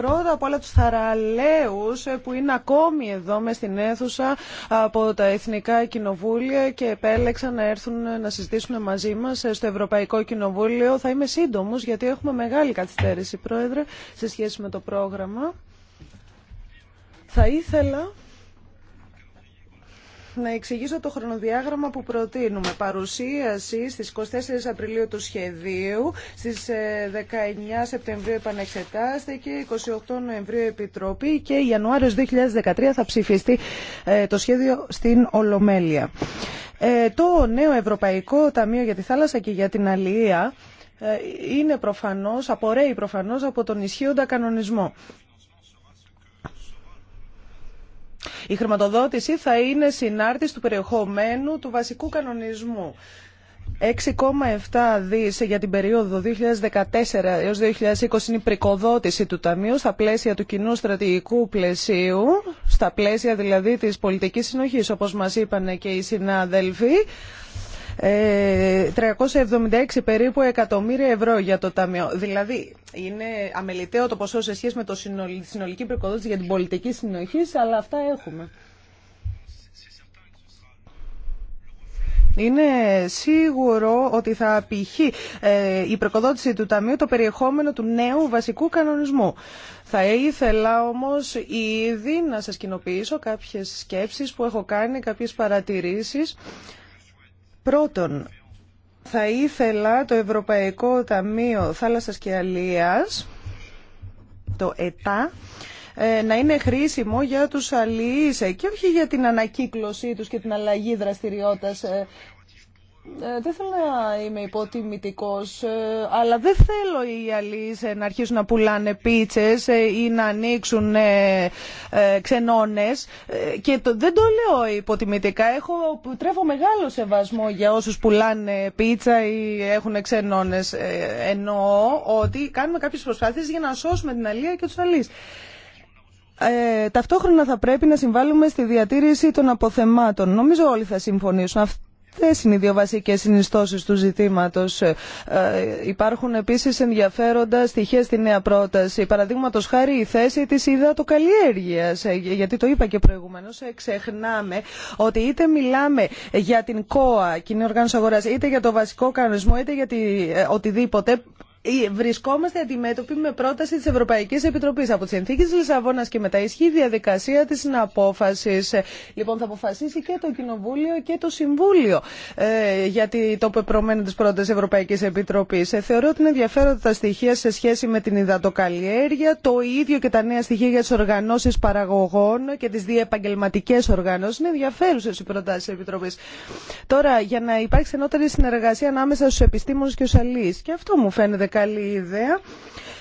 πρώτα απ' όλα τους θαραλέους ε, που είναι ακόμη εδώ με στην αίθουσα από τα Εθνικά Κοινοβούλια και επέλεξαν να έρθουν ε, να συζητήσουν μαζί μας ε, στο Ευρωπαϊκό Κοινοβούλιο. Θα είμαι σύντομος γιατί έχουμε μεγάλη καθυστέρηση, Πρόεδρε, σε σχέση με το πρόγραμμα. Θα ήθελα να εξηγήσω το χρονοδιάγραμμα που προτείνουμε. Παρουσίαση στις 24 Απριλίου του σχεδίου, στις 19 ε, Σεπτεμβρίου επανεξετάστηκε, 28 Νοεμβρίου Επιτροπή και Ιανουάριος 2013 θα ψηφιστεί ε, το σχέδιο στην Ολομέλεια. Ε, το νέο Ευρωπαϊκό Ταμείο για τη Θάλασσα και για την Αλληλία είναι προφανώς, απορρέει προφανώς από τον ισχύοντα κανονισμό. Η χρηματοδότηση θα είναι συνάρτηση του περιεχομένου του βασικού κανονισμού. 6,7 δις για την περίοδο 2014 έως 2020 είναι η πρικοδότηση του Ταμείου στα πλαίσια του κοινού στρατηγικού πλαισίου, στα πλαίσια δηλαδή της πολιτικής συνοχής, όπως μας είπαν και οι συνάδελφοι. 376 ε, περίπου εκατομμύρια ευρώ για το Ταμείο. Δηλαδή, είναι αμεληταίο το ποσό σε σχέση με το συνολική προκοδότηση για την πολιτική συνοχή, αλλά αυτά έχουμε. Είναι σίγουρο ότι θα απηχεί ε, η προκοδότηση του Ταμείου το περιεχόμενο του νέου βασικού κανονισμού. Θα ήθελα όμως ήδη να σας κοινοποιήσω κάποιες σκέψεις που έχω κάνει, κάποιες παρατηρήσεις Πρώτον, θα ήθελα το Ευρωπαϊκό Ταμείο Θάλασσας και Αλίας, το ΕΤΑ, ε, να είναι χρήσιμο για τους αλληλείς ε, και όχι για την ανακύκλωσή τους και την αλλαγή δραστηριότητας ε, ε, δεν θέλω να είμαι υποτιμητικός, ε, αλλά δεν θέλω οι ε, να αρχίσουν να πουλάνε πίτσες ε, ή να ανοίξουν ξενώνες. Και το, δεν το λέω υποτιμητικά. Έχω, τρέφω μεγάλο σεβασμό για όσους πουλάνε πίτσα ή έχουν ξενώνες. Εννοώ ότι κάνουμε κάποιες προσπάθειες για να σώσουμε την αλία και τους αλείς. Ε, ταυτόχρονα θα πρέπει να συμβάλλουμε στη διατήρηση των αποθεμάτων. Νομίζω όλοι θα συμφωνήσουν. Αυτές είναι οι δύο βασικές συνιστώσεις του ζητήματος. Ε, ε, υπάρχουν επίσης ενδιαφέροντα στοιχεία στη νέα πρόταση. Παραδείγματο χάρη η θέση της υδατοκαλλιέργειας, ε, γιατί το είπα και προηγουμένως, ξεχνάμε ότι είτε μιλάμε για την ΚΟΑ, Κοινή Οργάνωση Αγοράς, είτε για το βασικό κανονισμό, είτε για οτιδήποτε, ε, βρισκόμαστε αντιμέτωποι με πρόταση τη Ευρωπαϊκή Επιτροπή από τι συνθήκε της Λισαβόνα και μετά ισχύει η διαδικασία τη συναπόφασης. Ε, λοιπόν, θα αποφασίσει και το Κοινοβούλιο και το Συμβούλιο ε, για το πεπρωμένο της πρότασης Ευρωπαϊκής Επιτροπής. Ε, θεωρώ ότι είναι ενδιαφέροντα τα στοιχεία σε σχέση με την υδατοκαλλιέργεια, το ίδιο και τα νέα στοιχεία για τι οργανώσει παραγωγών και τις επαγγελματικέ οργανώσει, Είναι ενδιαφέρουσε οι προτάσει τη Επιτροπή. Τώρα, για να υπάρξει ενώτερη συνεργασία ανάμεσα στου επιστήμονε και Και αυτό μου φαίνεται καλή ιδέα.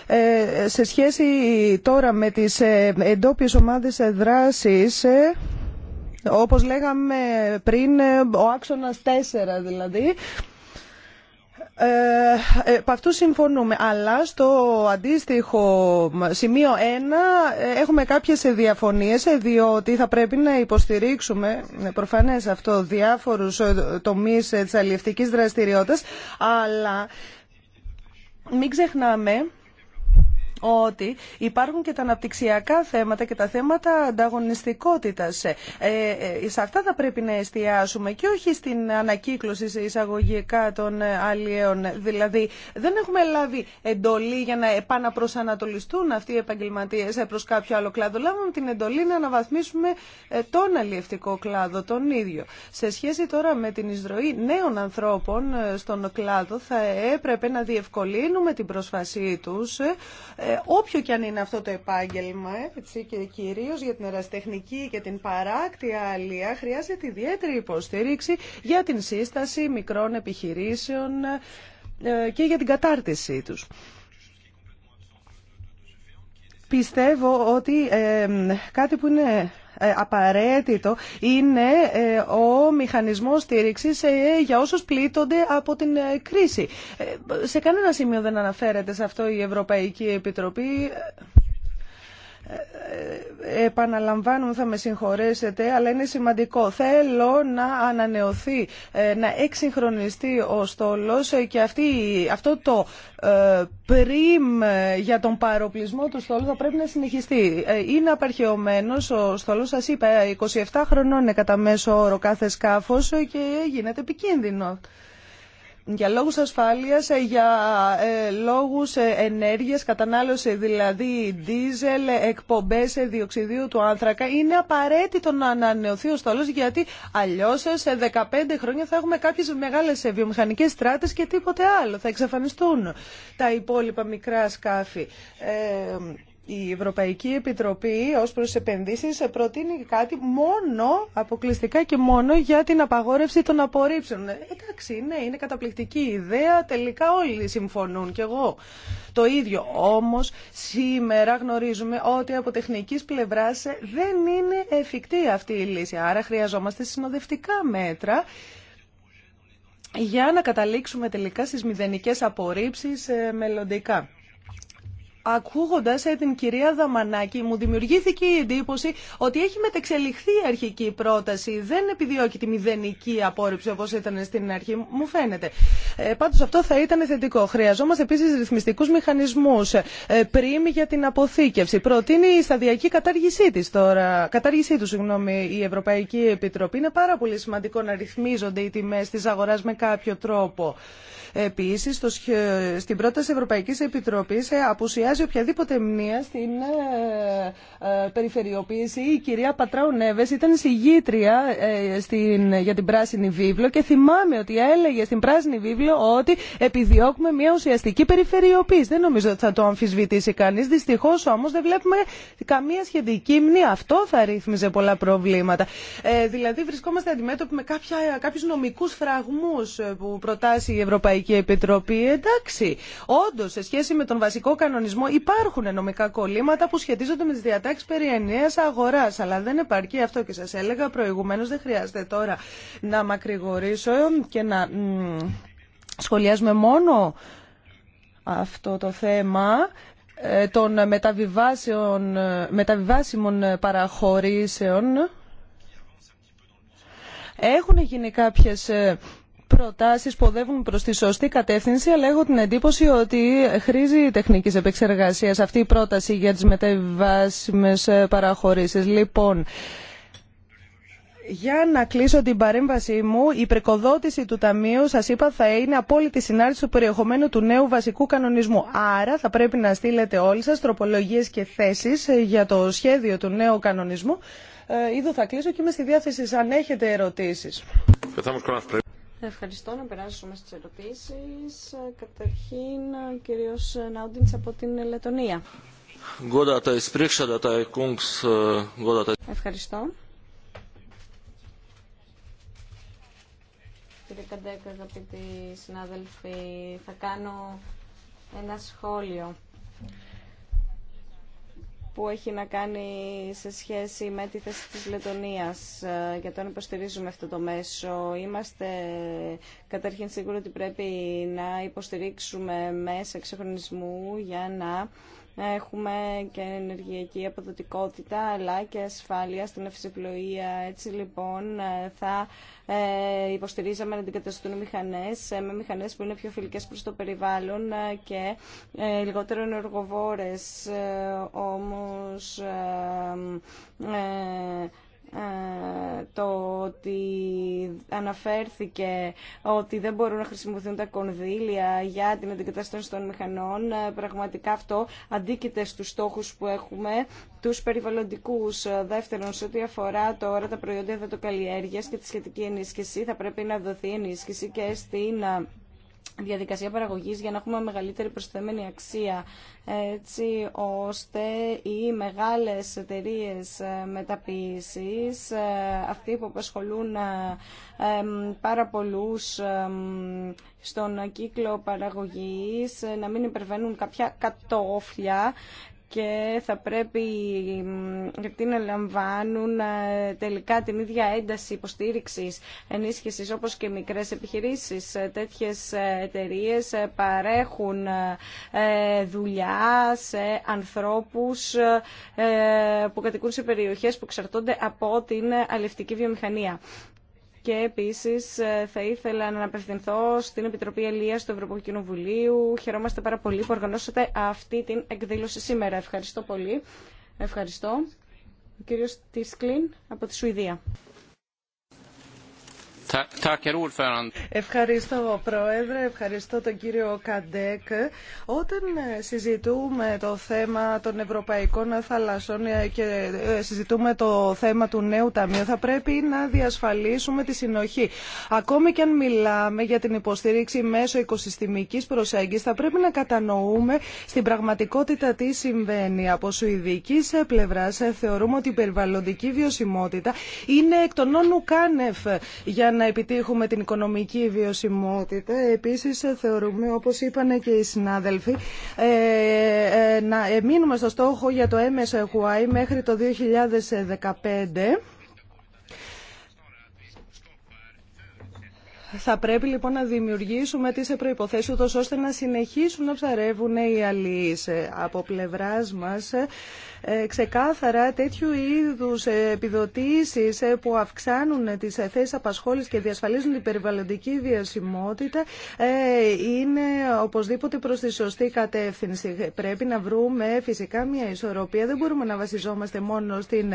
Ε, σε σχέση τώρα με τις ε, εντόπιες ομάδες ε, δράσης, όπως λέγαμε πριν, ο άξονας 4 δηλαδή, ε, αυτού συμφωνούμε. Αλλά στο αντίστοιχο σημείο 1 έχουμε κάποιες διαφωνίες διότι θα πρέπει να υποστηρίξουμε προφανές αυτό διάφορους τομείς της αλληλευτικής δραστηριότητας αλλά μην ξεχνάμε ότι υπάρχουν και τα αναπτυξιακά θέματα και τα θέματα ανταγωνιστικότητας. Ε, ε, ε, σε αυτά θα πρέπει να εστιάσουμε και όχι στην ανακύκλωση σε εισαγωγικά των αλλιέων. Δηλαδή δεν έχουμε λάβει εντολή για να επαναπροσανατολιστούν αυτοί οι επαγγελματίες προς κάποιο άλλο κλάδο. Λάβουμε την εντολή να αναβαθμίσουμε τον αλλιευτικό κλάδο, τον ίδιο. Σε σχέση τώρα με την εισρωή νέων ανθρώπων στον κλάδο θα έπρεπε να διευκολύνουμε την προσφασή τους ε, όποιο και αν είναι αυτό το επάγγελμα, έτσι, και κυρίως για την ερασιτεχνική και την παράκτια αλία, χρειάζεται ιδιαίτερη υποστήριξη για την σύσταση μικρών επιχειρήσεων ε, και για την κατάρτισή τους. Πιστεύω ότι ε, κάτι που είναι ε, απαραίτητο είναι ε, ο μηχανισμός στήριξης ε, για όσους πλήττονται από την κρίση. Σε κανένα σημείο δεν αναφέρεται σε αυτό η Ευρωπαϊκή Επιτροπή. Ε, ε, επαναλαμβάνω, θα με συγχωρέσετε, αλλά είναι σημαντικό. Θέλω να ανανεωθεί, ε, να εξυγχρονιστεί ο στόλος και αυτή, αυτό το πριμ για τον παροπλισμό του στόλου θα πρέπει να συνεχιστεί. Είναι απαρχαιωμένος ο στόλος, σας είπα, 27 χρονών είναι κατά μέσο όρο κάθε σκάφος και γίνεται επικίνδυνο για λόγους ασφάλειας, ε, για ε, λόγους ε, ενέργειας, κατανάλωση δηλαδή δίζελ, εκπομπές διοξιδίου του άνθρακα. Είναι απαραίτητο να ανανεωθεί ο στόλος γιατί αλλιώς σε 15 χρόνια θα έχουμε κάποιες μεγάλες βιομηχανικές στράτες και τίποτε άλλο. Θα εξαφανιστούν τα υπόλοιπα μικρά σκάφη η Ευρωπαϊκή Επιτροπή ως προς επενδύσεις προτείνει κάτι μόνο, αποκλειστικά και μόνο για την απαγόρευση των απορρίψεων. Ε, εντάξει, ναι, είναι καταπληκτική ιδέα, τελικά όλοι συμφωνούν και εγώ το ίδιο. Όμως σήμερα γνωρίζουμε ότι από τεχνικής πλευράς δεν είναι εφικτή αυτή η λύση, άρα χρειαζόμαστε συνοδευτικά μέτρα για να καταλήξουμε τελικά στις μηδενικές απορρίψεις ε, μελλοντικά. Ακούγοντα την κυρία Δαμανάκη μου δημιουργήθηκε η εντύπωση ότι έχει μετεξελιχθεί η αρχική πρόταση. Δεν επιδιώκει τη μηδενική απόρριψη όπω ήταν στην αρχή, μου φαίνεται. Ε, αυτό θα ήταν θετικό. Χρειαζόμαστε επίσης ρυθμιστικούς μηχανισμούς ε, πριν για την αποθήκευση. Προτείνει η σταδιακή κατάργησή, τη τώρα, κατάργησή του συγγνώμη, η Ευρωπαϊκή Επιτροπή. Είναι πάρα πολύ σημαντικό να ρυθμίζονται οι τιμέ τη αγορά με κάποιο τρόπο. Επίση, στην πρόταση Ευρωπαϊκής Επιτροπής ε, απουσιάζει οποιαδήποτε μνήμα στην ε, ε, περιφερειοποίηση. Η κυρία Πατράου Νέβε ήταν συγγήτρια στην, για την Πράσινη Βίβλο και θυμάμαι ότι έλεγε στην Πράσινη Βίβλο ότι επιδιώκουμε μια ουσιαστική περιφερειοποίηση. Δεν νομίζω ότι θα το αμφισβητήσει κανεί. Δυστυχώ, όμω, δεν βλέπουμε καμία σχετική μνήμα. Αυτό θα ρύθμιζε πολλά προβλήματα. Ε, δηλαδή βρισκόμαστε αντιμέτωποι με κάποιου νομικού φραγμού που προτάσει η Ευρωπαϊκή Ευρωπαϊκή Επιτροπή. Εντάξει, όντω σε σχέση με τον βασικό κανονισμό υπάρχουν νομικά κολλήματα που σχετίζονται με τι διατάξει περί ενιαία αγορά. Αλλά δεν επαρκεί αυτό και σα έλεγα προηγουμένω, δεν χρειάζεται τώρα να μακρηγορήσω και να σχολιάζουμε μόνο αυτό το θέμα ε, των μεταβιβάσεων, μεταβιβάσιμων παραχωρήσεων έχουν γίνει κάποιες ε, Προτάσει που οδεύουν προ τη σωστή κατεύθυνση, αλλά έχω την εντύπωση ότι χρήζει τεχνική επεξεργασία. αυτή η πρόταση για τι μεταβιβάσιμε παραχωρήσει. Λοιπόν, για να κλείσω την παρέμβασή μου, η πρεκοδότηση του Ταμείου, σα είπα, θα είναι απόλυτη συνάρτηση του περιεχομένου του νέου βασικού κανονισμού. Άρα θα πρέπει να στείλετε όλοι σα τροπολογίε και θέσει ε, για το σχέδιο του νέου κανονισμού. Ε, θα κλείσω και είμαι στη διάθεση αν έχετε ερωτήσει. Ευχαριστώ. Να περάσουμε στις ερωτήσεις. Καταρχήν, ο κύριος Νάουντινς από την Λετωνία. Ευχαριστώ. Κύριε Καντέκ, αγαπητοί συνάδελφοι, θα κάνω ένα σχόλιο που έχει να κάνει σε σχέση με τη θέση της Λετωνίας ε, για το αν υποστηρίζουμε αυτό το μέσο. Είμαστε καταρχήν σίγουροι ότι πρέπει να υποστηρίξουμε μέσα εξεχρονισμού για να έχουμε και ενεργειακή αποδοτικότητα αλλά και ασφάλεια στην αυσιπλοεία. Έτσι λοιπόν ε, θα ε, υποστηρίζαμε να αντικαταστούν μηχανές ε, με μηχανές που είναι πιο φιλικές προς το περιβάλλον και λιγότερο ενεργοβόρες. Όμως ε, το ότι αναφέρθηκε ότι δεν μπορούν να χρησιμοποιηθούν τα κονδύλια για την αντικατάσταση των μηχανών. Ε, πραγματικά αυτό αντίκειται στους στόχους που έχουμε, τους περιβαλλοντικούς. Ε, δεύτερον, σε ό,τι αφορά τώρα τα προϊόντα υδατοκαλλιέργειας και τη σχετική ενίσχυση, θα πρέπει να δοθεί ενίσχυση και στην διαδικασία παραγωγής για να έχουμε μεγαλύτερη προσθέμενη αξία έτσι ώστε οι μεγάλες εταιρείε ε, μεταποίησης ε, αυτοί που απασχολούν ε, πάρα πολλούς στον κύκλο παραγωγής να μην υπερβαίνουν κάποια κατόφλια και θα πρέπει γιατί να λαμβάνουν ε, τελικά την ίδια ένταση υποστήριξης ενίσχυσης όπως και μικρές επιχειρήσεις. Ε, τέτοιες ε, εταιρείε παρέχουν δουλειά σε ανθρώπους που κατοικούν σε περιοχές που εξαρτώνται από την αλευτική βιομηχανία. Και επίση ε, θα ήθελα να απευθυνθώ στην Επιτροπή Ελία του Ευρωπαϊκού Κοινοβουλίου. Χαιρόμαστε πάρα πολύ που οργανώσατε αυτή την εκδήλωση σήμερα. Ευχαριστώ πολύ. Ευχαριστώ. Ο κύριος Τίσκλιν από τη Σουηδία. Ευχαριστώ Πρόεδρε, ευχαριστώ τον κύριο Καντέκ. Όταν ε, συζητούμε το θέμα των ευρωπαϊκών θαλασσών ε, και ε, συζητούμε το θέμα του νέου ταμείου θα πρέπει να διασφαλίσουμε τη συνοχή. Ακόμη και αν μιλάμε για την υποστήριξη μέσω οικοσυστημικής προσέγγισης θα πρέπει να κατανοούμε στην πραγματικότητα τι συμβαίνει. Από σουηδικής πλευράς θεωρούμε ότι η περιβαλλοντική βιωσιμότητα είναι εκ των όνου για να να επιτύχουμε την οικονομική βιωσιμότητα. Επίσης θεωρούμε, όπως είπαν και οι συνάδελφοι, ε, ε, να ε, μείνουμε στο στόχο για το MSY μέχρι το 2015. Θα πρέπει λοιπόν να δημιουργήσουμε τις προϋποθέσεις ώστε να συνεχίσουν να ψαρεύουν οι αλληλείς. Από πλευράς μας ε, ξεκάθαρα τέτοιου είδους ε, επιδοτήσεις ε, που αυξάνουν τις θέσεις απασχόλησης και διασφαλίζουν την περιβαλλοντική διασημότητα... είναι οπωσδήποτε προς τη σωστή κατεύθυνση. Πρέπει να βρούμε φυσικά μια ισορροπία. Δεν μπορούμε να βασιζόμαστε μόνο στην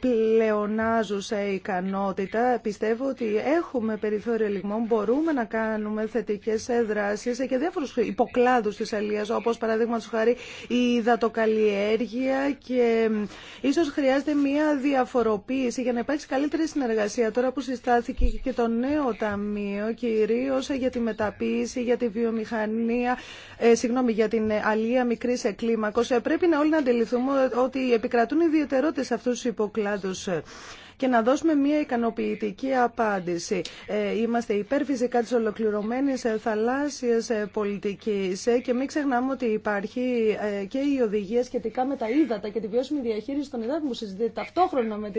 πλεονάζουσα ικανότητα. Πιστεύω ότι έχουμε περιθώριο λιγμών, μπορούμε να κάνουμε θετικές δράσεις και διάφορους υποκλάδους της αλίας, όπως παραδείγματος χάρη η υδατοκαλλιέργεια και ίσως χρειάζεται μια διαφοροποίηση για να υπάρξει καλύτερη συνεργασία τώρα που συστάθηκε και το νέο ταμείο κυρίως για τη μεταποίηση, για τη βιομηχανία, ε, συγγνώμη, για την αλία μικρής Ε, Πρέπει να όλοι να αντιληφθούμε ότι επικρατούν ιδιαιτερότητες σε αυτούς τους υποκλάδους και να δώσουμε μια ικανοποιητική απάντηση. Ε, είμαστε υπέρ φυσικά της ολοκληρωμένης ε, θαλάσσιας ε, πολιτικής και μην ξεχνάμε ότι υπάρχει και η οδηγία σχετικά με τα ύδατα και τη βιώσιμη διαχείριση των υδάτων που συζητείται ταυτόχρονα με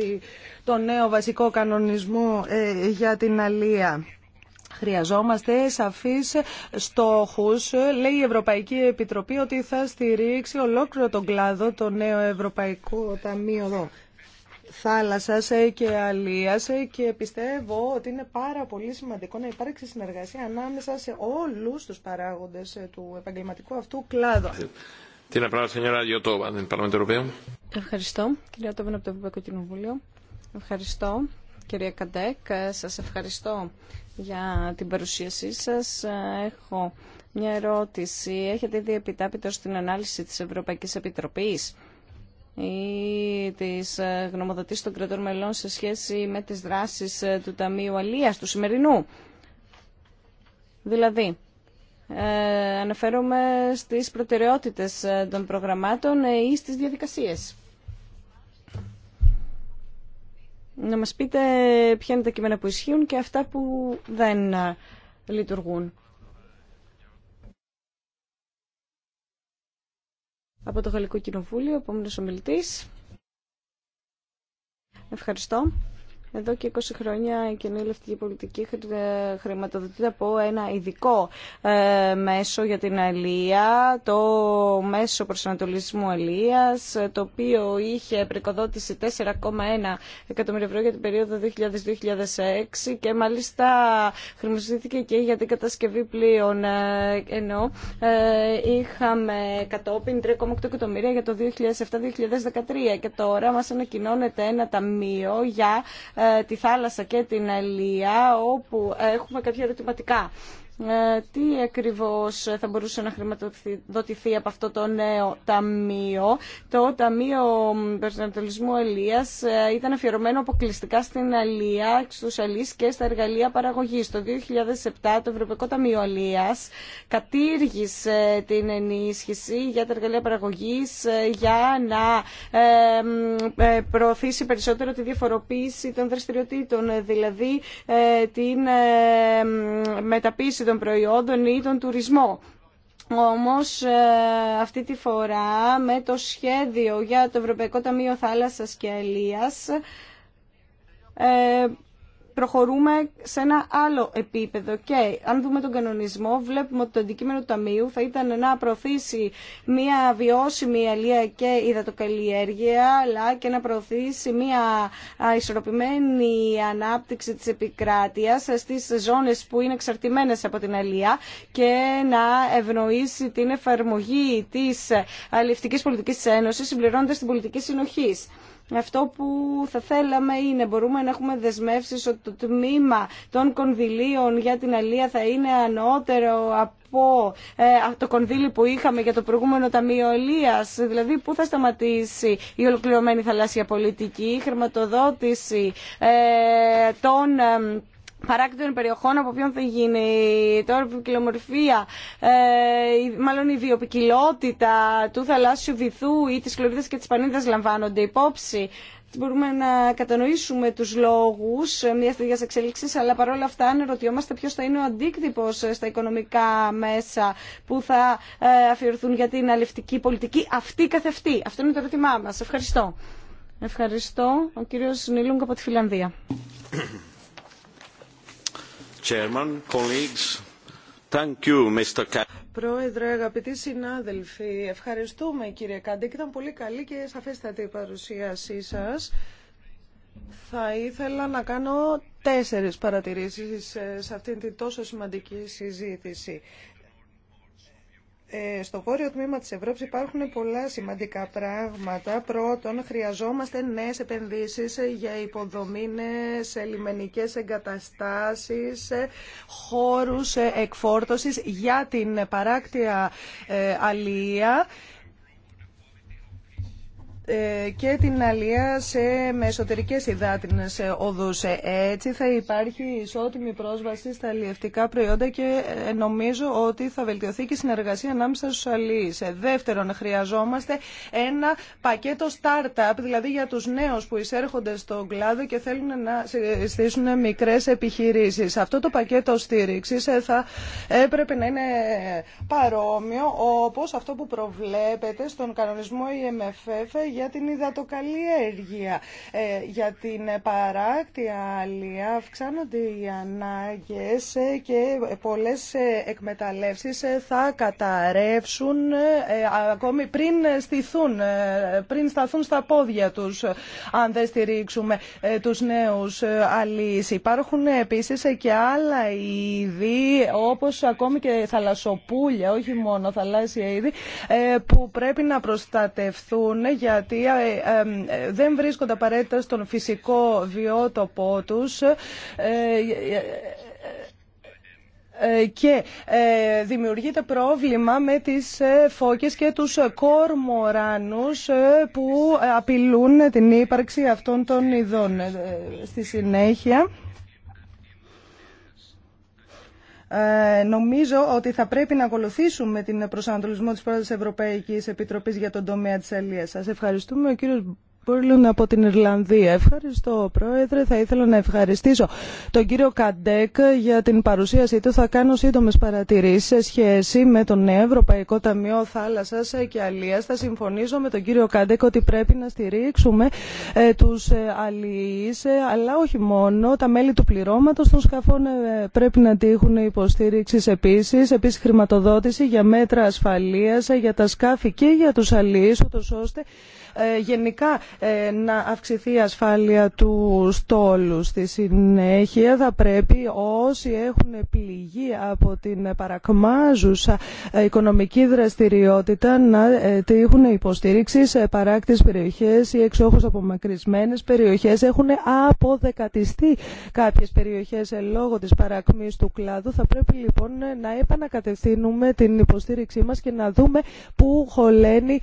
το νέο βασικό κανονισμό για την αλία. Χρειαζόμαστε σαφείς στόχους. Λέει η Ευρωπαϊκή Επιτροπή ότι θα στηρίξει ολόκληρο τον κλάδο το νέο Ευρωπαϊκό Ταμείο θάλασσας ε, και αλίας ε, και πιστεύω ότι είναι πάρα πολύ σημαντικό να υπάρξει συνεργασία ανάμεσα σε όλους τους παράγοντες ε, του επαγγελματικού αυτού κλάδου. Ευχαριστώ, κυρία Τόβεν από το Ευρωπαϊκό Κοινοβούλιο. Ευχαριστώ, κυρία Καντέκ. Σας ευχαριστώ για την παρουσίασή σας. Έχω μια ερώτηση. Έχετε δει επιτάπητο στην ανάλυση της Ευρωπαϊκής Επιτροπής ή τις ε, γνωμοδοτήσεις των κρατών μελών σε σχέση με τις δράσεις ε, του Ταμείου Αλίας, του σημερινού. Δηλαδή, ε, αναφέρομαι στις προτεραιότητες ε, των προγραμμάτων ή στις διαδικασίες. Να μας πείτε ποια είναι τα κείμενα που ισχύουν και αυτά που δεν λειτουργούν. από το Γαλλικό Κοινοβούλιο, επόμενος ομιλητής. Ευχαριστώ. Εδώ και 20 χρόνια η κοινή Λευτική πολιτική ε, χρηματοδοτείται από ένα ειδικό ε, μέσο για την αλία, το μέσο προσανατολισμού αλίας, το οποίο είχε πρικοδότηση 4,1 εκατομμύρια ευρώ για την περίοδο 2000-2006 και μάλιστα χρηματοδοτήθηκε και για την κατασκευή πλοίων, ε, ενώ είχαμε κατόπιν 3,8 εκατομμύρια για το 2007-2013 και τώρα μας ανακοινώνεται ένα ταμείο για τη θάλασσα και την αλία όπου έχουμε κάποια ερωτηματικά ε, τι ακριβώς θα μπορούσε να χρηματοδοτηθεί από αυτό το νέο ταμείο. Το Ταμείο Περσανατολισμού Αλίας ε, ήταν αφιερωμένο αποκλειστικά στην Αλία, στους Αλείς και στα εργαλεία παραγωγής. Το 2007 το Ευρωπαϊκό Ταμείο Αλίας κατήργησε την ενίσχυση για τα εργαλεία παραγωγής ε, για να προωθήσει περισσότερο τη διαφοροποίηση των δραστηριοτήτων, δηλαδή την μεταποίηση των προϊόντων ή τον τουρισμό. Όμως ε, αυτή τη φορά με το σχέδιο για το Ευρωπαϊκό Ταμείο Θάλασσας και Αλίας ε, προχωρούμε σε ένα άλλο επίπεδο και αν δούμε τον κανονισμό βλέπουμε ότι το αντικείμενο του Ταμείου θα ήταν να προωθήσει μια βιώσιμη αλία και υδατοκαλλιέργεια αλλά και να προωθήσει μια ισορροπημένη ανάπτυξη της επικράτειας στις ζώνες που είναι εξαρτημένες από την αλία και να ευνοήσει την εφαρμογή της αλληλευτικής πολιτικής Ένωσης συμπληρώνοντας την πολιτική συνοχής. Αυτό που θα θέλαμε είναι, μπορούμε να έχουμε δεσμεύσεις ότι το τμήμα των κονδυλίων για την αλία θα είναι ανώτερο από ε, το κονδύλι που είχαμε για το προηγούμενο Ταμείο Αλίας. Δηλαδή, πού θα σταματήσει η ολοκληρωμένη θαλάσσια πολιτική, η χρηματοδότηση ε, των ε, παράκτητων περιοχών από ποιον θα γίνει τώρα η ποικιλομορφία, ε, μάλλον η βιοπικιλότητα του θαλάσσιου βυθού ή της κλωρίδας και της πανίδας λαμβάνονται υπόψη. Μπορούμε να κατανοήσουμε τους λόγους μιας τέτοιας εξέλιξης, αλλά παρόλα αυτά αναρωτιόμαστε ποιος θα είναι ο αντίκτυπος στα οικονομικά μέσα που θα ε, αφιερωθούν για την αλευτική πολιτική αυτή καθ' αυτή. Αυτό είναι το ερώτημά μας. Ευχαριστώ. Ευχαριστώ. Ο κύριος Νίλουγκ από τη Φιλανδία. Πρόεδρε, αγαπητοί συνάδελφοι, ευχαριστούμε κύριε Καντέκ. Ήταν πολύ καλή και σαφέστατη η παρουσίασή σας. Θα ήθελα να κάνω τέσσερις παρατηρήσεις ε, σε αυτήν την τόσο σημαντική συζήτηση. Ε, στο βόρειο τμήμα της Ευρώπης υπάρχουν πολλά σημαντικά πράγματα. Πρώτον, χρειαζόμαστε νέες επενδύσεις για υποδομήνες, λιμενικές εγκαταστάσεις, χώρους εκφόρτωσης για την παράκτια ε, αλληλεία ε, και την αλία σε, με εσωτερικές υδάτινες ε, οδούς. Ε, έτσι θα υπάρχει ισότιμη πρόσβαση στα αλλιευτικά προϊόντα και νομίζω ότι θα βελτιωθεί και η συνεργασία ανάμεσα στους αλλιείς. Δεύτερον, χρειαζόμαστε ένα πακέτο startup, δηλαδή για τους νέους που εισέρχονται στον κλάδο και θέλουν να στήσουν μικρές επιχειρήσεις. Αυτό το πακέτο στήριξης θα έπρεπε να είναι παρόμοιο όπως αυτό που προβλέπεται στον κανονισμό IMFF για την υδατοκαλλιέργεια, ε, για την παράκτια αλία. Αυξάνονται οι ανάγκες ε, και πολλές ε, εκμεταλλεύσεις θα καταρρεύσουν ακόμη πριν στηθούν, πριν σταθούν στα πόδια τους, αν δεν στηρίξουμε τους νέους αλείς. Υπάρχουν επίσης και άλλα είδη, όπως ακόμη και θαλασσοπούλια, όχι μόνο θαλάσσια είδη, που πρέπει να προστατευθούν για δημοκρατία ε, ε, δεν βρίσκονται απαραίτητα στον φυσικό βιότοπό τους ε, και δημιουργείται πρόβλημα με τις φώκες και τους κόρμοράνους που απειλούν την ύπαρξη αυτών των ειδών. Στη συνέχεια... Ε, νομίζω ότι θα πρέπει να ακολουθήσουμε την προσανατολισμό της πρώτης Ευρωπαϊκής Επιτροπής για τον τομέα της αλληλείας Σας ευχαριστούμε. Ο κύριος Μπούρλουν από την Ιρλανδία. Ευχαριστώ, Πρόεδρε. Θα ήθελα να ευχαριστήσω τον κύριο Καντέκ για την παρουσίασή του. Θα κάνω σύντομε παρατηρήσει σε σχέση με τον νέο Ευρωπαϊκό Ταμείο Θάλασσα και Αλία. Θα συμφωνήσω με τον κύριο Καντέκ ότι πρέπει να στηρίξουμε ε, του ε, αλληλεί, ε, αλλά όχι μόνο. Τα μέλη του πληρώματο των σκαφών πρέπει να τύχουν υποστήριξη επίση. Επίση, χρηματοδότηση για μέτρα ασφαλεία για τα σκάφη και για του αλληλεί, ώστε ε, γενικά ε, να αυξηθεί η ασφάλεια του στόλου. Στη συνέχεια θα πρέπει όσοι έχουν πληγεί από την παρακμάζουσα ε, οικονομική δραστηριότητα να τύχουν υποστήριξη σε παράκτης περιοχές ή εξόχως απομακρυσμένες περιοχές. Έχουν αποδεκατιστεί κάποιες περιοχές λόγω της παρακμής του κλάδου. Θα πρέπει λοιπόν να επανακατευθύνουμε την υποστήριξή μας και να δούμε πού χωλαίνει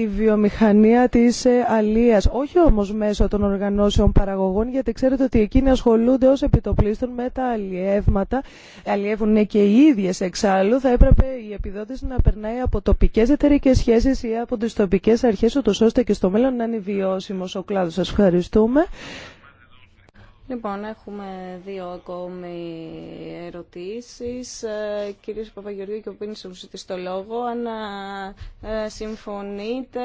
η βιομηχανία κοινωνία της ε, αλίας. Όχι όμως μέσω των οργανώσεων παραγωγών, γιατί ξέρετε ότι εκείνοι ασχολούνται ως επιτοπλίστων με τα αλλιεύματα. Αλλιεύουν ναι, και οι ίδιες εξάλλου. Θα έπρεπε η επιδότηση να περνάει από τοπικές εταιρικές σχέσεις ή από τις τοπικές αρχές, ούτως ώστε και στο μέλλον να είναι βιώσιμος ο κλάδος. Σας ευχαριστούμε. Λοιπόν, έχουμε δύο ακόμη ερωτήσεις. Ε, Κύριε Παπαγεωργίου και ο Πίνης μου ζητήσει το λόγο. Αν ε, συμφωνείτε,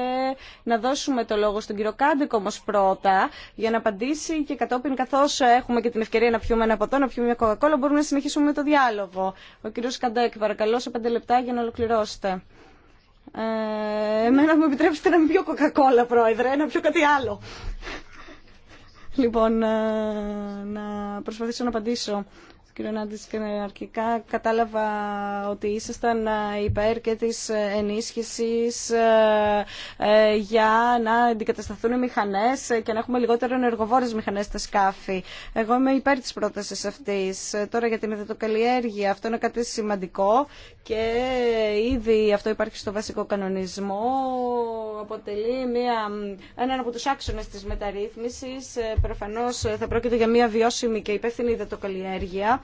να δώσουμε το λόγο στον κύριο Κάντεκ όμως πρώτα, για να απαντήσει και κατόπιν, καθώς έχουμε και την ευκαιρία να πιούμε ένα ποτό, να πιούμε μια κοκακόλα, μπορούμε να συνεχίσουμε με το διάλογο. Ο κύριος Καντέκ, παρακαλώ, σε πέντε λεπτά για να ολοκληρώσετε. Ε, εμένα μου επιτρέψετε να μην πιω κοκακόλα, πρόεδρε, να πιω κάτι άλλο. Λοιπόν, ε, να προσπαθήσω να απαντήσω Κύριε Νάντης, αρχικά κατάλαβα ότι ήσασταν ε, υπέρ και της ε, ενίσχυσης ε, για να αντικατασταθούν οι μηχανές και να έχουμε λιγότερο ενεργοβόρες μηχανές στα σκάφη. Εγώ είμαι υπέρ της πρότασης αυτής. Τώρα για την υδατοκαλλιέργεια, αυτό είναι κάτι σημαντικό και ήδη αυτό υπάρχει στο βασικό κανονισμό. Αποτελεί μια, έναν από τους άξονες της μεταρρύθμισης. Προφανώς θα πρόκειται για μια βιώσιμη και υπεύθυνη υδατοκαλλιέργεια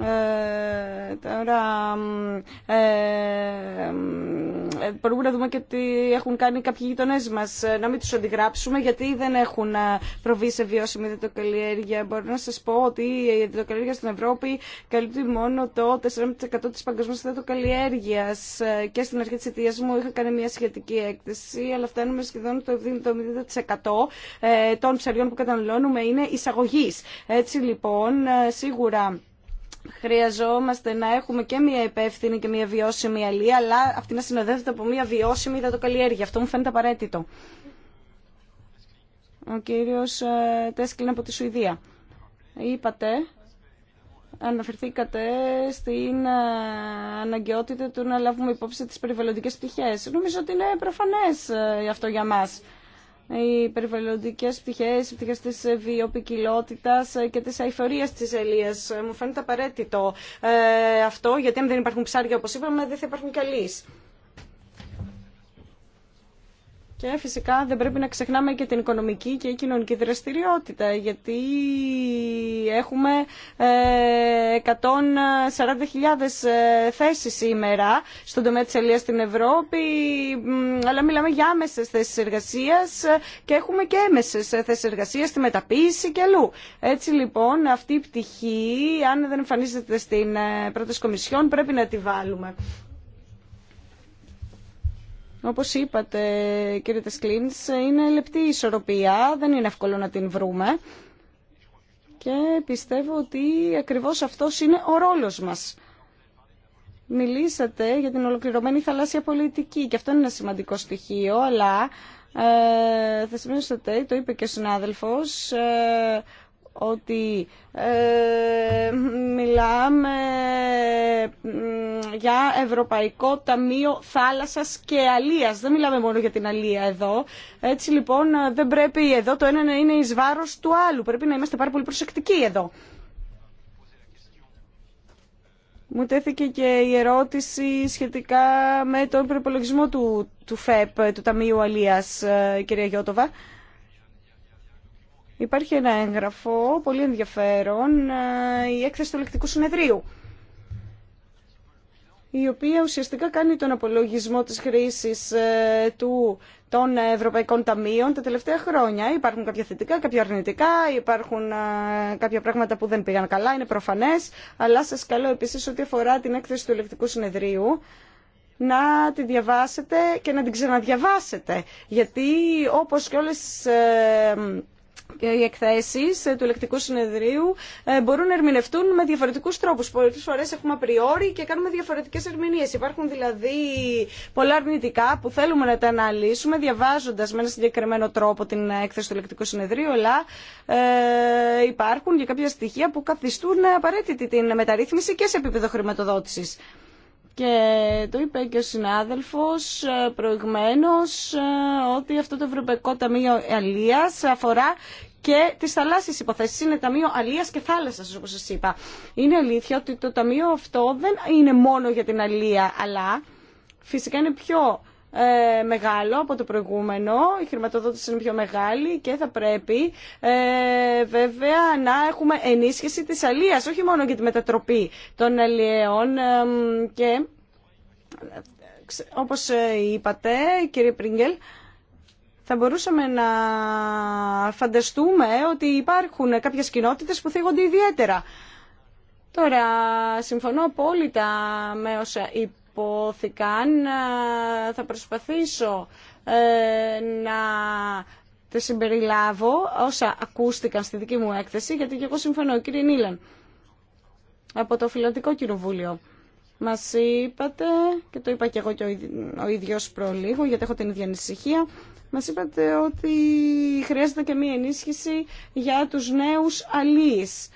Ε, τώρα ε, ε, μπορούμε να δούμε και τι έχουν κάνει κάποιοι γειτονέ μα. Ε, να μην του αντιγράψουμε γιατί δεν έχουν ε, προβεί σε βιώσιμη διδοκαλλιέργεια. Μπορώ να σα πω ότι η διδοκαλλιέργεια στην Ευρώπη καλύπτει μόνο το 4% τη παγκοσμίω διδοκαλλιέργεια. Και στην αρχή τη αιτία μου είχα κάνει μια σχετική έκθεση, αλλά φτάνουμε σχεδόν το 70% των ψαριών που καταναλώνουμε είναι εισαγωγή. Έτσι λοιπόν, σίγουρα χρειαζόμαστε να έχουμε και μια υπεύθυνη και μια βιώσιμη αλία, αλλά αυτή να συνοδεύεται από μια βιώσιμη υδατοκαλλιέργεια. Αυτό μου φαίνεται απαραίτητο. Ο κύριος ε, Τέσκλιν από τη Σουηδία. Είπατε, αναφερθήκατε στην ε, αναγκαιότητα του να λάβουμε υπόψη τις περιβαλλοντικές πτυχές. Νομίζω ότι είναι προφανές ε, αυτό για μας οι περιβαλλοντικέ πτυχέ, οι πτυχέ τη βιοπικιλότητας και τη αηφορία τη ελία ε, Μου φαίνεται απαραίτητο ε, αυτό, γιατί αν δεν υπάρχουν ψάρια, όπως είπαμε, δεν θα υπάρχουν καλείς. Και φυσικά δεν πρέπει να ξεχνάμε και την οικονομική και η κοινωνική δραστηριότητα, γιατί έχουμε 140.000 ε, ε, θέσεις σήμερα στον τομέα της Ελίας στην Ευρώπη, αλλά μιλάμε για άμεσες θέσεις εργασίας και έχουμε και έμεσες θέσεις εργασίας στη μεταποίηση και αλλού. Έτσι λοιπόν αυτή η πτυχή, αν δεν εμφανίζεται στην ε, πρώτη Κομισιόν, πρέπει να τη βάλουμε. Όπως είπατε κύριε Τεσκλίνς, είναι λεπτή ισορροπία, δεν είναι εύκολο να την βρούμε και πιστεύω ότι ακριβώς αυτός είναι ο ρόλος μας. Μιλήσατε για την ολοκληρωμένη θαλάσσια πολιτική και αυτό είναι ένα σημαντικό στοιχείο, αλλά ε, θα σημειώσετε, το είπε και ο συνάδελφος, ε, ότι ε, μιλάμε για Ευρωπαϊκό Ταμείο Θάλασσας και Αλίας. Δεν μιλάμε μόνο για την Αλία εδώ. Έτσι λοιπόν δεν πρέπει εδώ το ένα να είναι εις βάρος του άλλου. Πρέπει να είμαστε πάρα πολύ προσεκτικοί εδώ. Μου τέθηκε και η ερώτηση σχετικά με τον προπολογισμό του, του ΦΕΠ, του Ταμείου Αλίας, ε, κυρία Γιώτοβα. Υπάρχει ένα έγγραφο πολύ ενδιαφέρον, ε, η έκθεση του ελεκτικού συνεδρίου, η οποία ουσιαστικά κάνει τον απολογισμό της χρήσης ε, του, των Ευρωπαϊκών Ταμείων τα τελευταία χρόνια. Υπάρχουν κάποια θετικά, κάποια αρνητικά, υπάρχουν ε, κάποια πράγματα που δεν πήγαν καλά, είναι προφανές, αλλά σας καλώ επίσης ότι αφορά την έκθεση του ελεκτικού συνεδρίου, να τη διαβάσετε και να την ξαναδιαβάσετε. Γιατί όπως και όλες οι εκθέσει ε, του ελεκτικού συνεδρίου ε, μπορούν να ερμηνευτούν με διαφορετικού τρόπου. Πολλέ φορέ έχουμε απριόρι και κάνουμε διαφορετικέ ερμηνείε. Υπάρχουν δηλαδή πολλά αρνητικά που θέλουμε να τα αναλύσουμε διαβάζοντα με ένα συγκεκριμένο τρόπο την έκθεση του ελεκτικού συνεδρίου, αλλά ε, υπάρχουν και κάποια στοιχεία που καθιστούν απαραίτητη την μεταρρύθμιση και σε επίπεδο χρηματοδότηση. Και το είπε και ο συνάδελφος ε, προηγμένως ε, ότι αυτό το Ευρωπαϊκό Ταμείο Αλίας αφορά και τις θαλάσσιες υποθέσει. Είναι Ταμείο Αλίας και Θάλασσας όπως σας είπα. Είναι αλήθεια ότι το Ταμείο αυτό δεν είναι μόνο για την Αλία αλλά φυσικά είναι πιο ε, μεγάλο από το προηγούμενο, η χρηματοδότηση είναι πιο μεγάλη και θα πρέπει ε, βέβαια να έχουμε ενίσχυση της αλίας, όχι μόνο για τη μετατροπή των αλιαίων ε, και όπως ε, είπατε κύριε Πρίγκελ, θα μπορούσαμε να φανταστούμε ότι υπάρχουν κάποιες κοινότητες που θίγονται ιδιαίτερα. Τώρα, συμφωνώ απόλυτα με όσα είπατε υπόθηκαν. Θα προσπαθήσω ε, να τα συμπεριλάβω όσα ακούστηκαν στη δική μου έκθεση, γιατί και εγώ συμφωνώ, κύριε Νίλαν, από το φιλαντικό Κοινοβούλιο. Μας είπατε, και το είπα και εγώ και ο ίδιος προλίγο, γιατί έχω την ίδια ανησυχία, μας είπατε ότι χρειάζεται και μία ενίσχυση για τους νέους αλείς.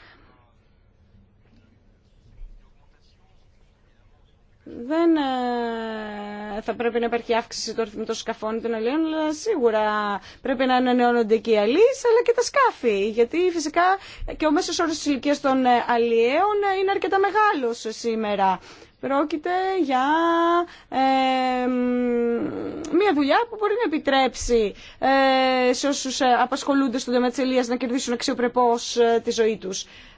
δεν ε, θα πρέπει να υπάρχει αύξηση του αριθμού των σκαφών των αλλιών, αλλά σίγουρα πρέπει να ανανεώνονται και οι αλλά και τα σκάφη. Γιατί φυσικά και ο μέσος όρος της ηλικία των ε, αλλιέων είναι αρκετά μεγάλος σήμερα. Πρόκειται για μια δουλειά που μπορεί να επιτρέψει ε, σε όσου ε, απασχολούνται στον τομέα τη να κερδίσουν αξιοπρεπώ ε, τη ζωή του.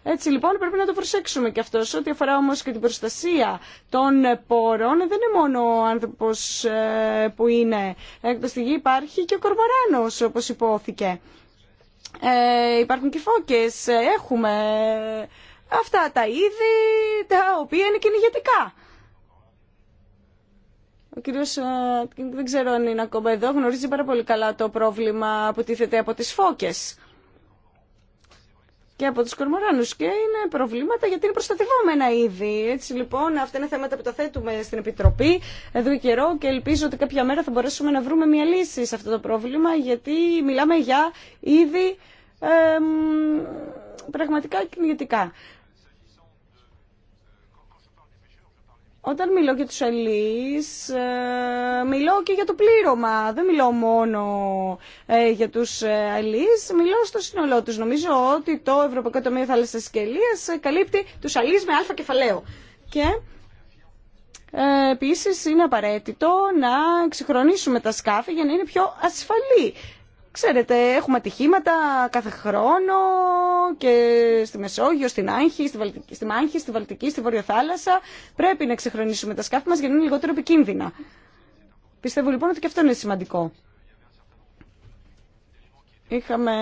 Έτσι λοιπόν πρέπει να το προσέξουμε και αυτό. Ό,τι αφορά όμω και την προστασία των πόρων, δεν είναι μόνο ο άνθρωπο ε, που είναι έκτο στη γη, υπάρχει και ο κορμοράνο, όπω υπόθηκε. Υπάρχουν και φώκε, έχουμε αυτά τα είδη τα οποία είναι κυνηγετικά. Ο κύριο ε, δεν ξέρω αν είναι ακόμα εδώ, γνωρίζει πάρα πολύ καλά το πρόβλημα που τίθεται από τις φώκες και από τους κορμοράνους και είναι προβλήματα γιατί είναι προστατευόμενα ήδη. Έτσι λοιπόν αυτά είναι θέματα που τα θέτουμε στην Επιτροπή εδώ καιρό και ελπίζω ότι κάποια μέρα θα μπορέσουμε να βρούμε μια λύση σε αυτό το πρόβλημα γιατί μιλάμε για είδη πραγματικά κινητικά. Όταν μιλώ για τους αλληλείς, ε, μιλώ και για το πλήρωμα. Δεν μιλώ μόνο ε, για τους ε, αλληλείς, μιλώ στο σύνολό τους. Νομίζω ότι το Ευρωπαϊκό Τομείο Θάλασσας και Ελίας καλύπτει τους αλληλείς με αλφα κεφαλαίο. Και επίσης είναι απαραίτητο να ξεχρονίσουμε τα σκάφη για να είναι πιο ασφαλή Ξέρετε, έχουμε ατυχήματα κάθε χρόνο και στη Μεσόγειο, στην Άγχη, στη, Βαλτική, στη Μάνχη, στη Βαλτική, στη Βορειοθάλασσα. Πρέπει να ξεχρονίσουμε τα σκάφη μας για να είναι λιγότερο επικίνδυνα. Πιστεύω λοιπόν ότι και αυτό είναι σημαντικό. Είχαμε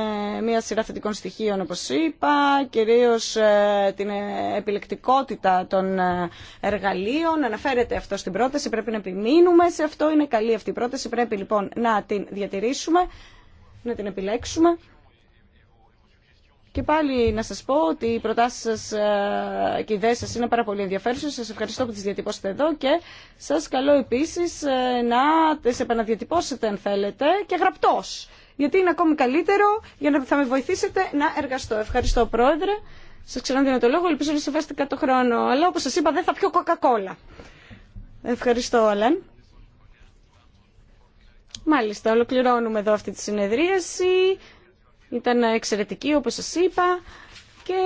μία σειρά θετικών στοιχείων, όπως είπα, κυρίως ε, την επιλεκτικότητα των ε, εργαλείων. Αναφέρεται αυτό στην πρόταση, πρέπει να επιμείνουμε σε αυτό. Είναι καλή αυτή η πρόταση, πρέπει λοιπόν να την διατηρήσουμε να την επιλέξουμε. Και πάλι να σας πω ότι οι προτάσεις σας ε, και οι ιδέες σας είναι πάρα πολύ ενδιαφέρουσες. Σας ευχαριστώ που τις διατυπώσετε εδώ και σας καλώ επίσης ε, να τις επαναδιατυπώσετε αν θέλετε και γραπτός. Γιατί είναι ακόμη καλύτερο για να θα με βοηθήσετε να εργαστώ. Ευχαριστώ πρόεδρε. Σας ξαναδίνω το λόγο. Ελπίζω να το χρόνο. Αλλά όπως σας είπα δεν θα πιω κοκακόλα. Ευχαριστώ Αλέν. Μάλιστα, ολοκληρώνουμε εδώ αυτή τη συνεδρίαση. Ήταν εξαιρετική, όπως σας είπα. Και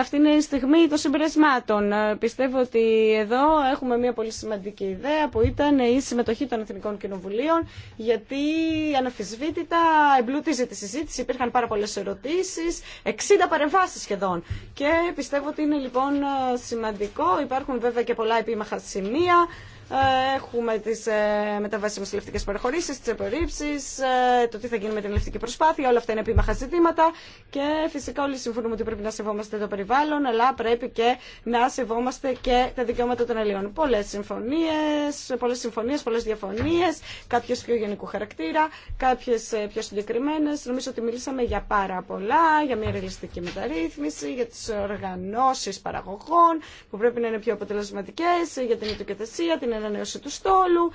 αυτή είναι η στιγμή των συμπερασμάτων. Πιστεύω ότι εδώ έχουμε μια πολύ σημαντική ιδέα που ήταν η συμμετοχή των Εθνικών Κοινοβουλίων, γιατί αναφυσβήτητα εμπλούτιζε τη συζήτηση, υπήρχαν πάρα πολλέ ερωτήσει, 60 παρεμβάσει σχεδόν. Και πιστεύω ότι είναι λοιπόν σημαντικό. Υπάρχουν βέβαια και πολλά επίμαχα σημεία. Ε, έχουμε τις ε, μεταβάσιμες ελευτικές παραχωρήσεις, τις επορρίψεις, ε, το τι θα γίνει με την λευτική προσπάθεια, όλα αυτά είναι επίμαχα ζητήματα και φυσικά όλοι συμφωνούμε ότι πρέπει να σεβόμαστε το περιβάλλον, αλλά πρέπει και να σεβόμαστε και τα δικαιώματα των αλλιών. Πολλές συμφωνίες, πολλές συμφωνίες, πολλές διαφωνίες, κάποιες πιο γενικού χαρακτήρα, κάποιε πιο συγκεκριμένε. Νομίζω ότι μιλήσαμε για πάρα πολλά, για μια ρεαλιστική μεταρρύθμιση, για τι οργανώσει παραγωγών που πρέπει να είναι πιο αποτελεσματικέ για την την ανανέωση του στόλου,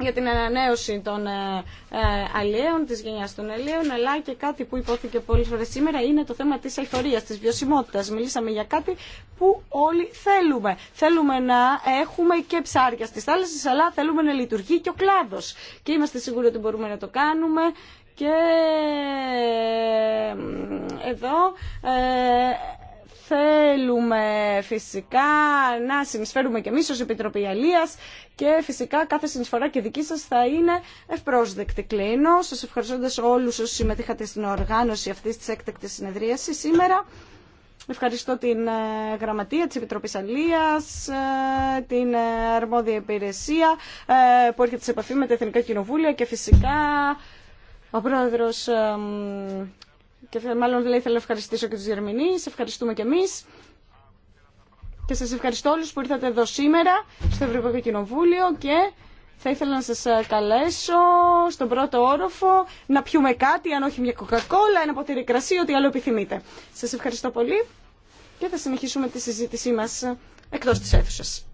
για την ανανέωση των ε, ε, αλλιέων, της γενιάς των αλλιέων, αλλά και κάτι που υπόθηκε πολλές φορές σήμερα είναι το θέμα της αηφορίας, της βιωσιμότητας. Μιλήσαμε για κάτι που όλοι θέλουμε. Θέλουμε να έχουμε και ψάρια στις θάλασσες, αλλά θέλουμε να λειτουργεί και ο κλάδος. Και είμαστε σίγουροι ότι μπορούμε να το κάνουμε και ε, εδώ Θέλουμε φυσικά να συνεισφέρουμε και εμείς ως Επιτροπή Αλίας και φυσικά κάθε συνεισφορά και δική σας θα είναι ευπρόσδεκτη. Κλείνω σας ευχαριστώντας όλους όσους συμμετείχατε στην οργάνωση αυτής της έκτακτης συνεδρίασης σήμερα. Ευχαριστώ την ε, Γραμματεία της Επιτροπής Αλίας, ε, την ε, Αρμόδια Υπηρεσία που έρχεται σε επαφή με τα Εθνικά Κοινοβούλια και φυσικά ο Πρόεδρος και μάλλον λέει θέλω να ευχαριστήσω και τους Γερμινείς, ευχαριστούμε και εμείς. Και σας ευχαριστώ όλους που ήρθατε εδώ σήμερα στο Ευρωπαϊκό Κοινοβούλιο και θα ήθελα να σας ε, καλέσω στον πρώτο όροφο να πιούμε κάτι, αν όχι μια κοκακόλα, ένα ποτήρι κρασί, ό,τι άλλο επιθυμείτε. Σας ευχαριστώ πολύ και θα συνεχίσουμε τη συζήτησή μας ε, εκτός της αίθουσας.